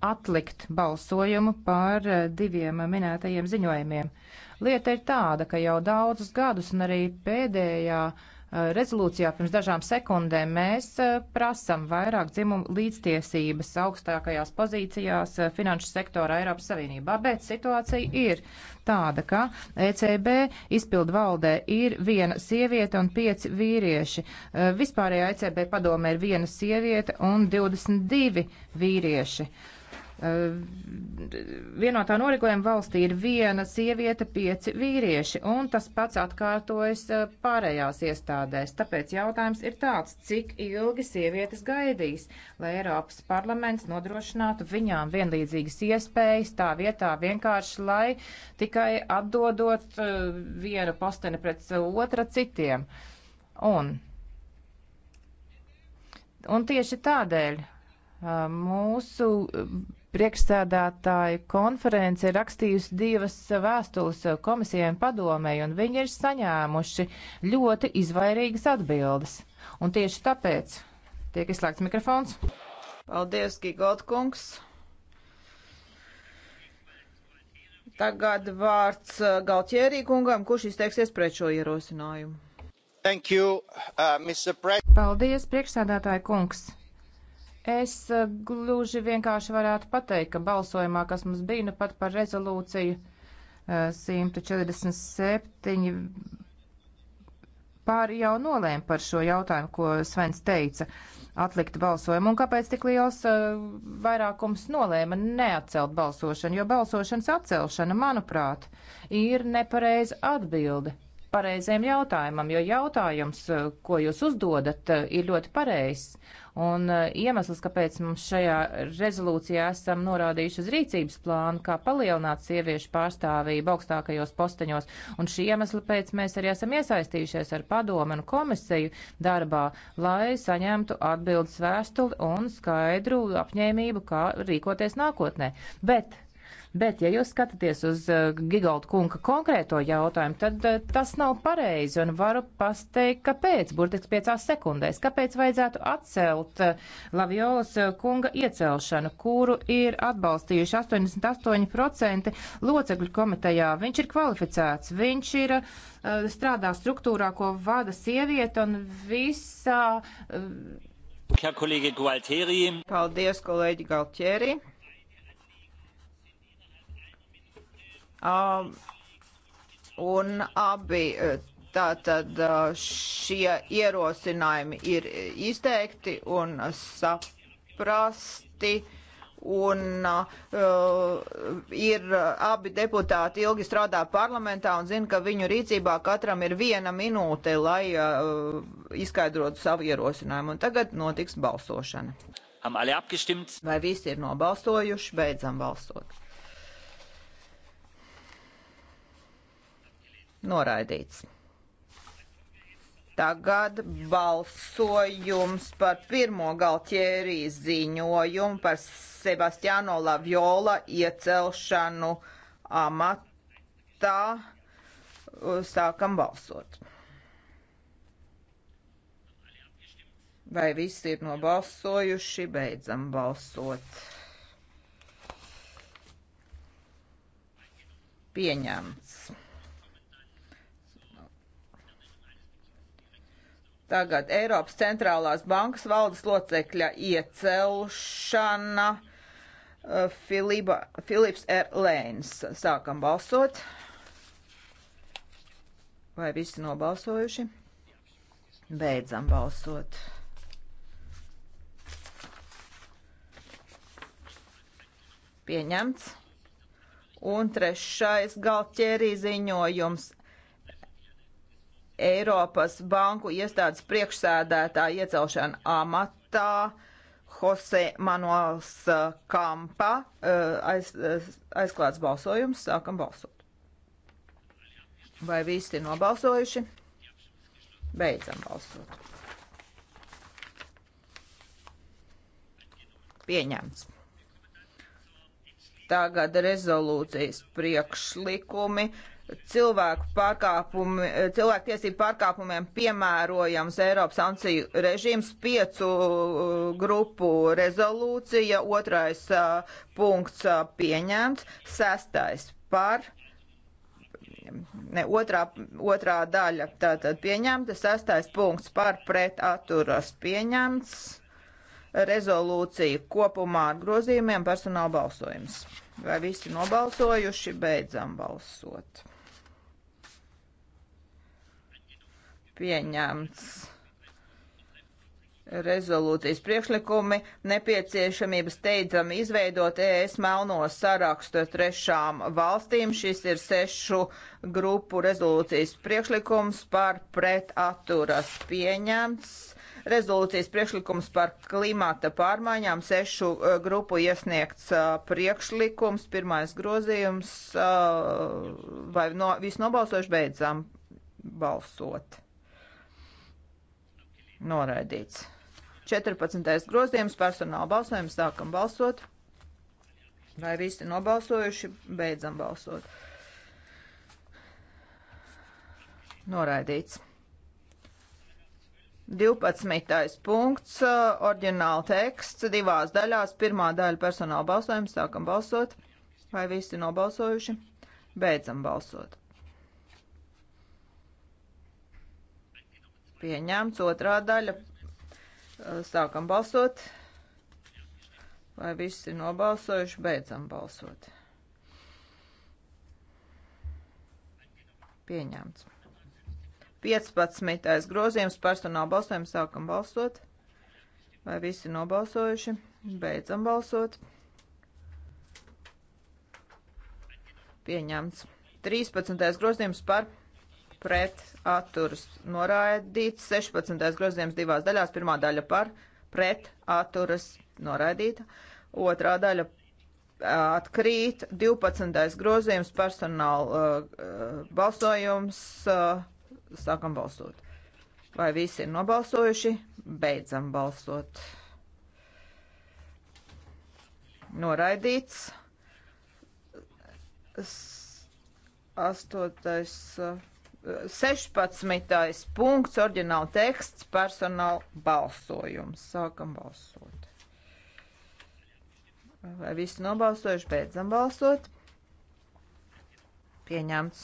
atlikt balsojumu par eh, diviem minētajiem ziņojumiem. Lieta ir tāda, ka jau daudzus gadus un arī pēdējā eh, rezolūcijā pirms dažām sekundēm mēs eh, prasam vairāk dzimumu līdztiesības augstākajās pozīcijās finanšu sektora Eiropas Savienībā, bet situācija ir tāda, ka ECB izpildu valdē ir viena sieviete un pieci vīrieši. Vispārējā ECB padomē ir viena sieviete un 22 vīrieši. Uh, Eh, vienotā norīkojuma valstī ir viena sieviete, pieci vīrieši, un tas pats atkārtojas eh, pārējās iestādēs. Tāpēc jautājums ir tāds, cik ilgi sievietes gaidīs, lai Eiropas parlaments nodrošinātu viņām vienlīdzīgas iespējas tā vietā vienkārši, lai tikai atdodot eh, vienu posteni pret otra citiem. Un, un tieši tādēļ mūsu priekšsēdētāju konference ir rakstījusi divas vēstules komisijai un padomēji, un viņi ir saņēmuši ļoti izvairīgas atbildes. Un tieši tāpēc tiek izslēgts mikrofons. Paldies, Gigotkungs! Tagad vārds uh, Galtjērī kungam, kurš izteiksies pret šo ierosinājumu. Thank you, uh, Paldies, priekšsēdētāja kungs! Es eh, gluži vienkārši varētu pateikt, ka balsojumā, kas mums bija nu pat par rezolūciju 147, eh, pāri jau nolēma par šo jautājumu, ko Svens teica, atlikt balsojumu. Un kāpēc tik liels eh, vairākums nolēma neatcelt balsošanu? Jo balsošanas atcelšana, manuprāt, ir nepareiza atbilde pareiziem jautājumam, jo jautājums, ko jūs uzdodat, ir ļoti pareizs. Un eh, iemesls, kāpēc mums šajā rezolūcijā esam norādījuši uz rīcības plānu, kā palielināt sieviešu pārstāvību augstākajos posteņos, un šī iemesla pēc mēs arī esam iesaistījušies ar padomu un komisiju darbā, lai saņemtu atbildes vēstuli un skaidru apņēmību, kā rīkoties nākotnē. Bet Bet, ja jūs skatāties uz eh, Gigolda kunga konkrēto jautājumu, tad eh, tas nav pareizi un varu pasteikt, kāpēc, burtiski piecās sekundēs, kāpēc vajadzētu atcelt eh, Laviolas kunga iecelšanu, kuru ir atbalstījuši 88% locekļu komitejā. Viņš ir kvalificēts, viņš ir strādā struktūrā, ko vada sieviete un visā. Paldies, kolēģi Galtieri! Um, un abi tātad uh, šie ierosinājumi ir izteikti un saprasti. Un uh, ir uh, abi deputāti ilgi strādā parlamentā un zina, ka viņu rīcībā katram ir viena minūte, lai uh, izskaidrotu savu ierosinājumu. Un tagad notiks balsošana. Vai visi ir nobalsojuši? Beidzam balsot. Noraidīts. Tagad balsojums par pirmo galķērī ziņojumu par Sebastiāno Laviola iecelšanu amatā. Sākam balsot. Vai visi ir nobalsojuši? Beidzam balsot. Pieņemts. Tagad Eiropas centrālās bankas valdes locekļa iecelšana eh, Filipa, Filips R. Lēns. Sākam balsot. Vai visi nobalsojuši? Beidzam balsot. Pieņemts. Un trešais galtķērī ziņojums Eiropas banku iestādes priekšsēdētāja iecelšana amatā. Jose Manuels uh, Kampa uh, aiz, uh, aizklāts balsojums. Sākam balsot. Vai visi ir nobalsojuši? Beidzam balsot. Pieņemts. Tagad rezolūcijas priekšlikumi. Uh, cilvēku pārkāpumi, cilvēku tiesību pārkāpumiem piemērojams Eiropas sankciju režīms, piecu uh, grupu rezolūcija, otrais uh, punkts uh, pieņemts, sestais par. Ne, otrā, otrā daļa tātad pieņemta, sastais punkts par pret atturas pieņemts, rezolūcija kopumā ar grozījumiem personāla balsojums. Vai visi nobalsojuši, beidzam balsot. pieņemts rezolūcijas priekšlikumi nepieciešamība steidzami izveidot ES melno sarakstu trešām valstīm. Šis ir sešu grupu rezolūcijas priekšlikums par pretaturas pieņemts. Rezolūcijas priekšlikums par klimata pārmaiņām sešu eh, grupu iesniegts eh, priekšlikums, pirmais grozījums, eh, vai no, viss nobalsojuši beidzām balsot. Noraidīts. 14. grozījums personāla balsojums. Sākam balsot. Vai visi nobalsojuši? Beidzam balsot. Noraidīts. 12. punkts, oriģināla teksts, divās daļās. Pirmā daļa personāla balsojums. Sākam balsot. Vai visi nobalsojuši? Beidzam balsot. Pieņemts otrā daļa. Uh, sākam balsot. Vai visi ir nobalsojuši? Beidzam balsot. Pieņemts. 15. grozījums personāla balsojumu sākam balsot. Vai visi ir nobalsojuši? Beidzam balsot. Pieņemts. 13. grozījums par personāla balsojumu pret atturas noraidīts, 16. grozījums divās daļās, pirmā daļa par pret atturas noraidīta, otrā daļa atkrīt, 12. grozījums personāla uh, balsojums, uh, sākam balsot. Vai visi ir nobalsojuši? Beidzam balsot. Noraidīts. Astotais. Uh, 16. punkts, oriģināla teksts, personāla balsojums. Sākam balsot. Vai visi nobalsojuši? Beidzam balsot. Pieņemts.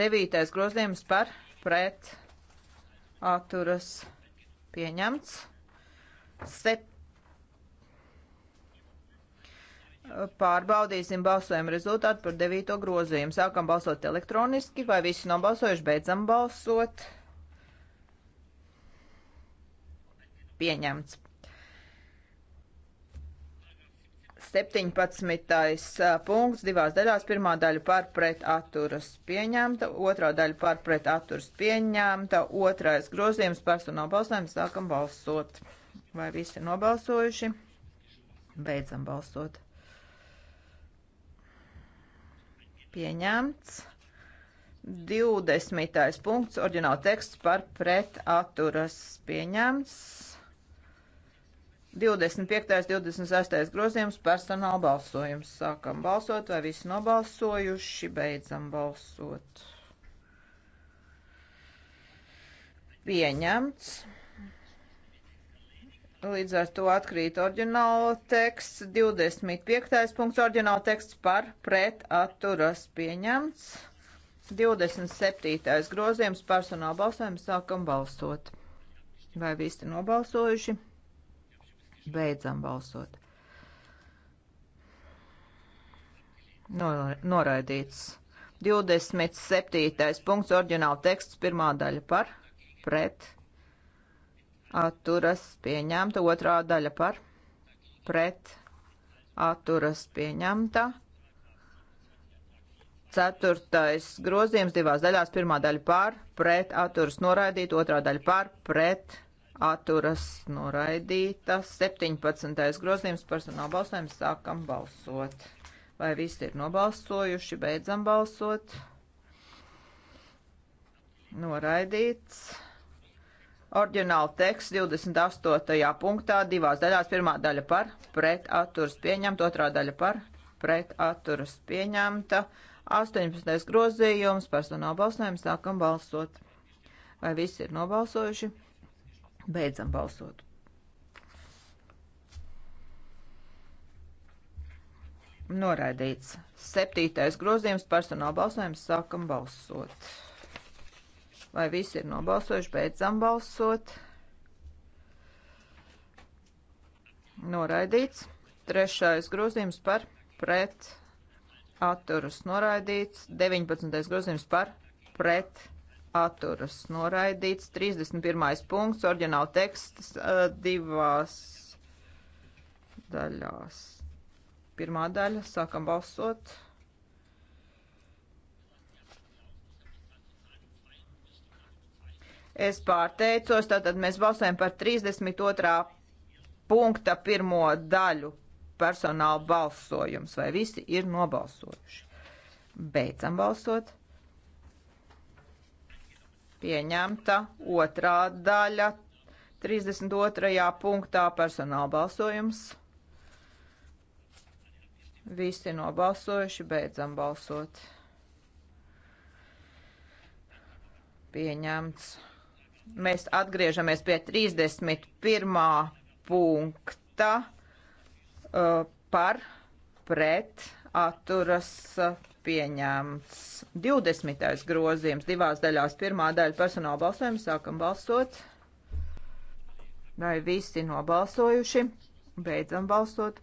9. grozījums par pret atturas pieņemts. 7. Pārbaudīsim balsojumu rezultātu par devīto grozījumu. Sākam balsot elektroniski, vai visi nobalsojuši, beidzam balsot. Pieņemts. 17. punkts divās daļās. Pirmā daļa par pretaturas pieņemta, otrā daļa par pretaturas pieņemta, otrais grozījums personāla balsojums. Sākam balsot. Vai visi ir nobalsojuši? Beidzam balsot. pieņemts. 20. punkts, oriģināla teksts par pretaturas pieņemts. 25. 26. grozījums personāla balsojums. Sākam balsot, vai visi nobalsojuši, beidzam balsot. Pieņemts. Līdz ar to atkrīt oriģināla teksts, 25. punkts oriģināla teksts par pret atturas pieņemts, 27. grozījums personāla balsojums sākam balsot. Vai visi nobalsojuši? Beidzam balsot. Noraidīts. 27. punkts oriģināla teksts pirmā daļa par pret atturas pieņemta, otrā daļa par pret atturas pieņemta. Ceturtais grozījums divās daļās, pirmā daļa par pret atturas noraidīt, otrā daļa par pret atturas noraidīta. 17. grozījums personāla balsojums sākam balsot. Vai visi ir nobalsojuši, beidzam balsot? Noraidīts. Orģināla teksts 28. punktā divās daļās. Pirmā daļa par pret atturas pieņemta, otrā daļa par pret atturas pieņemta. 18. grozījums personāla balsojumu sākam balsot. Vai visi ir nobalsojuši? Beidzam balsot. Noraidīts. Septītais grozījums personāla balsojums sākam balsot. Vai visi ir nobalsojuši? Beidzam balsot. Noraidīts. Trešais grozījums par pret atturus noraidīts. 19. grozījums par pret atturus noraidīts. 31. punkts, orģināla teksts divās daļās. Pirmā daļa, sākam balsot. Es pārteicos, tātad mēs balsojam par 32. punkta pirmo daļu personāla balsojums. Vai visi ir nobalsojuši? Beidzam balsot. Pieņemta otrā daļa 32. punktā personāla balsojums. Visi nobalsojuši, beidzam balsot. Pieņemts Mēs atgriežamies pie 31. punkta uh, par pret atturas pieņemts. 20. grozījums divās daļās. Pirmā daļa personāla balsojuma sākam balsot. Vai visi nobalsojuši? Beidzam balsot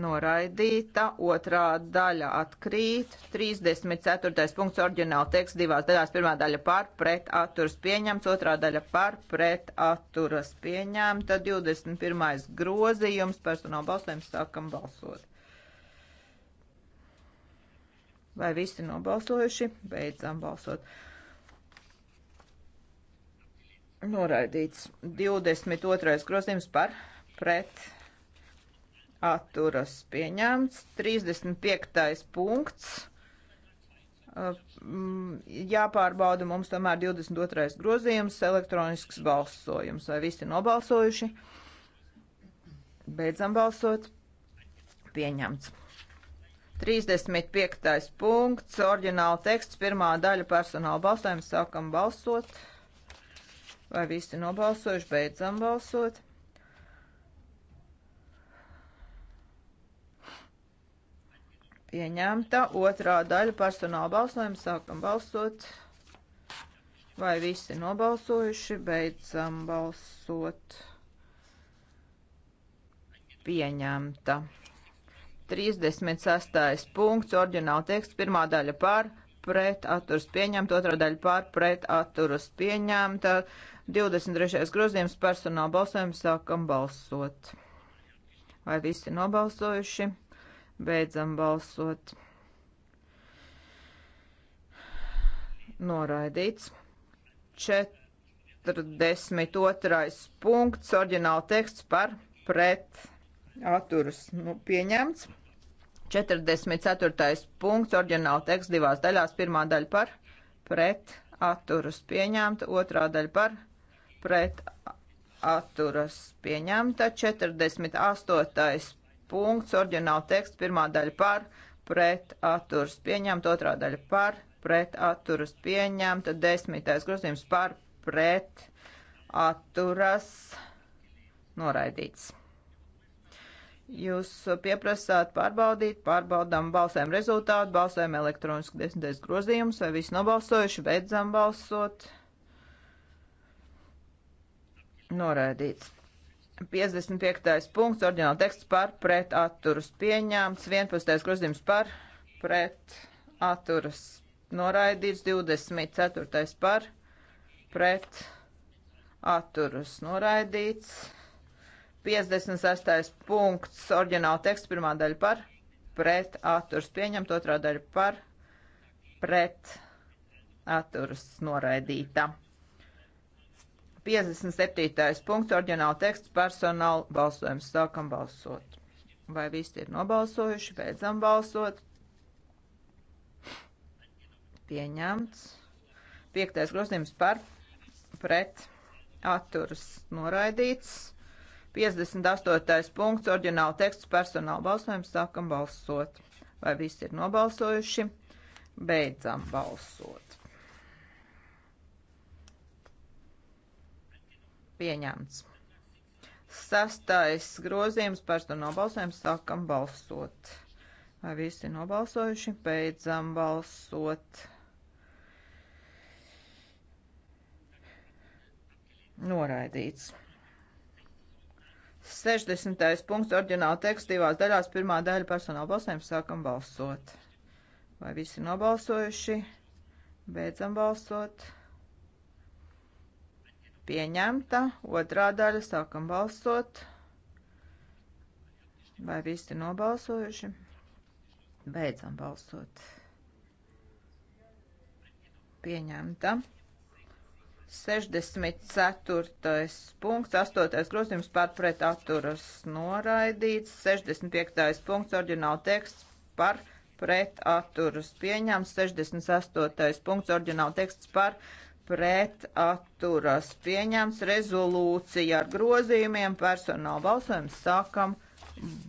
noraidīta, otrā daļa atkrīt, 34. punkts oriģināla teksts divās daļās, pirmā daļa par pret atturas pieņemts, otrā daļa par pret atturas pieņemta, 21. grozījums personāla balsojums sākam balsot. Vai visi nobalsojuši? Beidzam balsot. Noraidīts 22. grozījums par pret atturas pieņemts. 35. punkts. Mm, jāpārbauda mums tomēr 22. grozījums, elektronisks balsojums. Vai visi nobalsojuši? Beidzam balsot. Pieņemts. 35. punkts, oriģināla teksts, pirmā daļa personāla balsojums, sākam balsot. Vai visi nobalsojuši, beidzam balsot? Pieņemta otrā daļa personāla balsojuma. Sākam balsot. Vai visi nobalsojuši? Beidzam balsot. Pieņemta. 36. punkts, orģināla teksts, pirmā daļa par, pret, atturas pieņemta, otrā daļa par, pret, atturas pieņemta, 23. grozījums personāla balsojuma sākam balsot. Vai visi nobalsojuši? Beidzam balsot. Noraidīts. 42. punkts, oriģināla teksts par pret atturus. Nu, pieņemts. 44. punkts, oriģināla teksts divās daļās. Pirmā daļa par pret atturus pieņemta, otrā daļa par pret atturus pieņemta. 48 punkts, orģināla teksts, pirmā daļa par, pret atturas pieņemta, otrā daļa par, pret atturas pieņemta, desmitais grozījums par, pret atturas noraidīts. Jūs pieprasāt pārbaudīt, pārbaudām balsēm rezultātu, balsēm elektroniski desmitais grozījums, vai visi nobalsojuši, beidzam balsot. Noraidīts. 55. punkts, oriģināla teksts par pret atturus pieņēmts, 11. grozījums par pret atturus noraidīts, 24. par pret atturus noraidīts, 56. punkts, oriģināla teksts, pirmā daļa par pret atturus pieņemt, otrā daļa par pret atturus noraidīta. 57. punkts, orģināla teksts, personāla balsojums. Sākam balsot. Vai visi ir nobalsojuši? Beidzam balsot. Pieņemts. Piektais grozījums par, pret, atturas noraidīts. 58. punkts, orģināla teksts, personāla balsojums. Sākam balsot. Vai visi ir nobalsojuši? Beidzam balsot. pieņemts. Sastais grozījums personu nobalsojumu sākam balsot. Vai visi nobalsojuši? Beidzam balsot. Noraidīts. 60. punkts orģināla teksta divās daļās. Pirmā daļa personāla balsojums sākam balsot. Vai visi nobalsojuši? Beidzam balsot pieņemta. Otrā daļa sākam balsot. Vai visi nobalsojuši? Beidzam balsot. Pieņemta. 64. punkts, 8. grozījums pārpret atturas noraidīts, 65. punkts, oriģināla teksts par pret atturas pieņems, 68. punkts, oriģināla teksts par pret pret atturas pieņems rezolūcija ar grozījumiem personāla balsojums sākam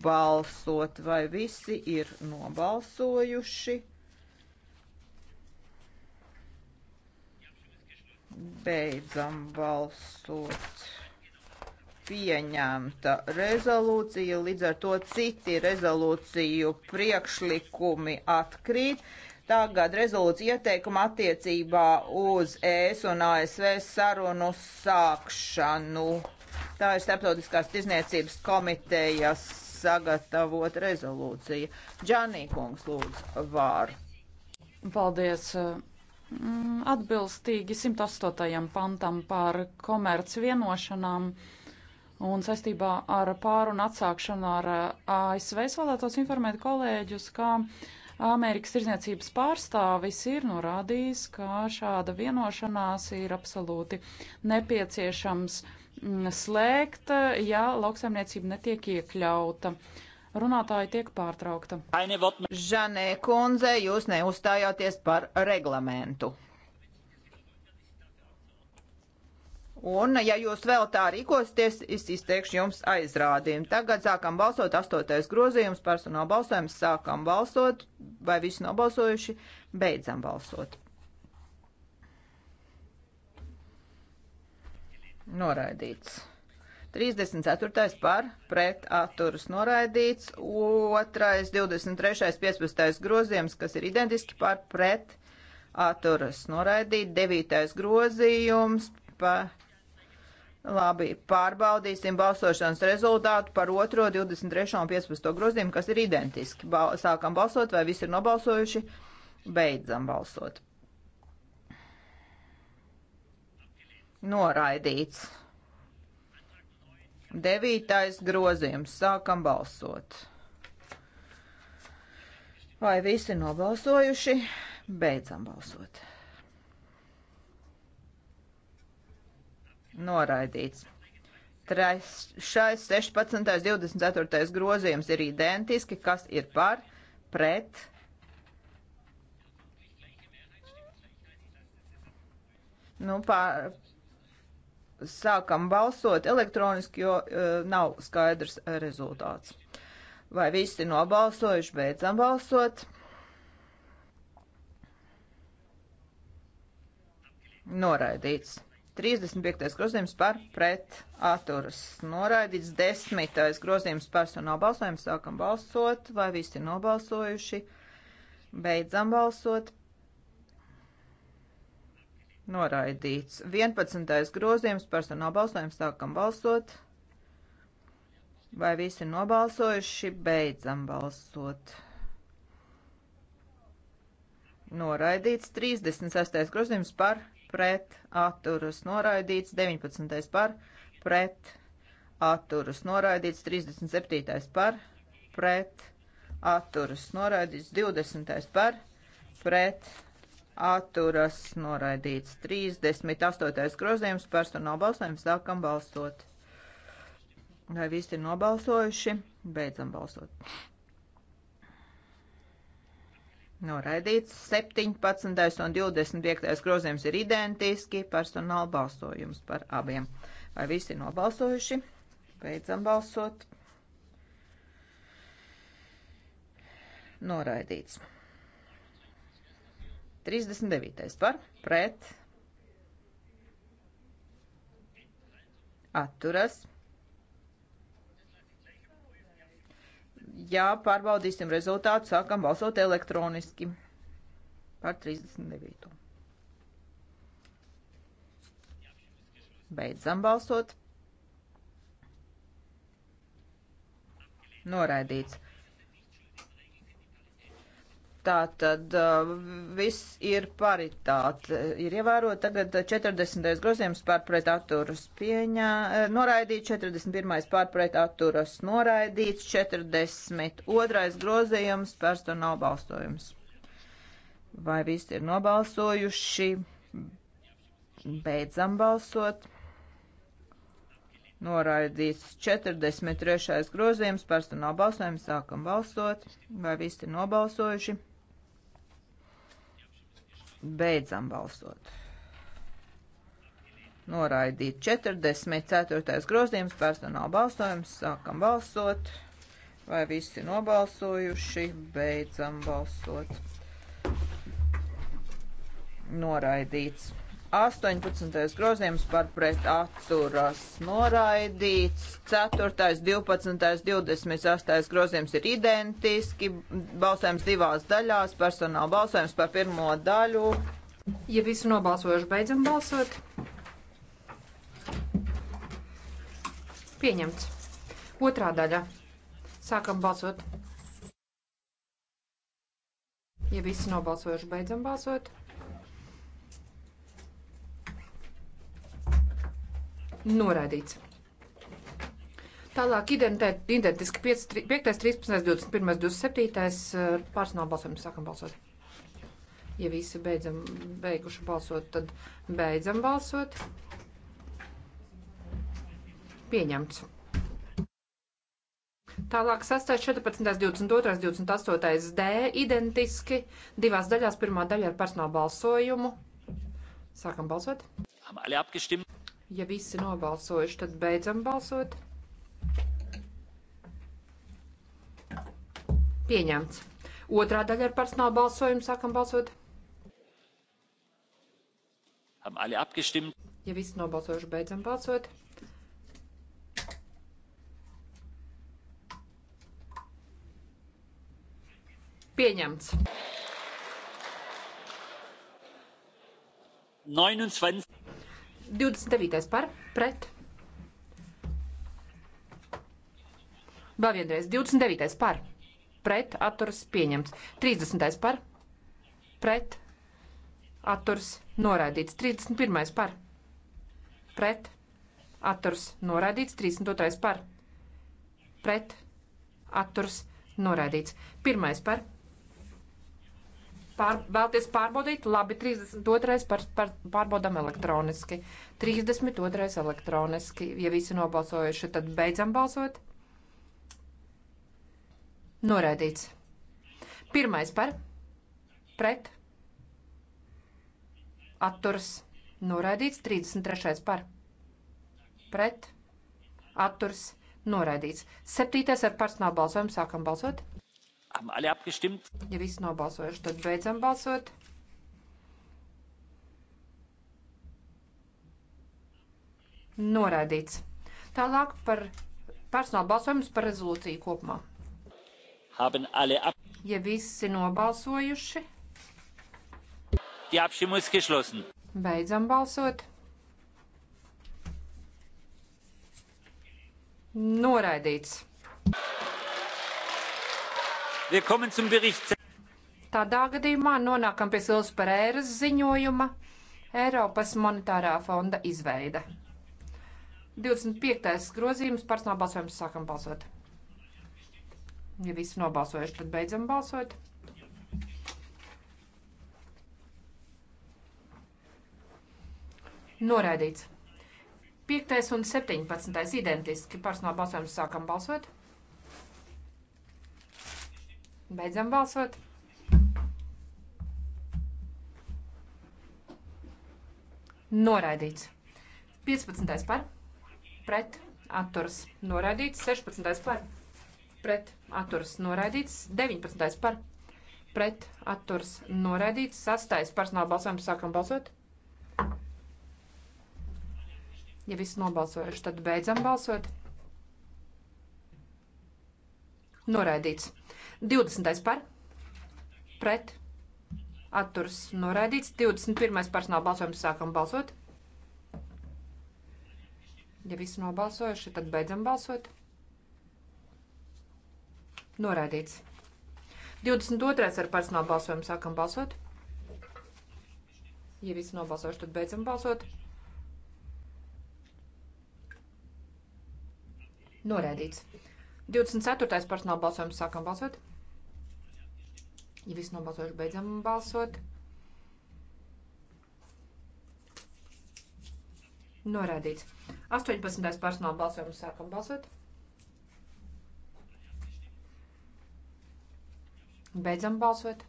balsot. Vai visi ir nobalsojuši? Beidzam balsot. Pieņemta rezolūcija, līdz ar to citi rezolūciju priekšlikumi atkrīt tagad rezolūcija ieteikuma attiecībā uz ES un ASV sarunu sākšanu. Tā ir starptautiskās tirzniecības komitejas sagatavot rezolūcija. Džanī kungs lūdzu vāru. Paldies. Mm, atbilstīgi 108. pantam par komerc vienošanām un saistībā ar pārunu atsākšanu ar ASV es vēlētos informēt kolēģus, ka Amerikas tirzniecības pārstāvis ir norādījis, ka šāda vienošanās ir absolūti nepieciešams mm, slēgt, ja lauksaimniecība netiek iekļauta. Runātāja tiek pārtraukta. Žanē kundze, jūs neuzstājāties par reglamentu. Un, ja jūs vēl tā rīkosieties, es izteikšu jums aizrādījumu. Tagad sākam balsot, astotais grozījums, personāla balsojums, sākam balsot, vai visi nobalsojuši, beidzam balsot. Noraidīts. 34. par pret atturus noraidīts, otrais 23. 15. grozījums, kas ir identiski par pret atturus noraidīt, devītais grozījums par Labi, pārbaudīsim balsošanas rezultātu par 2, 23 un 15 grozījumu, kas ir identiski. Bal sākam balsot, vai visi ir nobalsojuši? Beidzam balsot. Noraidīts. Devītais grozījums. Sākam balsot. Vai visi nobalsojuši? Beidzam balsot. noraidīts. Trešais, 16, 24 grozījums ir identiski, kas ir par, pret. Nu, pār, sākam balsot elektroniski, jo uh, nav skaidrs rezultāts. Vai visi ir nobalsojuši, beidzam balsot? Noraidīts. 35. grozījums par pret atturas. Noraidīts 10. grozījums personāla balsojums. Sākam balsot, vai visi ir nobalsojuši. Beidzam balsot. Noraidīts 11. grozījums personāla balsojums. Sākam balsot, vai visi ir nobalsojuši. Beidzam balsot. Noraidīts 36. grozījums par pret atturas pret atturas noraidīts, 19. par pret atturas noraidīts, 37. par pret atturas noraidīts, 20. par pret atturas noraidīts, 38. grozījums personāla balsojums sākam balsot. Vai visi ir nobalsojuši? Beidzam balsot. Noraidīts 17. un 25. grozījums ir identiski, personāla balsojums par abiem. Vai visi ir nobalsojuši? Beidzam balsot. Noraidīts. 39. par pret. Atturas. Jā, pārbaudīsim rezultātu. Sākam balsot elektroniski par 39. Beidzam balsot. Noraidīts. Tā tad uh, viss ir paritāte. Ir ievērot tagad 40. grozījums pārpret atturas pieņā, eh, noraidīts, 41. pārpret atturas noraidīts, 42. grozījums pārsto nav balstojums. Vai visi ir nobalsojuši? Beidzam balsot. Noraidīts 43. grozījums, pārsto nav balsojums, sākam balsot. Vai visi ir nobalsojuši? Beidzam balsot. Noraidīt 44. grozījums personāla balsojums. Sākam balsot. Vai visi nobalsojuši? Beidzam balsot. Noraidīts. 18. grozījums par pret atturas noraidīts, 4., 12., 28. grozījums ir identiski, balsojums divās daļās, personāla balsojums par pirmo daļu. Ja visi nobalsojuši, beidzam balsot. Pieņemts. Otrā daļa. Sākam balsot. Ja visi nobalsojuši, beidzam balsot. Noraidīts. Tālāk identēt, identiski 5, 5, 13, 21, 27 pārsnāla balsojumu sākam balsot. Ja visi beidzam, beiguši balsot, tad beidzam balsot. Pieņemts. Tālāk 6, 14, 22, 28 D identiski divās daļās. Pirmā daļa ar personālu balsojumu. Sākam balsot. Ja visi nobalsojuši, tad beidzam balsot. Pieņemts. Otrā daļa ar personālu balsojumu sākam balsot. Ja visi nobalsojuši, beidzam balsot. Pieņemts. 29. 29. par pret. Vēl vienreiz 29. par pret atturas pieņemts. 30. par pret atturas noraidīts. 31. par pret atturas noraidīts. 32. par pret atturas noraidīts. 1. par pret Pār, vēlties pārbaudīt? Labi, 32. Par, par, pārbaudam elektroniski. 32. elektroniski. Ja visi nobalsojuši, tad beidzam balsot. Noraidīts. Pirmais par. Pret. Atturs. Noraidīts. 33. par. Pret. Atturs. Noraidīts. Septītais ar personālu balsojumu sākam balsot. Ja viss nobalsojuši, tad beidzam balsot. Noraidīts. Tālāk par personāla balsojumus par rezolūciju kopumā. Ja visi nobalsojuši. Die Abstimmung ist geschlossen. Beidzam balsot. Noraidīts. Tādā gadījumā nonākam pie Silas Pereiras ziņojuma Eiropas monetārā fonda izveide. 25. grozījums personāla balsojums sākam balsot. Ja visi nobalsojuši, tad beidzam balsot. Noraidīts. 5. un 17. identiski personāla balsojums sākam balsot. Beidzam balsot. Noraidīts. 15. par, pret, atturas, noraidīts. 16. par, pret, atturas, noraidīts. 19. par, pret, atturas, noraidīts. 8. personāla balsojums sākam balsot. Ja visi nobalsojuši, tad beidzam balsot. Noraidīts. 20. par, pret, atturas noraidīts. 21. personāla balsojums sākam balsot. Ja visi nobalsojuši, tad beidzam balsot. Noraidīts. 22. ar personāla balsojumu sākam balsot. Ja visi nobalsojuši, tad beidzam balsot. Noraidīts. 24. personāla balsojums sākam balsot. Ja viss nobalsojuši, beidzam balsot. Norādīts. 18. personāla balsojums sākam balsot. Beidzam balsot.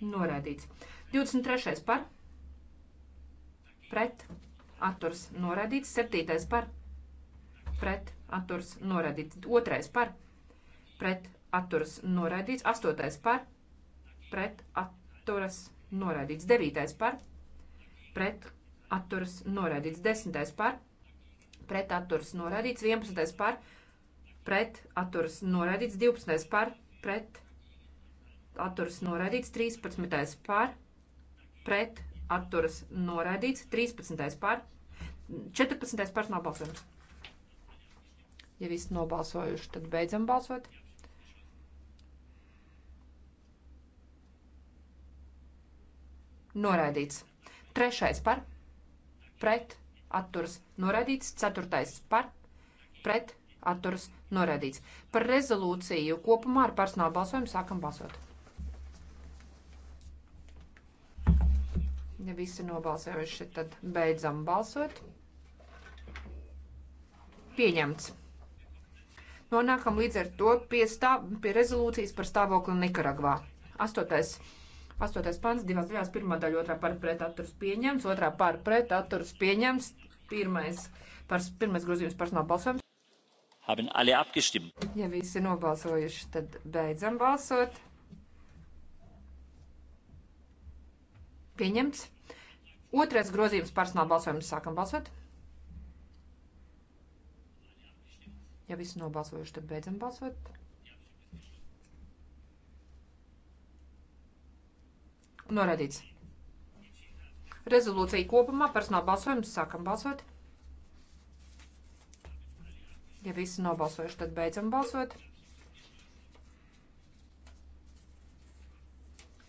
Norādīts. 23. par. Pret. Atturs. Norādīts. 7. par pret atturas noraidīts. Otrais par pret atturas noraidīts. Astotais par pret atturas noraidīts. Devītais par pret atturas noraidīts. Desmitais par pret atturas noraidīts. Vienpadsmitais par pret atturas noraidīts. Divpadsmitais par pret atturas noraidīts. Trīspadsmitais par pret atturas noraidīts. Trīspadsmitais par 14. personāla balsojums. Ja viss nobalsojuši, tad beidzam balsot. Noraidīts. Trešais par, pret, atturas, noraidīts. Ceturtais par, pret, atturas, noraidīts. Par rezolūciju kopumā ar personālu balsojumu sākam balsot. Ja visi nobalsojuši, tad beidzam balsot. Pieņemts. Nonākam līdz ar to pie, stāv, pie rezolūcijas par stāvokli Nikaragvā. Astotais. Astotais pants, divās daļās, pirmā daļa, otrā pārpret atturs pieņemts, otrā pārpret atturs pieņemts, pirmais, pars, pirmais grozījums personāla balsojums. Haben alle abgestimmt. Ja visi nobalsojuši, tad beidzam balsot. Pieņemts. Otrais grozījums personāla balsojums sākam balsot. Ja visi nobalsojuši, tad beidzam balsot. Norādīts. Rezolūcija kopumā personāla balsojums. Sākam balsot. Ja visi nobalsojuši, tad beidzam balsot.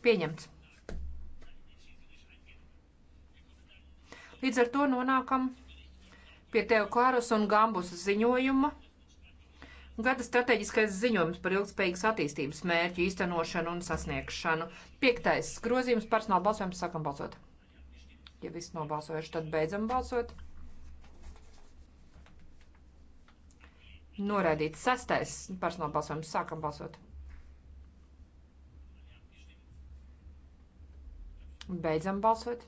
Pieņemts. Līdz ar to nonākam pie Teokāras un Gambusas ziņojuma. Gada strateģiskais ziņojums par ilgspējīgas attīstības mērķu īstenošanu un sasniegšanu. Piektais grozījums personāla balsojums sākam balsot. Ja viss nobalsojuši, tad beidzam balsot. Noraidīts sastais personāla balsojums sākam balsot. Beidzam balsot.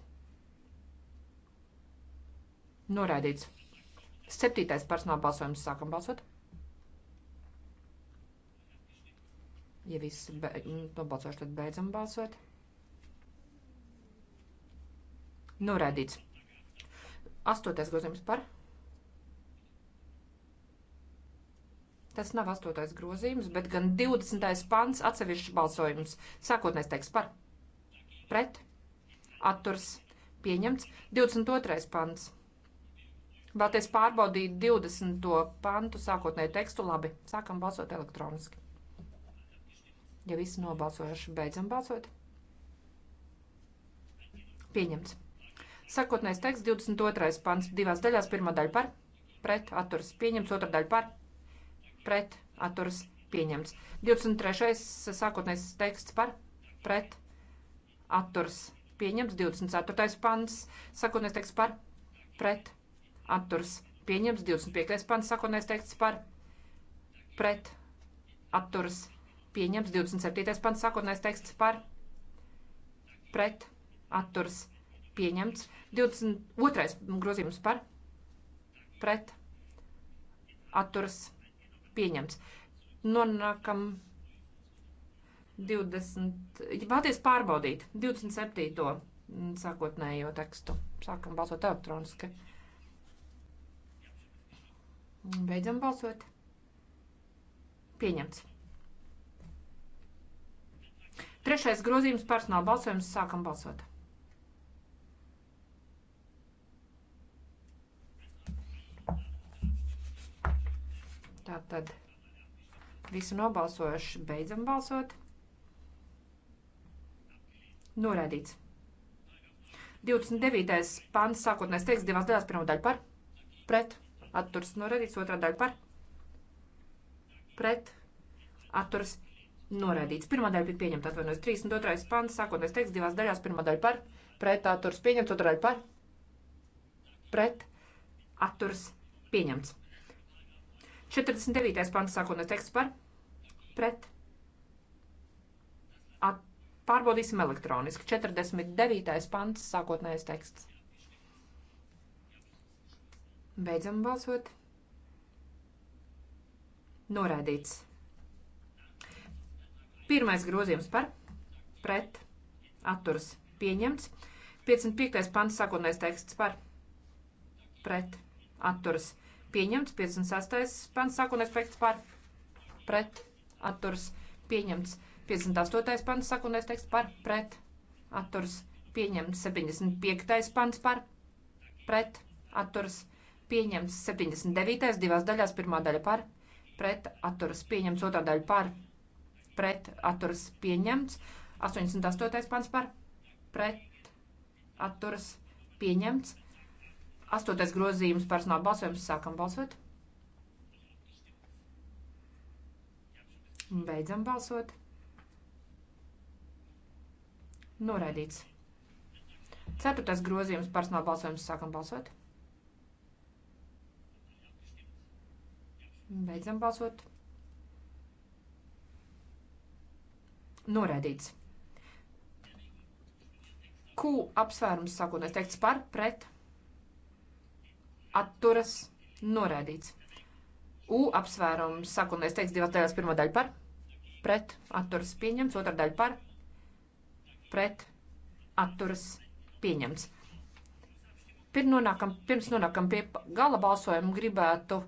Noraidīts. Septītais personāla balsojums sākam balsot. Ja viss nobalsošu, nu, tad beidzam balsot. Norādīts. Nu, astotais grozījums par. Tas nav astotais grozījums, bet gan 20. pants atsevišķs balsojums. Sākotnēs teiks par. Pret. Atturs. Pieņemts. 22. pants. Vēlties pārbaudīt 20. pantu sākotnēju tekstu. Labi, sākam balsot elektroniski. Ja visi nobalsojuši, beidzam balsot. Pieņemts. Sakotnēs teksts 22. pants divās daļās. Pirmā daļa par, pret, atturas, pieņemts. Otra daļa par, pret, atturas, pieņemts. 23. sākotnēs teksts par, pret, atturas, pieņemts. 24. pants sākotnēs teksts par, pret, atturas, pieņemts. 25. pants sākotnēs teksts par, pret, atturas, pieņemts pieņems 27. pants sākotnēs teksts par pret atturs pieņemts. 22. grozījums par pret atturs pieņemts. Nonākam 20. Vēlties pārbaudīt 27. sākotnējo tekstu. Sākam balsot elektroniski. Beidzam balsot. Pieņemts. Trešais grozījums personāla balsojums. Sākam balsot. Tātad visi nobalsojuši beidzam balsot. Norādīts. 29. pants sākotnēs teiks divās daļās pirmā daļa par, pret, atturs norādīts, otrā daļa par, pret, atturs Noraidīts. Pirmā daļa bija pieņemta, atvainojas 32. pants, sākotnēs teksts divās daļās. Pirmā daļa par, pret atturs pieņemts, otrā daļa par, pret atturs pieņemts. 49. pants, sākotnēs teksts par, pret. At, pārbaudīsim elektroniski. 49. pants, sākotnējais teksts. Beidzam balsot. Noraidīts. Pirmais grozījums par pret atturas pieņemts. 55. pants sākotnējais teksts par pret atturas pieņemts. 56. pants sākotnējais teksts par pret atturas pieņemts. 58. pants sākotnējais teksts par pret atturas pieņemts. 75. pants par pret atturas pieņemts. 79. divās daļās pirmā daļa par pret atturas pieņemts otrā daļa par pret pret atturas pieņemts. 88. pants par pret atturas pieņemts. 8. grozījums personāla balsojums sākam balsot. Beidzam balsot. Noraidīts. Ceturtais grozījums personāla balsojums sākam balsot. Beidzam balsot. Noraidīts. Q apsvērums sākotnēs teikts par, pret, atturas, noraidīts. U apsvērums sākotnēs teikts divās daļās pirmā daļa par, pret, atturas, pieņemts, otrā daļa par, pret, atturas, pieņemts. Pirms nonākam, pirms nonākam pie gala balsojuma gribētu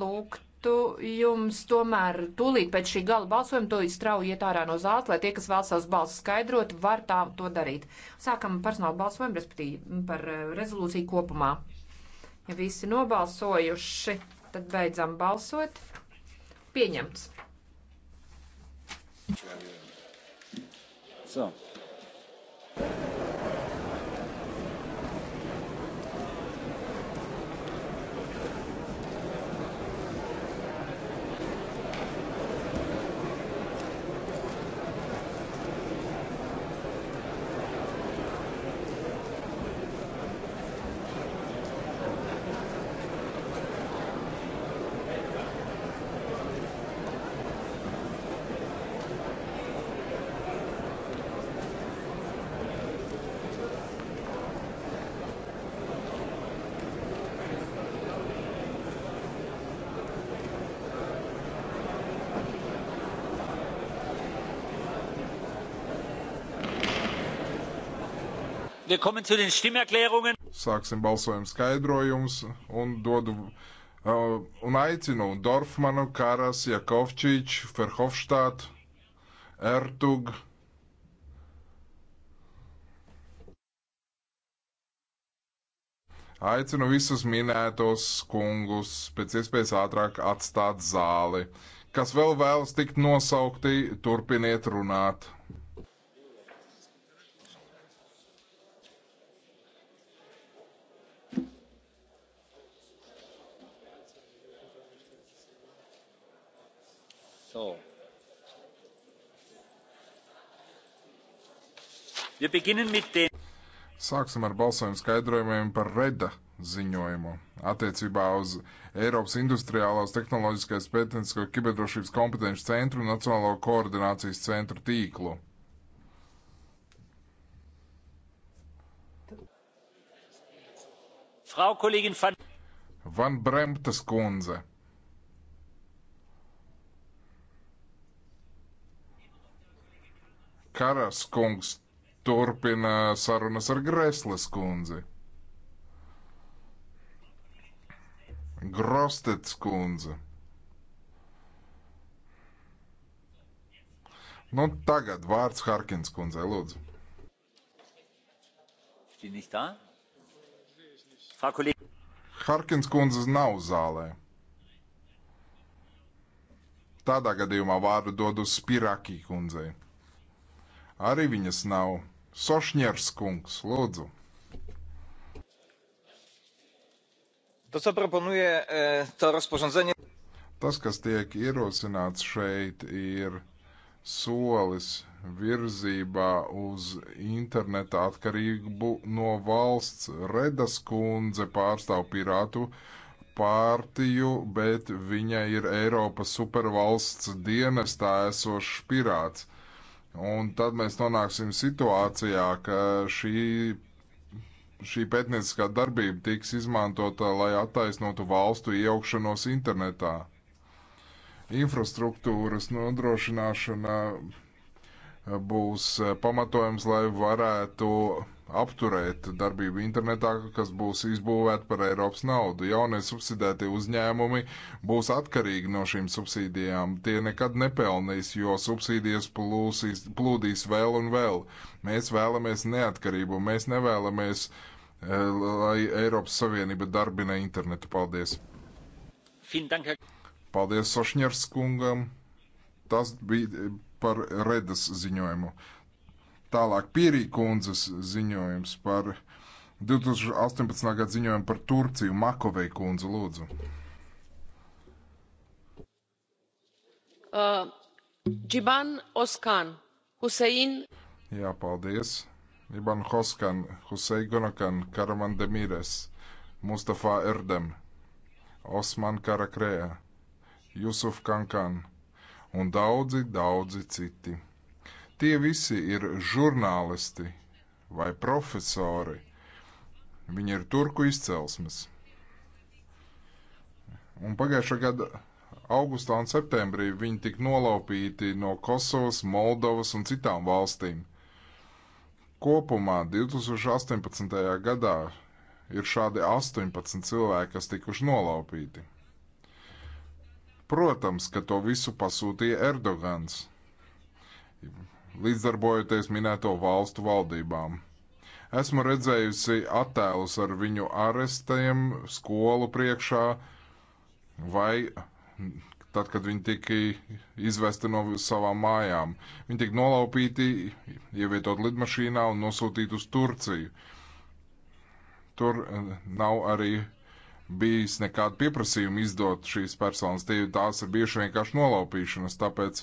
lūgt ieteiktu jums tomēr tūlīt pēc šī gala balsojuma to izstrauji iet ārā no zāles, lai tie, kas vēl savus balsus skaidrot, var tā to darīt. Sākam personālu balsojumu, respektīvi par eh, rezolūciju kopumā. Ja visi nobalsojuši, tad beidzam balsot. Pieņemts. So. Sāksim balsojumu skaidrojums un dodu uh, un aicinu Dorfmanu, Karas, Jakovčič, Ferhofštāt, Ertug. Aicinu visus minētos kungus pēc iespējas ātrāk atstāt zāli. Kas vēl vēlas tikt nosaukti, turpiniet runāt. Sāksim ar balsojumu skaidrojumiem par Reda ziņojumu attiecībā uz Eiropas Industriālās tehnoloģiskās pētniecisko kiberdrošības kompetenci centru un Nacionālo koordinācijas centru tīklu. Frau Kollegin Van, Van Bremtes kundze. Karas kungs turpina sarunas ar Gresles kundzi. Grostets kundze. Nu, tagad vārds Harkins kundzei, lūdzu. Harkins kundze nav zālē. Tādā gadījumā vārdu dodu Spiraki kundzei. Arī viņas nav. Sošņers kungs, lūdzu. To, co proponuje e, to rozporządzenie. Tas, kas tiek ierosināts šeit, ir solis virzībā uz interneta atkarību no valsts. Redas kundze pārstāv pirātu pārtiju, bet viņa ir Eiropas supervalsts dienestā esošs pirāts. Un tad mēs nonāksim situācijā, ka šī, šī pētnieciskā darbība tiks izmantota, lai attaisnotu valstu iejaukšanos internetā. Infrastruktūras nodrošināšana būs eh, pamatojums, lai varētu apturēt darbību internetā, kas būs izbūvēta par Eiropas naudu. Jaunie subsidētie uzņēmumi būs atkarīgi no šīm subsīdijām. Tie nekad nepelnīs, jo subsīdijas plūsīs, plūdīs vēl un vēl. Mēs vēlamies neatkarību, mēs nevēlamies, eh, lai Eiropas Savienība darbina internetu. Paldies! Paldies Sošņers kungam! Tas bija par Redas ziņojumu. Tālāk Pierī kundzes ziņojums par 2018. gada ziņojumu par Turciju Makovei kundzu lūdzu. Uh, Džiban Oskan, Husein. Jā, paldies. Iban Hoskan, Husei Gonakan, Karaman Demires, Mustafa Erdem, Osman Karakreja, Jusuf Kankan un daudzi, daudzi citi. Tie visi ir žurnālisti vai profesori. Viņi ir turku izcelsmes. Un pagājušā gada augustā un septembrī viņi tika nolaupīti no Kosovas, Moldovas un citām valstīm. Kopumā 2018. gadā ir šādi 18 cilvēki, kas tikuši nolaupīti. Protams, ka to visu pasūtīja Erdogans, līdzdarbojoties minēto valstu valdībām. Esmu redzējusi attēlus ar viņu arestiem skolu priekšā vai tad, kad viņi tika izvesti no savām mājām. Viņi tika nolaupīti, ievietot lidmašīnā un nosūtīti uz Turciju. Tur eh, nav arī bijis nekādu pieprasījumu izdot šīs personas. Tie, tās ir bieži vienkārši nolaupīšanas, tāpēc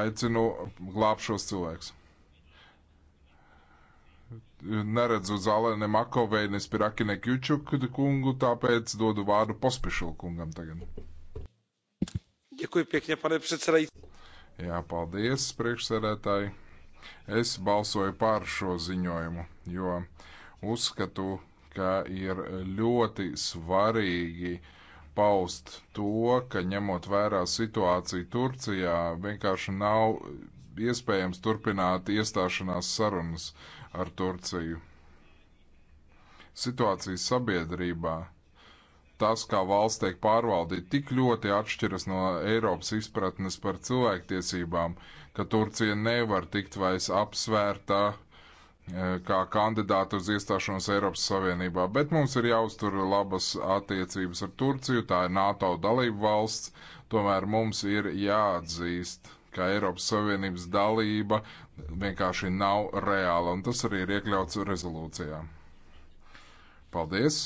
aicinu glābt šos cilvēkus. Neredzu zālē ne Makovei, ne Spiraki, ne Kjučuku kungu, tāpēc dodu vārdu Pospišulu kungam tagad. Děkuji pěkně, pane předsedající. Jā, paldies, priekšsēdētāji. Es balsoju pār šo ziņojumu, jo uzskatu, ka ir ļoti svarīgi paust to, ka ņemot vērā situāciju Turcijā, vienkārši nav iespējams turpināt iestāšanās sarunas ar Turciju. Situācija sabiedrībā, tas, kā valsts tiek pārvaldīta, tik ļoti atšķiras no Eiropas izpratnes par cilvēktiesībām, ka Turcija nevar tikt vairs apsvērta Eh, kā kandidātu uz iestāšanos Eiropas Savienībā, bet mums ir jāuztur labas attiecības ar Turciju, tā ir NATO dalība valsts, tomēr mums ir jāatzīst, ka Eiropas Savienības dalība vienkārši nav reāla, un tas arī ir iekļauts rezolūcijā. Paldies!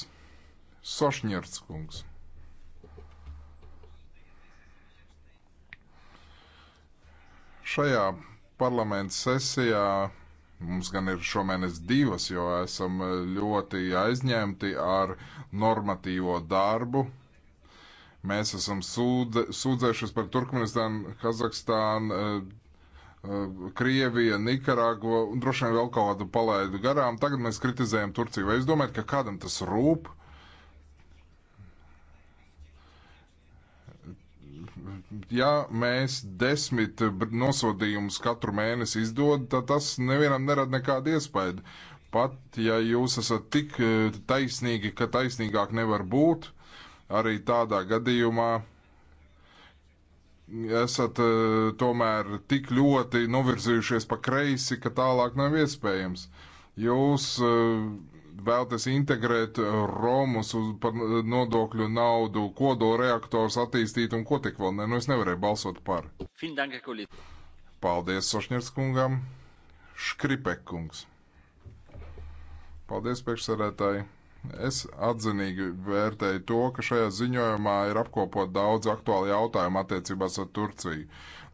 Sošņirts kungs! Šajā parlamenta sesijā Mums gan ir šomēnes divas, jo esam e, ļoti aizņemti ar normatīvo darbu. Mēs esam sūdze, sūdzējušies par Turkmenistānu, Kazahstānu, e, e, Krieviju, Nikaragvu un droši vien vēl kaut kādu palaidu garām. Tagad mēs kritizējam Turciju. Vai jūs domājat, ka kādam tas rūp? ja mēs desmit nosodījumus katru mēnesi izdod, tad tas nevienam nerada nekādu iespaidu. Pat, ja jūs esat tik e, taisnīgi, ka taisnīgāk nevar būt, arī tādā gadījumā esat e, tomēr tik ļoti novirzījušies pa kreisi, ka tālāk nav iespējams. Jūs uh, vēlties integrēt Romus uz, par nodokļu naudu, kodolreaktors attīstīt un ko tik vēl. Ne, nu es nevarēju balsot par. Paldies Sošņers kungam. Škripek kungs. Paldies priekšsarētāji. Es atzinīgi vērtēju to, ka šajā ziņojumā ir apkopot daudz aktuālu jautājumu attiecībās ar Turciju.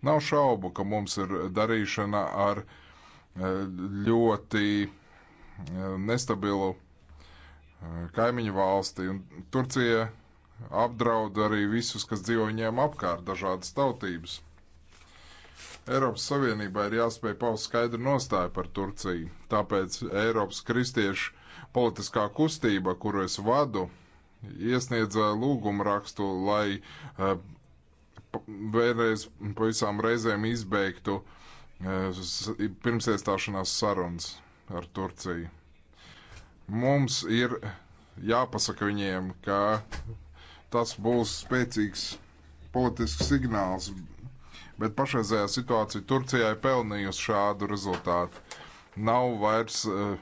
Nav šaubu, ka mums ir darīšana ar eh, ļoti nestabilu e, kaimiņu valsti. Un Turcija apdraud arī visus, kas dzīvo viņiem apkārt, dažādas tautības. Eiropas Savienībā ir jāspēj paust skaidru nostāju par Turciju. Tāpēc Eiropas kristiešu politiskā kustība, kuru es vadu, iesniedza e, lūgumu rakstu, lai uh, vēlreiz pavisam reizēm izbeigtu uh, pirms iestāšanās sarunas ar Turciju. Mums ir jāpasaka viņiem, ka tas būs spēcīgs politisks signāls, bet pašreizējā situācija Turcijai pelnījusi šādu rezultātu. Nav vairs uh,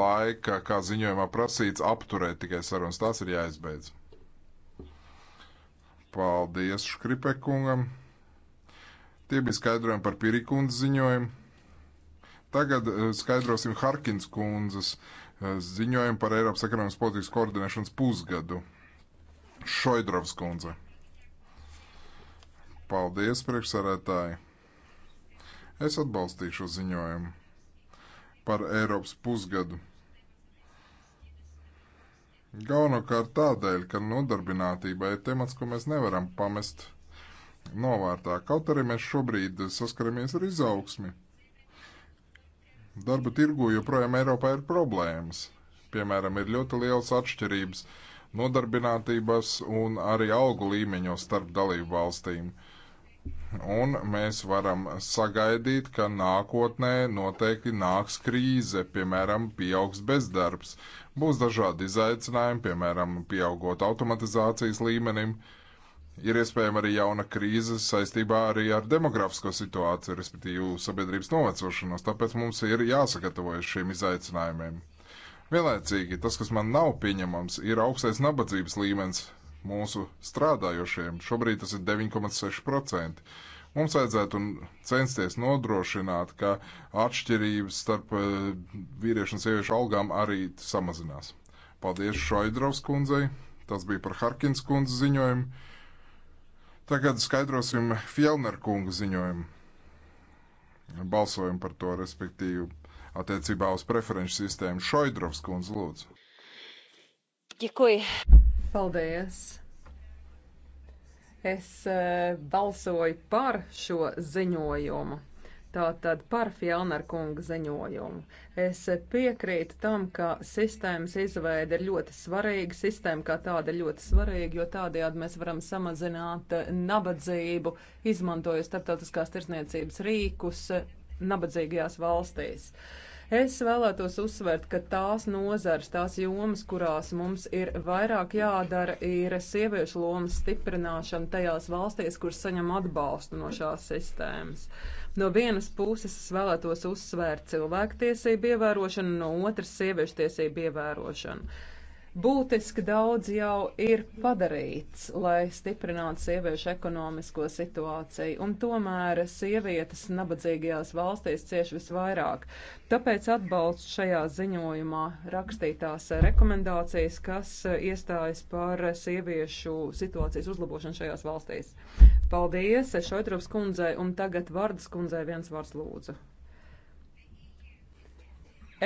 laika, kā ziņojumā prasīts, apturēt tikai sarunas. Tās ir jāizbeidz. Paldies Škripekungam. Tie bija skaidrojumi par Pirikundas ziņojumu. Tagad eh, skaidrosim Harkins kundzes eh, ziņojumu par Eiropas ekonomikas politikas koordinēšanas pusgadu. Šoidrovs kundze. Paldies, priekšsarētāji. Es atbalstīšu ziņojumu par Eiropas pusgadu. Galvenokārt tādēļ, ka nodarbinātība ir temats, ko mēs nevaram pamest novārtā. Kaut arī mēs šobrīd saskaramies ar izaugsmi Darba tirgu joprojām Eiropā ir problēmas. Piemēram, ir ļoti liels atšķirības nodarbinātības un arī algu līmeņos starp dalību valstīm. Un mēs varam sagaidīt, ka nākotnē noteikti nāks krīze, piemēram, pieaugs bezdarbs. Būs dažādi izaicinājumi, piemēram, pieaugot automatizācijas līmenim. Uh, ir iespējama arī jauna krīze saistībā arī ar demografisko situāciju, respektīvi sabiedrības novecošanos, tāpēc mums ir jāsagatavojas šiem izaicinājumiem. Vienlaicīgi tas, kas man nav pieņemams, ir augstais nabadzības līmenis mūsu strādājošiem. Šobrīd tas ir 9,6%. Mums vajadzētu censties nodrošināt, ka atšķirības starp eh, vīriešu un sieviešu algām arī samazinās. Paldies Šaidrovs kundzei. Tas bija par Harkins kundzes ziņojumu. Tagad skaidrosim Fjellnerkunga ziņojumu. Balsojam par to, respektīvi, attiecībā uz preferenču sistēmu. Šoidrovs kundze, lūdzu. Ďakuj. Paldies. Es e, balsoju par šo ziņojumu. Tātad par Fjellnerkunga ziņojumu. Es piekrītu tam, ka sistēmas izveida ir ļoti svarīga, sistēma kā tāda ir ļoti svarīga, jo tādējādi mēs varam samazināt eh, nabadzību, izmantojot starptautiskās tirsniecības rīkus eh, nabadzīgajās valstīs. Uh, Es vēlētos uzsvērt, ka tās nozars, tās jomas, kurās mums ir vairāk jādara, ir sieviešu lomas stiprināšana tajās valstīs, kur saņem atbalstu no šās sistēmas. No vienas puses es vēlētos uzsvērt cilvēktiesību ievērošanu, no otras sieviešu tiesību ievērošanu. Būtiski daudz jau ir padarīts, lai stiprinātu sieviešu ekonomisko situāciju, un tomēr sievietes nabadzīgajās valstīs cieš visvairāk. Tāpēc atbalsts šajā ziņojumā rakstītās rekomendācijas, kas iestājas par sieviešu situācijas uzlabošanu šajās valstīs. Paldies Šoitrovs kundzei, un tagad Vardas kundzei viens vārds lūdzu.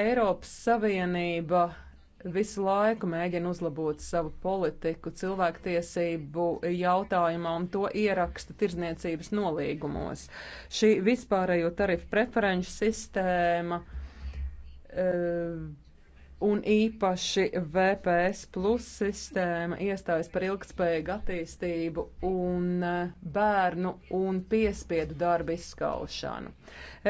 Eiropas Savienība visu laiku mēģina uzlabot savu politiku cilvēktiesību jautājumā un to ieraksta tirzniecības nolīgumos. Šī vispārējo tarifu preferenču sistēma. Uh, un īpaši VPS plus sistēma iestājas par ilgspējīgu attīstību un eh, bērnu un piespiedu darbu izskaušanu.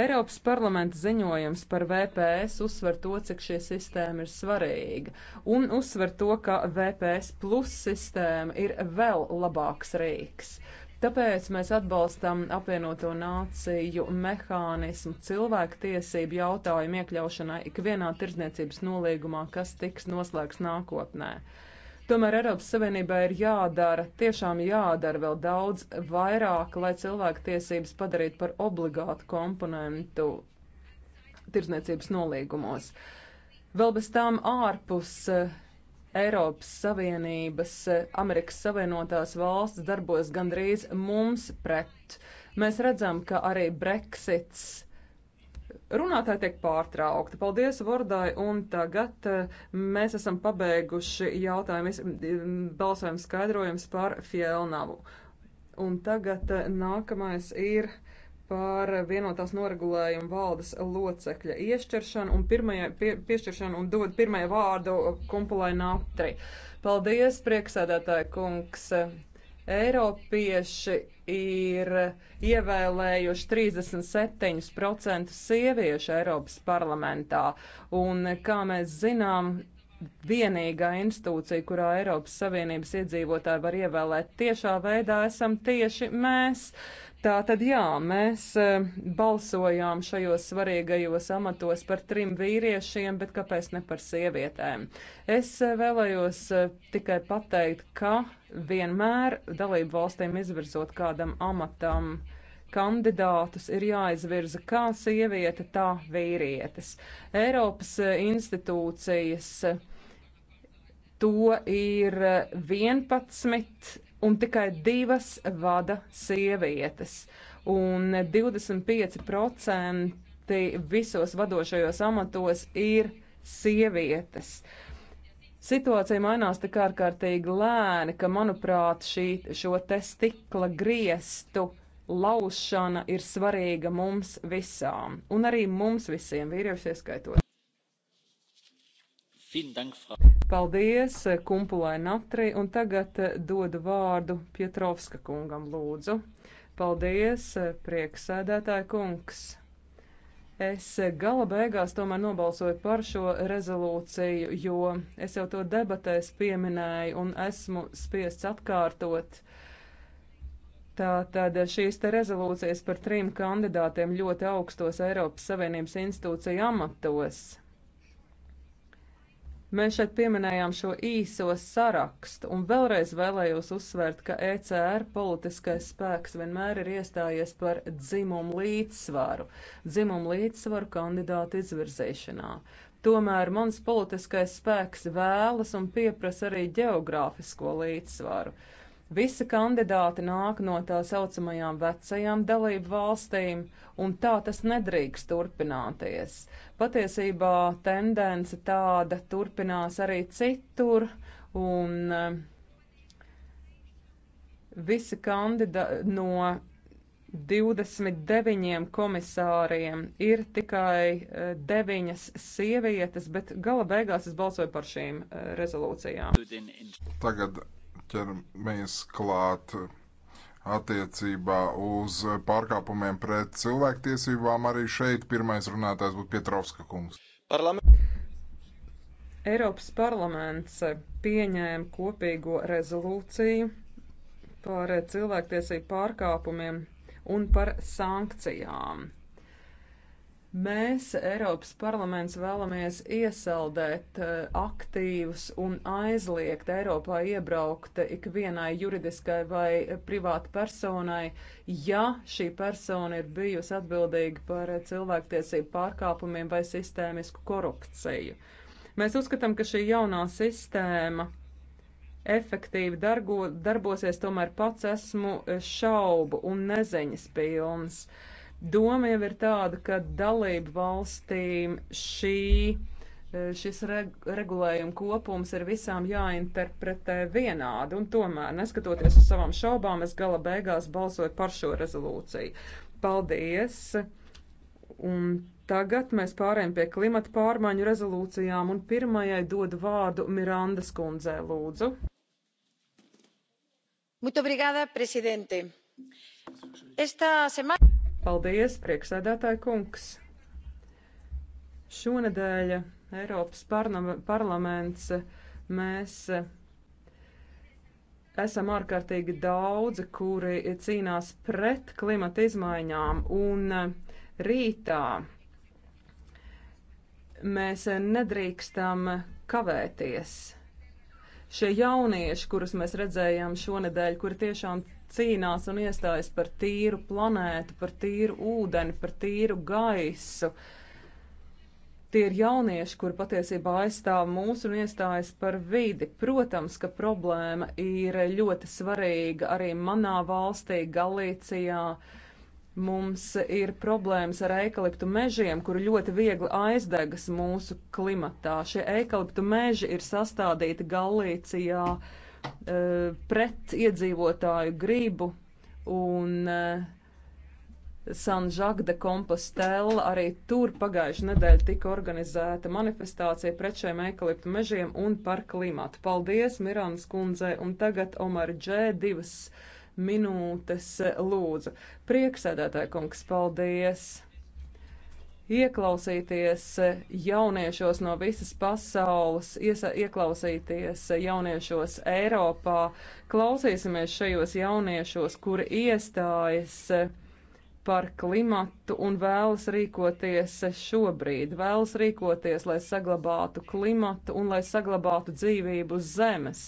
Eiropas parlamenta ziņojums par VPS uzsver to, cik šie sistēma ir svarīga, un uzsver to, ka VPS plus sistēma ir vēl labāks rīks. Tāpēc mēs atbalstam apvienoto nāciju mehānismu cilvēktiesību jautājumu iekļaušanai ikvienā tirdzniecības nolīgumā, kas tiks noslēgts nākotnē. Tomēr Eiropas Savienībai ir jādara, tiešām jādara vēl daudz vairāk, lai cilvēktiesības padarītu par obligātu komponentu tirdzniecības nolīgumos. Vēl bez tām ārpus eh, Eiropas Savienības, Amerikas Savienotās valsts darbojas gandrīz mums pret. Mēs redzam, ka arī Brexits. Runātāji tiek pārtraukti. Paldies, Vordai, un tagad eh, mēs esam pabeiguši jautājumu balsojumu skaidrojums par Fielnavu. Un tagad eh, nākamais ir par vienotās noregulējuma valdes locekļa iešķiršanu un, pirmajai, pie, piešķiršanu un dod pirmajai vārdu kumpulai natri. Paldies, prieksēdētāji kungs! Eiropieši ir ievēlējuši 37% sieviešu Eiropas parlamentā, un, kā mēs zinām, vienīgā institūcija, kurā Eiropas Savienības iedzīvotāji var ievēlēt tiešā veidā, esam tieši mēs. Uh, Tā tad jā, mēs eh, balsojām šajos svarīgajos amatos par trim vīriešiem, bet kāpēc ne par sievietēm? Es eh, vēlējos eh, tikai pateikt, ka vienmēr dalību valstīm izvirzot kādam amatam kandidātus ir jāizvirza kā sieviete, tā vīrietis. Eiropas institūcijas to ir 11 un tikai divas vada sievietes. Un 25% visos vadošajos amatos ir sievietes. Situācija mainās tik ārkārtīgi lēni, ka, manuprāt, šī, šo te stikla griestu laušana ir svarīga mums visām, un arī mums visiem, vīrieši ieskaitot. Paldies, eh, Kumpulai Natri, un tagad eh, dodu vārdu Pietrovska kungam lūdzu. Paldies, eh, prieksēdētāja kungs. Es gala beigās tomēr nobalsoju par šo rezolūciju, jo es jau to debatēs pieminēju un esmu spiests atkārtot. Tātad šīs te rezolūcijas par trim kandidātiem ļoti augstos Eiropas Savienības institūciju amatos. Mēs šeit pieminējām šo īso sarakstu, un vēlreiz vēlējos uzsvērt, ka ECR politiskais spēks vienmēr ir iestājies par dzimumu līdzsvaru, dzimumu līdzsvaru kandidātu izvirzīšanā. Tomēr mans politiskais spēks vēlas un pieprasa arī geogrāfisko līdzsvaru. Visi kandidāti nāk no tā saucamajām vecajām dalību valstīm, un tā tas nedrīkst turpināties. Patiesībā tendence tāda turpinās arī citur, un eh, visi kandidāti no 29 komisāriem ir tikai 9 eh, sievietes, bet gala beigās es balsoju par šīm eh, rezolūcijām. Tagad ķeramies klāt attiecībā uz pārkāpumiem pret cilvēktiesībām. Arī šeit pirmais runātājs būtu Pietrovska kungs. Parlament. Eiropas parlaments pieņēma kopīgo rezolūciju par cilvēktiesību pārkāpumiem un par sankcijām. Mēs, Eiropas parlaments, vēlamies iesaldēt eh, aktīvus un aizliegt Eiropā iebraukt ikvienai juridiskai vai privātu personai, ja šī persona ir bijusi atbildīga par cilvēktiesību pārkāpumiem vai sistēmisku korupciju. Mēs uzskatām, ka šī jaunā sistēma efektīvi dargo, darbosies, tomēr pats esmu šaubu un neziņas pilns. Uh, Doma jau ir tāda, ka dalību valstīm šī, e, šis reg regulējuma kopums ir visām jāinterpretē vienādi, un tomēr, neskatoties uz savām šaubām, es gala beigās balsoju par šo rezolūciju. Paldies! Un tagad mēs pārējām pie klimata pārmaiņu rezolūcijām, un pirmajai dodu vārdu Mirandas kundzē, lūdzu. Muito obrigada, presidente. Esta semana... Paldies, prieksēdētāji kungs! Šonadēļ Eiropas parlaments mēs esam ārkārtīgi daudzi, kuri cīnās pret klimata izmaiņām. Un rītā mēs nedrīkstam kavēties. Šie jaunieši, kurus mēs redzējām šonadēļ, kuri tiešām cīnās un iestājas par tīru planētu, par tīru ūdeni, par tīru gaisu. Tie ir jaunieši, kuri patiesībā aizstāv mūsu un iestājas par vidi. Protams, ka problēma ir ļoti svarīga arī manā valstī, Galīcijā. Mums ir problēmas ar eikaliptu mežiem, kuri ļoti viegli aizdegas mūsu klimatā. Šie eikaliptu meži ir sastādīti Galīcijā. Uh, Eh, pret iedzīvotāju gribu un eh, Sanžak de Compostela arī tur pagājuši nedēļa tika organizēta manifestācija pret šiem eikaliptu mežiem un par klimatu. Paldies Mirānas kundzei un tagad Omar Dž. divas minūtes eh, lūdzu. Prieksēdētāji kungs, paldies! ieklausīties eh, jauniešos no visas pasaules, iesa, ieklausīties eh, jauniešos Eiropā, klausīsimies šajos jauniešos, kuri iestājas eh, par klimatu un vēlas rīkoties šobrīd, vēlas rīkoties, lai saglabātu klimatu un lai saglabātu dzīvību uz zemes.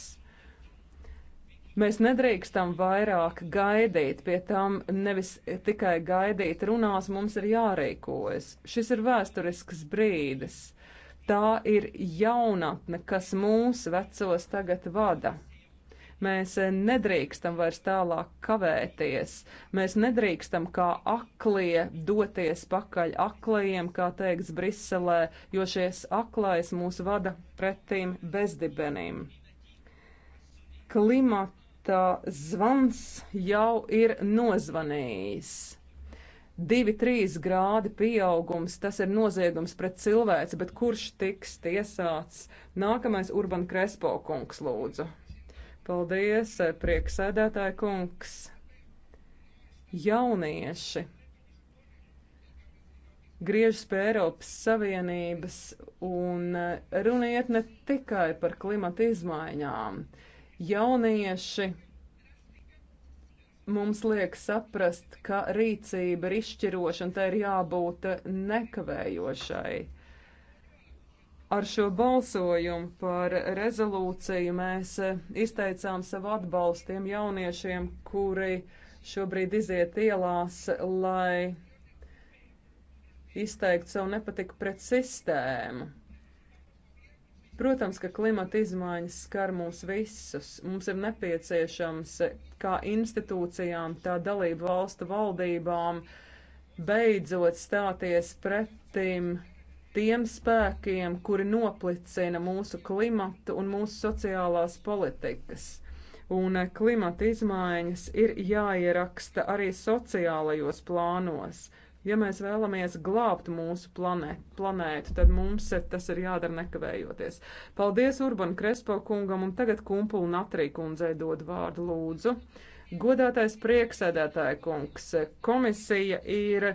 Mēs nedrīkstam vairāk gaidīt, pie tam nevis tikai gaidīt runās, mums ir jārīkojas. Šis ir vēsturisks brīdis. Tā ir jaunatne, kas mūs vecos tagad vada. Mēs nedrīkstam vairs tālāk kavēties. Mēs nedrīkstam kā aklie doties pakaļ aklajiem, kā teiks Briselē, jo šies aklais mūs vada pretīm bezdibenim. Klimata tā zvans jau ir nozvanījis. 2-3 grādi pieaugums, tas ir noziegums pret cilvēci, bet kurš tiks tiesāts? Nākamais Urban Krespo kungs lūdzu. Paldies, prieksēdētāja kungs. Jaunieši griežas pie Eiropas Savieniības un runiet ne tikai par klimata izmaiņām. Uh, Jaunieši mums liek saprast, ka rīcība ir izšķiroša un tai ir jābūt nekavējošai. Ar šo balsojumu par rezolūciju mēs izteicām savu atbalstu tiem jauniešiem, kuri šobrīd iziet ielās, lai izteiktu savu nepatiku pret sistēmu. Protams, ka klimata izmaiņas skar mūs visus. Mums ir nepieciešams kā institūcijām, tā dalību valstu valdībām beidzot stāties pretim tiem spēkiem, kuri noplicina mūsu klimatu un mūsu sociālās politikas. Un eh, klimata izmaiņas ir jāieraksta arī sociālajos plānos. Ja mēs vēlamies glābt mūsu planet, planētu, tad mums tas ir jādara nekavējoties. Paldies Urban Krespo kungam un tagad Kumpulu Natrī kundzei dod vārdu lūdzu. Godātais prieksēdētāja kungs, komisija ir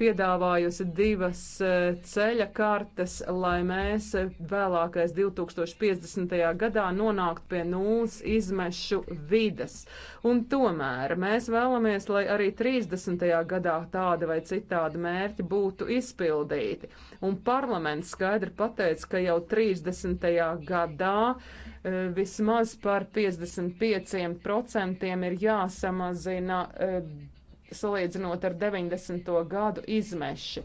piedāvājusi divas eh, ceļa kartes, lai mēs vēlākais 2050. gadā nonāktu pie nulles izmešu vides. Un tomēr mēs vēlamies, lai arī 30. gadā tāda vai citāda mērķi būtu izpildīti. Un parlaments skaidri pateica, ka jau 30. gadā eh, vismaz par 55% ir jāsamazina eh, salīdzinot ar 90. gadu izmeši.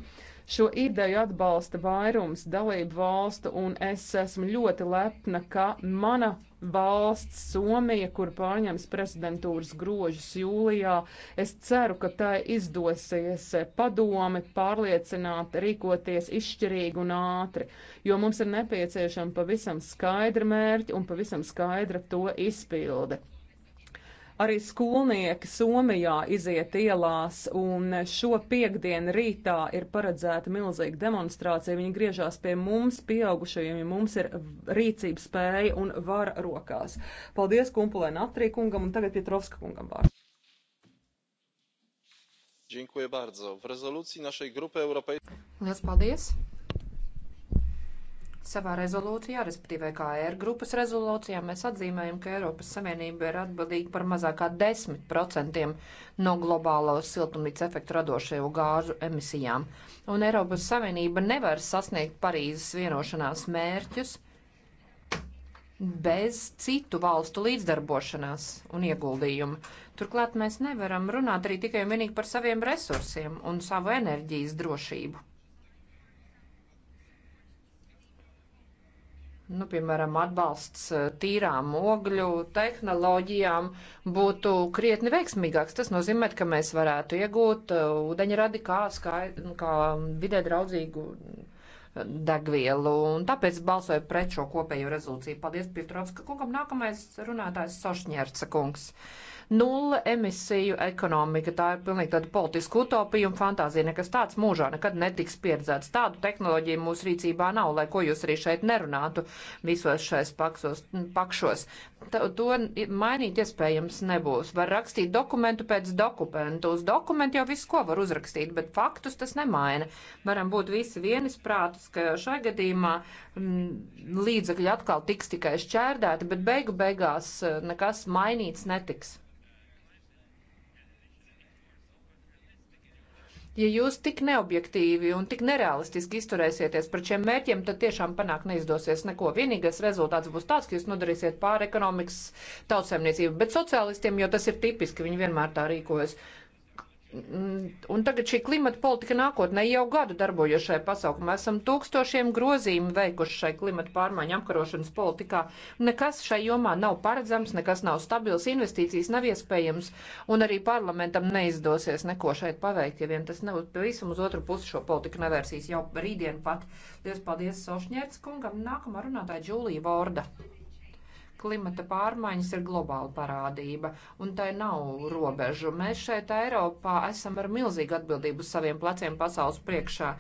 Šo ideju atbalsta vairums dalību valstu, un es esmu ļoti lepna, ka mana valsts, Somija, kur pārņems prezidentūras grožus jūlijā, es ceru, ka tai izdosies padomi pārliecināt, rīkoties izšķirīgi un ātri, jo mums ir nepieciešama pavisam skaidra mērķa un pavisam skaidra to izpilde. Arī skolnieki Somijā iziet ielās, un šo piekdienu rītā ir paredzēta milzīga demonstrācija. Viņi griežās pie mums, pieaugušajiem, ja mums ir rīcības spēja un vara rokās. Paldies Kumpulē Natrī kungam un tagad Pietrovska kungam vārds. Dziękuję bardzo. W rezolucji naszej grupy europejskiej. Paldies. Savā rezolūcijā, respektīvi KR grupas rezolūcijā, mēs atzīmējam, ka Eiropas Savienība ir atbildīga par mazākā 10% no globālo siltumnīca efektu radošajo gāžu emisijām. Un Eiropas Savienība nevar sasniegt Parīzes vienošanās mērķus bez citu valstu līdzdarbošanās un ieguldījumu. Turklāt mēs nevaram runāt arī tikai un vienīgi par saviem resursiem un savu enerģijas drošību. nu, piemēram, atbalsts eh, tīrām ogļu tehnoloģijām būtu krietni veiksmīgāks. Tas nozīmē, ka mēs varētu iegūt eh, ūdeņradi kā, skait, nu, kā vidē draudzīgu eh, degvielu, un tāpēc balsoju pret šo kopējo rezolūciju. Paldies, Pietrovska kungam. Nākamais runātājs Sošņērca kungs nulle emisiju ekonomika. Tā ir pilnīgi tāda politiska utopija un fantāzija. Nekas tāds mūžā nekad netiks pieredzēts. Tādu tehnoloģiju mūsu rīcībā nav, lai ko jūs arī šeit nerunātu visos šais paksos, pakšos. T to mainīt iespējams nebūs. Var rakstīt dokumentu pēc dokumentu. Uz dokumentu jau visu ko var uzrakstīt, bet faktus tas nemaina. Varam būt visi vienis prātus, ka šai gadījumā m, mm, līdzekļi atkal tiks tikai šķērdēti, bet beigu beigās eh, nekas mainīts netiks. Ja jūs tik neobjektīvi un tik nerealistiski izturēsieties pret šiem mērķiem, tad tiešām panākt neizdosies neko. Vienīgais rezultāts būs tāds, ka jūs nodarīsiet pāri ekonomikas tautsēmniecību. Bet sociālistiem, jo tas ir tipiski, viņi vienmēr tā rīkojas, Un tagad šī klimata politika nākotnē jau gadu darbojas šajā pasaukumā. Esam tūkstošiem grozījumu veikuši šai klimata pārmaiņu apkarošanas politikā. Nekas šai jomā nav paredzams, nekas nav stabils, investīcijas nav iespējams, un arī parlamentam neizdosies neko šeit paveikt, ja vien tas nav pavisam uz otru pusi šo politiku nevērsīs jau rītdien pat. Lielas paldies Sošņērts kungam. Nākamā runātāja Džūlija Vorda. Klimata pārmaiņas ir globāla parādība, un tai nav robežu. Mēs šeit Eiropā esam ar milzīgu atbildību saviem pleciem pasaules priekšā,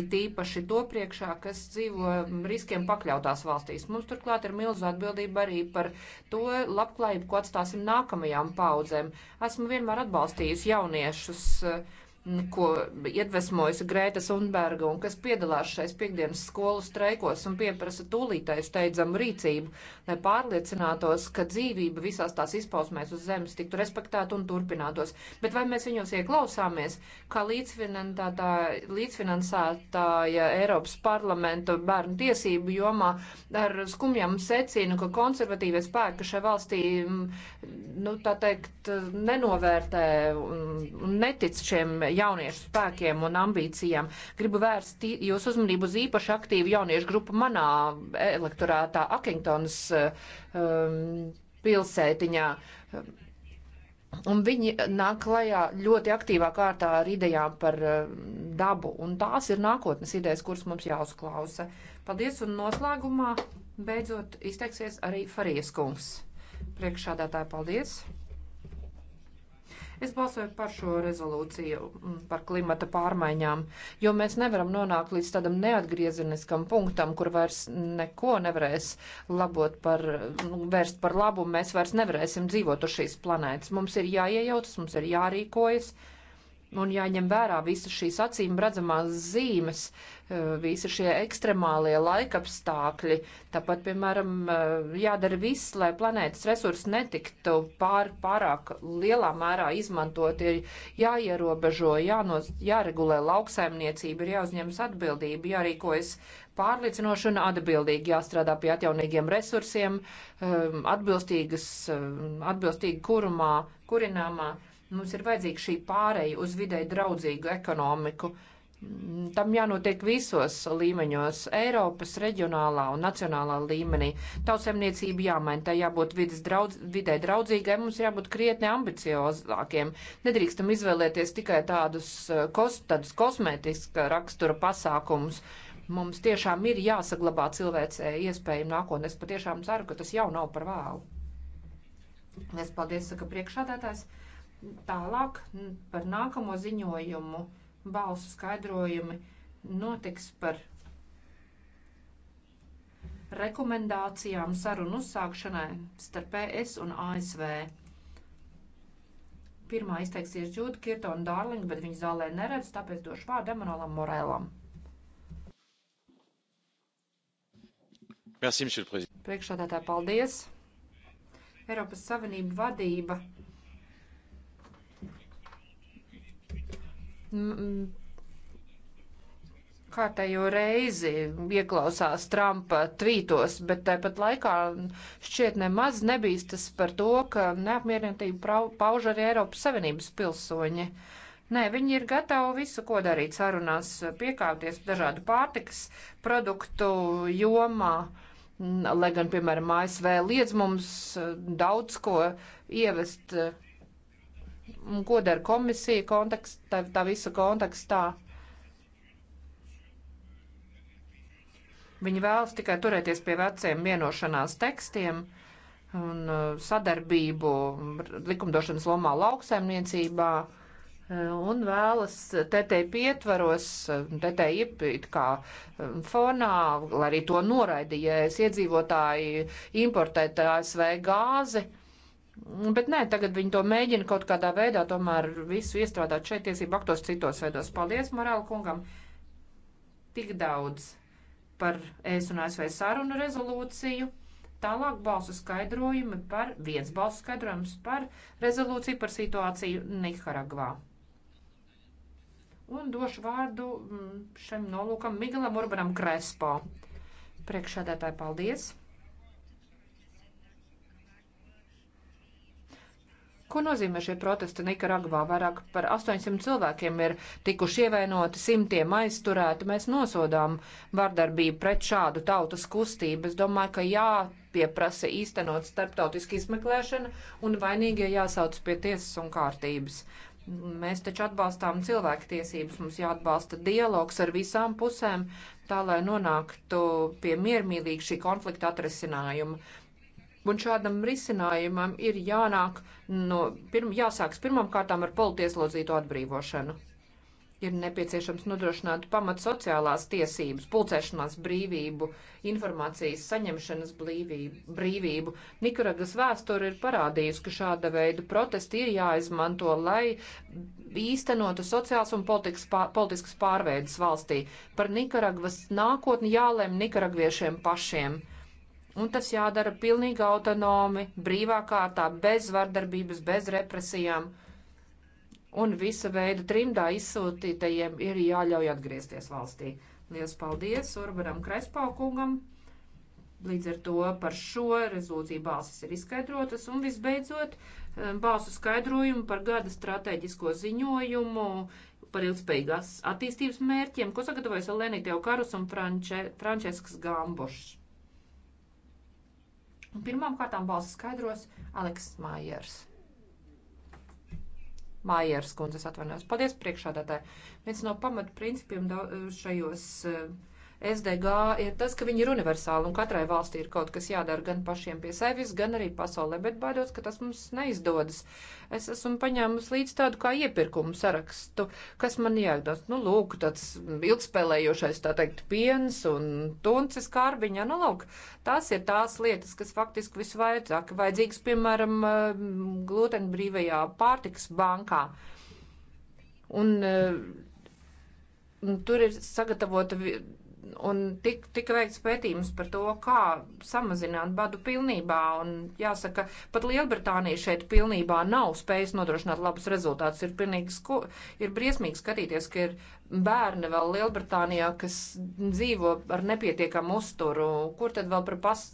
ir tīpaši to priekšā, kas dzīvo um, riskiem pakļautās valstīs. Mums turklāt ir milzu atbildība arī par to labklājību, ko atstāsim nākamajām paudzēm. Esmu vienmēr atbalstījusi jauniešus. Uh, ko iedvesmojusi Grēta Sundberga un kas piedalās šais piekdienas skolu streikos un pieprasa tūlītai steidzamu rīcību, lai pārliecinātos, ka dzīvība visās tās izpausmēs uz zemes tiktu respektēta un turpinātos. Bet vai mēs viņos ieklausāmies, kā līdzfinansētāja Eiropas parlamenta bērnu tiesību jomā ar skumjām secinu, ka konservatīvie spēki šai valstī, nu tā teikt, nenovērtē un, un netic šiem jauniešu spēkiem un ambīcijām. Gribu vērst jūsu uzmanību uz īpaši aktīvu jauniešu grupu manā elektorātā Akingtonas um, pilsētiņā. Un viņi nāk klajā ļoti aktīvā kārtā ar idejām par um, dabu, un tās ir nākotnes idejas, kuras mums jāuzklausa. Paldies, un noslēgumā beidzot izteiksies arī Farijas kungs. Priekšādātāji, paldies! Es balsoju par šo rezolūciju mm, par klimata pārmaiņām, jo mēs nevaram nonākt līdz tādam neatgriezeniskam punktam, kur vairs neko nevarēs labot par, nu, vērst par labu, mēs vairs nevarēsim dzīvot uz šīs planētas. Mums ir jāiejautas, mums ir jārīkojas. Un jāņem vērā visas šīs acīm redzamās zīmes, eh, visi šie ekstremālie laikapstākļi. Tāpat, piemēram, eh, jādara viss, lai planētas resursi netiktu pār, pārāk lielā mērā izmantot. Ir jāierobežo, jānos, jāregulē lauksaimniecība, ir jāuzņemas atbildība, jārīkojas pārliecinoši un atbildīgi, jāstrādā pie atjaunīgiem resursiem, eh, atbilstīgas, atbilstīgi kurumā, kurināmā Mums ir vajadzīga šī pāreja uz vidē draudzīgu ekonomiku. Mm, tam jānotiek visos līmeņos - Eiropas, reģionālā un nacionālā līmenī. Tautsēmniecība jāmaina, tā jābūt draudz, vidē draudzīgai, mums jābūt krietni ambiciozākiem. Nedrīkstam izvēlēties tikai tādus, eh, kos, tādus kosmētiska rakstura pasākumus. Mums tiešām ir jāsaglabā cilvēcē iespēju nākotnē. Es patiešām ceru, ka tas jau nav par vēlu. Es paldies, saka priekšādātājs. Tālāk mm, par nākamo ziņojumu balsu skaidrojumi notiks par rekomendācijām sarunu uzsākšanai starp ES un ASV. Pirmā izteiksies Džūda Kirtona Dārlinga, bet viņas zālē neredz, tāpēc došu vārdu Emanuēlam Morēlam. Priekšādātā paldies! Eiropas Savienība vadība Mm, kārtējo reizi ieklausās Trumpa tvītos, bet tāpat laikā šķiet nemaz nebīstas par to, ka neapmierinātību pauž arī Eiropas Savienības pilsoņi. Nē, viņi ir gatavi visu, ko darīt sarunās, piekāpties dažādu pārtikas produktu jomā, lai gan, piemēram, ASV liedz mums eh, daudz ko ievest eh, Un ko dara komisija kontekstā, tā visa kontekstā? Viņi vēlas tikai turēties pie veciem vienošanās tekstiem un uh, sadarbību likumdošanas lomā lauksaimniecībā uh, un vēlas TTIP ietvaros, uh, TTIP it kā um, fonā, lai arī to noraidījies iedzīvotāji importēt ASV gāzi. Bet nē, tagad viņi to mēģina kaut kādā veidā tomēr visu iestrādāt šeit tiesību aktos citos veidos. Paldies Morāla kungam tik daudz par ES un ASV sarunu rezolūciju. Tālāk balsu skaidrojumi par, viens balsu skaidrojums par rezolūciju par situāciju Nikaragvā. Un došu vārdu mm, šim nolūkam Miguelam Urbanam Krespo. Priekšādētāji, paldies! Ko nozīmē šie protesti Nikaragvā? Vairāk par 800 cilvēkiem ir tikuši ievainoti, simtiem aizturēti. Mēs nosodām vardarbību pret šādu tautas kustību. Es domāju, ka jāpieprasa īstenot starptautiski izmeklēšana un vainīgie jāsauc pie tiesas un kārtības. Mēs taču atbalstām cilvēktiesības, mums jāatbalsta dialogs ar visām pusēm, tā lai nonāktu pie miermīlīga šī konflikta atrisinājuma Un šādam risinājumam ir jānāk no, pirm, jāsāks pirmam kārtām ar politieslodzīto atbrīvošanu. Ir nepieciešams nodrošināt pamat sociālās tiesības, pulcēšanās brīvību, informācijas saņemšanas blīvību, brīvību. Nikaragas vēsture ir parādījusi, ka šāda veida protesti ir jāizmanto, lai īstenotu sociāls un politikas, pār, politiskas pārveidas valstī. Par Nikaragvas nākotni jālēm Nikaragviešiem pašiem. Un tas jādara pilnīgi autonomi, brīvā kārtā, bez vardarbības, bez represijām. Un visa veida trimdā izsūtītajiem ir jāļauj atgriezties valstī. Lielas paldies Urbanam Krespalkungam. Līdz ar to par šo rezolūciju balsis ir izskaidrotas. Un visbeidzot, eh, balsu skaidrojumu par gada stratēģisko ziņojumu par ilgspējīgās attīstības mērķiem, ko sagatavojas Elenija Teokarus un Franče, Frančeskas Gambošs. Un pirmām kārtām balsts skaidros Aleks Mājers. Mājers kundzes atvainojos. Paldies priekšādātāji. Viens no pamatprincipiem šajos uh, SDG ir tas, ka viņi ir universāli un katrai valstī ir kaut kas jādara gan pašiem pie sevis, gan arī pasaulē, bet baidos, ka tas mums neizdodas. Es esmu paņēmusi līdz tādu kā iepirkumu sarakstu, kas man jāgdās. Nu, lūk, tāds ilgspēlējošais, tā teikt, piens un tunces kārbiņā. Nu, lūk, tās ir tās lietas, kas faktiski visvairāk vajadzīgas, piemēram, eh, glutenbrīvajā pārtikas bankā. Un, eh, un tur ir sagatavota un tik, tika veikts pētījums par to, kā samazināt badu pilnībā, un jāsaka, pat Lielbritānija šeit pilnībā nav spējusi nodrošināt labus rezultātus. Ir pilnīgi, sko, ir briesmīgi skatīties, ka ir bērni vēl Lielbritānijā, kas dzīvo ar nepietiekamu uzturu. Kur tad vēl par, pas,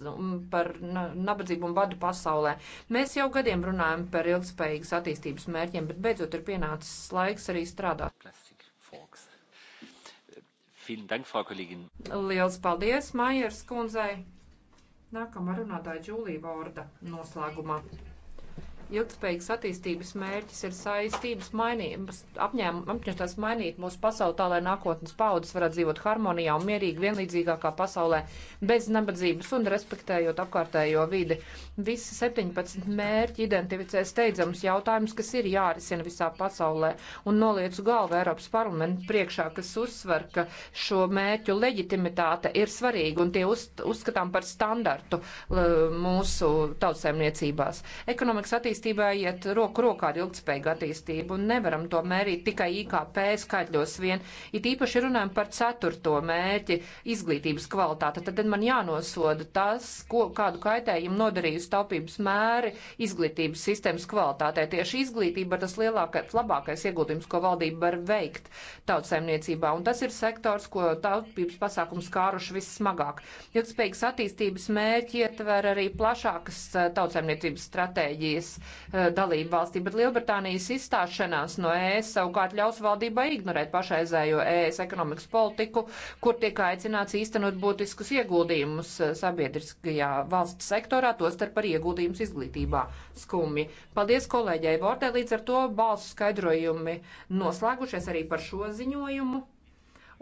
par nabadzību un badu pasaulē? Mēs jau gadiem runājam par ilgspējīgas attīstības mērķiem, bet beidzot ir pienācis laiks arī strādāt. Lielas paldies Maieras kundzei! Nākamā runātāja Džūlija Vorda noslēgumā ilgspējīgas attīstības mērķis ir saistības mainības, apņēm, apņemšanās mainīt mūsu pasauli tā, lai nākotnes paudas varētu dzīvot harmonijā un mierīgi vienlīdzīgākā pasaulē, bez nabadzības un respektējot apkārtējo vidi. Visi 17 mērķi identificē steidzamus jautājumus, kas ir jārisina visā pasaulē, un noliecu galvu Eiropas parlamentu priekšā, kas uzsver, ka šo mērķu leģitimitāte ir svarīga un tie uz, uzskatām par standartu mūsu tautsēmniecībās. Ekonomikas attīstības attīstībai iet roku rokā ar ilgspējīgu attīstību, un nevaram to mērīt tikai IKP skaitļos vien. It īpaši runājam par ceturto mērķi - izglītības kvalitāte. Tad man jānosoda tas, ko, kādu kaitējumu nodarījusi taupības mēri izglītības sistēmas kvalitātē. Tieši izglītība ir tas lielākais, labākais ieguldījums, ko valdība var veikt tautsaimniecībā, un tas ir sektors, ko tautības pasākums kāruši vissmagāk. Ilgspējīgas attīstības mērķi ietver arī plašākas eh, tautsaimniecības stratēģijas Eh, dalību valstī, bet Lielbritānijas izstāšanās no ES savukārt ļaus valdībai ignorēt pašreizējo ES ekonomikas politiku, kur tiek aicināts īstenot būtiskus ieguldījumus eh, sabiedriskajā valsts sektorā, tostarp par ieguldījumus izglītībā. Skumji. Paldies kolēģei Vortē, līdz ar to balsu skaidrojumi noslēgušies arī par šo ziņojumu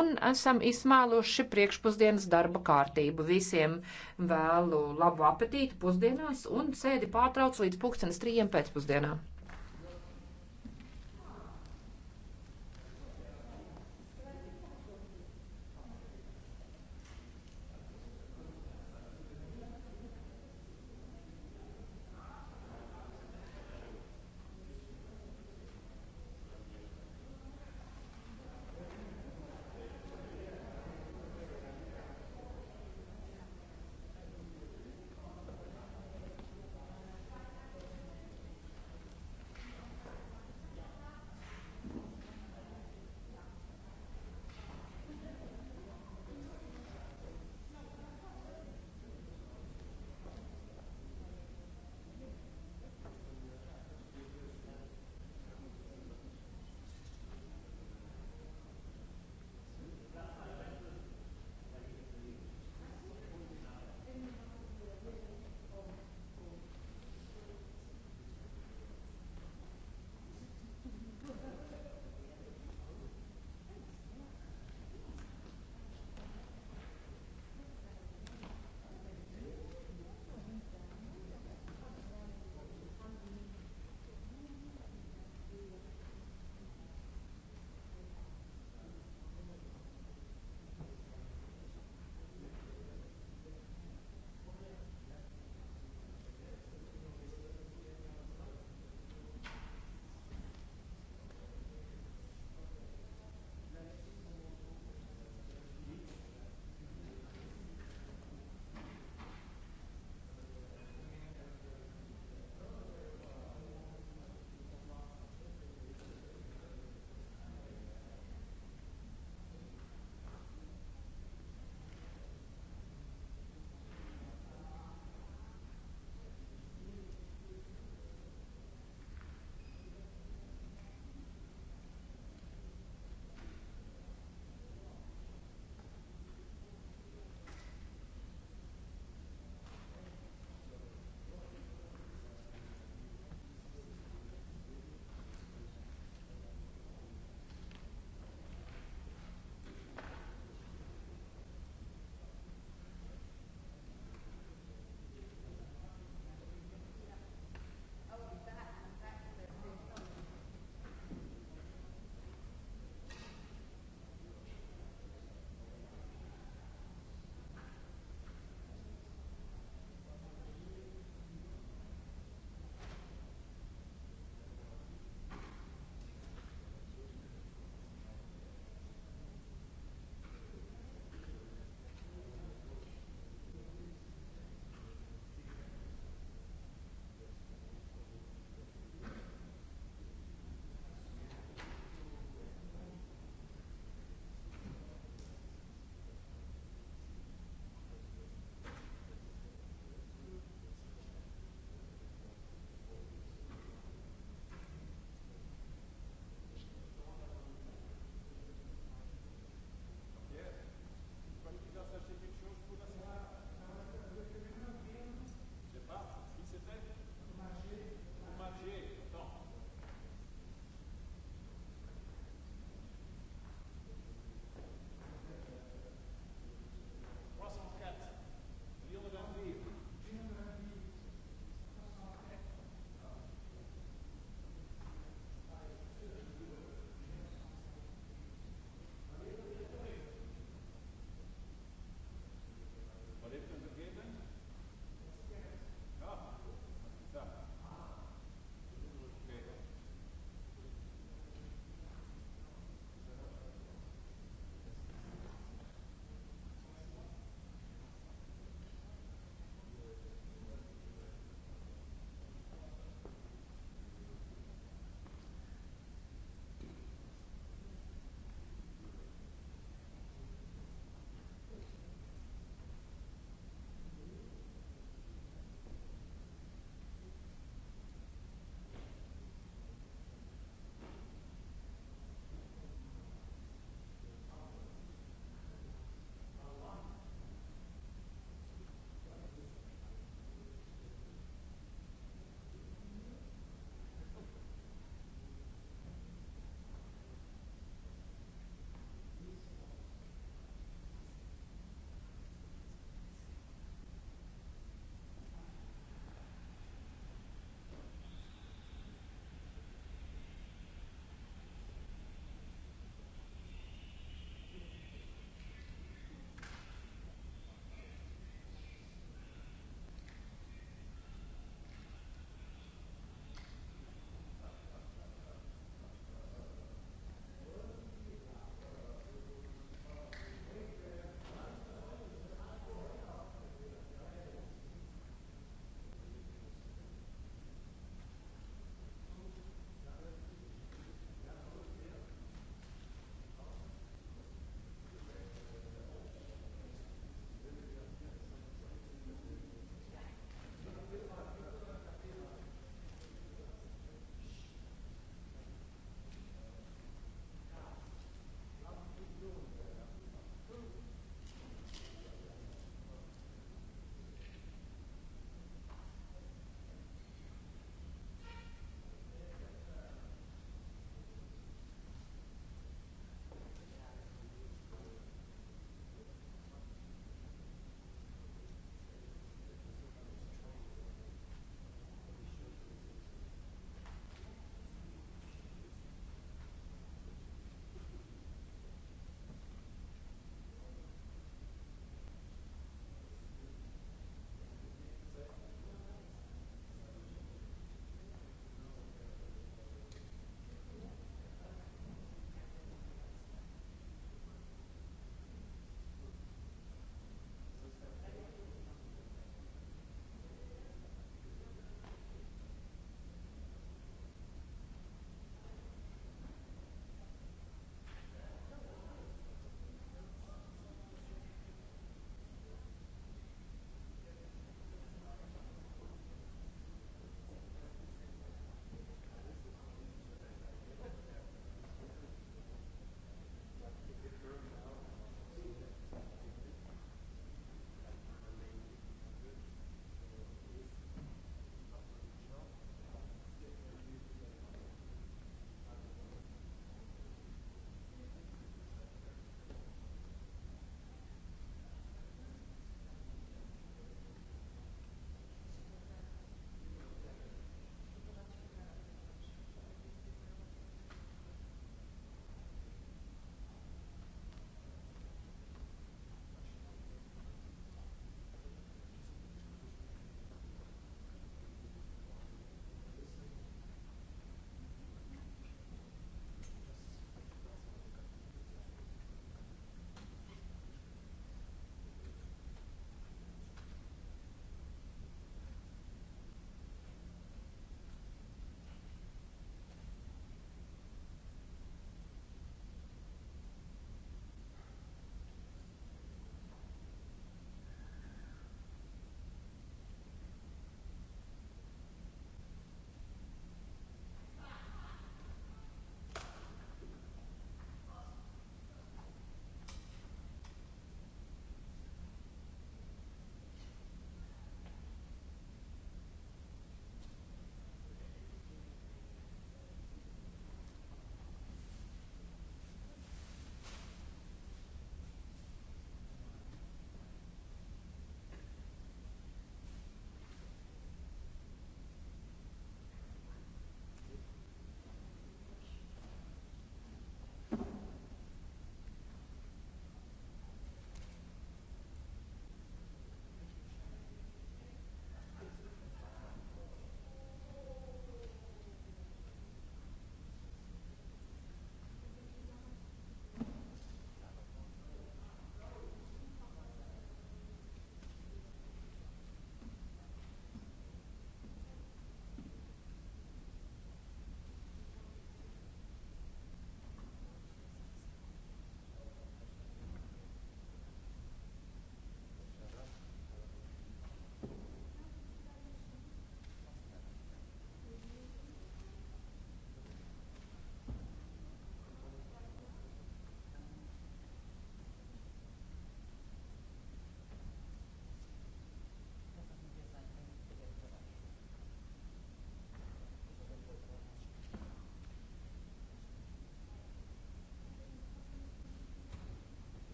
un esam izsmēluši priekšpusdienas darba kārtību. Visiem vēlu labu apetīti pusdienās un sēdi pārtrauc līdz pulkstenes trījiem pēcpusdienā.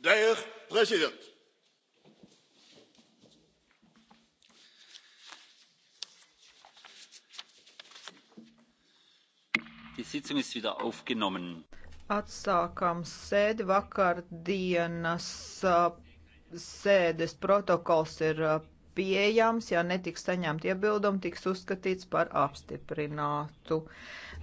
dear president atsākam sēdi vakardienas sēdes protokols ir pieejams ja netiks saņemti iebildumi tiks uzskatīts par apstiprinātu.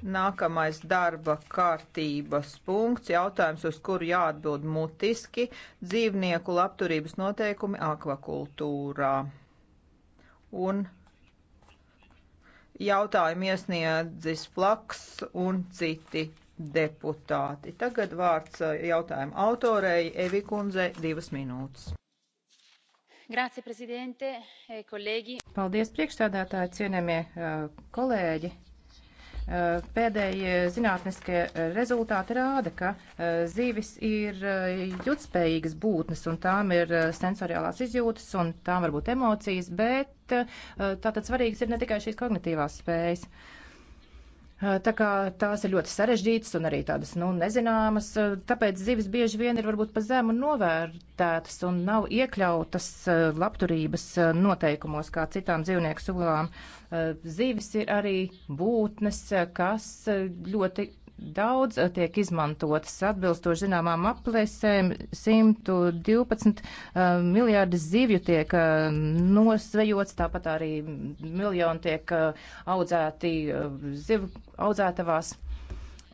Nākamais darba kārtības punkts, jautājums, uz kuru jāatbild mutiski - dzīvnieku labturības noteikumi akvakultūrā. Un jautājumu iesniedzis Flaks un citi deputāti. Tagad vārds eh, jautājuma autorei Evi Kunze divas minūtes. Grazie, prezidente, kolēģi. Eh, Paldies, priekšstādātāji, cienījamie eh, kolēģi. Eh, pēdējie zinātniskie eh, rezultāti rāda, ka eh, zīvis ir jutspējīgas būtnes un tām ir sensoriālās izjūtas un tām varbūt emocijas, bet tātad svarīgas ir ne tikai šīs kognitīvās spējas. Uh, Tā kā tās ir ļoti sarežģītas un arī tādas, nu, nezināmas, tāpēc zivis bieži vien ir varbūt pa zemu novērtētas un nav iekļautas labturības noteikumos kā citām dzīvnieku sugām. Zivis ir arī būtnes, kas ļoti daudz eh, tiek izmantotas atbilstoši zināmām aplēsēm. 112 uh, eh, miljārdi zivju tiek uh, nosvejots, tāpat arī miljoni tiek uh, audzēti uh, zivu audzētavās.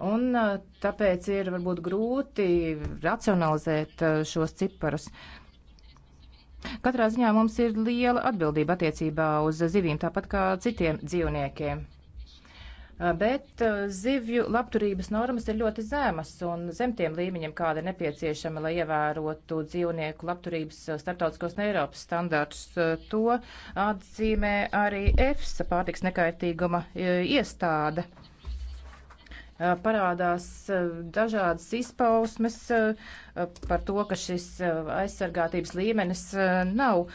Un uh, tāpēc ir varbūt grūti racionalizēt uh, šos ciparus. Katrā ziņā mums ir liela atbildība attiecībā uz zivīm, tāpat kā citiem dzīvniekiem. Eh, bet eh, zivju labturības normas ir ļoti zemas un zem tiem līmeņiem, kāda ir nepieciešama, lai ievērotu dzīvnieku labturības eh, starptautiskos un Eiropas standārtus. To atzīmē arī EFSA pārtiks nekaitīguma iestāde. Parādās dažādas izpausmes par to, ka šis aizsargātības līmenis nav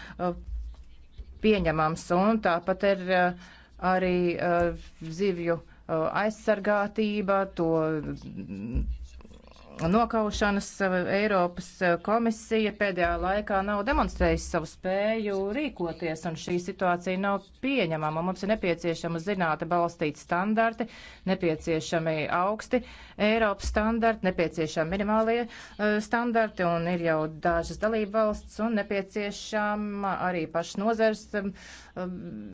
pieņemams, un tāpat ir uh, arī uh, zivju uh, aizsargātība, to mm, nokaušanas eh, Eiropas komisija pēdējā laikā nav demonstrējusi savu spēju rīkoties, un šī situācija nav pieņemama. Mums ir nepieciešama zināta balstīta standarti, nepieciešami augsti Eiropas standarti, nepieciešami minimālie standarti, un ir jau dažas dalība valsts, un nepieciešama arī pašas nozars mm, Um,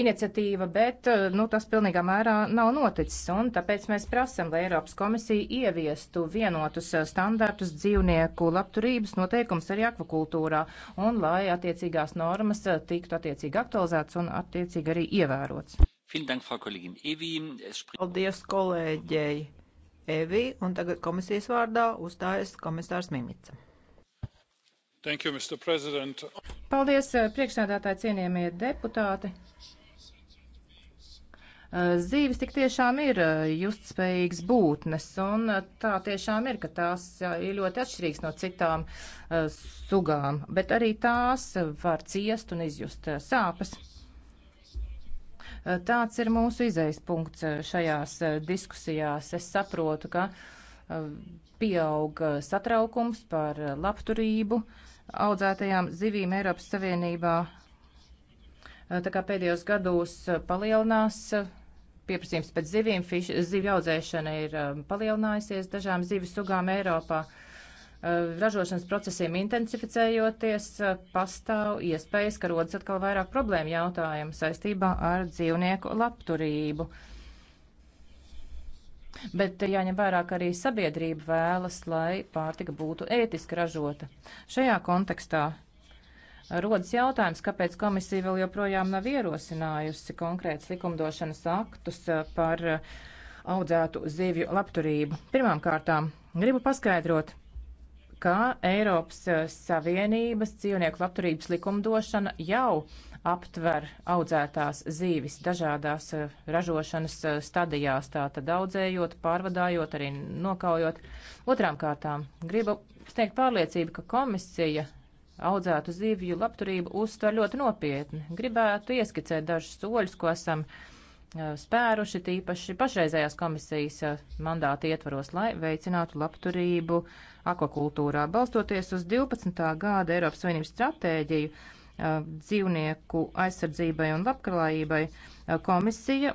iniciatīva, bet uh, nu, tas pilnīgā mērā nav noticis. Un tāpēc mēs prasam, lai Eiropas komisija ieviestu vienotus uh, standartus dzīvnieku labturības noteikums arī akvakultūrā un lai attiecīgās normas uh, tiktu attiecīgi aktualizētas un attiecīgi arī ievērots. Paldies kolēģei Evi, un tagad komisijas vārdā uzstājas komisārs Mimica. You, Paldies, eh, priekšsēdētāji, cienījamie deputāti. Eh, Zīves tik tiešām ir eh, justspējīgas būtnes, un tā tiešām ir, ka tās ir ļoti atšķirīgas no citām sugām, bet arī tās var ciest un izjust sāpes. Tāds ir mūsu izejas punkts šajās diskusijās. Es saprotu, ka pieaug satraukums par labturību, uh, audzētajām zivīm Eiropas Savienībā. Tā kā pēdējos gados palielinās pieprasījums pēc zivīm, fiš, zivju audzēšana ir palielinājusies dažām zivju sugām Eiropā. Ražošanas procesiem intensificējoties, pastāv iespējas, ka rodas atkal vairāk problēmu jautājumu saistībā ar dzīvnieku labturību. Uh, Bet jāņem vērā, ka arī sabiedrība vēlas, lai pārtika būtu ētiski ražota. Šajā kontekstā rodas jautājums, kāpēc komisija vēl joprojām nav ierosinājusi konkrēts likumdošanas aktus eh, par eh, audzētu zivju labturību. Pirmām kārtām gribu paskaidrot, kā Eiropas eh, Savienības dzīvnieku labturības likumdošana jau uh, aptver audzētās zīvis dažādās eh, ražošanas eh, stadijās, tātad audzējot, pārvadājot, arī nokaujot. Otrām kārtām gribu sniegt pārliecību, ka komisija audzētu zivju labturību uztver ļoti nopietni. Gribētu ieskicēt dažus soļus, ko esam eh, spēruši tīpaši pašreizējās komisijas mandāta ietvaros, lai veicinātu labturību akvakultūrā. Balstoties uz 12. gada Eiropas Savienības stratēģiju, dzīvnieku aizsardzībai un labklājībai komisija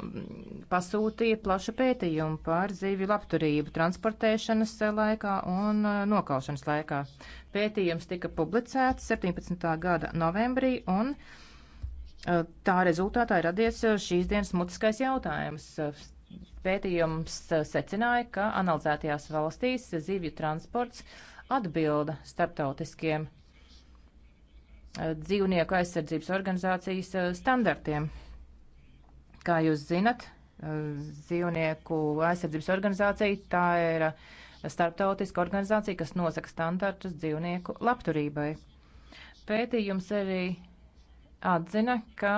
pasūtīja plašu pētījumu par zīvju labturību transportēšanas laikā un nokaušanas laikā. Pētījums tika publicēts 17. gada novembrī un tā rezultātā radies šīs dienas mutiskais jautājums. Pētījums secināja, ka analizētajās valstīs zivju transports atbilda starptautiskiem Eh, dzīvnieku aizsardzības organizācijas eh, standartiem. Kā jūs zinat, eh, dzīvnieku aizsardzības organizācija tā ir starptautiska organizācija, kas nosaka standartus dzīvnieku labturībai. Pētījums arī atzina, ka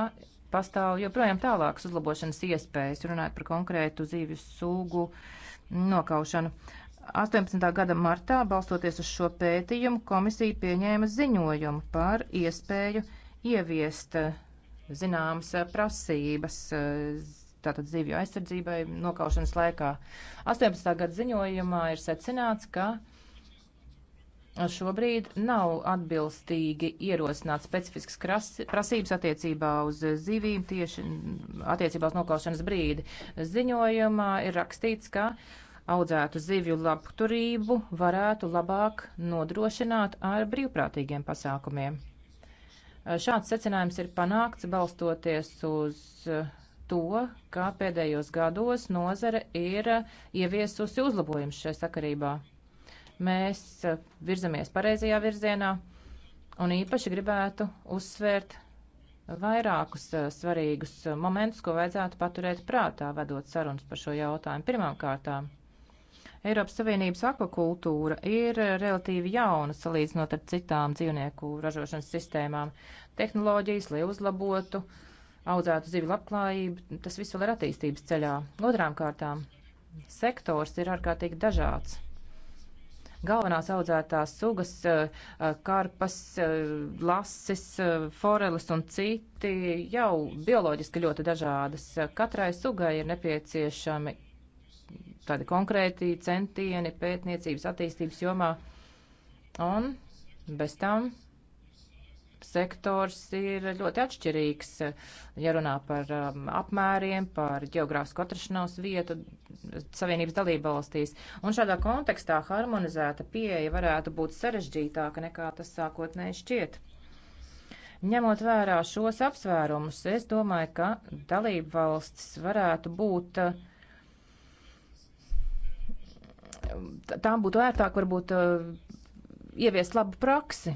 pastāv joprojām tālākas uzlabošanas iespējas, runājot par konkrētu zīvju sugu nokaušanu. 18. gada martā, balstoties uz šo pētījumu, komisija pieņēma ziņojumu par iespēju ieviest eh, zināmas eh, prasības eh, tātad zivju aizsardzībai nokaušanas laikā. 18. gada ziņojumā ir secināts, ka šobrīd nav atbilstīgi ierosināt specifiskas prasības attiecībā uz zivīm tieši attiecībā uz nokaušanas brīdi. Ziņojumā ir rakstīts, ka uh, audzētu zivju labturību varētu labāk nodrošināt ar brīvprātīgiem pasākumiem. Šāds secinājums ir panākts balstoties uz to, kā pēdējos gados nozare ir ieviesusi uzlabojumus šai sakarībā. Mēs virzamies pareizajā virzienā un īpaši gribētu uzsvērt vairākus svarīgus momentus, ko vajadzētu paturēt prātā, vedot sarunas par šo jautājumu. Pirmām kārtām Eiropas Savienības akvakultūra ir relatīvi jauna salīdzinot ar citām dzīvnieku ražošanas sistēmām. Tehnoloģijas, lai uzlabotu, audzētu zivju labklājību, tas viss vēl ir attīstības ceļā. Otrām kārtām, sektors ir ārkārtīgi dažāds. Galvenās audzētās sugas, eh, karpas, eh, lasis, eh, foreles un citi jau bioloģiski ļoti dažādas. Katrai sugai ir nepieciešami tādi konkrēti centieni pētniecības attīstības jomā. Un bez tam sektors ir ļoti atšķirīgs, ja runā par um, apmēriem, par geogrāfisku atrašanos vietu savienības dalībvalstīs. Un šādā kontekstā harmonizēta pieeja varētu būt sarežģītāka nekā tas sākotnēji šķiet. Ņemot vērā šos apsvērumus, es domāju, ka dalībvalstis varētu būt uh, tām būtu ērtāk varbūt eh, ieviest labu praksi.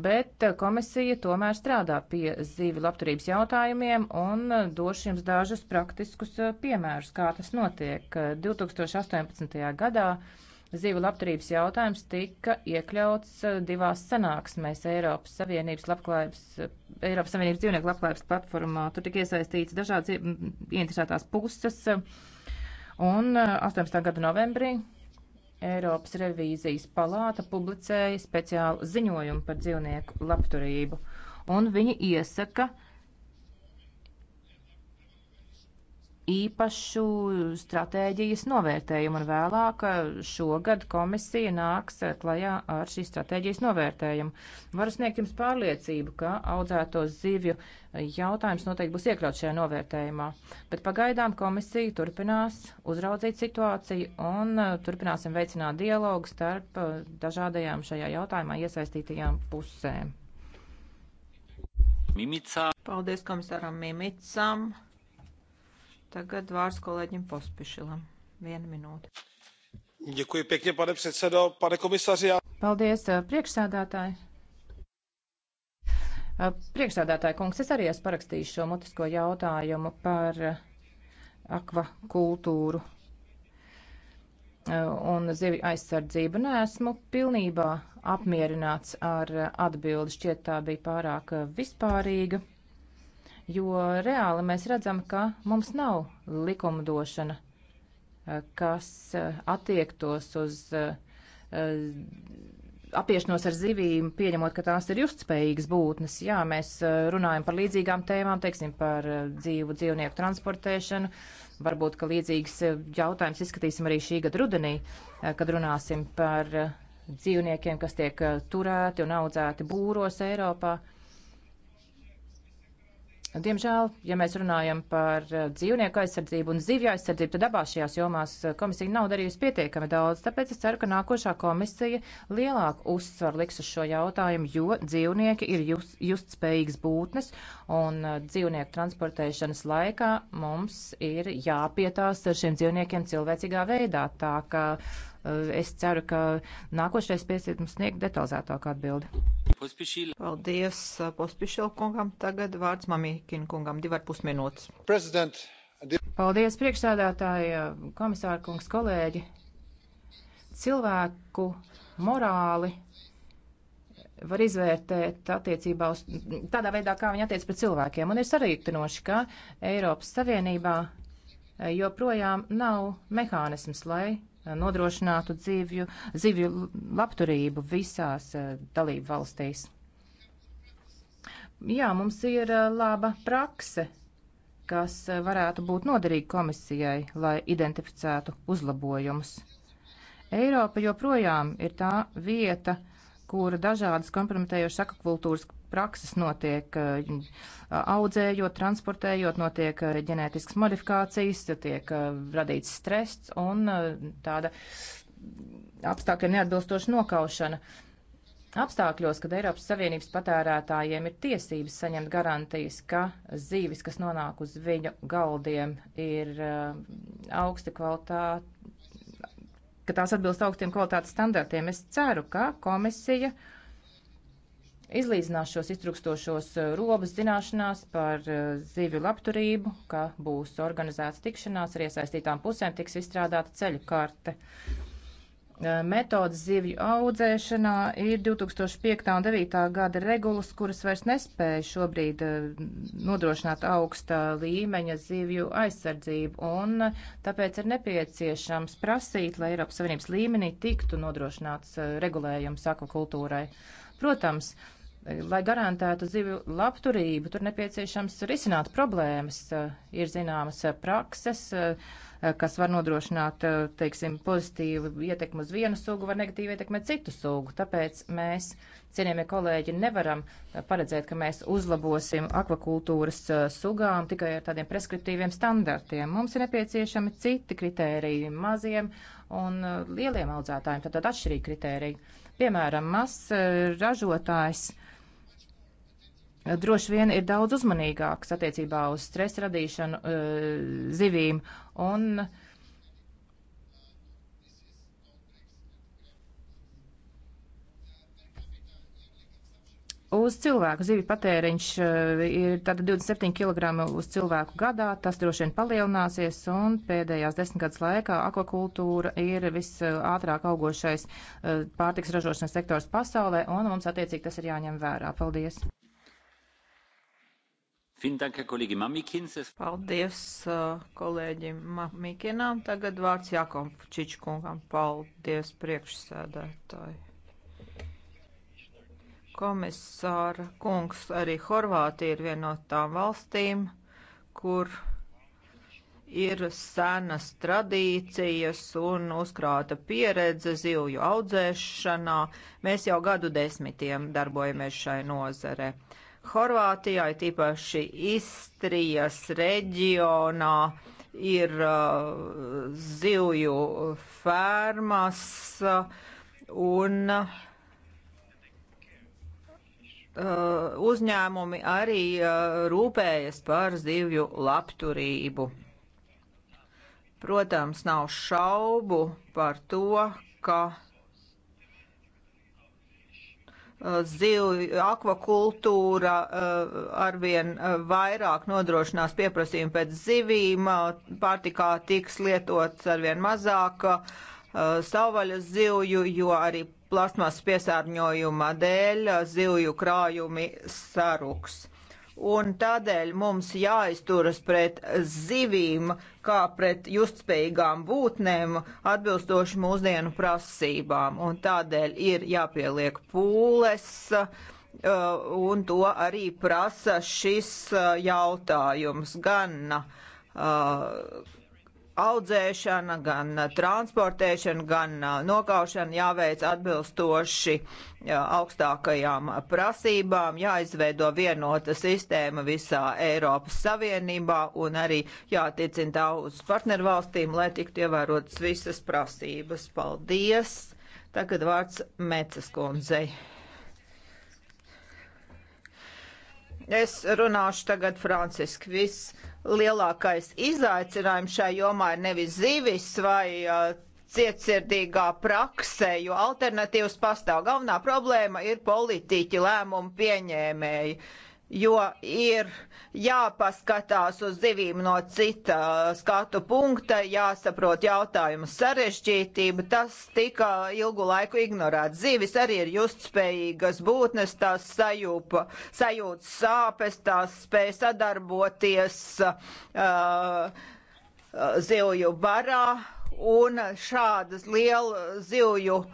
Bet eh, komisija tomēr strādā pie zīvi labturības jautājumiem un eh, došu jums dažus praktiskus piemērus, kā tas notiek. 2018. gadā zīvi labturības jautājums tika iekļauts divās sanāksmēs Eiropas Savienības, labklājības, Eiropas Savienības dzīvnieku labklājības platformā. Tur tika iesaistīts dažādas ieinteresētās mm, mm, puses Un 18. Eh, gada novembrī Eiropas revīzijas palāta publicēja speciālu ziņojumu par dzīvnieku labturību. Un viņi iesaka uh, īpašu stratēģijas novērtējumu, un vēlāk eh, šogad komisija nāks eh, klajā ar šīs stratēģijas novērtējumu. Varu sniegt jums pārliecību, ka audzēto zivju eh, jautājums noteikti būs iekļauts šajā novērtējumā, bet pagaidām komisija turpinās uzraudzīt situāciju un turpināsim veicināt dialogu starp dažādajām šajā jautājumā iesaistītajām pusēm. Mimicā. Paldies komisāram Mimicam. Tagad vārds kolēģim Pospišilam. Viena minūte. Děkuji pěkně, pane předsedo, pane komisaři. Paldies, priekšsādātāji. Eh, priekšsādātāji eh, kungs, es arī esmu parakstījis šo mutisko jautājumu par eh, akvakultūru un zivju aizsardzību. Nē, esmu pilnībā apmierināts ar atbildi. Šķiet, tā bija pārāk vispārīga jo reāli mēs redzam, ka mums nav likumdošana, eh, kas eh, attiektos uz eh, apiešanos ar zivīm, pieņemot, ka tās ir justspējīgas būtnes. Jā, mēs runājam par līdzīgām tēmām, teiksim, par dzīvu dzīvnieku transportēšanu. Varbūt, ka līdzīgs jautājums izskatīsim arī šī gada rudenī, kad runāsim par dzīvniekiem, kas tiek turēti un audzēti būros Eiropā. Uh, Diemžēl, ja mēs runājam par eh, dzīvnieku aizsardzību un zivju aizsardzību, tad abās šajās jomās eh, komisija nav darījusi pietiekami daudz. Tāpēc es ceru, ka nākošā komisija lielāku uzsvaru liks uz šo jautājumu, jo dzīvnieki ir just, just spējīgas būtnes un eh, dzīvnieku transportēšanas laikā mums ir jāpietās ar šiem dzīvniekiem cilvēcīgā veidā. Tā ka es ceru, ka nākošais piesiet mums sniegt detalizētāku atbildi. Paldies uh, Pospišila kungam. Tagad vārds Mamīkina kungam. Divar pusminūtes. Paldies priekšsēdētāja, uh, komisāra kungs, kolēģi. Cilvēku morāli var izvērtēt attiecībā uz tādā veidā, kā viņi attiec pret cilvēkiem. Un ir sarīktinoši, ka Eiropas Savienībā uh, joprojām nav mehānisms, lai nodrošinātu dzīvju, dzīvju labturību visās eh, dalību valstīs. Jā, mums ir eh, laba prakse, kas eh, varētu būt noderīga komisijai, lai identificētu uzlabojumus. Eiropa joprojām ir tā vieta, kur dažādas kompromitējošas akvakultūras prakses notiek eh, audzējot, transportējot, notiek eh, ģenētiskas modifikācijas, tiek eh, radīts stress un tāda apstākļa neatbilstoša nokaušana. Apstākļos, kad Eiropas Savienības patērētājiem ir tiesības saņemt garantijas, ka zīvis, kas nonāk uz viņu galdiem, ir augsta kvalitāte, ka tās atbilst augstiem kvalitātes standartiem, es ceru, ka komisija uh, izlīdzinās šos iztrukstošos eh, robas zināšanās par eh, zivju labturību, ka būs organizēts tikšanās ar iesaistītām pusēm, tiks izstrādāta ceļu karte. Eh, Metodas zivju audzēšanā ir 2005. un 2009. gada regulas, kuras vairs nespēja šobrīd nodrošināt augsta līmeņa zivju aizsardzību, un tāpēc ir nepieciešams prasīt, lai Eiropas Savienības līmenī tiktu nodrošināts regulējums akvakultūrai. Protams, uh, Lai garantētu zivju labturību, tur nepieciešams risināt problēmas. Ir zināmas prakses, kas var nodrošināt, teiksim, pozitīvu ietekmu uz vienu sugu, var negatīvi ietekmēt citu sugu. Tāpēc mēs, cienījamie kolēģi, nevaram paredzēt, ka mēs uzlabosim akvakultūras sugām tikai ar tādiem preskriptīviem standartiem. Mums ir nepieciešami citi kritēriji maziem un lieliem audzētājiem, tātad atšķirīgi kritēriji. Piemēram, mazs ražotājs Eh, droši vien ir daudz uzmanīgāks attiecībā uz stresa radīšanu eh, zivīm. Un Uz cilvēku zivju patēriņš eh, ir tātad 27 kg uz cilvēku gadā, tas droši vien palielināsies, un pēdējās desmitgades laikā akvakultūra ir visātrāk augošais pārtiks ražošanas sektors pasaulē, un mums attiecīgi tas ir jāņem vērā. Paldies! Paldies uh, kolēģim Mikinam. Tagad vārds Jākom Čičkungam. Paldies priekšsēdētāji. Komisāra kungs arī Horvātija ir viena no tām valstīm, kur ir senas tradīcijas un uzkrāta pieredze zivju audzēšanā. Mēs jau gadu desmitiem darbojamies šai nozare. Uh, Horvātijā, it īpaši Istrijas reģionā, ir uh, zivju fermas uh, un uh, uzņēmumi arī uh, rūpējas par zivju labturību. Protams, nav šaubu par to, ka Eh, zivju akvakultūra eh, arvien eh, vairāk nodrošinās pieprasījumu pēc zivīm, pārtikā tiks lietots arvien mazāk savvaļas zivju, jo arī plasmas piesārņojuma dēļ zivju krājumi saruks un tādēļ mums jāizturas pret zivīm, kā pret justspējīgām būtnēm, atbilstoši mūsdienu prasībām, un tādēļ ir jāpieliek pūles, uh, un to arī prasa šis uh, jautājums gan. Uh, audzēšana, gan uh, transportēšana, gan uh, nokaušana jāveic atbilstoši uh, augstākajām prasībām, jāizveido vienota sistēma visā Eiropas Savienībā un arī jātiecina tā uz partnervalstīm, lai tiktu ievērotas visas prasības. Paldies! Tagad vārds Mecas kundzei. Es runāšu tagad franciski. Vislielākais izaicinājums šai jomā ir nevis zivis vai uh, cietsirdīgā praksē, jo alternatīvas pastāv. Galvenā problēma ir politiķi lēmumu pieņēmēji. Uh, jo ir jāpaskatās uz zivīm no cita skatu punkta, jāsaprot jautājumu sarežģītību. Tas tika ilgu laiku ignorēts. Zivis arī ir justspējīgas būtnes, tās sajūpa, sajūt sāpes, tās spēj sadarboties uh, uh zivju barā un šādas lielu zivju uh,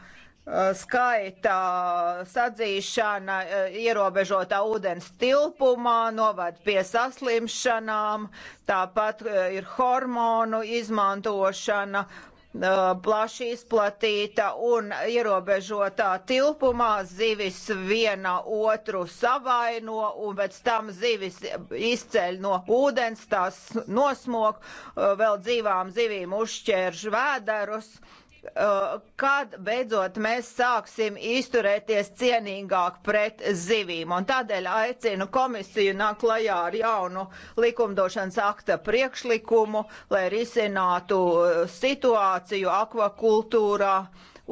skaita sadzīšana eh, ierobežotā ūdens tilpumā novad pie saslimšanām, tāpat eh, ir hormonu izmantošana eh, plaši izplatīta un ierobežotā tilpumā zivis viena otru savaino un pēc tam zivis izceļ no ūdens, tās nosmok, vēl dzīvām zivīm uzšķērž vēderus Eh, kad beidzot mēs sāksim izturēties cienīgāk pret zivīm. Un tādēļ aicinu komisiju nāk klajā ar jaunu likumdošanas akta priekšlikumu, lai risinātu eh, situāciju akvakultūrā.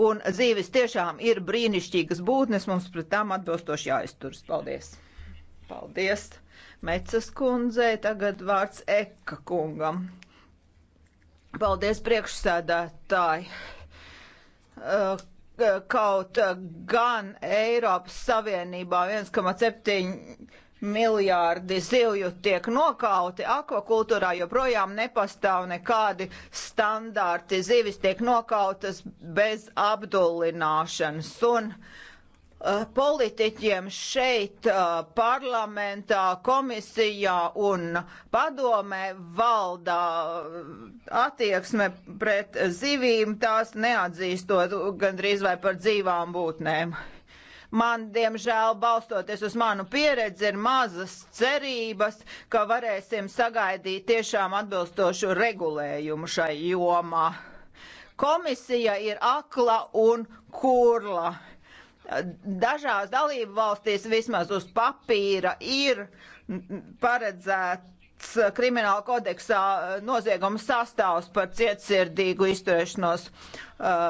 Un zīves tiešām ir brīnišķīgas būtnes, mums pret tām atbilstoši jāizturas. Paldies! Paldies! Mecas kundzei tagad vārds Eka kungam. Paldies priekšsēdētāji! Eh, kaut gan Eiropas Savienībā 1,7 miljārdi zivju tiek nokauti, akvakultūrā joprojām nepastāv nekādi standarti. Zivis tiek nokautas bez apdullināšanas. Un, uh, Eh, politiķiem šeit eh, parlamentā, komisijā un padomē valdā eh, attieksme pret zivīm, tās neatzīstot gandrīz vai par dzīvām būtnēm. Man, diemžēl, balstoties uz manu pieredzi, ir mazas cerības, ka varēsim sagaidīt tiešām atbilstošu regulējumu šai jomā. Komisija ir akla un kurla. Dažās dalību valstīs vismaz uz papīra ir paredzēta pats krimināla kodeksā nozieguma sastāvs par cietsirdīgu izturēšanos, uh,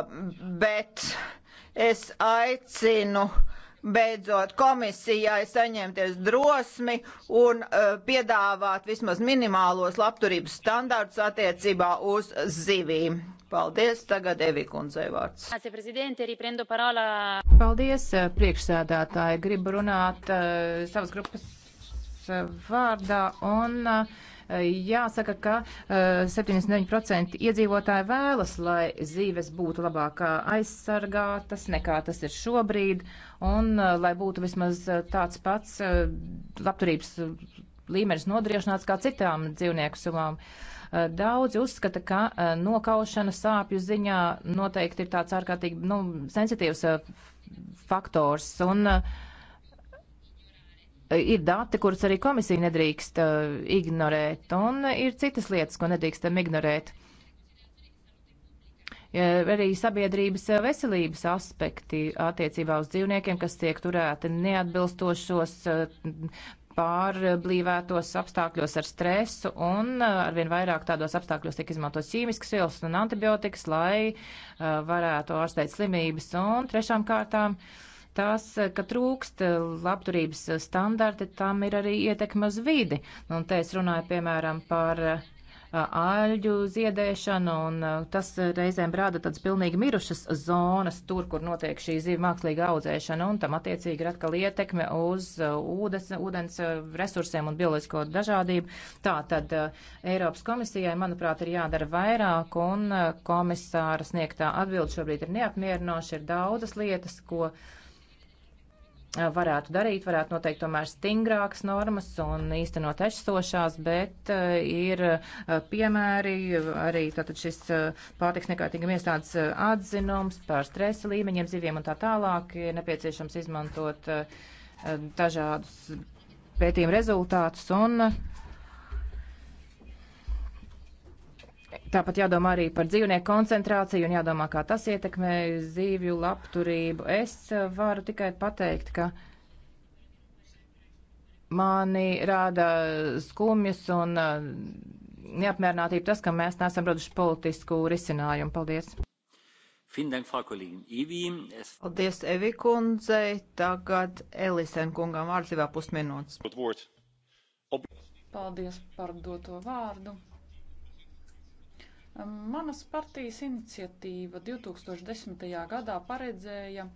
bet es aicinu beidzot komisijai saņemties drosmi un uh, piedāvāt vismaz minimālos labturības standārtus attiecībā uz zivīm. Paldies, tagad Evi kundzei vārds. Paldies, eh, priekšsēdētāji. Gribu runāt uh, savas grupas uh, vārdā un. Uh, jāsaka, ka uh, 79% iedzīvotāji vēlas, lai zīves būtu labāk aizsargātas nekā tas ir šobrīd, un uh, lai būtu vismaz tāds pats uh, labturības līmenis nodriešināts kā citām dzīvnieku sumām. Uh, Eh, daudzi uzskata, ka eh, nokaušana sāpju ziņā noteikti ir tāds ārkārtīgi nu, sensitīvs eh, faktors. Un, Ir dati, kurus arī komisija nedrīkst uh, ignorēt, un ir citas lietas, ko nedrīkstam ignorēt. Uh, arī sabiedrības veselības aspekti attiecībā uz dzīvniekiem, kas tiek turēti neatbilstošos pārblīvētos apstākļos ar stresu un uh, arvien vairāk tādos apstākļos tiek izmantotas ķīmiskas vielas un antibiotikas, lai uh, varētu ārstēt slimības. Un trešām kārtām tas, uh, ka trūkst labturības standarti, tam ir arī ietekme uz vidi. Un te es runāju, piemēram, par āļu ziedēšanu, un tas reizēm rāda tādas pilnīgi mirušas zonas, tur, kur notiek šī zīve mākslīga audzēšana, un tam attiecīgi ir atkal ietekme uz ūdens, ūdens resursiem un bioloģisko dažādību. Tā tad Eiropas komisijai, manuprāt, ir jādara vairāk, un komisāra sniegtā atbilde šobrīd ir neapmierinoša, ir daudzas lietas, ko Eh, varētu darīt, varētu noteikt tomēr stingrākas normas un īstenot esošās, bet eh, ir eh, piemēri arī tātad šis pārtiks nekārtīgam iestādes atzinums par stresa līmeņiem ziviem un tā tālāk ir nepieciešams izmantot dažādus pētījumu rezultātus un uh, Tāpat jādomā arī par dzīvnieku koncentrāciju un jādomā, kā tas ietekmē zīvju labturību. Es varu tikai pateikt, ka mani rāda skumjas un uh, neapmierinātību tas, ka mēs neesam raduši politisku risinājumu. Paldies! Paldies, Evi kundzei. Tagad Elisen kungam vārds divā pusminūtes. Paldies par doto vārdu. Manas partijas iniciatīva 2010. gadā paredzēja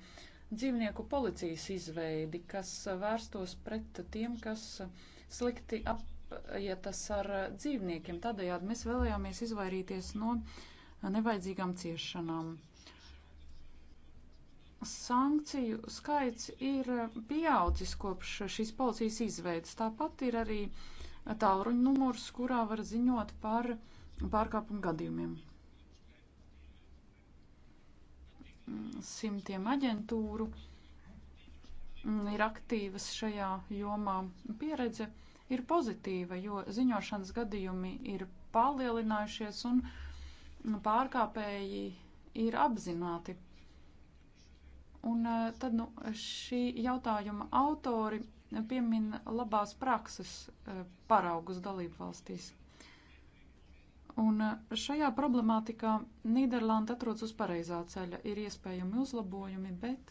dzīvnieku policijas izveidi, kas vērstos pret tiem, kas slikti apietas ar dzīvniekiem. Tādējādi mēs vēlējāmies izvairīties no nevajadzīgām ciešanām. Sankciju skaits ir pieaudzis kopš šīs policijas izveidas. Tāpat ir arī tālruņa numurs, kurā var ziņot par uh, pārkāpumu gadījumiem. Simtiem aģentūru ir aktīvas šajā jomā. Pieredze ir pozitīva, jo ziņošanas gadījumi ir palielinājušies un pārkāpēji ir apzināti. Un eh, tad nu, šī jautājuma autori piemin labās prakses eh, paraugus dalību valstīs. Un eh, šajā problemātikā Nīderlanda atrodas uz pareizā ceļa. Ir iespējami uzlabojumi, bet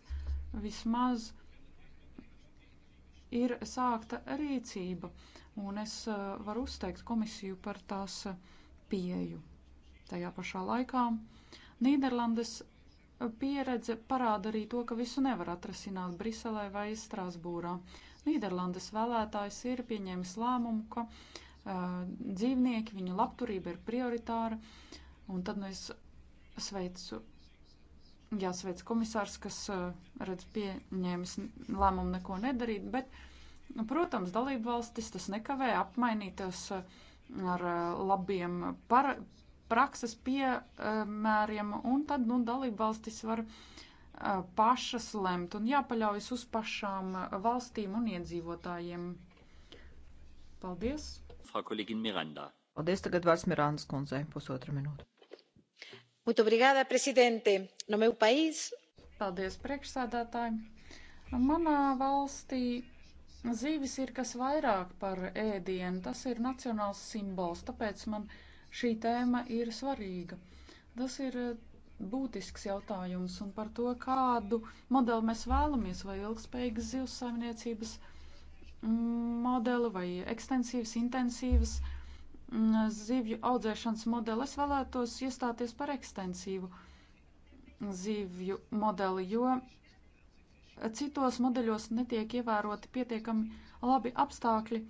vismaz ir sākta rīcība. Un es eh, varu uzteikt komisiju par tās eh, pieju. Tajā pašā laikā Nīderlandes pieredze parāda arī to, ka visu nevar atrasināt Briselē vai Strasbūrā. Nīderlandes vēlētājs ir pieņēmis lēmumu, ka dzīvnieki, viņu labturība ir prioritāra. Un tad nu, es sveicu, jāsveic komisārs, kas, redz, pieņēmis lēmumu neko nedarīt, bet, protams, dalību valstis tas nekavē apmainīties ar labiem para, prakses piemēriem, un tad, nu, dalību valstis var pašas lemt un jāpaļaujas uz pašām valstīm un iedzīvotājiem. Paldies! Paldies, tagad vārds Mirandas kundzei, pusotra minūte. Muito obrigada, presidente. No meu país. Paldies, priekšsādātāji. Manā valstī Zīvis ir kas vairāk par ēdienu, tas ir nacionāls simbols, tāpēc man šī tēma ir svarīga. Tas ir eh, būtisks jautājums un par to, kādu modeli mēs vēlamies, vai ilgspējīgas zivs saimniecības modeli vai ekstensīvas, intensīvas mm, zivju audzēšanas modeli. Es vēlētos iestāties par ekstensīvu zivju modeli, jo citos modeļos netiek ievēroti pietiekami labi apstākļi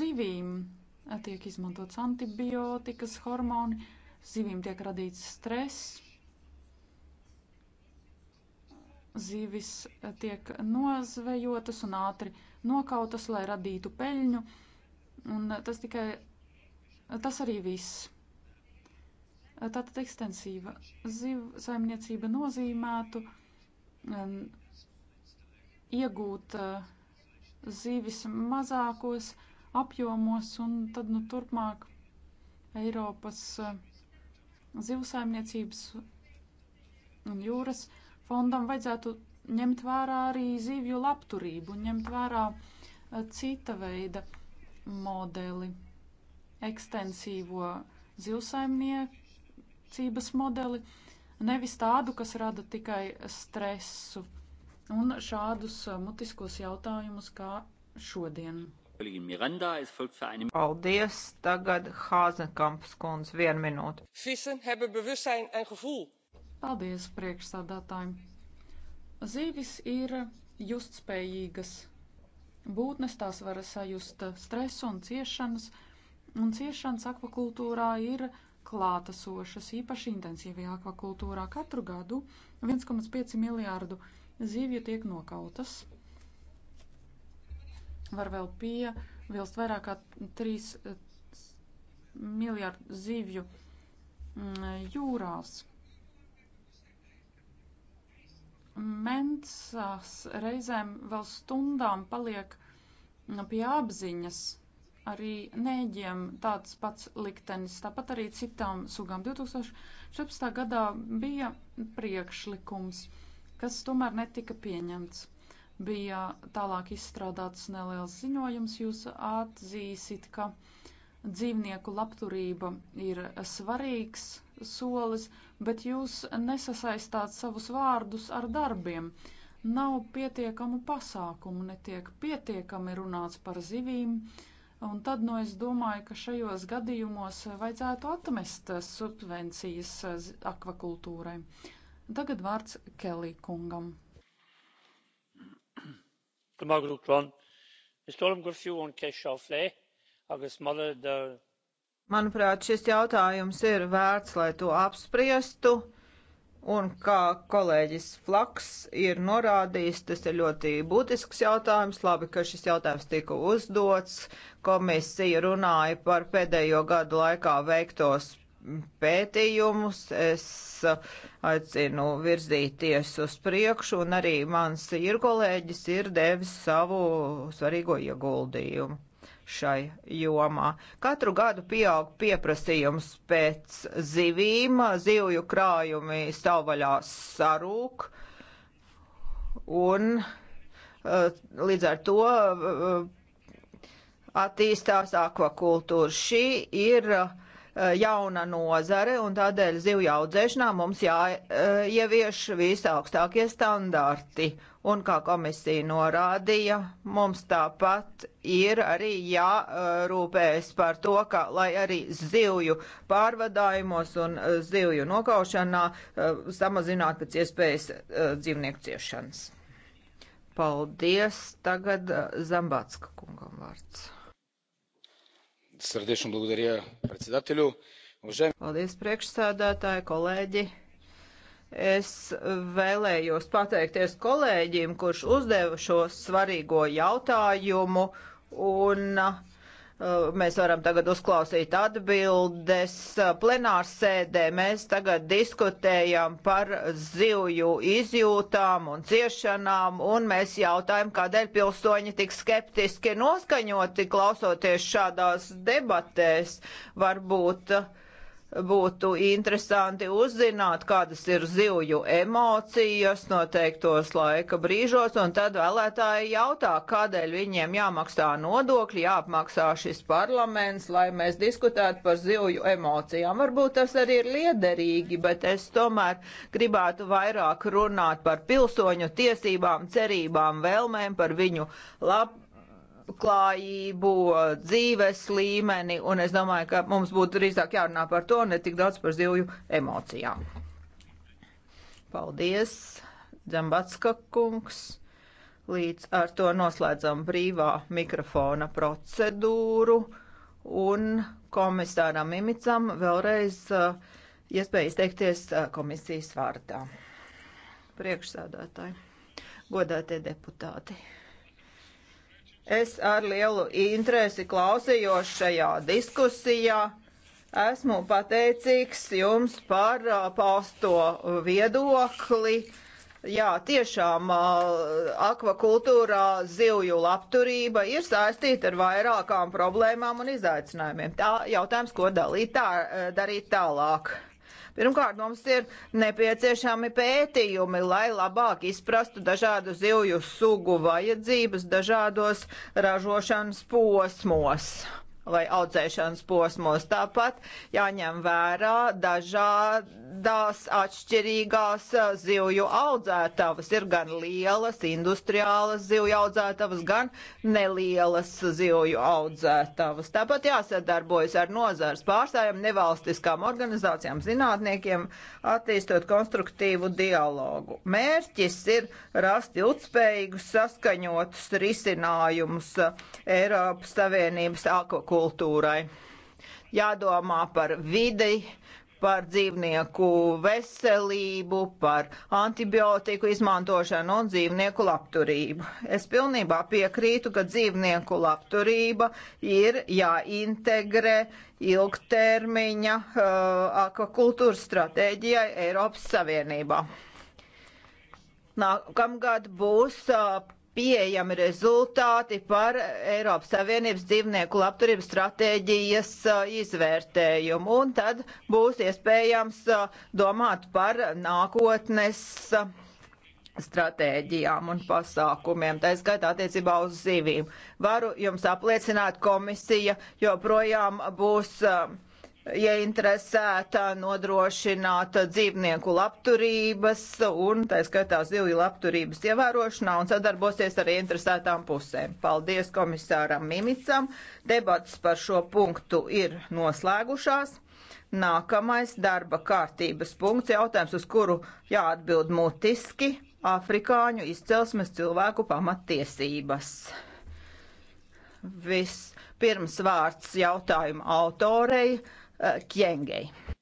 zivīm. Tiek izmantots antibiotikas, hormoni, zivīm tiek radīts stress, zivis tiek nozvejotas un ātri nokautas, lai radītu peļņu. Un eh, tas tikai, eh, tas arī viss. Eh, tātad ekstensīva zivsaimniecība nozīmētu um, iegūt uh, zivis mazākos apjomos un tad nu turpmāk Eiropas uh, zivsaimniecības un jūras fondam vajadzētu ņemt vērā arī zivju labturību, ņemt vērā eh, cita veida modeli, ekstensīvo zivsaimniecības modeli, nevis tādu, kas rada tikai stresu un šādus eh, mutiskos jautājumus kā šodien. Paldies, tagad Hāzenkamps kundz, vienu minūtu. Vissen hebben bewustzijn en gevoel. Paldies priekšstādātājiem. Zīvis ir justspējīgas būtnes, tās var sajust stresu un ciešanas, un ciešanas akvakultūrā ir klātesošas, īpaši intensīvajā akvakultūrā. Katru gadu 1,5 miljārdu zīvju tiek nokautas. Var vēl pievilst vairāk kā 3 eh, miljārdu zīvju mm, jūrās. Mensās reizēm vēl stundām paliek pie apziņas. Arī nēģiem tāds pats liktenis, tāpat arī citām sugām. 2014. gadā bija priekšlikums, kas tomēr netika pieņemts. Bija tālāk izstrādāts neliels ziņojums, jūs atzīsit, ka dzīvnieku labturība ir svarīgs solis, bet jūs nesasaistāt savus vārdus ar darbiem. Nav pietiekamu pasākumu, netiek pietiekami runāts par zivīm, un tad, nu, es domāju, ka šajos gadījumos vajadzētu atmest subvencijas akvakultūrai. Tagad vārds Kelī kungam. Tomēr grūti run. Es domāju, ka šī un kešā flē, agas mala da Manuprāt, šis jautājums ir vērts, lai to apspriestu, un kā kolēģis Flaks ir norādījis, tas ir ļoti būtisks jautājums. Labi, ka šis jautājums tika uzdots. Komisija runāja par pēdējo gadu laikā veiktos pētījumus. Es aicinu virzīties uz priekšu, un arī mans ir kolēģis ir devis savu svarīgo ieguldījumu šai jomā. Katru gadu pieaug pieprasījums pēc zivīm, zivju krājumi savvaļā sarūk, un eh, līdz ar to eh, attīstās akvakultūra. Šī ir eh, jauna nozare, un tādēļ zivju audzēšanā mums jāievieš visaugstākie standarti. Un kā komisija norādīja, mums tāpat ir arī jārūpējas par to, ka, lai arī zivju pārvadājumos un e, zivju nokaušanā e, samazinātu pēc iespējas e, dzīvnieku ciešanas. Paldies. Tagad Zambatska kungam vārds. Sardiešu un blagodarīju predsedatelju. Paldies priekšsēdētāji, kolēģi. Es vēlējos pateikties kolēģim, kurš uzdeva šo svarīgo jautājumu, un uh, mēs varam tagad uzklausīt atbildes. Plenārs sēdē mēs tagad diskutējam par zivju izjūtām un ciešanām, un mēs jautājam, kādēļ pilsoņi tik skeptiski noskaņoti klausoties šādās debatēs. Varbūt uh, būtu interesanti uzzināt, kādas ir zivju emocijas noteiktos laika brīžos, un tad vēlētāji jautā, kādēļ viņiem jāmaksā nodokļi, jāapmaksā šis parlaments, lai mēs diskutētu par zivju emocijām. Varbūt tas arī ir liederīgi, bet es tomēr gribētu vairāk runāt par pilsoņu tiesībām, cerībām, vēlmēm, par viņu labklājību labklājību, dzīves līmeni, un es domāju, ka mums būtu drīzāk jārunā par to, ne tik daudz par zivju emocijām. Paldies, Dzambatska kungs. Līdz ar to noslēdzam brīvā mikrofona procedūru un komisāram Imicam vēlreiz uh, iespēja izteikties uh, komisijas vārdā. Priekšsādātāji, godātie deputāti. Es ar lielu interesi klausījos šajā diskusijā. Esmu pateicīgs jums par uh, pausto viedokli. Jā, tiešām uh, akvakultūrā zivju labturība ir saistīta ar vairākām problēmām un izaicinājumiem. Tā jautājums, ko dalīt tā, uh, darīt tālāk. Pirmkārt, mums ir nepieciešami pētījumi, lai labāk izprastu dažādu zivju sugu vajadzības dažādos ražošanas posmos vai audzēšanas posmos. Tāpat jāņem vērā dažādās atšķirīgās zivju audzētavas. Ir gan lielas industriālas zivju audzētavas, gan nelielas zivju audzētavas. Tāpat jāsadarbojas ar nozars pārstājiem, nevalstiskām organizācijām, zinātniekiem, attīstot konstruktīvu dialogu. Mērķis ir rast ilgspējīgus saskaņotus risinājumus Eiropas Savienības akvakultūras akvakultūrai. Jādomā par vidi, par dzīvnieku veselību, par antibiotiku izmantošanu un dzīvnieku labturību. Es pilnībā piekrītu, ka dzīvnieku labturība ir jāintegrē ilgtermiņa uh, akvakultūras stratēģijai Eiropas Savienībā. Nākamgad būs uh, pieejami rezultāti par Eiropas Savienības dzīvnieku labturības stratēģijas izvērtējumu, un tad būs iespējams domāt par nākotnes stratēģijām un pasākumiem, tā skaitā attiecībā uz zivīm. Varu jums apliecināt, komisija joprojām būs uh, ieinteresēta ja nodrošināt dzīvnieku labturības un, tā skaitā, zivju labturības ievērošanā un sadarbosies ar ieinteresētām pusēm. Paldies komisāram Mimicam. Debats par šo punktu ir noslēgušās. Nākamais darba kārtības punkts jautājums, uz kuru jāatbild mutiski - afrikāņu izcelsmes cilvēku pamattiesības. Vispirms vārds jautājuma autorei. Chiengei. Uh,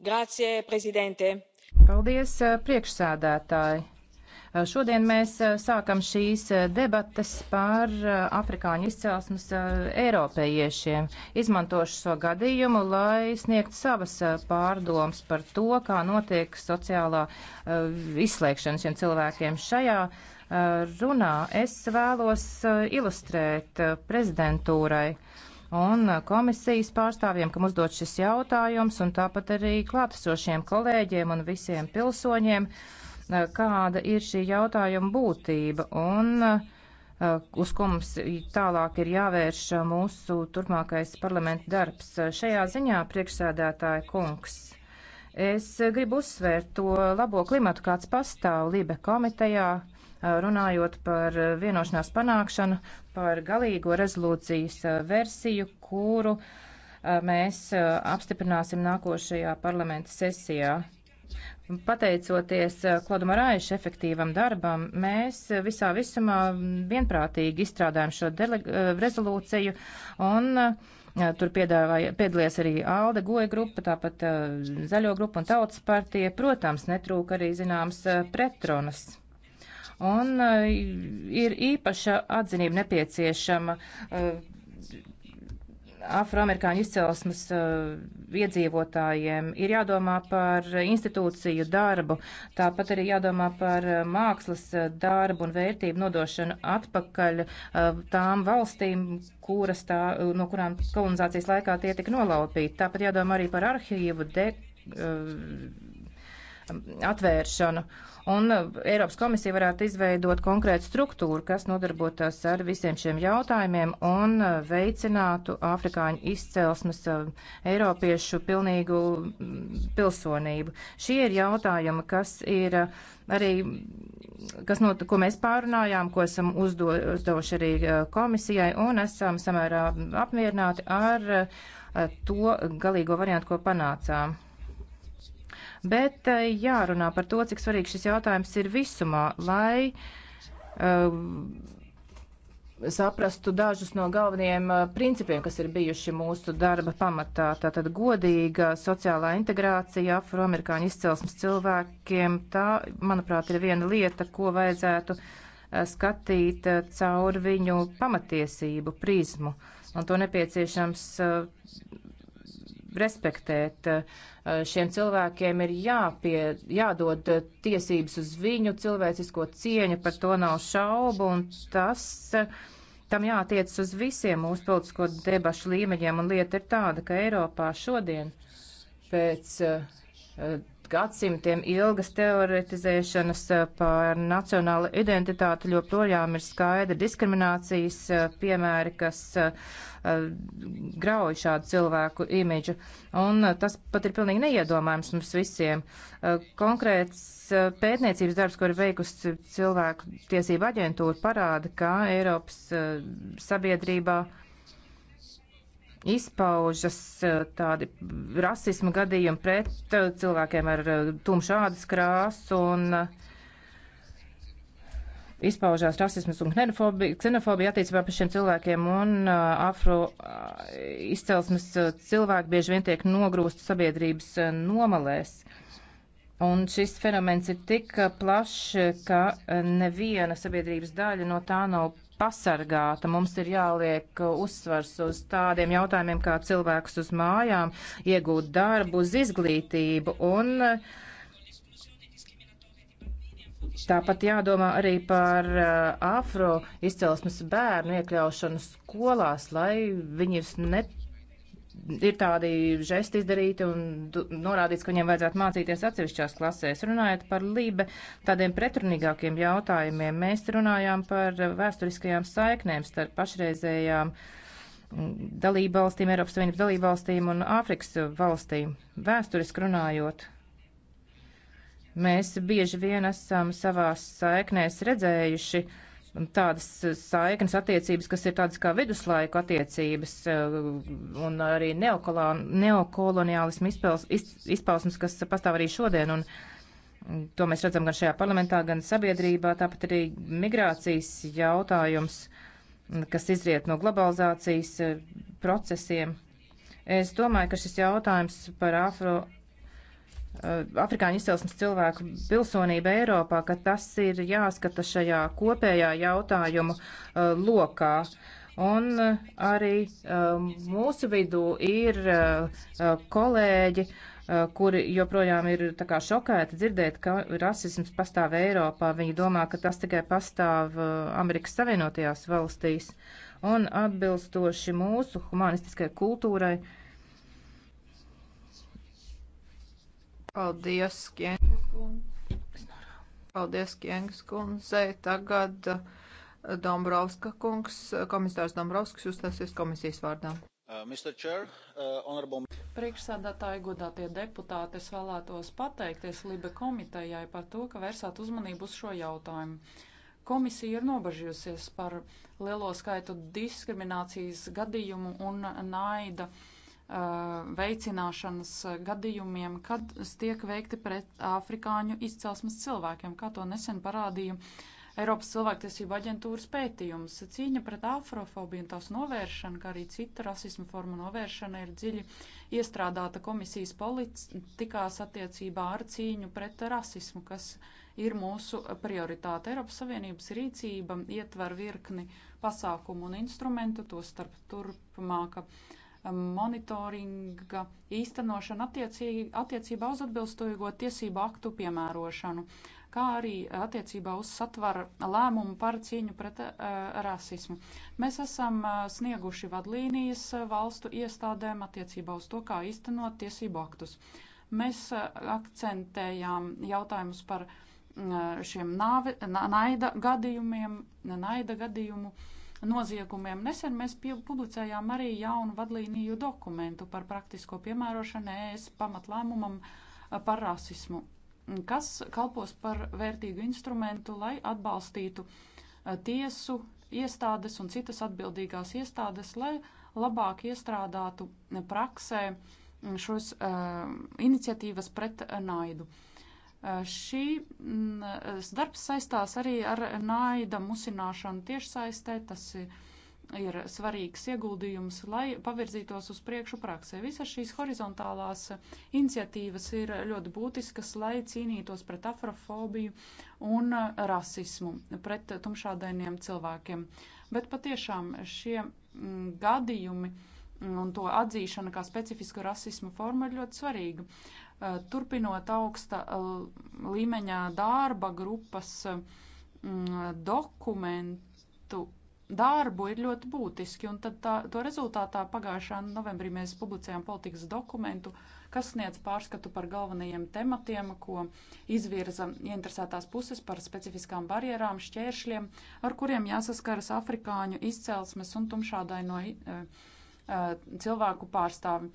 Grazie, prezidente. Paldies, uh, priekšsēdētāji. Uh, šodien mēs sākam šīs debates par afrikāņu izcelsmes eiropējiešiem. Izmantošu šo so gadījumu, lai sniegtu savas pārdomas par to, kā notiek sociālā izslēgšana šiem cilvēkiem šajā runā es vēlos eh, ilustrēt eh, prezidentūrai un komisijas pārstāvjiem, kam uzdot šis jautājums, un tāpat arī klātesošiem kolēģiem un visiem pilsoņiem, eh, kāda ir šī jautājuma būtība un uz ko mums tālāk ir jāvērš mūsu turpmākais parlamenta darbs. Šajā ziņā priekšsēdētāja kungs. Es gribu uzsvērt to labo klimatu, kāds pastāv Libe komitejā, runājot par vienošanās panākšanu, par galīgo rezolūcijas eh, versiju, kuru eh, mēs eh, apstiprināsim nākošajā parlamenta sesijā. Pateicoties Klodam Arājuša efektīvam darbam, mēs visā visumā vienprātīgi izstrādājam šo rezolūciju un tur piedalījās arī Alde goja grupa, tāpat Zaļo grupa un Tautas partija. Protams, netrūk arī zināms pretrunas. Un eh, ir īpaša atzinība nepieciešama eh, afroamerikāņu izcelsmes uh, iedzīvotājiem. Ir jādomā par institūciju darbu, tāpat arī jādomā par mākslas darbu un vērtību nodošanu atpakaļ uh, tām valstīm, kuras tā, no kurām kolonizācijas laikā tie tika nolaupīti. Tāpat jādomā arī par arhīvu de, uh, atvēršanu. Un uh, Eiropas komisija varētu izveidot konkrētu struktūru, kas nodarbotos ar visiem šiem jautājumiem un uh, veicinātu afrikāņu izcelsmes uh, eiropiešu pilnīgu mm, pilsonību. Šie ir jautājumi, kas ir arī, kas no, ko mēs pārunājām, ko esam uzdo, uzdoši arī komisijai un esam samērā apmierināti ar to galīgo variantu, ko panācām bet eh, jārunā par to, cik svarīgs šis jautājums ir visumā, lai uh, saprastu dažus no galvenajiem eh, principiem, kas ir bijuši mūsu darba pamatā. Tātad godīga sociālā integrācija afroamerikāņu izcelsmes cilvēkiem, tā, manuprāt, ir viena lieta, ko vajadzētu skatīt caur viņu pamatiesību prizmu. Un to nepieciešams respektēt. Eh, šiem cilvēkiem ir jāpie, jādod tiesības uz viņu cilvēcisko cieņu, par to nav šaubu, un tas eh, tam jātiec uz visiem mūsu politisko debašu līmeņiem, un lieta ir tāda, ka Eiropā šodien pēc eh, gadsimtiem ilgas teoretizēšanas eh, par nacionālu identitāti joprojām ir skaidra diskriminācijas eh, piemēri, kas eh, grauj šādu cilvēku imidžu. Un tas pat ir pilnīgi neiedomājams mums visiem. Konkrēts pētniecības darbs, ko ir veikusi cilvēku tiesība aģentūra, parāda, ka Eiropas sabiedrībā uh, izpaužas eh, tādi rasismu gadījumi pret eh, cilvēkiem ar eh, tumšu ādas krāsu un izpaužās rasismas un ksenofobija attiecībā par šiem cilvēkiem un afro izcelsmes cilvēki bieži vien tiek nogrūsti sabiedrības nomalēs. Un šis fenomens ir tik plašs, ka neviena sabiedrības daļa no tā nav pasargāta. Mums ir jāliek uzsvars uz tādiem jautājumiem kā cilvēks uz mājām, iegūt darbu, uz izglītību un tāpat jādomā arī par uh, afro izcelsmes bērnu iekļaušanu skolās, lai viņi ne ir tādi žesti izdarīti un norādīts, ka viņiem vajadzētu mācīties atsevišķās klasēs. Runājot par lībe tādiem pretrunīgākiem jautājumiem, mēs runājām par vēsturiskajām saiknēm starp pašreizējām dalību valstīm, Eiropas Savienības dalību valstīm un Āfrikas valstīm. Vēsturiski runājot, mēs bieži vien esam savās saiknēs redzējuši, uh, tādas eh, saiknes attiecības, kas ir tādas kā viduslaiku attiecības eh, un arī neokoloniālismu izpels, iz, izpausmas, kas pastāv arī šodien. Un to mēs redzam gan šajā parlamentā, gan sabiedrībā, tāpat arī migrācijas jautājums, kas izriet no globalizācijas eh, procesiem. Es domāju, ka šis jautājums par afro Eh, afrikāņu izcelsmes cilvēku pilsonība Eiropā, ka tas ir jāskata šajā kopējā jautājumu uh, lokā. Un uh, arī uh, mūsu vidū ir kolēģi, kuri joprojām ir tā kā šokēti dzirdēt, ka rasisms pastāv Eiropā. Viņi domā, ka tas tikai pastāv Amerikas Savienotajās valstīs. Un atbilstoši mūsu humanistiskajai kultūrai uh, Paldies, Kjēngas. Paldies, Kjēngas kundzei. Tagad eh, Dombrovska kungs, eh, komisārs Dombrovskis uzstāsies komisijas vārdā. Uh, uh, honorable... Priekšsēdētāji, godātie deputāti, es vēlētos pateikties Libe komitejai par to, ka vērsāt uzmanību uz šo jautājumu. Komisija ir nobažījusies par lielo skaitu diskriminācijas gadījumu un naida uh, veicināšanas gadījumiem, kad tiek veikti pret afrikāņu izcelsmes cilvēkiem, kā to nesen parādīja Eiropas cilvēktiesība aģentūras pētījums. Cīņa pret afrofobiju un tās novēršana, kā arī cita rasisma forma novēršana, ir dziļi iestrādāta komisijas politikās attiecībā ar cīņu pret rasismu, kas ir mūsu prioritāte. Eiropas Savienības rīcība ietver virkni pasākumu un instrumentu, to starp turpmāka uh, monitoringa īstenošanu attiecībā uz atbilstīgo tiesību aktu piemērošanu, kā arī attiecībā uz satvara lēmumu par cīņu pret uh, rasismu. Mēs esam eh, snieguši vadlīnijas eh, valstu iestādēm attiecībā uz to, kā īstenot tiesību aktus. Mēs akcentējām jautājumus par mm, šiem nāve, naida gadījumiem, naida gadījumu uh, noziegumiem. Nesen mēs publicējām arī jaunu vadlīniju dokumentu par praktisko piemērošanu ES pamatlēmumam par rasismu, kas kalpos par vērtīgu instrumentu, lai atbalstītu tiesu iestādes un citas atbildīgās iestādes, lai labāk iestrādātu praksē šos uh, iniciatīvas pret naidu. Uh, Eh, šī mm, eh, darbs saistās arī ar naida musināšanu tiešsaistē. Tas ir svarīgs ieguldījums, lai pavirzītos uz priekšu praksē. Visas šīs horizontālās iniciatīvas ir ļoti būtiskas, lai cīnītos pret afrofobiju un eh, rasismu, pret tumšādainiem cilvēkiem. Bet patiešām šie mm, gadījumi un to atzīšana kā specifiska rasisma forma ir ļoti svarīga. Eh, turpinot augsta eh, līmeņa darba grupas mm, dokumentu darbu ir ļoti būtiski. Un tad tā, to rezultātā pagājušā novembrī mēs publicējām politikas dokumentu, kas sniedz pārskatu par galvenajiem tematiem, ko izvirza ieinteresētās puses par specifiskām barjerām, šķēršļiem, ar kuriem jāsaskaras afrikāņu izcelsmes un tumšādaino no, eh, cilvēku pārstāvi.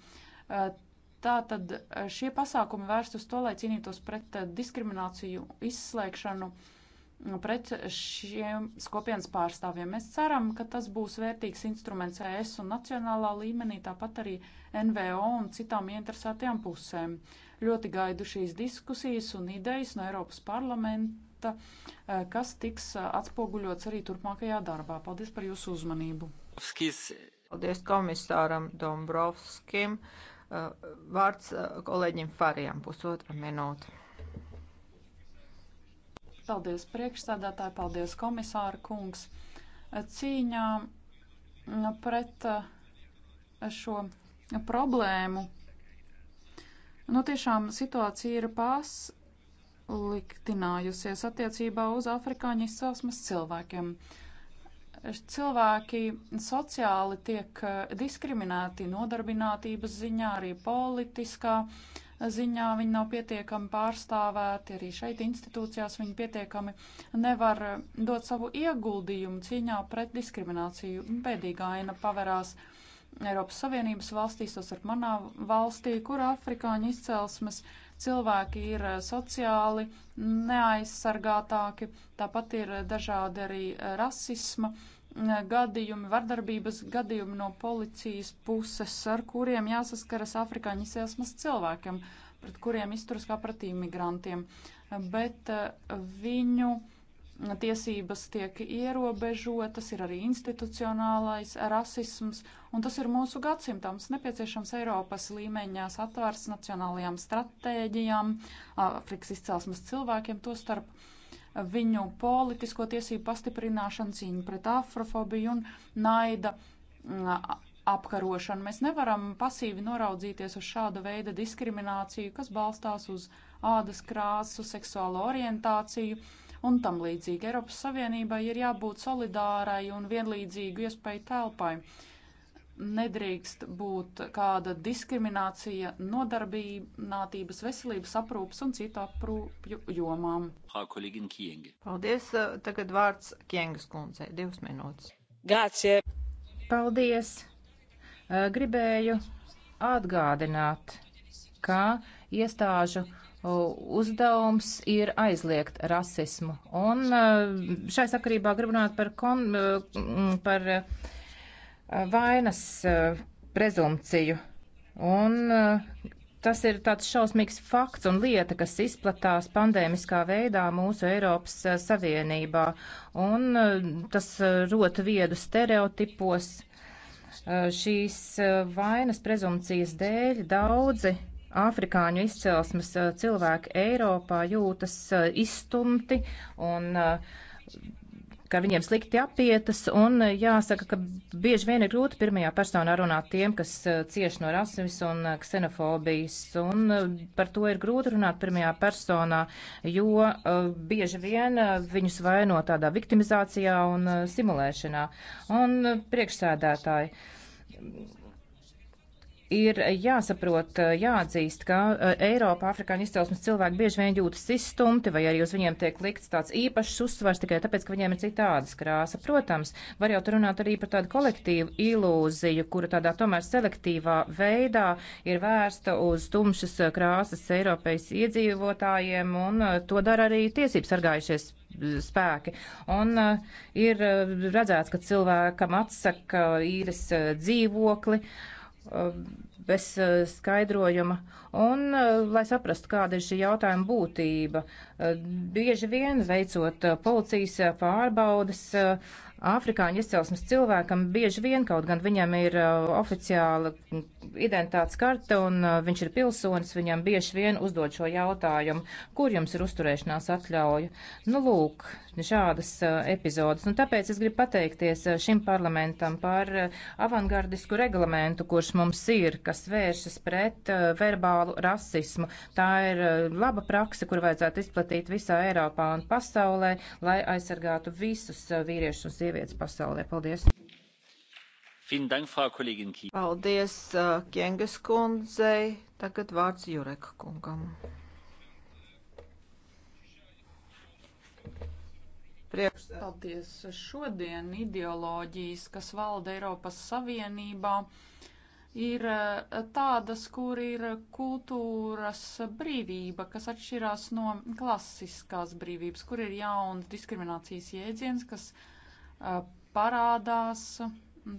Tātad eh, šie pasākumi vērst uz to, lai cīnītos pret eh, diskrimināciju, izslēgšanu, mm, pret šiem kopienas pārstāvjiem. Mēs ceram, ka tas būs vērtīgs instruments ES un nacionālā līmenī, tāpat arī NVO un citām interesētajām pusēm. Ļoti gaidu šīs diskusijas un idejas no Eiropas parlamenta, eh, kas tiks atspoguļots arī turpmākajā darbā. Paldies par jūsu uzmanību. Paldies komisāram Dombrovskim. Vārds eh, kolēģim Farijam pusotra minūte. Paldies priekšsēdētāji, paldies komisāra kungs. Cīņā mm, pret eh, šo problēmu. Nu, tiešām situācija ir pasliktinājusies attiecībā uz afrikāņu izcelsmes cilvēkiem. Uh, cilvēki sociāli tiek eh, diskriminēti nodarbinātības ziņā, arī politiskā ziņā viņi nav pietiekami pārstāvēti, arī šeit institūcijās viņi pietiekami nevar eh, dot savu ieguldījumu cīņā pret diskrimināciju. Bēdīgā aina paverās Eiropas Savienības valstīs, tos ar manā valstī, kur afrikāņu izcelsmes cilvēki ir eh, sociāli neaizsargātāki, tāpat ir dažādi arī rasisma gadījumi, vardarbības gadījumi no policijas puses, ar kuriem jāsaskaras afrikāņu izcelsmes cilvēkiem, pret kuriem izturas kā pret imigrantiem. Bet eh, viņu tiesības tiek ierobežotas, ir arī institucionālais rasisms, un tas ir mūsu gadsimtam. Mums nepieciešams Eiropas līmeņās atvērts nacionālajām stratēģijām, Afrikas izcelsmes cilvēkiem, to starp viņu politisko tiesību pastiprināšanu, cīņu pret afrofobiju un naida mm, apkarošanu. Mēs nevaram pasīvi noraudzīties uz šāda veida diskrimināciju, kas balstās uz ādas krāsu, seksuālo orientāciju un tam līdzīgi. Eiropas Savienībai ir jābūt solidārai un vienlīdzīgu iespēju telpai. Uh, nedrīkst būt kāda diskriminācija nodarbinātības, veselības aprūpas un citu aprūpju jomām. Paldies. Eh, tagad vārds Kiengas kundzei. Divas minūtes. Gācie. Paldies. Eh, gribēju atgādināt, ka iestāžu uzdevums ir aizliegt rasismu. Un eh, šai sakarībā gribu runāt par, kon, par Eh, vainas eh, prezumciju. Un eh, tas ir tāds šausmīgs fakts un lieta, kas izplatās pandēmiskā veidā mūsu Eiropas Savienībā. Un tas rota viedu stereotipos. Šīs vainas prezumcijas dēļ daudzi afrikāņu izcelsmes cilvēki Eiropā jūtas izstumti un ka viņiem slikti apietas, un eh, jāsaka, ka bieži vien ir grūti pirmajā personā runāt tiem, kas eh, cieši no rasismas un eh, ksenofobijas, un par to ir grūti runāt pirmajā personā, jo bieži vien viņus vaino tādā viktimizācijā un simulēšanā. Un priekšsēdētāji ir jāsaprot, jāatzīst, ka Eiropā afrikāņu izcelsmes cilvēki bieži vien jūtas izstumti, vai arī uz viņiem tiek likts tāds īpašs uzsvars tikai tāpēc, ka viņiem ir citādas krāsa. Protams, var jau runāt arī par tādu kolektīvu ilūziju, kura tādā tomēr selektīvā veidā ir vērsta uz tumšas krāsas Eiropas iedzīvotājiem, un to dara arī tiesības sargājušies spēki. Un uh, ir redzēts, ka cilvēkam atsaka īres dzīvokli. Uh, Eh, bez eh, skaidrojuma. Un, eh, lai saprastu, kāda ir šī jautājuma būtība, bieži vien veicot policijas pārbaudas, Afrikāņu izcelsmes cilvēkam bieži vien, kaut gan viņam ir uh, oficiāla identitātes karta un uh, viņš ir pilsonis, viņam bieži vien uzdod šo jautājumu, kur jums ir uzturēšanās atļauja. Nu, lūk, šādas uh, epizodes. Nu, tāpēc es gribu pateikties uh, šim parlamentam par uh, avangardisku reglamentu, kurš mums ir, kas vēršas pret uh, verbālu rasismu. Tā ir uh, laba praksa, kur vajadzētu izplatīt visā Eiropā un pasaulē, lai aizsargātu visus uh, vīriešus un sievietes sievietes pasaulē. Paldies! Paldies, uh, Kienges kundzei. Tagad vārds Jureka kungam. Priekš, paldies. Šodien ideoloģijas, kas valda Eiropas Savienībā, ir uh, tādas, kur ir kultūras brīvība, kas atšķirās no klasiskās brīvības, kur ir jauns diskriminācijas jēdziens, kas uh, parādās.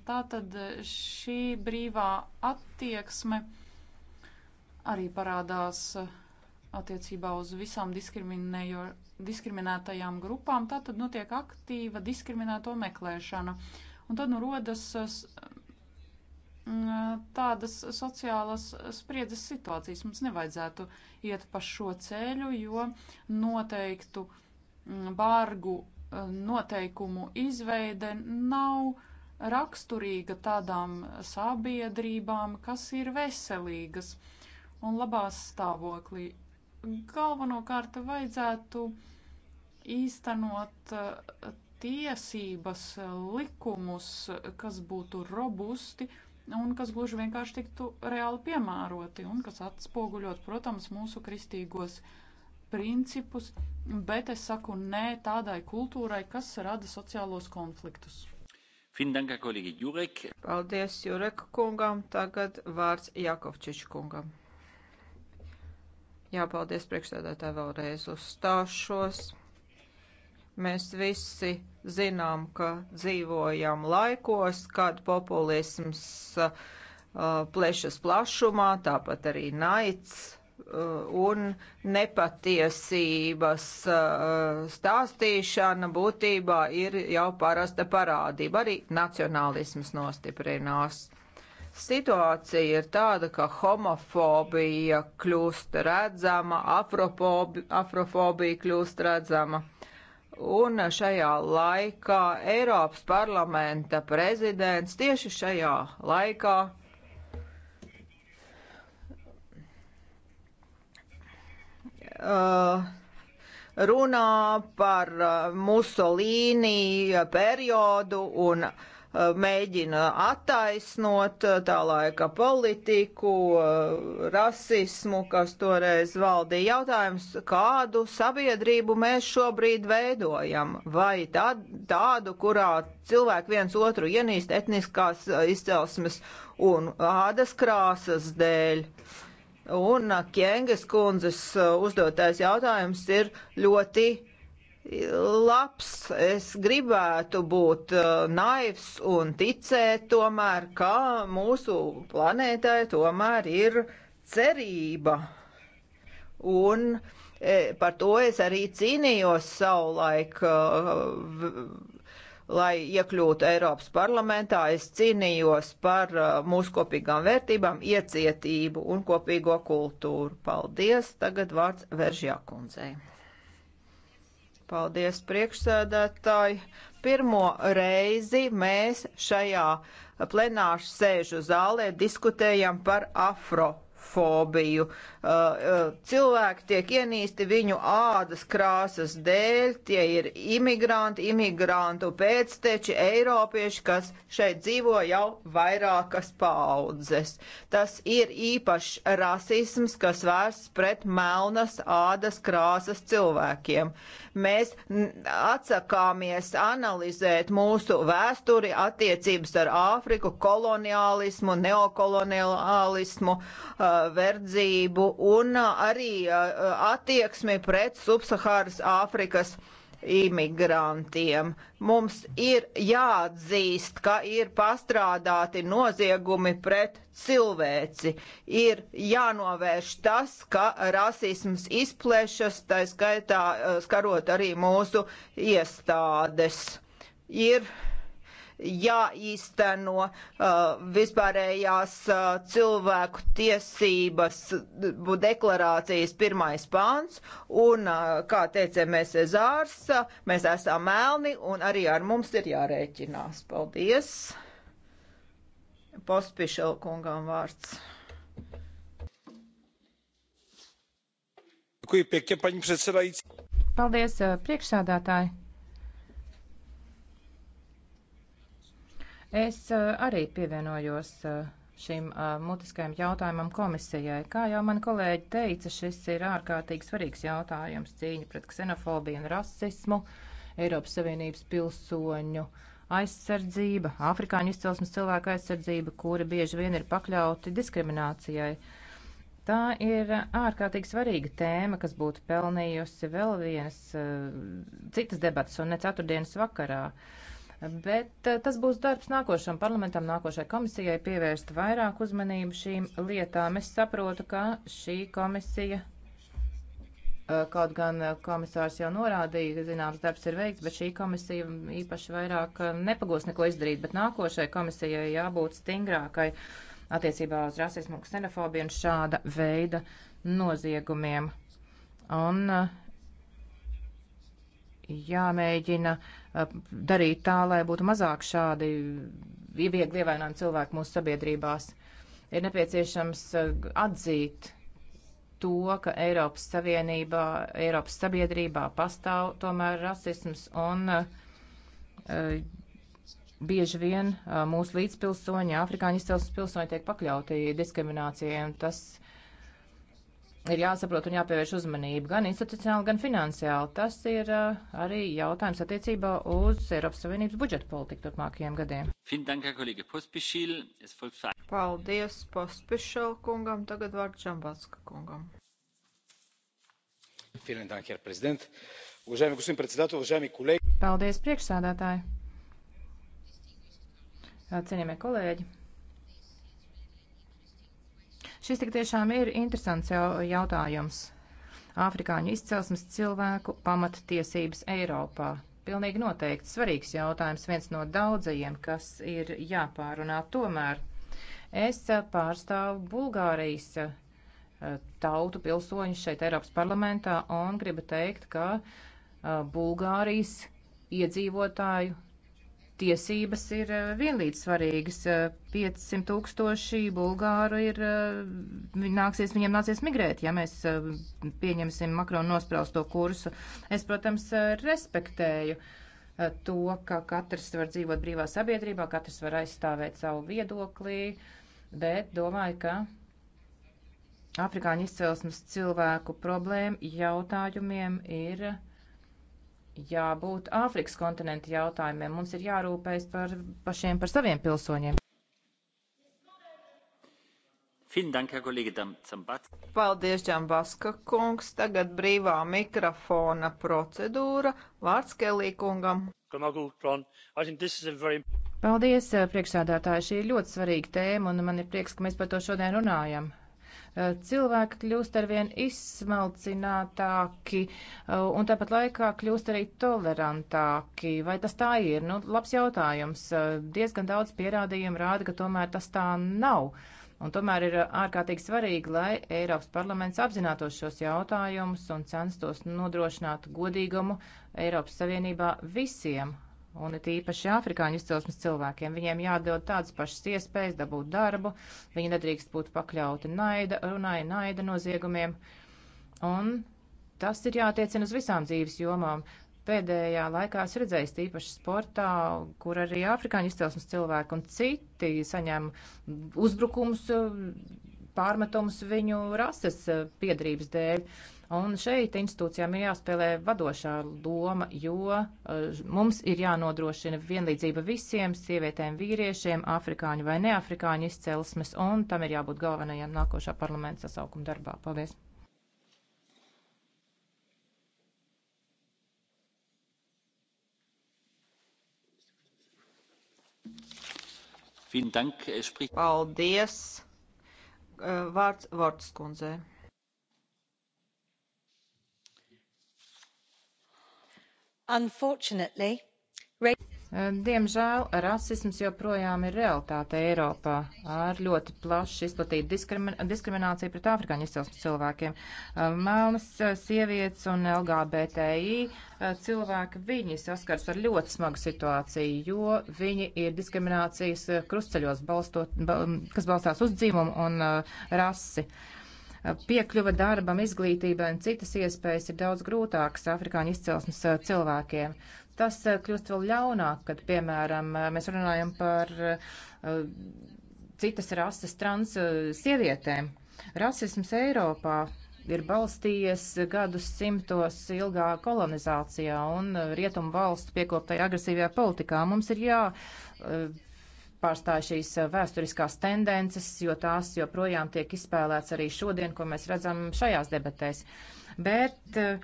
Tātad šī brīvā attieksme arī parādās attiecībā uz visām diskriminētajām grupām. Tātad notiek aktīva diskriminēto meklēšana. Un tad nu rodas tādas sociālas spriedzes situācijas. Mums nevajadzētu iet pa šo ceļu, jo noteiktu bargu Eh, noteikumu izveide nav raksturīga tādām sabiedrībām, kas ir veselīgas un labās stāvoklī. Galvenokārt vajadzētu īstenot eh, tiesības, likumus, kas būtu robusti un kas gluži vienkārši tiktu reāli piemēroti un kas atspoguļot, protams, mūsu kristīgos principus, bet es saku nē tādai kultūrai, kas rada sociālos konfliktus. Paldies Jurek kungam, tagad vārds Jakovčič kungam. Jā, paldies priekšstādātāji vēlreiz uzstāšos. Mēs visi zinām, ka dzīvojam laikos, kad populisms uh, plešas plašumā, tāpat arī naids Uh, un nepatiesības uh, stāstīšana būtībā ir jau parasta parādība. Arī nacionālisms nostiprinās. Situācija ir tāda, ka homofobija kļūst redzama, afrofobi, afrofobija kļūst redzama. Un šajā laikā Eiropas parlamenta prezidents tieši šajā laikā uh, uh, runā par uh, Musolīni uh, periodu un uh, mēģina attaisnot tā laika politiku, rasismu, kas toreiz valdīja. Jautājums, kādu sabiedrību mēs šobrīd veidojam? Vai tad, tādu, kurā cilvēki viens otru ienīst etniskās izcelsmes un ādas krāsas dēļ? Uh, Un uh, Kjēngas kundzes uh, uzdotais jautājums ir ļoti uh, labs. Es gribētu būt naivs un ticēt tomēr, ka mūsu planētai tomēr ir cerība. Un eh, par to es arī cīnījos savulaik lai iekļūtu Eiropas parlamentā, es cīnījos par uh, mūsu kopīgām vērtībām, iecietību un kopīgo kultūru. Paldies! Tagad vārds Veržjā kundzei. Paldies, priekšsēdētāji! Pirmo reizi mēs šajā plenāšu sēžu zālē diskutējam par afro ksenofobiju. Uh, uh, cilvēki tiek ienīsti viņu ādas krāsas dēļ, tie ir imigranti, imigrantu pēcteči, eiropieši, kas šeit dzīvo jau vairākas paudzes. Tas ir īpašs rasisms, kas vērsts pret melnas ādas krāsas cilvēkiem mēs atsakāmies analizēt mūsu vēsturi, attiecības ar Āfriku, koloniālismu, neokoloniālismu, verdzību un arī attieksmi pret subsahāras Āfrikas imigrantiem. Mums ir jāatzīst, ka ir pastrādāti noziegumi pret cilvēci. Ir jānovērš tas, ka rasisms izplešas, tā skaitā eh, skarot arī mūsu iestādes. Ir jāīsteno uh, vispārējās uh, cilvēku tiesības deklarācijas pirmais pāns, un, uh, kā teica mēs zārs, uh, mēs esam melni, un arī ar mums ir jārēķinās. Paldies! Postpišela kungām vārds. Paldies, eh, priekšsādātāji! Es eh, arī pievienojos eh, šim eh, mutiskajam jautājumam komisijai. Kā jau mani kolēģi teica, šis ir ārkārtīgi svarīgs jautājums cīņa pret ksenofobiju un rasismu, Eiropas Savienības pilsoņu aizsardzība, afrikāņu izcelsmes cilvēku aizsardzība, kuri bieži vien ir pakļauti diskriminācijai. Tā ir ārkārtīgi svarīga tēma, kas būtu pelnījusi vēl vienas citas debatas un ne ceturtdienas vakarā. Uh, Bet eh, tas būs darbs nākošam parlamentam, nākošai komisijai pievērst vairāk uzmanību šīm lietām. Es saprotu, ka šī komisija, eh, kaut gan eh, komisārs jau norādīja, zināms, darbs ir veikts, bet šī komisija īpaši vairāk nepagos neko izdarīt, bet nākošai komisijai jābūt stingrākai attiecībā uz rasismu, ksenofobiju un šāda veida noziegumiem. Un uh, jāmēģina darīt tā, lai būtu mazāk šādi viegli ievainojami cilvēki mūsu sabiedrībās. Ir nepieciešams atzīt to, ka Eiropas Savienībā, Eiropas sabiedrībā pastāv tomēr rasisms un uh, bieži vien uh, mūsu līdzpilsoņi, afrikāņu izcelsmes pilsoņi tiek pakļauti diskriminācijai, un tas ir jāsaprot un jāpievērš uzmanība gan institucionāli, gan finansiāli. Tas ir uh, arī jautājums attiecībā uz Eiropas Savienības budžeta politiku turpmākajiem gadiem. Paldies Pospišel kungam, tagad vārds Čambatska kungam. Paldies priekšsādātāji. Cienījamie kolēģi. Šis tik tiešām ir interesants jautājums. Āfrikāņu izcelsmes cilvēku pamattiesības Eiropā. Pilnīgi noteikti svarīgs jautājums, viens no daudzajiem, kas ir jāpārunā tomēr. Es eh, pārstāvu Bulgārijas eh, tautu pilsoņus šeit Eiropas parlamentā un gribu teikt, ka eh, Bulgārijas iedzīvotāju tiesības ir eh, vienlīdz svarīgas. 500 eh, tūkstoši bulgāru ir, eh, nāksies, viņiem nāksies migrēt, ja mēs pieņemsim Makrona nospraustu kursu. Es, protams, respektēju to, ka katrs var dzīvot brīvā sabiedrībā, katrs var aizstāvēt savu viedoklī, bet domāju, ka afrikāņu izcelsmes cilvēku problēma jautājumiem ir jābūt Āfrikas kontinenta jautājumiem. Mums ir jārūpējas par pašiem, par saviem pilsoņiem. Paldies, Džambaska kungs. Tagad brīvā mikrofona procedūra. Vārds Kelī kungam. Paldies, priekšsādātāji. Šī ir ļoti svarīga tēma, un man ir prieks, ka mēs par to šodien runājam. Eh, cilvēki kļūst arvien izsmalcinātāki eh, un tāpat laikā kļūst arī tolerantāki. Vai tas tā ir? Nu, labs jautājums. Eh, diezgan daudz pierādījumu rāda, ka tomēr tas tā nav. Un tomēr ir ārkārtīgi svarīgi, lai Eiropas parlaments apzinātos šos jautājumus un censtos nodrošināt godīgumu Eiropas Savienībā visiem un it īpaši afrikāņu izcelsmes cilvēkiem. Viņiem jādod tādas pašas iespējas dabūt darbu, viņi nedrīkst būt pakļauti naida, runai, naida noziegumiem, un tas ir jātiecina uz visām dzīves jomām. Pēdējā laikā es redzēju tīpaši sportā, kur arī afrikāņu izcelsmes cilvēki un citi saņem uzbrukums, pārmetums viņu rases piedarības dēļ. Uh, Un šeit institūcijām ir jāspēlē vadošā loma, jo eh, mums ir jānodrošina vienlīdzība visiem sievietēm, vīriešiem, afrikāņu vai neafrikāņu izcelsmes, un tam ir jābūt galvenajam nākošā parlamenta sasaukuma darbā. Paldies! Paldies! Vārds Vortskundzei. Unfortunately, eh, Diemžēl rasisms joprojām ir realitāte Eiropā ar ļoti plaši izplatītu diskrimi diskrimināciju pret afrikāņu izcelsmes cilvēkiem. Eh, Melnas eh, sievietes un LGBTI cilvēki, viņi saskars ar ļoti smagu situāciju, jo viņi ir diskriminācijas krustceļos, balstot, bal, kas balstās uz dzimumu un rasi. Piekļuva darbam, izglītībai un citas iespējas ir daudz grūtākas afrikāņu izcelsmes eh, cilvēkiem. Tas eh, kļūst vēl ļaunāk, kad, piemēram, eh, mēs runājam par citas rases trans sievietēm. Rasisms Eiropā ir balstījies gadsimtos ilgā kolonizācijā un rietumu valstu piekoptajā agresīvajā politikā. Mums ir jā jāpārstāj šīs eh, vēsturiskās tendences, jo tās joprojām tiek izspēlēts arī šodien, ko mēs redzam šajās debatēs. Bet eh,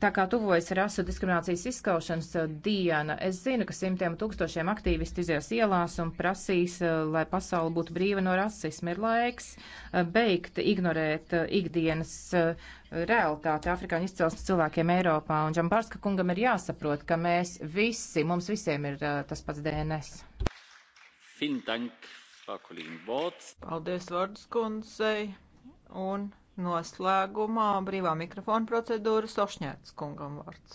tā kā tuvojas rasu diskriminācijas izskaušanas eh, diena, es zinu, ka simtiem tūkstošiem aktīvisti izies ielās un prasīs, lai pasauli būtu brīva no rasisma. Ir laiks beigt ignorēt ikdienas realitāte afrikāņu izcelsmes cilvēkiem Eiropā. Un Džambarska kungam ir jāsaprot, ka mēs visi, mums visiem ir tas pats DNS. Paldies Vārdas kundzei. Un noslēgumā brīvā mikrofona procedūra Sošņērts kungam vārds.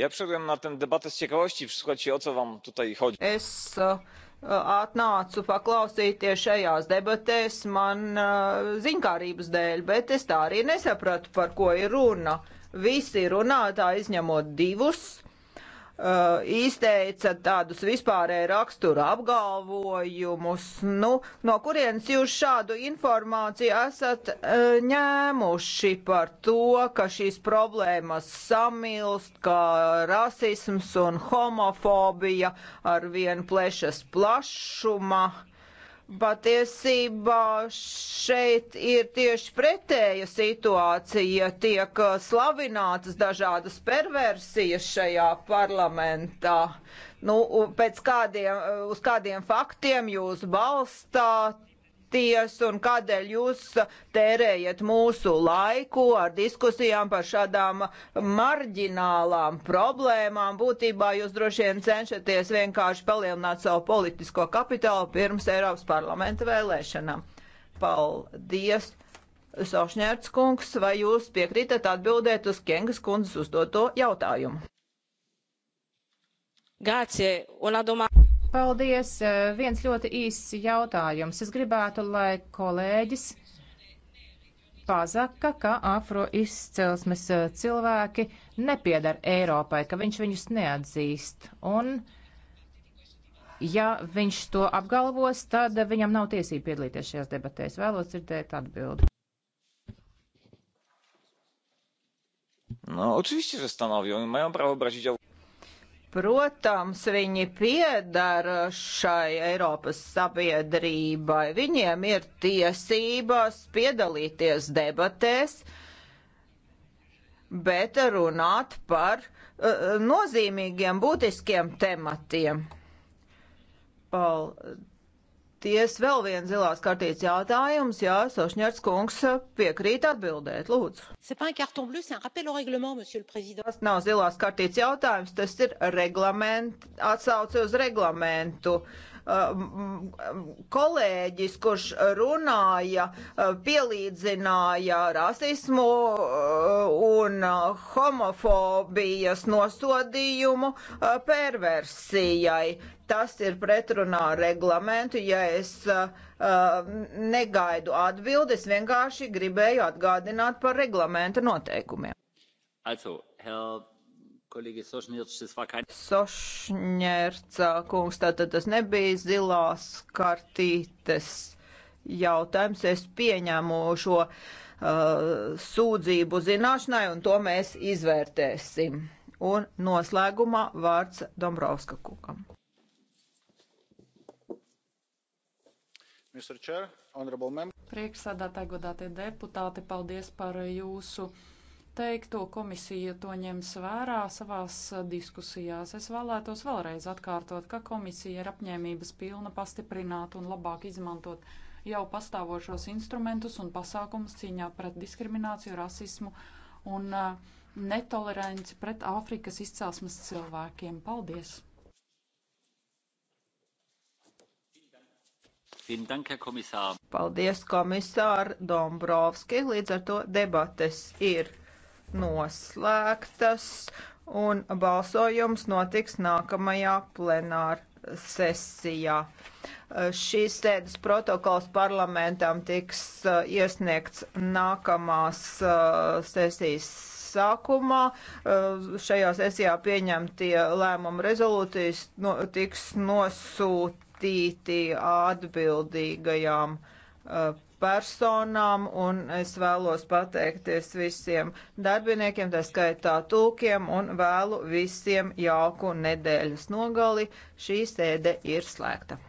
Ja przyszedłem na tę debatę z ciekawości, wsłuchać się o co wam tutaj chodzi. Es uh, atnācu paklausīties šajās debatēs man uh, e, ziņkārības dēļ, bet es tā arī nesapratu, par ko ir runa. Visi runātāji izņemot divus Uh, izteica tādus vispārēju rakstura apgalvojumus. Nu, no kurienes jūs šādu informāciju esat uh, ņēmuši par to, ka šīs problēmas samilst, ka rasisms un homofobija ar vien plešas plašuma? Uh, Patiesībā šeit ir tieši pretēja situācija, tiek uh, slavinātas dažādas perversijas šajā parlamentā. Nu, pēc kādiem, uh, uz kādiem faktiem jūs balstāt ierasties un kādēļ jūs tērējat mūsu laiku ar diskusijām par šādām marģinālām problēmām. Būtībā jūs droši vien cenšaties vienkārši palielināt savu politisko kapitālu pirms Eiropas parlamenta vēlēšanām. Paldies! Sošņērts kungs, vai jūs piekrītat atbildēt uz Kengas kundzes uzdoto jautājumu? Gācie, un adomā. Paldies. Eh, viens ļoti īsts jautājums. Es gribētu, lai kolēģis pazaka, ka afro izcelsmes eh, cilvēki nepiedara Eiropai, ka viņš viņus neatzīst. Un, ja viņš to apgalvos, tad viņam nav tiesība piedalīties šajās debatēs. Vēlos dzirdēt atbildi. No, oczywiście, że stanowią i mają prawo brać udział. Protams, viņi piedara šai Eiropas sabiedrībai. Viņiem ir tiesības piedalīties debatēs, bet runāt par uh, nozīmīgiem, būtiskiem tematiem. Paldies! ties vēl viens zilās kartītes jautājums, jā, Sošņērts kungs piekrīt atbildēt, lūdzu. Tas nav zilās kartītes jautājums, tas ir reglament, atsauce uz reglamentu. Uh, Uh, kolēģis, kurš runāja, uh, pielīdzināja rasismu uh, un homofobijas nosodījumu perversijai. Tas ir pretrunā ar reglamentu, ja es uh, negaidu atbildes, vienkārši gribēju atgādināt par reglamenta noteikumiem. Also, Herr Sošņērca kungs, tātad tas nebija zilās kartītes jautājums. Es pieņēmu šo uh, sūdzību zināšanai, un to mēs izvērtēsim. Un noslēgumā vārds Dombrovska kungam. Priekšsādātāji, godātie deputāti, paldies par jūsu teikto komisija to ņems vērā savās diskusijās. Es vēlētos vēlreiz atkārtot, ka komisija ir apņēmības pilna pastiprināt un labāk izmantot jau pastāvošos instrumentus un pasākumus cīņā pret diskrimināciju, rasismu un uh, netoleranci pret Āfrikas izcelsmes cilvēkiem. Paldies! Paldies, komisār Dombrovski. Līdz ar to debates ir noslēgtas un balsojums notiks nākamajā plenāra sesijā. Šīs sēdes protokols parlamentam tiks eh, iesniegts nākamās eh, sesijas sākumā. Eh, šajā sesijā pieņemtie lēmumu rezolūcijas no, tiks nosūtīti atbildīgajām personām, un es vēlos pateikties visiem darbiniekiem, tā skaitā tulkiem, un vēlu visiem jauku nedēļas nogali. Šī sēde ir slēgta.